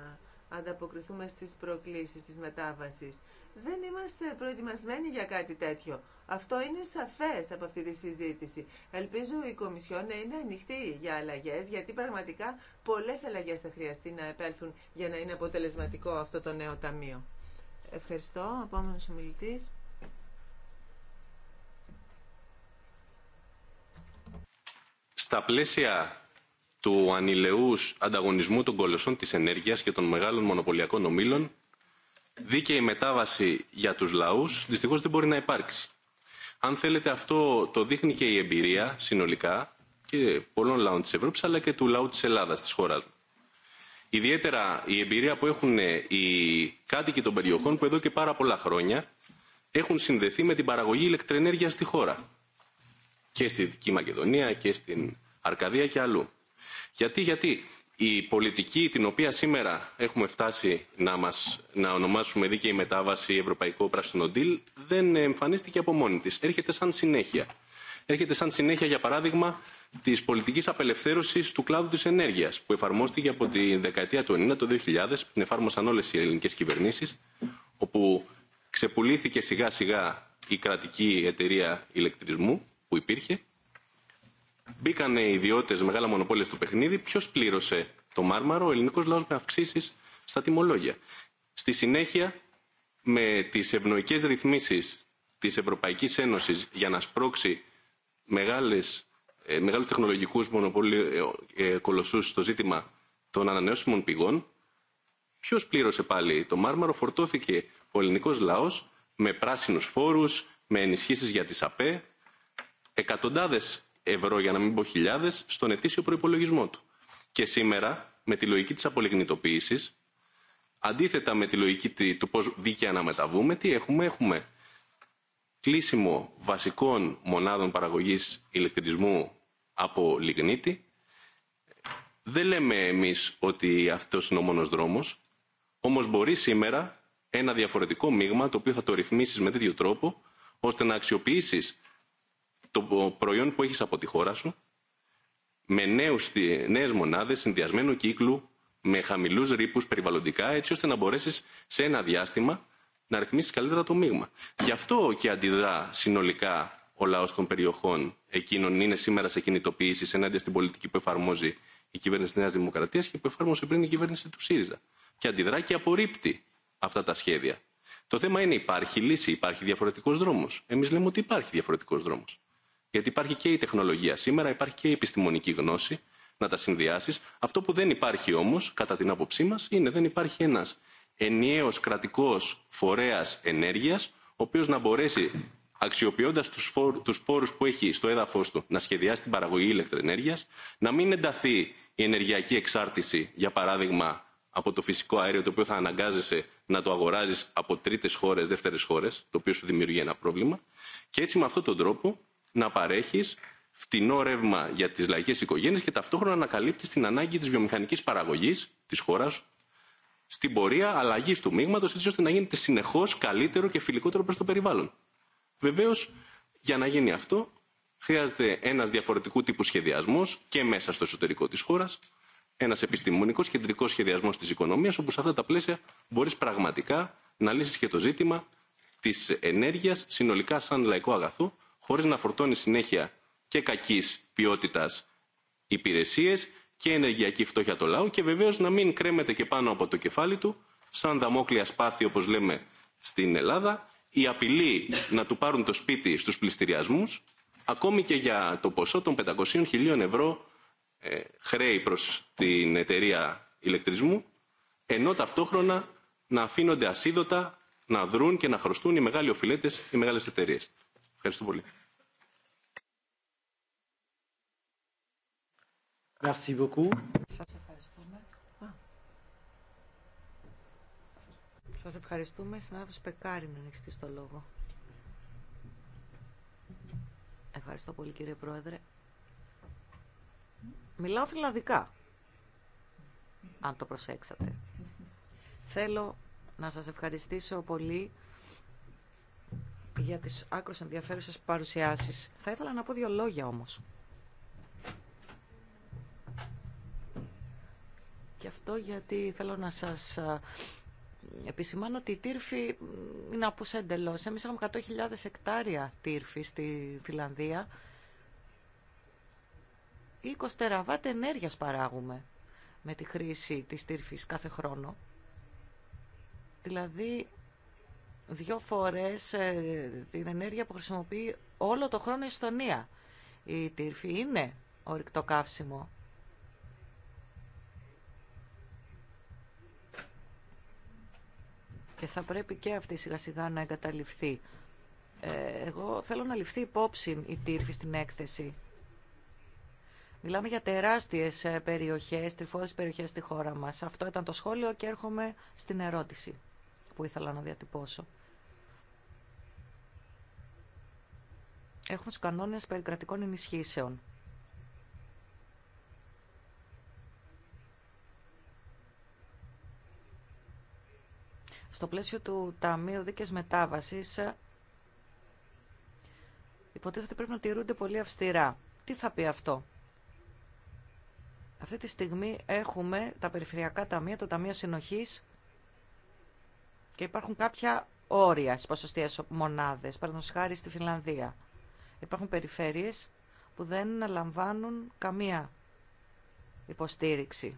ανταποκριθούμε στις προκλήσεις της μετάβασης. Δεν είμαστε προετοιμασμένοι για κάτι τέτοιο. Αυτό είναι σαφές από αυτή τη συζήτηση. Ελπίζω η Κομισιόν να είναι ανοιχτή για αλλαγές, γιατί πραγματικά πολλές αλλαγές θα χρειαστεί να επέλθουν για να είναι αποτελεσματικό αυτό το νέο ταμείο. Ευχαριστώ. Επόμενος ομιλητής. στα πλαίσια του ανηλαιού ανταγωνισμού των κολοσσών της ενέργειας και των μεγάλων μονοπωλιακών ομήλων, δίκαιη μετάβαση για τους λαούς δυστυχώς δεν μπορεί να υπάρξει. Αν θέλετε αυτό το δείχνει και η εμπειρία συνολικά και πολλών λαών της Ευρώπης αλλά και του λαού της Ελλάδας, της χώρας μου. Ιδιαίτερα η εμπειρία που έχουν οι κάτοικοι των περιοχών που εδώ και πάρα πολλά χρόνια έχουν συνδεθεί με την παραγωγή ηλεκτρενέργειας στη χώρα και στη Δυτική Μακεδονία και στην Αρκαδία και αλλού. Γιατί, γιατί η πολιτική την οποία σήμερα έχουμε φτάσει να, μας, να ονομάσουμε δίκαιη μετάβαση Ευρωπαϊκό Πράσινο Deal δεν εμφανίστηκε από μόνη της. Έρχεται σαν συνέχεια. Έρχεται σαν συνέχεια, για παράδειγμα, τη πολιτική απελευθέρωση του κλάδου τη ενέργεια, που εφαρμόστηκε από τη δεκαετία του 90, το 2000, την εφάρμοσαν όλε οι ελληνικέ κυβερνήσει, όπου ξεπουλήθηκε σιγά σιγά η κρατική εταιρεία ηλεκτρισμού υπήρχε. Μπήκαν οι ιδιώτε, μεγάλα μονοπόλια στο παιχνίδι. Ποιο πλήρωσε το μάρμαρο, ο ελληνικός λαός με αυξήσει στα τιμολόγια. Στη συνέχεια, με τις ευνοϊκές ρυθμίσει της Ευρωπαϊκής Ένωσης για να σπρώξει μεγάλες, ε, μεγάλους τεχνολογικούς ε, ε στο ζήτημα των ανανεώσιμων πηγών, Ποιο πλήρωσε πάλι το μάρμαρο, φορτώθηκε ο ελληνικό λαό με πράσινου φόρου, με ενισχύσει για τι ΑΠΕ, εκατοντάδες ευρώ, για να μην πω χιλιάδε στον ετήσιο προπολογισμό του. Και σήμερα, με τη λογική της απολιγνητοποίηση, αντίθετα με τη λογική του πώς δίκαια να μεταβούμε, τι έχουμε, έχουμε κλείσιμο βασικών μονάδων παραγωγής ηλεκτρισμού από λιγνίτη. Δεν λέμε εμείς ότι αυτός είναι ο μόνος δρόμος, όμως μπορεί σήμερα ένα διαφορετικό μείγμα, το οποίο θα το ρυθμίσεις με τέτοιο τρόπο, ώστε να αξιοποιήσεις το προϊόν που έχεις από τη χώρα σου με νέους, νέες μονάδες συνδυασμένου κύκλου με χαμηλούς ρήπους περιβαλλοντικά έτσι ώστε να μπορέσεις σε ένα διάστημα να ρυθμίσεις καλύτερα το μείγμα. Γι' αυτό και αντιδρά συνολικά ο λαός των περιοχών εκείνων είναι σήμερα σε κινητοποίηση, ενάντια στην πολιτική που εφαρμόζει η κυβέρνηση της Νέας Δημοκρατίας και που εφάρμοσε πριν η κυβέρνηση του ΣΥΡΙΖΑ. Και αντιδρά και απορρίπτει αυτά τα σχέδια. Το θέμα είναι υπάρχει λύση, υπάρχει διαφορετικός δρόμος. Εμείς λέμε ότι υπάρχει διαφορετικός δρόμος. Γιατί υπάρχει και η τεχνολογία σήμερα, υπάρχει και η επιστημονική γνώση να τα συνδυάσει. Αυτό που δεν υπάρχει όμω, κατά την άποψή μα, είναι δεν υπάρχει ένα ενιαίο κρατικό φορέα ενέργεια, ο οποίο να μπορέσει αξιοποιώντα του πόρου που έχει στο έδαφο του να σχεδιάσει την παραγωγή ηλεκτρενέργεια, να μην ενταθεί η ενεργειακή εξάρτηση, για παράδειγμα, από το φυσικό αέριο, το οποίο θα αναγκάζεσαι να το αγοράζει από τρίτε χώρε, δεύτερε χώρε, το οποίο σου δημιουργεί ένα πρόβλημα. Και έτσι με αυτόν τον τρόπο να παρέχει φτηνό ρεύμα για τι λαϊκέ οικογένειε και ταυτόχρονα να καλύπτεις την ανάγκη τη βιομηχανική παραγωγή τη χώρα στην πορεία αλλαγή του μείγματο, έτσι ώστε να γίνεται συνεχώ καλύτερο και φιλικότερο προ το περιβάλλον. Βεβαίω, για να γίνει αυτό, χρειάζεται ένα διαφορετικού τύπου σχεδιασμό και μέσα στο εσωτερικό τη χώρα, ένα επιστημονικό κεντρικό σχεδιασμό τη οικονομία, όπου σε αυτά τα πλαίσια μπορεί πραγματικά να λύσει και το ζήτημα τη ενέργεια συνολικά σαν λαϊκό αγαθό χωρίς να φορτώνει συνέχεια και κακής ποιότητας υπηρεσίες και ενεργειακή φτώχεια το λαό και βεβαίως να μην κρέμεται και πάνω από το κεφάλι του σαν δαμόκλεια σπάθη όπως λέμε στην Ελλάδα η απειλή να του πάρουν το σπίτι στους πληστηριασμούς ακόμη και για το ποσό των 500.000 ευρώ ε, χρέη προς την εταιρεία ηλεκτρισμού ενώ ταυτόχρονα να αφήνονται ασίδωτα να δρουν και να χρωστούν οι μεγάλοι οφειλέτες, οι μεγάλες εταιρείες. Ευχαριστώ πολύ. Merci beaucoup. Σας ευχαριστούμε. Α. Σας ευχαριστούμε. Συνάδελφος Πεκάρη να ανοιχτεί το λόγο. Ευχαριστώ πολύ κύριε Πρόεδρε. Μιλάω φιλανδικά, αν το προσέξατε. Θέλω να σας ευχαριστήσω πολύ για τις άκρως ενδιαφέρουσες παρουσιάσεις. Θα ήθελα να πω δύο λόγια όμως. Και αυτό γιατί θέλω να σας επισημάνω ότι η τύρφη είναι από εντελώς. Εμείς είχαμε 100.000 εκτάρια τύρφη στη Φιλανδία. 20 τεραβάτ ενέργειας παράγουμε με τη χρήση της τύρφης κάθε χρόνο. Δηλαδή δύο φορές ε, την ενέργεια που χρησιμοποιεί όλο το χρόνο η Ιστονία. Η τύρφη είναι ορυκτό καύσιμο. Και θα πρέπει και αυτή σιγά σιγά να εγκαταλειφθεί. Ε, εγώ θέλω να ληφθεί υπόψη η τύρφη στην έκθεση. Μιλάμε για τεράστιες ε, περιοχές, τρυφώδεις περιοχές στη χώρα μας. Αυτό ήταν το σχόλιο και έρχομαι στην ερώτηση που ήθελα να διατυπώσω. Έχουμε τους κανόνες περί ενισχύσεων. Στο πλαίσιο του Ταμείου Δίκαιης Μετάβασης υποτίθεται πρέπει να τηρούνται πολύ αυστηρά. Τι θα πει αυτό. Αυτή τη στιγμή έχουμε τα περιφερειακά ταμεία, το Ταμείο Συνοχής και υπάρχουν κάποια όρια στι ποσοστιαίες μονάδες, Παραδείγματο χάρη στη Φινλανδία. Υπάρχουν περιφέρειες που δεν λαμβάνουν καμία υποστήριξη.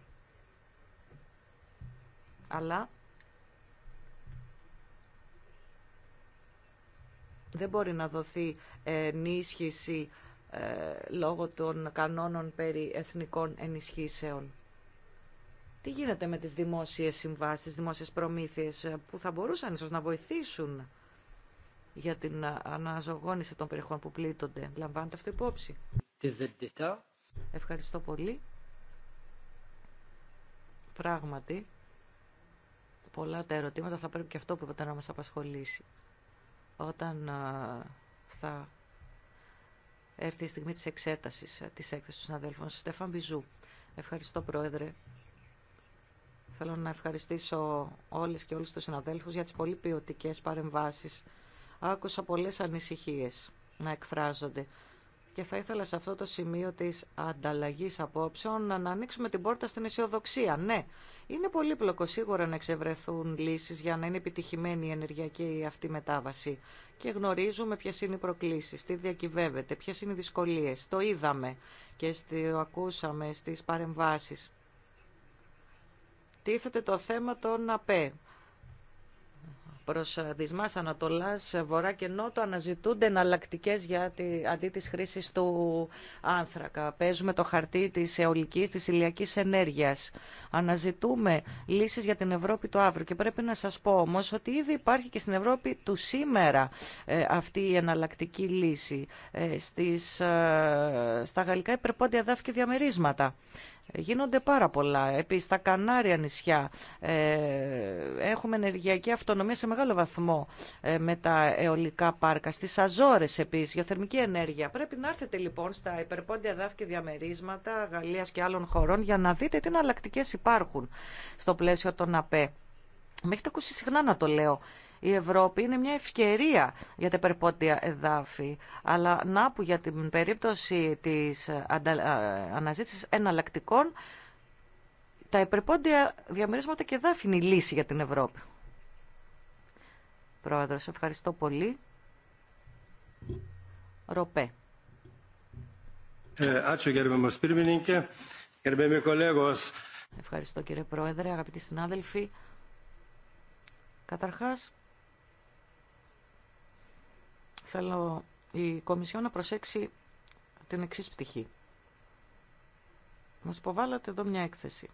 Αλλά δεν μπορεί να δοθεί ενίσχυση ε, λόγω των κανόνων περί εθνικών ενισχύσεων. Τι γίνεται με τις δημόσιες συμβάσεις, τις δημόσιες προμήθειες ε, που θα μπορούσαν ίσως να βοηθήσουν για την ε, αναζωογόνηση των περιοχών που πλήττονται. Λαμβάνετε αυτό υπόψη. Ευχαριστώ πολύ. Πράγματι, πολλά τα ερωτήματα θα πρέπει και αυτό που είπατε να μας απασχολήσει. Όταν ε, θα έρθει η στιγμή της εξέτασης της έκθεσης του συναδέλφων Στέφαν Μπιζού. Ευχαριστώ, Πρόεδρε. Θέλω να ευχαριστήσω όλες και όλους τους συναδέλφους για τις πολύ ποιοτικέ παρεμβάσεις. Άκουσα πολλές ανησυχίες να εκφράζονται. Και θα ήθελα σε αυτό το σημείο της ανταλλαγής απόψεων να ανοίξουμε την πόρτα στην αισιοδοξία. Ναι, είναι πολύπλοκο σίγουρα να εξευρεθούν λύσεις για να είναι επιτυχημένη η ενεργειακή αυτή μετάβαση. Και γνωρίζουμε ποιε είναι οι προκλήσεις, τι διακυβεύεται, ποιε είναι οι δυσκολίες. Το είδαμε και ακούσαμε στις παρεμβάσεις τίθεται το θέμα των ΑΠΕ. Προς ε, Δυσμάς Ανατολάς, ε, Βορρά και Νότο αναζητούνται εναλλακτικέ για τη, αντί της χρήσης του άνθρακα. Παίζουμε το χαρτί της αιωλικής, της ηλιακής ενέργειας. Αναζητούμε λύσεις για την Ευρώπη του αύριο. Και πρέπει να σας πω όμως ότι ήδη υπάρχει και στην Ευρώπη του σήμερα ε, αυτή η εναλλακτική λύση. στις, στα γαλλικά υπερπόντια δάφη και διαμερίσματα. Γίνονται πάρα πολλά. Επίση, στα Κανάρια νησιά ε, έχουμε ενεργειακή αυτονομία σε μεγάλο βαθμό ε, με τα αιωλικά πάρκα. Στι Αζόρε, επίση, για θερμική ενέργεια. Πρέπει να έρθετε λοιπόν στα υπερπόντια δάφη και διαμερίσματα Γαλλία και άλλων χωρών για να δείτε τι εναλλακτικέ υπάρχουν στο πλαίσιο των ΑΠΕ. Με έχετε ακούσει συχνά να το λέω η Ευρώπη είναι μια ευκαιρία για τα υπερπόντια εδάφη. Αλλά να που για την περίπτωση της αναζήτησης εναλλακτικών, τα υπερπόντια διαμερίσματα και εδάφη είναι η λύση για την Ευρώπη. Πρόεδρος, ευχαριστώ πολύ. Ροπέ. Ε, ευχαριστώ κύριε Πρόεδρε, αγαπητοί συνάδελφοι. Καταρχάς, Θέλω η Κομισιόν να προσέξει την εξή πτυχή. Μας υποβάλλατε εδώ μια έκθεση.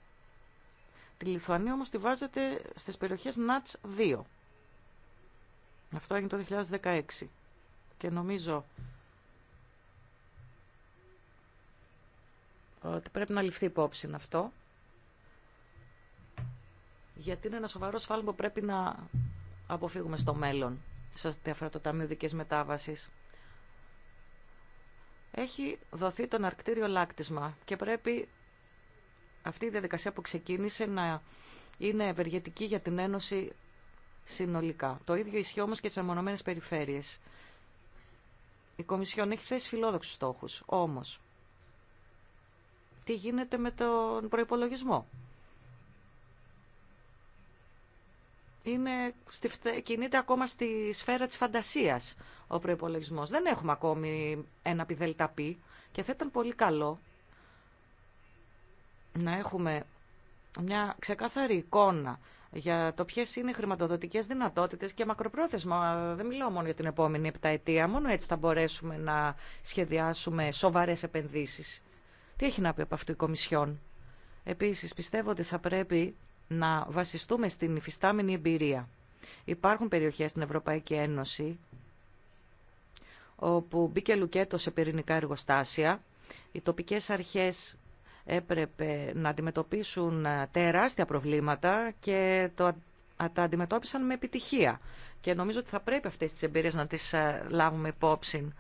Τη Λιθουανία όμως τη βάζετε στις περιοχές ΝΑΤΣ 2. Αυτό έγινε το 2016. Και νομίζω ότι πρέπει να ληφθεί υπόψη αυτό. Γιατί είναι ένα σοβαρό σφάλμα που πρέπει να αποφύγουμε στο μέλλον σε ό,τι αφορά το Ταμείο Δικής Μετάβασης. Έχει δοθεί τον αρκτήριο λάκτισμα και πρέπει αυτή η διαδικασία που ξεκίνησε να είναι ευεργετική για την Ένωση συνολικά. Το ίδιο ισχύει όμως και τις αμονωμένες περιφέρειες. Η Κομισιόν έχει θέσει φιλόδοξους στόχους, όμως τι γίνεται με τον προϋπολογισμό. είναι, κινείται ακόμα στη σφαίρα της φαντασίας ο προπολογισμό. Δεν έχουμε ακόμη ένα πι και θα ήταν πολύ καλό να έχουμε μια ξεκάθαρη εικόνα για το ποιε είναι οι χρηματοδοτικέ δυνατότητε και μακροπρόθεσμα. Δεν μιλάω μόνο για την επόμενη επταετία. Μόνο έτσι θα μπορέσουμε να σχεδιάσουμε σοβαρέ επενδύσει. Τι έχει να πει από αυτό η Κομισιόν. Επίση, πιστεύω ότι θα πρέπει να βασιστούμε στην υφιστάμενη εμπειρία. Υπάρχουν περιοχές στην Ευρωπαϊκή Ένωση όπου μπήκε λουκέτο σε πυρηνικά εργοστάσια. Οι τοπικές αρχές έπρεπε να αντιμετωπίσουν ε, τεράστια προβλήματα και τα αντιμετώπισαν με επιτυχία. Και νομίζω ότι θα πρέπει αυτές τις εμπειρίες να τις ε, λάβουμε υπόψη.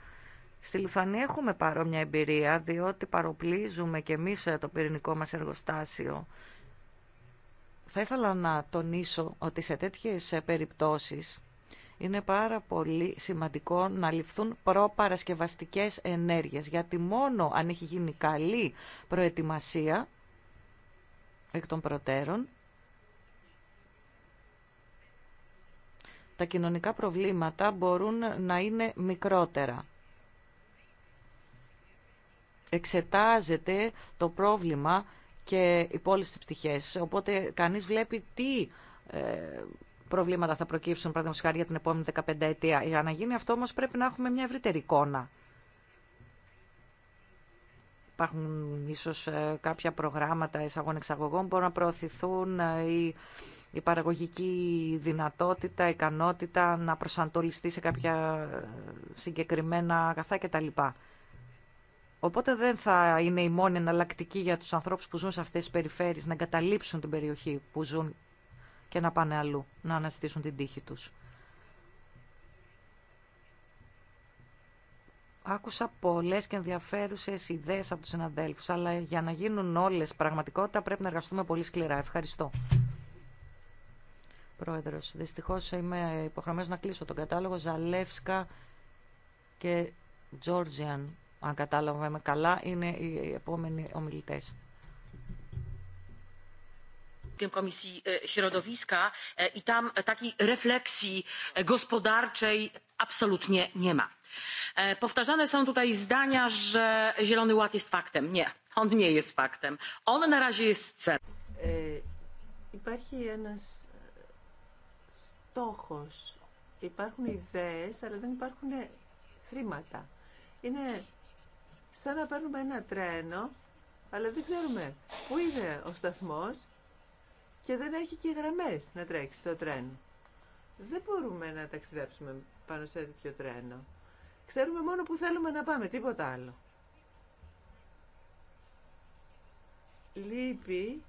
Στη Λουθάνία έχουμε παρόμοια εμπειρία, διότι παροπλίζουμε και εμείς ε, το πυρηνικό μας εργοστάσιο θα ήθελα να τονίσω ότι σε τέτοιες ε, περιπτώσεις είναι πάρα πολύ σημαντικό να ληφθούν προπαρασκευαστικές ενέργειες, γιατί μόνο αν έχει γίνει καλή προετοιμασία εκ των προτέρων, τα κοινωνικά προβλήματα μπορούν να είναι μικρότερα. Εξετάζεται το πρόβλημα και οι πόλεις της Οπότε κανείς βλέπει τι ε, προβλήματα θα προκύψουν, παραδείγματο χάρη, για την επόμενη 15 ετία. Για να γίνει αυτό όμως πρέπει να έχουμε μια ευρύτερη εικόνα. Υπάρχουν ίσως ε, κάποια προγράμματα εισαγών-εξαγωγών που μπορούν να προωθηθούν ε, η, η παραγωγική δυνατότητα, ικανότητα να προσανατολιστεί σε κάποια συγκεκριμένα αγαθά κτλ. Οπότε δεν θα είναι η μόνη εναλλακτική για τους ανθρώπους που ζουν σε αυτές τις περιφέρειες να εγκαταλείψουν την περιοχή που ζουν και να πάνε αλλού, να αναστήσουν την τύχη τους. Άκουσα πολλές και ενδιαφέρουσες ιδέες από τους συναδέλφους, αλλά για να γίνουν όλες πραγματικότητα πρέπει να εργαστούμε πολύ σκληρά. Ευχαριστώ. Πρόεδρος, δυστυχώς είμαι υποχρεωμένος να κλείσω τον κατάλογο. Ζαλεύσκα και Τζόρτζιαν αν με καλά, είναι οι επόμενοι ομιλητές. Komisji Środowiska i tam takiej refleksji gospodarczej absolutnie nie ma. Powtarzane są tutaj zdania, że Zielony Ład jest faktem. Nie, on nie jest faktem. On na razie jest celem. Υπάρχει ένας στόχος. Υπάρχουν ιδέε, αλλά δεν υπάρχουν χρήματα. Είναι σαν να παίρνουμε ένα τρένο, αλλά δεν ξέρουμε πού είναι ο σταθμός και δεν έχει και γραμμές να τρέξει το τρένο. Δεν μπορούμε να ταξιδέψουμε πάνω σε τέτοιο τρένο. Ξέρουμε μόνο που θέλουμε να πάμε, τίποτα άλλο. Λείπει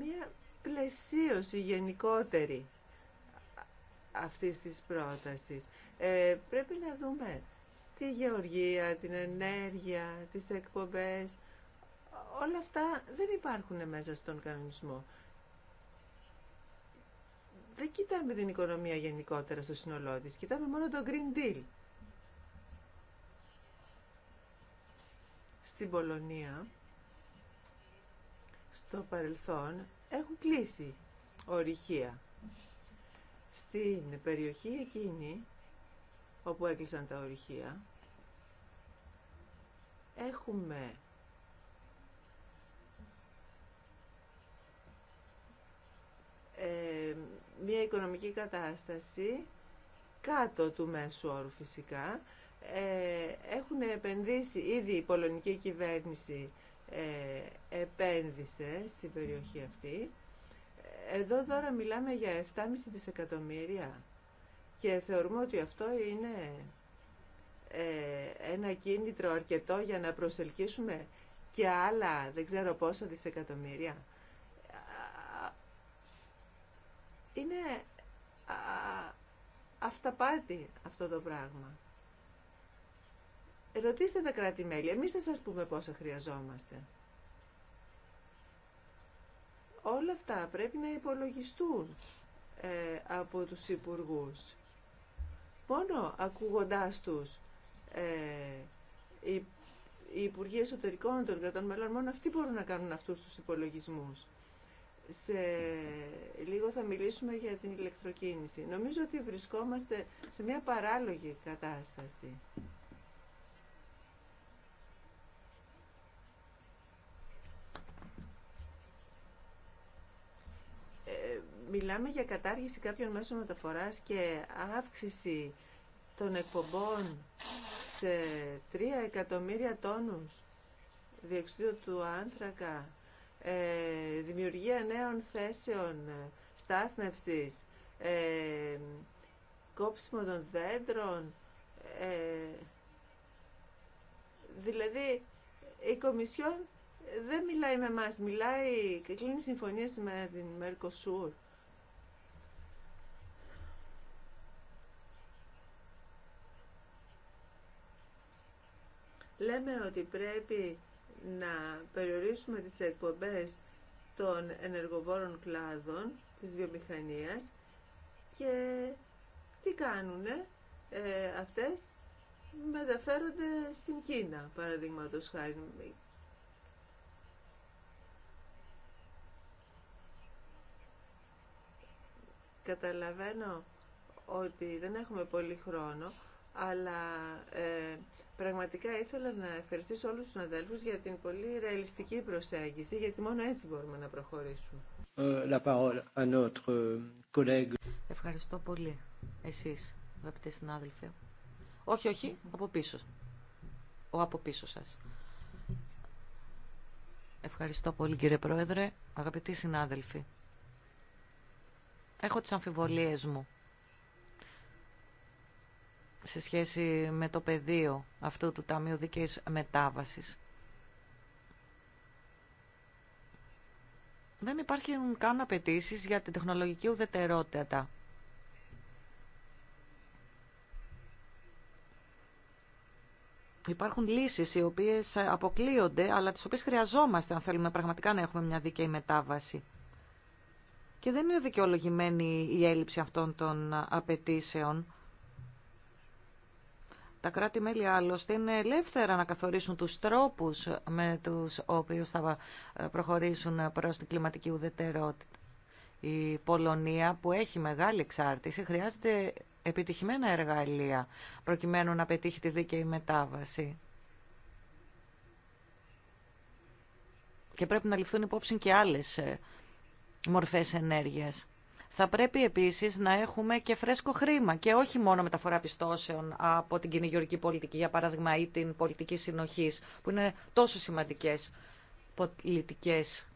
μία πλαισίωση γενικότερη αυτής της πρότασης. Ε, πρέπει να δούμε τη γεωργία, την ενέργεια, τις εκπομπές. Όλα αυτά δεν υπάρχουν μέσα στον κανονισμό. Δεν κοιτάμε την οικονομία γενικότερα στο σύνολό τη, κοιτάμε μόνο το Green Deal. Στην Πολωνία, στο παρελθόν, έχουν κλείσει ορυχεία. Στην περιοχή εκείνη όπου έκλεισαν τα ορυχεία. Έχουμε ε, μια οικονομική κατάσταση κάτω του μέσου όρου φυσικά. Ε, έχουν επενδύσει, ήδη η πολωνική κυβέρνηση ε, επένδυσε στην περιοχή αυτή. Εδώ τώρα μιλάμε για 7,5 δισεκατομμύρια και θεωρούμε ότι αυτό είναι ε, ένα κίνητρο αρκετό για να προσελκύσουμε και άλλα δεν ξέρω πόσα δισεκατομμύρια. Είναι αυταπάτη αυτό το πράγμα. Ρωτήστε τα κράτη-μέλη, εμείς θα σας πούμε πόσα χρειαζόμαστε. Όλα αυτά πρέπει να υπολογιστούν ε, από τους υπουργούς Μόνο ακούγοντάς τους ε, οι, οι Υπουργοί Εσωτερικών των κρατών μελών, μόνο αυτοί μπορούν να κάνουν αυτούς τους υπολογισμούς. Σε λίγο θα μιλήσουμε για την ηλεκτροκίνηση. Νομίζω ότι βρισκόμαστε σε μια παράλογη κατάσταση. Μιλάμε για κατάργηση κάποιων μέσων μεταφοράς και αύξηση των εκπομπών σε 3 εκατομμύρια τόνους διεξουδίου του άνθρακα, ε, δημιουργία νέων θέσεων ε, στάθμευσης, ε, κόψιμο των δέντρων, δηλαδή η Κομισιόν δεν μιλάει με εμάς, μιλάει και κλείνει συμφωνίες με την Μερκοσούρ λέμε ότι πρέπει να περιορίσουμε τις εκπομπές των ενεργοβόρων κλάδων της βιομηχανίας και τι κάνουνε ε, αυτές μεταφέρονται στην Κίνα παραδείγματος χάρη Καταλαβαίνω ότι δεν έχουμε πολύ χρόνο αλλά ε, Πραγματικά ήθελα να ευχαριστήσω όλους τους αδέλφους για την πολύ ρεαλιστική προσέγγιση, γιατί μόνο έτσι μπορούμε να προχωρήσουμε. Ε, ε, Ευχαριστώ πολύ εσείς, αγαπητέ συνάδελφοι. Όχι, όχι, από πίσω. Ο από πίσω σας. Ευχαριστώ πολύ κύριε Πρόεδρε, αγαπητοί συνάδελφοι. Έχω τις αμφιβολίες μου σε σχέση με το πεδίο αυτού του Ταμείου Δίκαιης Μετάβασης. Δεν υπάρχουν καν απαιτήσει για την τεχνολογική ουδετερότητα. Υπάρχουν λύσεις οι οποίες αποκλείονται, αλλά τις οποίες χρειαζόμαστε αν θέλουμε πραγματικά να έχουμε μια δίκαιη μετάβαση. Και δεν είναι δικαιολογημένη η έλλειψη αυτών των απαιτήσεων τα κράτη-μέλη άλλωστε είναι ελεύθερα να καθορίσουν τους τρόπους με τους οποίους θα ε, προχωρήσουν προς την κλιματική ουδετερότητα. Η Πολωνία που έχει μεγάλη εξάρτηση χρειάζεται επιτυχημένα εργαλεία προκειμένου να πετύχει τη δίκαιη μετάβαση. Και πρέπει να ληφθούν υπόψη και άλλες ε, μορφές ενέργειας. Θα πρέπει επίσης να έχουμε και φρέσκο χρήμα και όχι μόνο μεταφορά πιστώσεων από την κυνηγιορική πολιτική, για παράδειγμα, ή την πολιτική συνοχής, που είναι τόσο σημαντικές πολιτικές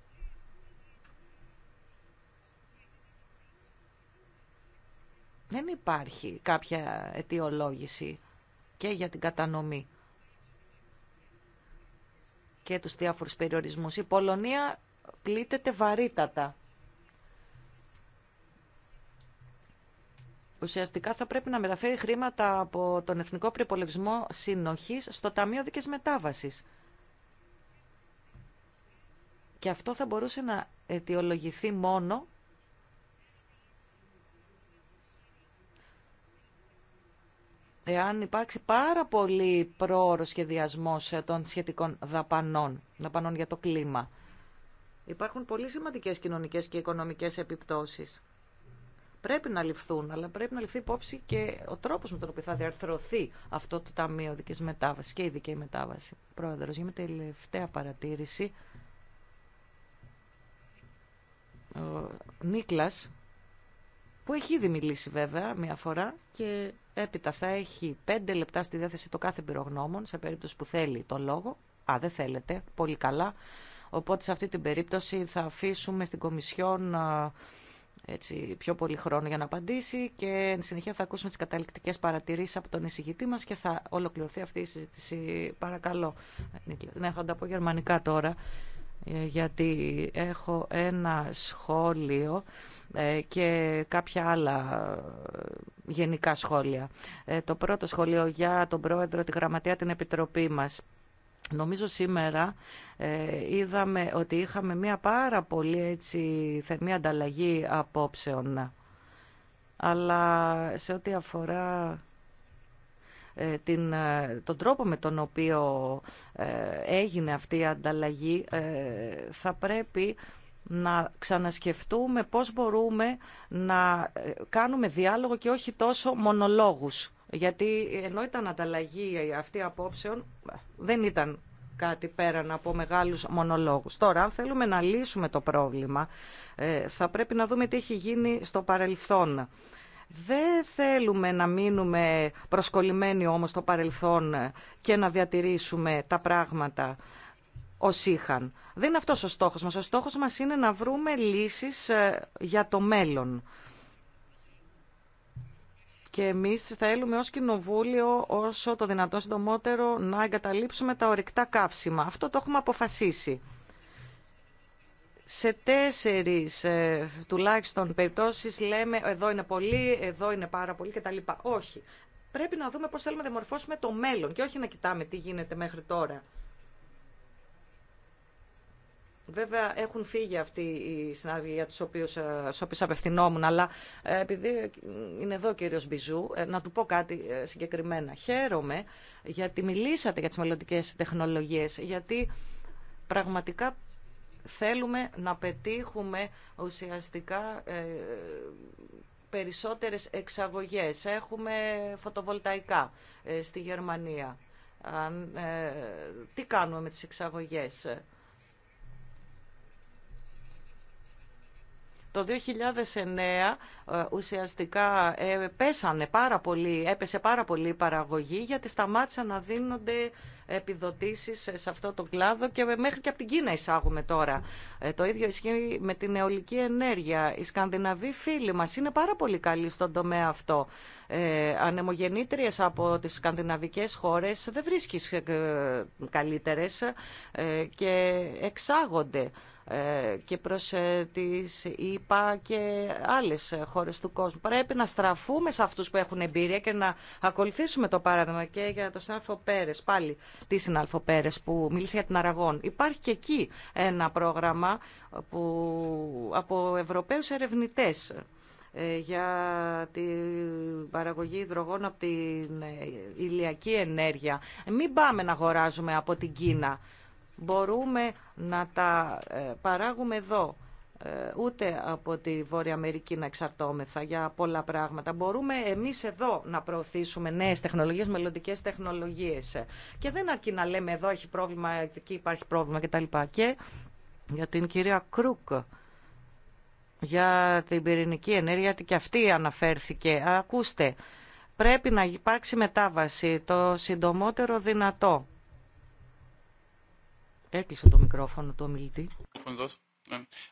δεν υπάρχει κάποια αιτιολόγηση και για την κατανομή και τους διάφορους περιορισμούς. Η Πολωνία πλήττεται βαρύτατα ουσιαστικά θα πρέπει να μεταφέρει χρήματα από τον Εθνικό Προπολογισμό Συνοχής στο Ταμείο Δικής Μετάβασης. Και αυτό θα μπορούσε να αιτιολογηθεί μόνο εάν υπάρξει πάρα πολύ πρόωρο σχεδιασμό των σχετικών δαπανών, δαπανών για το κλίμα. Υπάρχουν πολύ σημαντικές κοινωνικές και οικονομικές επιπτώσεις πρέπει να ληφθούν, αλλά πρέπει να ληφθεί υπόψη και ο τρόπο με τον οποίο θα διαρθρωθεί αυτό το Ταμείο Δική Μετάβαση και η Δική Μετάβαση. Πρόεδρο, για η τελευταία παρατήρηση. Ο Νίκλας, που έχει ήδη μιλήσει βέβαια μία φορά και έπειτα θα έχει πέντε λεπτά στη διάθεση το κάθε πυρογνώμων σε περίπτωση που θέλει τον λόγο. Α, δεν θέλετε. Πολύ καλά. Οπότε σε αυτή την περίπτωση θα αφήσουμε στην Κομισιόν έτσι, πιο πολύ χρόνο για να απαντήσει και εν συνεχεία θα ακούσουμε τις καταληκτικές παρατηρήσεις από τον εισηγητή μας και θα ολοκληρωθεί αυτή η συζήτηση. Παρακαλώ. Ναι, θα τα πω γερμανικά τώρα ε, γιατί έχω ένα σχόλιο ε, και κάποια άλλα ε, γενικά σχόλια. Το πρώτο σχόλιο για τον Πρόεδρο, τη Γραμματεία, την Επιτροπή μας. Νομίζω σήμερα ε, είδαμε ότι είχαμε μια πάρα πολύ έτσι, θερμή ανταλλαγή απόψεων. Αλλά σε ό,τι αφορά ε, την, ε, τον τρόπο με τον οποίο έγινε αυτή η ανταλλαγή, θα πρέπει να ξανασκεφτούμε πώς μπορούμε να κάνουμε διάλογο και όχι τόσο μονολόγους. Γιατί ενώ ήταν ανταλλαγή αυτή απόψεων, δεν ήταν κάτι πέραν από μεγάλους μονολόγους. Τώρα, αν θέλουμε να λύσουμε το πρόβλημα, ε, θα πρέπει να δούμε τι έχει γίνει στο παρελθόν. Δεν θέλουμε να μείνουμε προσκολλημένοι όμως στο παρελθόν και να διατηρήσουμε τα πράγματα ως είχαν. Δεν είναι αυτός ο στόχος μας. Ο στόχος μας είναι να βρούμε λύσεις ε, για το μέλλον και εμείς θέλουμε ως κοινοβούλιο όσο το δυνατόν συντομότερο να εγκαταλείψουμε τα ορυκτά καύσιμα. Αυτό το έχουμε αποφασίσει. Σε τέσσερις ε, τουλάχιστον περιπτώσεις λέμε εδώ είναι πολύ, εδώ είναι πάρα πολύ κτλ. Όχι. Πρέπει να δούμε πώς θέλουμε να δημορφώσουμε το μέλλον και όχι να κοιτάμε τι γίνεται μέχρι τώρα. Βέβαια έχουν φύγει αυτοί οι συνάδελφοι για τους οποίους, ε, απευθυνόμουν, αλλά ε, επειδή είναι εδώ ο κύριος Μπιζού, ε, να του πω κάτι συγκεκριμένα. Χαίρομαι γιατί μιλήσατε για τις μελλοντικέ τεχνολογίες, γιατί πραγματικά θέλουμε να πετύχουμε ουσιαστικά περισσότερες εξαγωγές. Έχουμε φωτοβολταϊκά στη Γερμανία. τι κάνουμε με τις εξαγωγές Το 2009 ε, ουσιαστικά ε, πέσανε πάρα πολύ, έπεσε πάρα πολύ η παραγωγή γιατί σταμάτησαν να δίνονται επιδοτήσεις σε αυτό το κλάδο και μέχρι και από την Κίνα εισάγουμε τώρα. Ε, το ίδιο ισχύει με την αιωλική ενέργεια. Οι Σκανδιναβοί φίλοι μας είναι πάρα πολύ καλοί στον τομέα αυτό. Ε, από τις σκανδιναβικέ χώρες δεν βρίσκεις ε, καλύτερες ε, και εξάγονται και προς τις ΙΠΑ και άλλες χώρες του κόσμου. Πρέπει να στραφούμε σε αυτούς που έχουν εμπειρία και να ακολουθήσουμε το παράδειγμα και για το Σάφο Πέρες πάλι τη συνάλφο που μίλησε για την Αραγών. Υπάρχει και εκεί ένα πρόγραμμα που, από Ευρωπαίους ερευνητές ε, για την παραγωγή υδρογόνου από την ε, ηλιακή ενέργεια. Μην πάμε να αγοράζουμε από την Κίνα. Μπορούμε να τα ε, παράγουμε εδώ. Ε, ούτε από τη Βόρεια Αμερική να εξαρτώμεθα για πολλά πράγματα. Μπορούμε εμείς εδώ να προωθήσουμε νέες τεχνολογίες, μελλοντικέ τεχνολογίες. Και δεν αρκεί να λέμε εδώ έχει πρόβλημα, εκεί υπάρχει πρόβλημα κτλ. Και για την κυρία Κρούκ, για την πυρηνική ενέργεια, γιατί και αυτή αναφέρθηκε. Ακούστε, πρέπει να υπάρξει μετάβαση το συντομότερο δυνατό. Έκλεισε το μικρόφωνο του ομιλητή.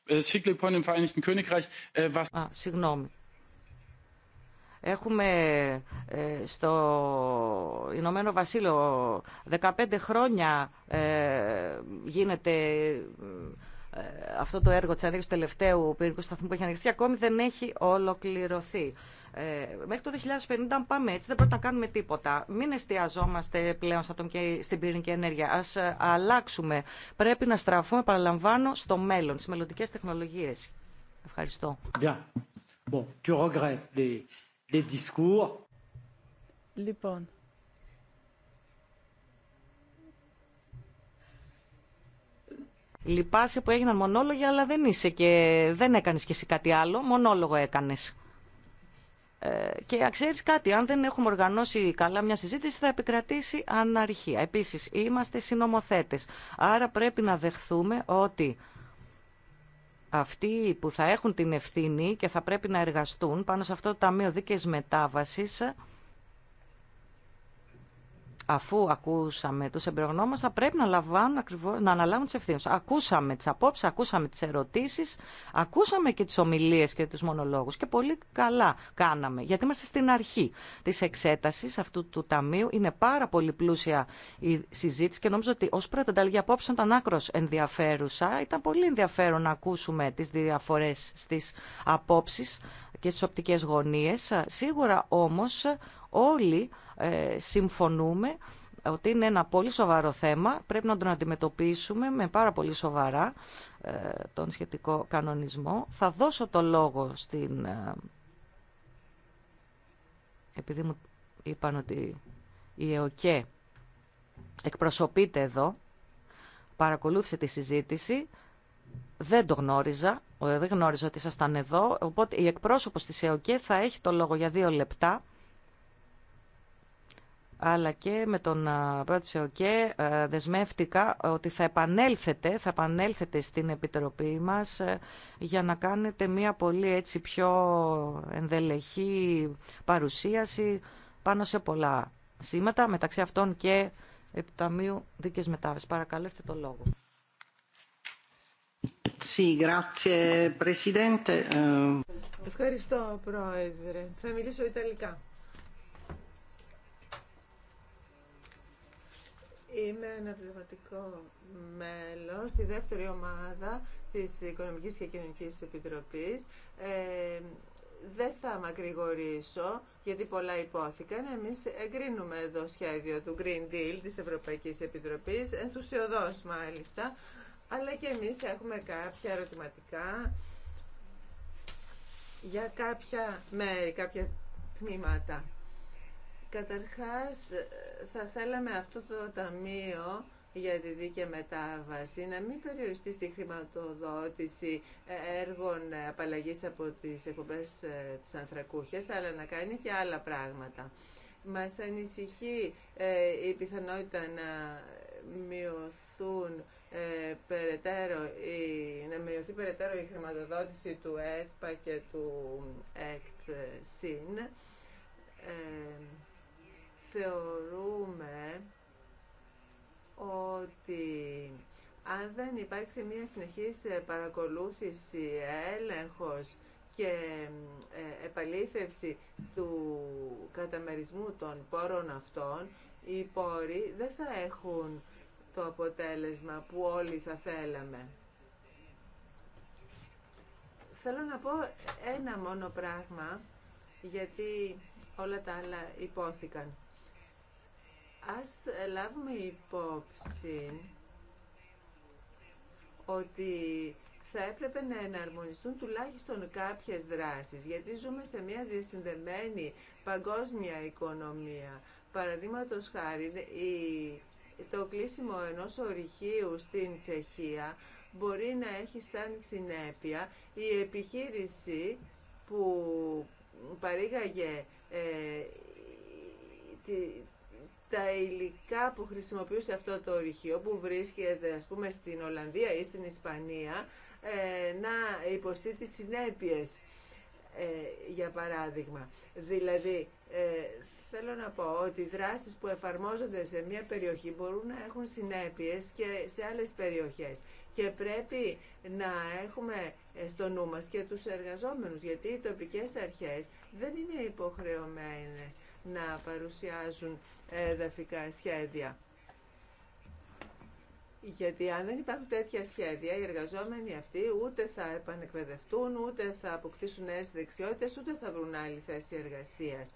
Ε, ε, ε, συγγνώμη. Έχουμε στο Ηνωμένο Βασίλειο 15 χρόνια γίνεται αυτό το έργο της ανοίξης του τελευταίου πυρικού σταθμού που έχει ανοιχθεί Ακόμη δεν έχει ολοκληρωθεί. Ε, μέχρι το 2050, αν πάμε έτσι, δεν πρέπει να κάνουμε τίποτα. Μην εστιαζόμαστε πλέον στην πυρηνική ενέργεια. Ας ε, αλλάξουμε. Πρέπει να στραφούμε, παραλαμβάνω, στο μέλλον, στις μελλοντικέ τεχνολογίες. Ευχαριστώ. Bon, tu les discours. Λοιπόν. Λυπάσαι που έγιναν μονόλογοι, αλλά δεν είσαι και δεν έκανες και εσύ κάτι άλλο. Μονόλογο έκανες. Ε, και ξέρει κάτι, αν δεν έχουμε οργανώσει καλά μια συζήτηση θα επικρατήσει αναρχία. Επίσης, είμαστε συνομοθέτες. Άρα πρέπει να δεχθούμε ότι αυτοί που θα έχουν την ευθύνη και θα πρέπει να εργαστούν πάνω σε αυτό το Ταμείο Δίκαιης Μετάβασης αφού ακούσαμε τους εμπειρογνώμους θα πρέπει να, λαμβάνουν, να αναλάβουν τι ευθύνε. Ακούσαμε τις απόψεις, ακούσαμε τις ερωτήσεις, ακούσαμε και τις ομιλίες και τους μονολόγους και πολύ καλά κάναμε γιατί είμαστε στην αρχή της εξέτασης αυτού του ταμείου. Είναι πάρα πολύ πλούσια η συζήτηση και νομίζω ότι ως πρώτη ανταλλαγή απόψεων ήταν άκρο ενδιαφέρουσα. Ήταν πολύ ενδιαφέρον να ακούσουμε τις διαφορές στις απόψεις και στις οπτικές γωνίες. Σίγουρα όμω όλοι ε, συμφωνούμε ότι είναι ένα πολύ σοβαρό θέμα, πρέπει να τον αντιμετωπίσουμε με πάρα πολύ σοβαρά ε, τον σχετικό κανονισμό. Θα δώσω το λόγο στην... Ε, επειδή μου είπαν ότι η ΕΟΚΕ εκπροσωπείται εδώ, παρακολούθησε τη συζήτηση, δεν το γνώριζα, δεν γνώριζα ότι ήσασταν εδώ, οπότε η εκπρόσωπος της ΕΟΚΕ θα έχει το λόγο για δύο λεπτά αλλά και με τον σε ΣΕΟΚΕ δεσμεύτηκα ότι θα επανέλθετε, θα επανέλθετε στην Επιτροπή μας ε, για να κάνετε μια πολύ έτσι πιο ενδελεχή παρουσίαση πάνω σε πολλά σήματα, μεταξύ αυτών και Επιταμείου Δίκαιες Μετάβασης. Παρακαλώ, έχετε το λόγο. Ε, Ευχαριστώ, Πρόεδρε. Θα μιλήσω Ιταλικά. Είμαι ένα αναπληρωματικό μέλος στη δεύτερη ομάδα της Οικονομικής και Κοινωνικής Επιτροπής. Ε, δεν θα μακρηγορήσω, γιατί πολλά υπόθηκαν. Εμείς εγκρίνουμε το σχέδιο του Green Deal της Ευρωπαϊκής Επιτροπής, ενθουσιοδό μάλιστα, αλλά και εμείς έχουμε κάποια ερωτηματικά για κάποια μέρη, κάποια τμήματα. Καταρχάς, θα θέλαμε αυτό το ταμείο για τη δίκαιη μετάβαση, να μην περιοριστεί στη χρηματοδότηση έργων απαλλαγή από τις εκπομπές ε, της Ανθρακούχέ, αλλά να κάνει και άλλα πράγματα. Μας ανησυχεί ε, η πιθανότητα να μειωθούν ε, περαιτέρω, η, να μειωθεί περαιτέρω η χρηματοδότηση του ΕΤΠΑ και του ΕΚΤΣΙΝ. Ε, θεωρούμε ότι αν δεν υπάρξει μια συνεχής ε, παρακολούθηση, έλεγχος και ε, επαλήθευση του καταμερισμού των πόρων αυτών, οι πόροι δεν θα έχουν το αποτέλεσμα που όλοι θα θέλαμε. Θέλω να πω ένα μόνο πράγμα, γιατί όλα τα άλλα υπόθηκαν. Ας λάβουμε υπόψη ότι θα έπρεπε να εναρμονιστούν τουλάχιστον κάποιες δράσεις, γιατί ζούμε σε μια διασυνδεμένη παγκόσμια οικονομία. Παραδείγματο χάρη, το κλείσιμο ενός ορυχείου στην Τσεχία μπορεί να έχει σαν συνέπεια η επιχείρηση που παρήγαγε ε, τα υλικά που χρησιμοποιούσε αυτό το ορυχείο που βρίσκεται ας πούμε στην Ολλανδία ή στην Ισπανία ε, να υποστεί τις συνέπειες ε, για παράδειγμα. Δηλαδή ε, Θέλω να πω ότι οι δράσεις που εφαρμόζονται σε μια περιοχή μπορούν να έχουν συνέπειες και σε άλλες περιοχές. Και πρέπει να έχουμε στο νου μας και τους εργαζόμενους, γιατί οι τοπικές αρχές δεν είναι υποχρεωμένες να παρουσιάζουν εδαφικά σχέδια. Γιατί αν δεν υπάρχουν τέτοια σχέδια, οι εργαζόμενοι αυτοί ούτε θα επανεκπαιδευτούν, ούτε θα αποκτήσουν νέε δεξιότητε, ούτε θα βρουν άλλη θέση εργασία.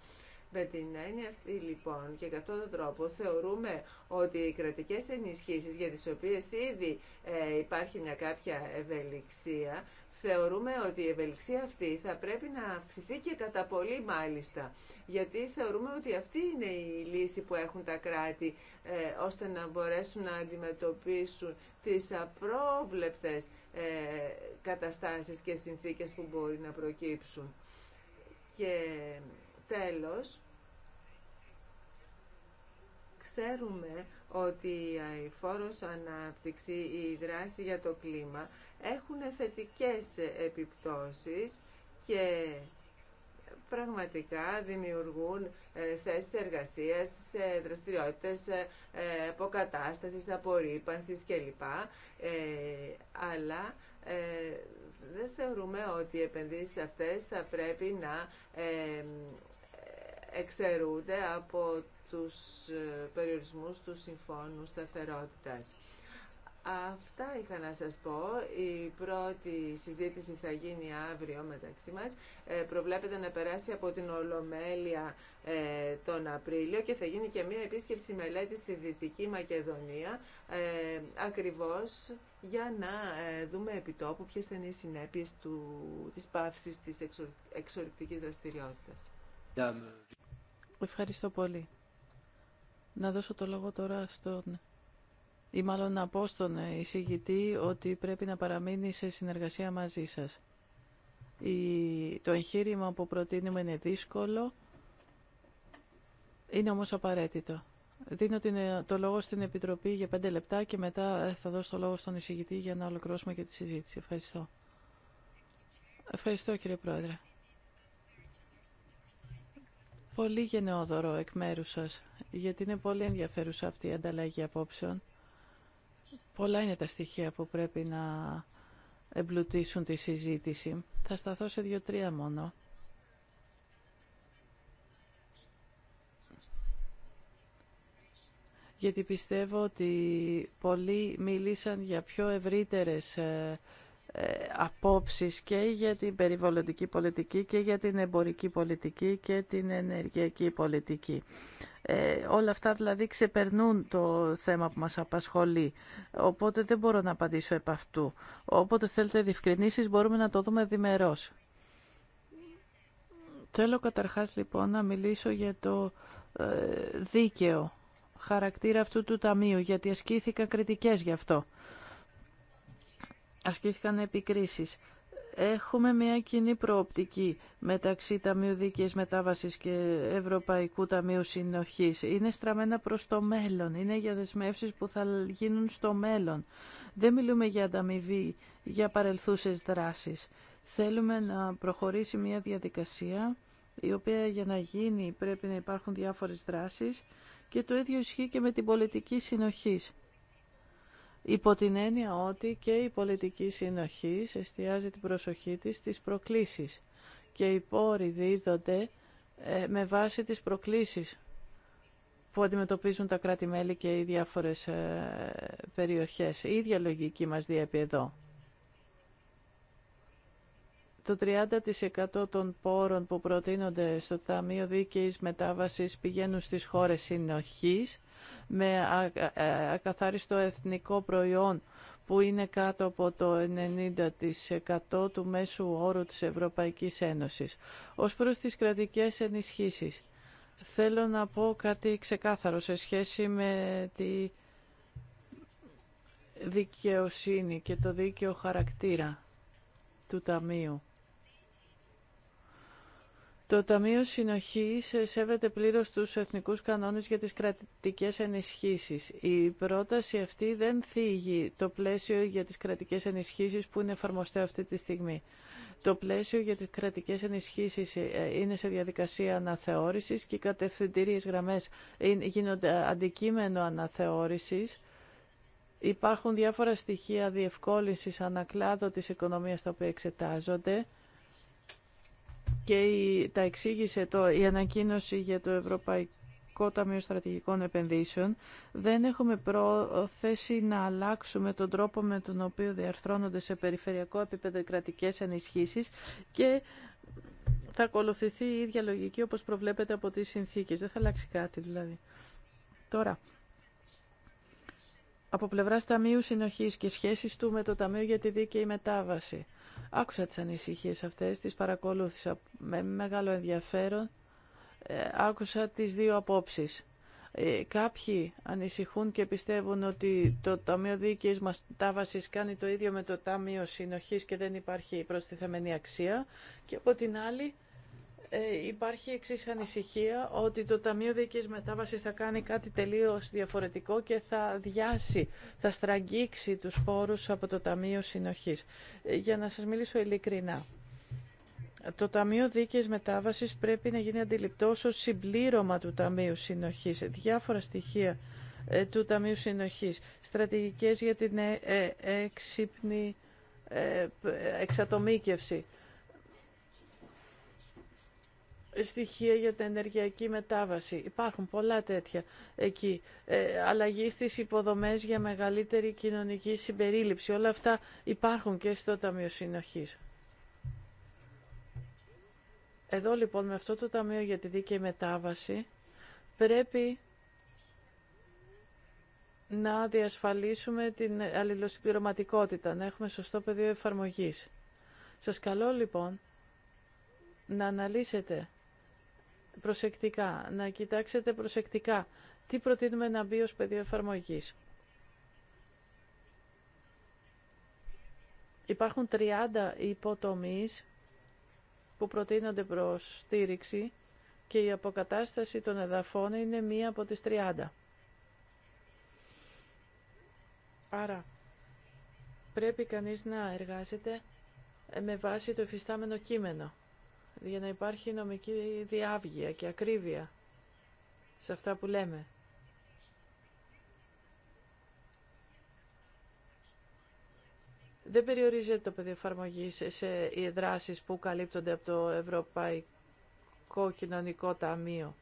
Με την έννοια αυτή λοιπόν και κατά τον τρόπο θεωρούμε ότι οι κρατικές ενισχύσεις για τις οποίες ήδη ε, υπάρχει μια κάποια ευελιξία θεωρούμε ότι η ευελιξία αυτή θα πρέπει να αυξηθεί και κατά πολύ μάλιστα. Γιατί θεωρούμε ότι αυτή είναι η λύση που έχουν τα κράτη ε, ώστε να μπορέσουν να αντιμετωπίσουν τις απρόβλεπτες ε, καταστάσεις και συνθήκες που μπορεί να προκύψουν. Τέλος, ξέρουμε ότι η φόρος ανάπτυξη, η δράση για το κλίμα έχουν θετικές επιπτώσεις και πραγματικά δημιουργούν ε, θέσεις εργασίας, σε δραστηριότητες ε, ε, αποκατάστασης, απορρίπανσης κλπ. Ε, αλλά ε, δεν θεωρούμε ότι οι επενδύσεις αυτές θα πρέπει να εξαιρούνται από τους ε, περιορισμούς του Συμφώνου Σταθερότητας. Αυτά είχα να σας πω. Η πρώτη συζήτηση θα γίνει αύριο μεταξύ μας. Ε, προβλέπεται να περάσει από την Ολομέλεια ε, τον Απρίλιο και θα γίνει και μία επίσκεψη μελέτη στη Δυτική Μακεδονία ε, ακριβώς για να ε, δούμε επιτόπου ποιες θα είναι οι συνέπειες του, της πάυσης της εξορρυκτικής δραστηριότητας. Ευχαριστώ πολύ. Να δώσω το λόγο τώρα στον ή μάλλον να πω στον εισηγητή ότι πρέπει να παραμείνει σε συνεργασία μαζί σας. Η... Το εγχείρημα που προτείνουμε είναι δύσκολο, είναι όμως απαραίτητο. Δίνω το λόγο στην Επιτροπή για πέντε λεπτά και μετά θα δώσω το λόγο στον εισηγητή για να ολοκληρώσουμε και τη συζήτηση. Ευχαριστώ. Ευχαριστώ κύριε Πρόεδρε πολύ γενναιόδωρο εκ μέρου σα, γιατί είναι πολύ ενδιαφέρουσα αυτή η ανταλλαγή απόψεων. Πολλά είναι τα στοιχεία που πρέπει να εμπλουτίσουν τη συζήτηση. Θα σταθώ σε δύο-τρία μόνο. γιατί πιστεύω ότι πολλοί μίλησαν για πιο ευρύτερες ε, ε, απόψεις και για την περιβαλλοντική πολιτική και για την εμπορική πολιτική και την ενεργειακή πολιτική. Ε, όλα αυτά δηλαδή ξεπερνούν το θέμα που μας απασχολεί. Οπότε δεν μπορώ να απαντήσω επ' αυτού. Όποτε θέλετε διευκρινήσεις μπορούμε να το δούμε διμερώς. Θέλω καταρχάς λοιπόν να μιλήσω για το ε, δίκαιο χαρακτήρα αυτού του ταμείου, γιατί ασκήθηκαν κριτικές γι' αυτό ασκήθηκαν επικρίσεις. Έχουμε μια κοινή προοπτική μεταξύ Ταμείου Δίκαιης Μετάβασης και Ευρωπαϊκού Ταμείου Συνοχής. Είναι στραμμένα προς το μέλλον, είναι για δεσμεύσεις που θα γίνουν στο μέλλον. Δεν μιλούμε για ανταμοιβή, για παρελθούσες δράσεις. Θέλουμε να προχωρήσει μια διαδικασία η οποία για να γίνει πρέπει να υπάρχουν διάφορες δράσεις και το ίδιο ισχύει και με την πολιτική συνοχής υπό την έννοια ότι και η πολιτική συνοχή εστιάζει την προσοχή της στις προκλήσεις και οι πόροι δίδονται ε, με βάση τις προκλήσεις που αντιμετωπίζουν τα κράτη-μέλη και οι διάφορες ε, περιοχές. Η ίδια λογική μας διέπει εδώ το 30% των πόρων που προτείνονται στο Ταμείο Δίκαιης Μετάβασης πηγαίνουν στις χώρες συνοχής με ακαθάριστο εθνικό προϊόν που είναι κάτω από το 90% του μέσου όρου της Ευρωπαϊκής Ένωσης. Ως προς τις κρατικές ενισχύσεις, θέλω να πω κάτι ξεκάθαρο σε σχέση με τη δικαιοσύνη και το δίκαιο χαρακτήρα του Ταμείου. Το Ταμείο Συνοχής σέβεται πλήρως τους εθνικούς κανόνες για τις κρατικές ενισχύσεις. Η πρόταση αυτή δεν θίγει το πλαίσιο για τις κρατικές ενισχύσεις που είναι εφαρμοστέ αυτή τη στιγμή. Το πλαίσιο για τις κρατικές ενισχύσεις ε, είναι σε διαδικασία αναθεώρησης και οι κατευθυντήριες γραμμές γίνονται αντικείμενο αναθεώρησης. Υπάρχουν διάφορα στοιχεία διευκόλυνσης ανακλάδο της οικονομίας τα οποία εξετάζονται και τα εξήγησε το, η ανακοίνωση για το Ευρωπαϊκό Ταμείο Στρατηγικών Επενδύσεων, δεν έχουμε πρόθεση να αλλάξουμε τον τρόπο με τον οποίο διαρθρώνονται σε περιφερειακό επίπεδο οι κρατικές ενισχύσεις και θα ακολουθηθεί η ίδια λογική όπως προβλέπεται από τις συνθήκες. Δεν θα αλλάξει κάτι δηλαδή. Τώρα, από πλευράς Ταμείου Συνοχής και σχέσεις του με το Ταμείο για τη Δίκαιη Μετάβαση – Άκουσα τις ανησυχίες αυτές, τις παρακολούθησα με μεγάλο ενδιαφέρον. Ε, άκουσα τις δύο απόψεις. Ε, κάποιοι ανησυχούν και πιστεύουν ότι το Ταμείο Δίκαιης μας τάβασης κάνει το ίδιο με το Ταμείο Συνοχής και δεν υπάρχει προστιθεμένη αξία. Και από την άλλη ε, υπάρχει εξή ανησυχία ότι το Ταμείο Δίκης Μετάβασης θα κάνει κάτι τελείως διαφορετικό και θα διάσει, θα στραγγίξει τους πόρους από το Ταμείο Συνοχής. Ε, για να σας μιλήσω ειλικρινά. Το Ταμείο Δίκαιης Μετάβασης πρέπει να γίνει αντιληπτό ως συμπλήρωμα του Ταμείου Συνοχής. Ε, διάφορα στοιχεία του Ταμείου Συνοχής. Στρατηγικές για την έξυπνη εξατομίκευση στοιχεία για την ενεργειακή μετάβαση. Υπάρχουν πολλά τέτοια εκεί. Ε, αλλαγή στις υποδομές για μεγαλύτερη κοινωνική συμπερίληψη. Όλα αυτά υπάρχουν και στο Ταμείο Συνοχής. Εδώ λοιπόν με αυτό το Ταμείο για τη Δίκαιη Μετάβαση πρέπει να διασφαλίσουμε την αλληλοσυμπληρωματικότητα, να έχουμε σωστό πεδίο εφαρμογής. Σας καλώ λοιπόν να αναλύσετε προσεκτικά, να κοιτάξετε προσεκτικά τι προτείνουμε να μπει ως πεδίο εφαρμογής. Υπάρχουν 30 υποτομείς που προτείνονται προς στήριξη και η αποκατάσταση των εδαφών είναι μία από τις 30. Άρα, πρέπει κανείς να εργάζεται με βάση το εφιστάμενο κείμενο για να υπάρχει νομική διάβγεια και ακρίβεια σε αυτά που λέμε. Δεν περιορίζεται το πεδίο εφαρμογή σε οι δράσει που καλύπτονται από το Ευρωπαϊκό Κοινωνικό Ταμείο.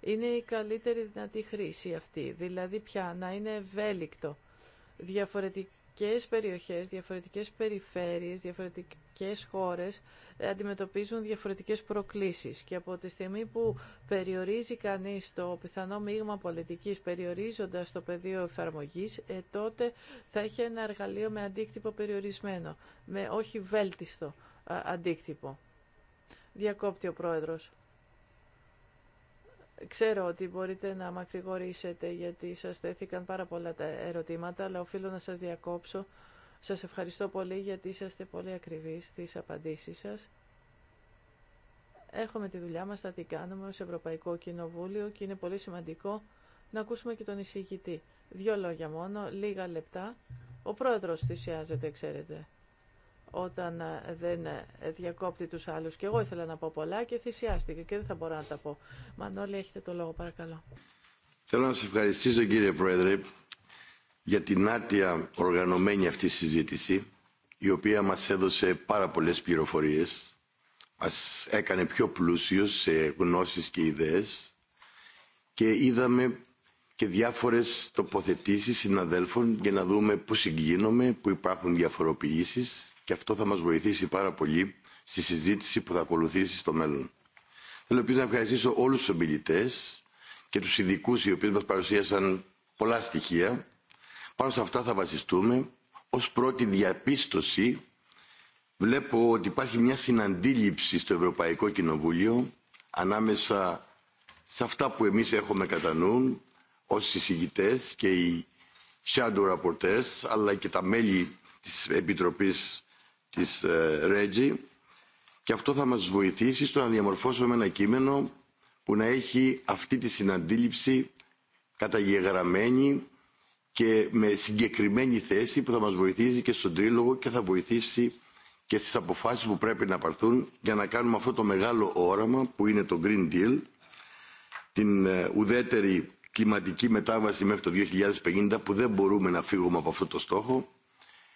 Είναι η καλύτερη δυνατή χρήση αυτή, δηλαδή πια να είναι ευέλικτο. διαφορετικό διαφορετικές περιοχές, διαφορετικές περιφέρειες, διαφορετικές χώρες ε, αντιμετωπίζουν διαφορετικές προκλήσεις και από τη στιγμή που περιορίζει κανείς το πιθανό μείγμα πολιτικής περιορίζοντας το πεδίο εφαρμογής ε, τότε θα έχει ένα εργαλείο με αντίκτυπο περιορισμένο, με όχι βέλτιστο αντίκτυπο. Διακόπτει ο Πρόεδρος. Ξέρω ότι μπορείτε να μακρηγορήσετε γιατί σας τέθηκαν πάρα πολλά τα ερωτήματα, αλλά οφείλω να σας διακόψω. Σας ευχαριστώ πολύ γιατί είσαστε πολύ ακριβείς στις απαντήσεις σας. Έχουμε τη δουλειά μας, θα την κάνουμε ως Ευρωπαϊκό Κοινοβούλιο και είναι πολύ σημαντικό να ακούσουμε και τον εισηγητή. Δύο λόγια μόνο, λίγα λεπτά. Ο πρόεδρος θυσιάζεται, ξέρετε όταν ε, δεν ε, διακόπτει τους άλλους. Και εγώ ήθελα να πω πολλά και θυσιάστηκα και δεν θα μπορώ να τα πω. Μανώλη, έχετε το λόγο, παρακαλώ. Θέλω να σας ευχαριστήσω κύριε Πρόεδρε για την άτια οργανωμένη αυτή συζήτηση η οποία μας έδωσε πάρα πολλές πληροφορίες, μας έκανε πιο πλούσιους σε γνώσεις και ιδέες και είδαμε και διάφορες τοποθετήσεις συναδέλφων για να δούμε πού συγκλίνομαι, πού υπάρχουν διαφοροποιήσεις και αυτό θα μας βοηθήσει πάρα πολύ στη συζήτηση που θα ακολουθήσει στο μέλλον. Θέλω επίσης να ευχαριστήσω όλους τους ομιλητές και τους ειδικού οι οποίοι μας παρουσίασαν πολλά στοιχεία. Πάνω σε αυτά θα βασιστούμε. Ως πρώτη διαπίστωση βλέπω ότι υπάρχει μια συναντήληψη στο Ευρωπαϊκό Κοινοβούλιο ανάμεσα σε αυτά που εμείς έχουμε κατά νου ως συζητητές και οι shadow rapporteurs αλλά και τα μέλη της Επιτροπής της ε, Ρέτζη και αυτό θα μας βοηθήσει στο να διαμορφώσουμε ένα κείμενο που να έχει αυτή τη συναντήληψη καταγεγραμμένη και με συγκεκριμένη θέση που θα μας βοηθήσει και στον τρίλογο και θα βοηθήσει και στις αποφάσεις που πρέπει να πάρθουν για να κάνουμε αυτό το μεγάλο όραμα που είναι το Green Deal, την ε, ουδέτερη κλιματική μετάβαση μέχρι το 2050 που δεν μπορούμε να φύγουμε από αυτό το στόχο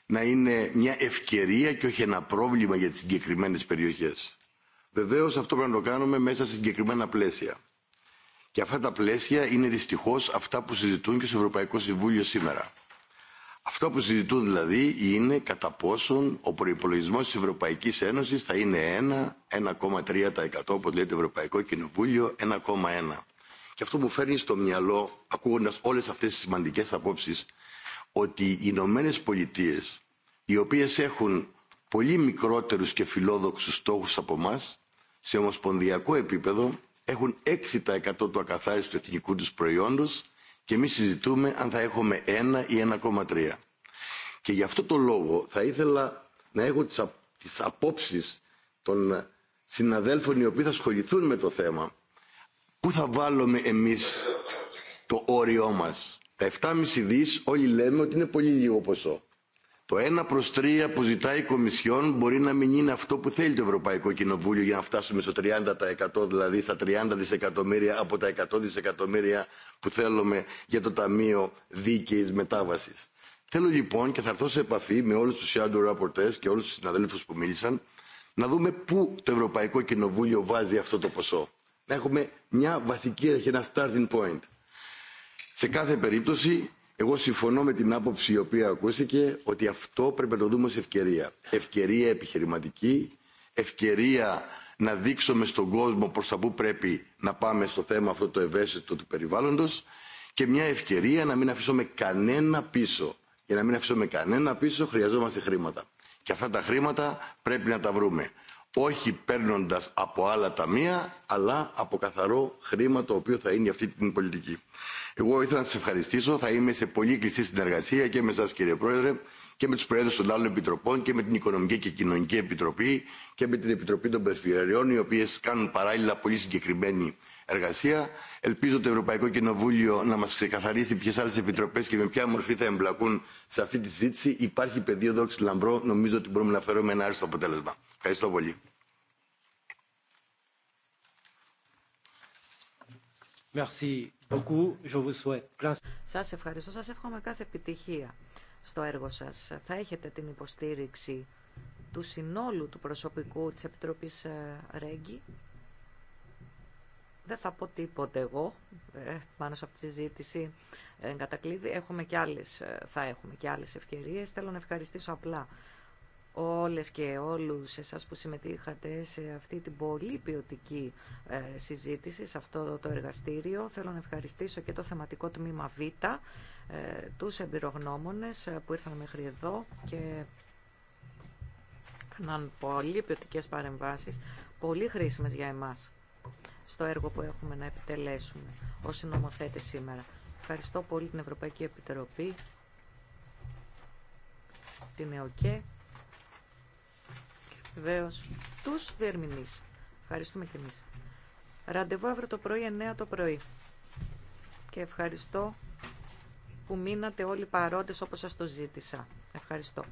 να είναι μια ευκαιρία και όχι ένα πρόβλημα για τις συγκεκριμένες περιοχές. Βεβαίως αυτό πρέπει να το κάνουμε μέσα σε συγκεκριμένα πλαίσια. Και αυτά τα πλαίσια είναι δυστυχώς αυτά που συζητούν και στο Ευρωπαϊκό Συμβούλιο σήμερα. Αυτό που συζητούν δηλαδή είναι κατά πόσον ο προπολογισμό της Ευρωπαϊκής Ένωσης θα είναι 1,3% όπω λέει το Ευρωπαϊκό Κοινοβούλιο, 1,1. Και αυτό μου φέρνει στο μυαλό, ακούγοντα όλε αυτέ τι σημαντικέ απόψει, ότι οι Ηνωμένε Πολιτείε, οι οποίε έχουν πολύ μικρότερου και φιλόδοξου στόχου από εμά, σε ομοσπονδιακό επίπεδο έχουν 6% του ακαθάριστου εθνικού του προϊόντος και εμεί συζητούμε αν θα έχουμε 1 ή 1,3. Και γι' αυτό το λόγο θα ήθελα να έχω τις, απόψει των συναδέλφων οι οποίοι θα ασχοληθούν με το θέμα Πού θα βάλουμε εμείς το όριό μας. Τα 7,5 δις όλοι λέμε ότι είναι πολύ λίγο ποσό. Το 1 προς 3 που ζητάει η Κομισιόν μπορεί να μην είναι αυτό που θέλει το Ευρωπαϊκό Κοινοβούλιο για να φτάσουμε στο 30% δηλαδή στα 30 δισεκατομμύρια από τα 100 δισεκατομμύρια που θέλουμε για το Ταμείο Δίκαιης Μετάβασης. Θέλω λοιπόν και θα έρθω σε επαφή με όλους τους shadow rapporteurs και όλους τους συναδέλφους που μίλησαν να δούμε πού το Ευρωπαϊκό Κοινοβούλιο βάζει αυτό το ποσό να έχουμε μια βασική αρχή, ένα starting point. Σε κάθε περίπτωση, εγώ συμφωνώ με την άποψη η οποία ακούστηκε ότι αυτό πρέπει να το δούμε ως ευκαιρία. Ευκαιρία επιχειρηματική, ευκαιρία να δείξουμε στον κόσμο προς τα που πρέπει να πάμε στο θέμα αυτό το ευαίσθητο του περιβάλλοντος και μια ευκαιρία να μην αφήσουμε κανένα πίσω. Για να μην αφήσουμε κανένα πίσω χρειαζόμαστε χρήματα. Και αυτά τα χρήματα πρέπει να τα βρούμε όχι παίρνοντας από άλλα ταμεία, αλλά από καθαρό χρήμα το οποίο θα είναι αυτή την πολιτική. Εγώ ήθελα να σας ευχαριστήσω, θα είμαι σε πολύ κλειστή συνεργασία και με εσάς κύριε Πρόεδρε και με τους Προέδρους των άλλων επιτροπών και με την Οικονομική και Κοινωνική Επιτροπή και με την Επιτροπή των Περιφερειών, οι οποίες κάνουν παράλληλα πολύ συγκεκριμένη εργασία. Ελπίζω το Ευρωπαϊκό Κοινοβούλιο να μα ξεκαθαρίσει ποιε άλλε επιτροπέ και με ποια μορφή θα εμπλακούν σε αυτή τη συζήτηση. Υπάρχει πεδίο δόξη λαμπρό. Νομίζω ότι μπορούμε να φέρουμε ένα άριστο αποτέλεσμα. Ευχαριστώ πολύ. Σα Σας ευχαριστώ. Σας εύχομαι κάθε επιτυχία στο έργο σας. Θα έχετε την υποστήριξη του συνόλου του προσωπικού της Επιτροπής ε, Ρέγγι. Δεν θα πω τίποτε εγώ ε, πάνω σε αυτή τη συζήτηση ε, Έχουμε και άλλες, ε, θα έχουμε και άλλες ευκαιρίες. Θέλω να ευχαριστήσω απλά όλες και όλους εσάς που συμμετείχατε σε αυτή την πολύ ποιοτική ε, συζήτηση, σε αυτό το εργαστήριο. Θέλω να ευχαριστήσω και το θεματικό τμήμα Β, ε, τους εμπειρογνώμονες που ήρθαν μέχρι εδώ και έκαναν πολύ ποιοτικές παρεμβάσεις, πολύ χρήσιμες για εμάς στο έργο που έχουμε να επιτελέσουμε ως συνομοθέτες σήμερα. Ευχαριστώ πολύ την Ευρωπαϊκή Επιτροπή, την ΕΟΚΕ, βεβαίω τους διερμηνείς. Ευχαριστούμε κι εμείς. Ραντεβού αύριο το πρωί 9 το πρωί. Και ευχαριστώ που μείνατε όλοι παρόντες όπως σας το ζήτησα. Ευχαριστώ.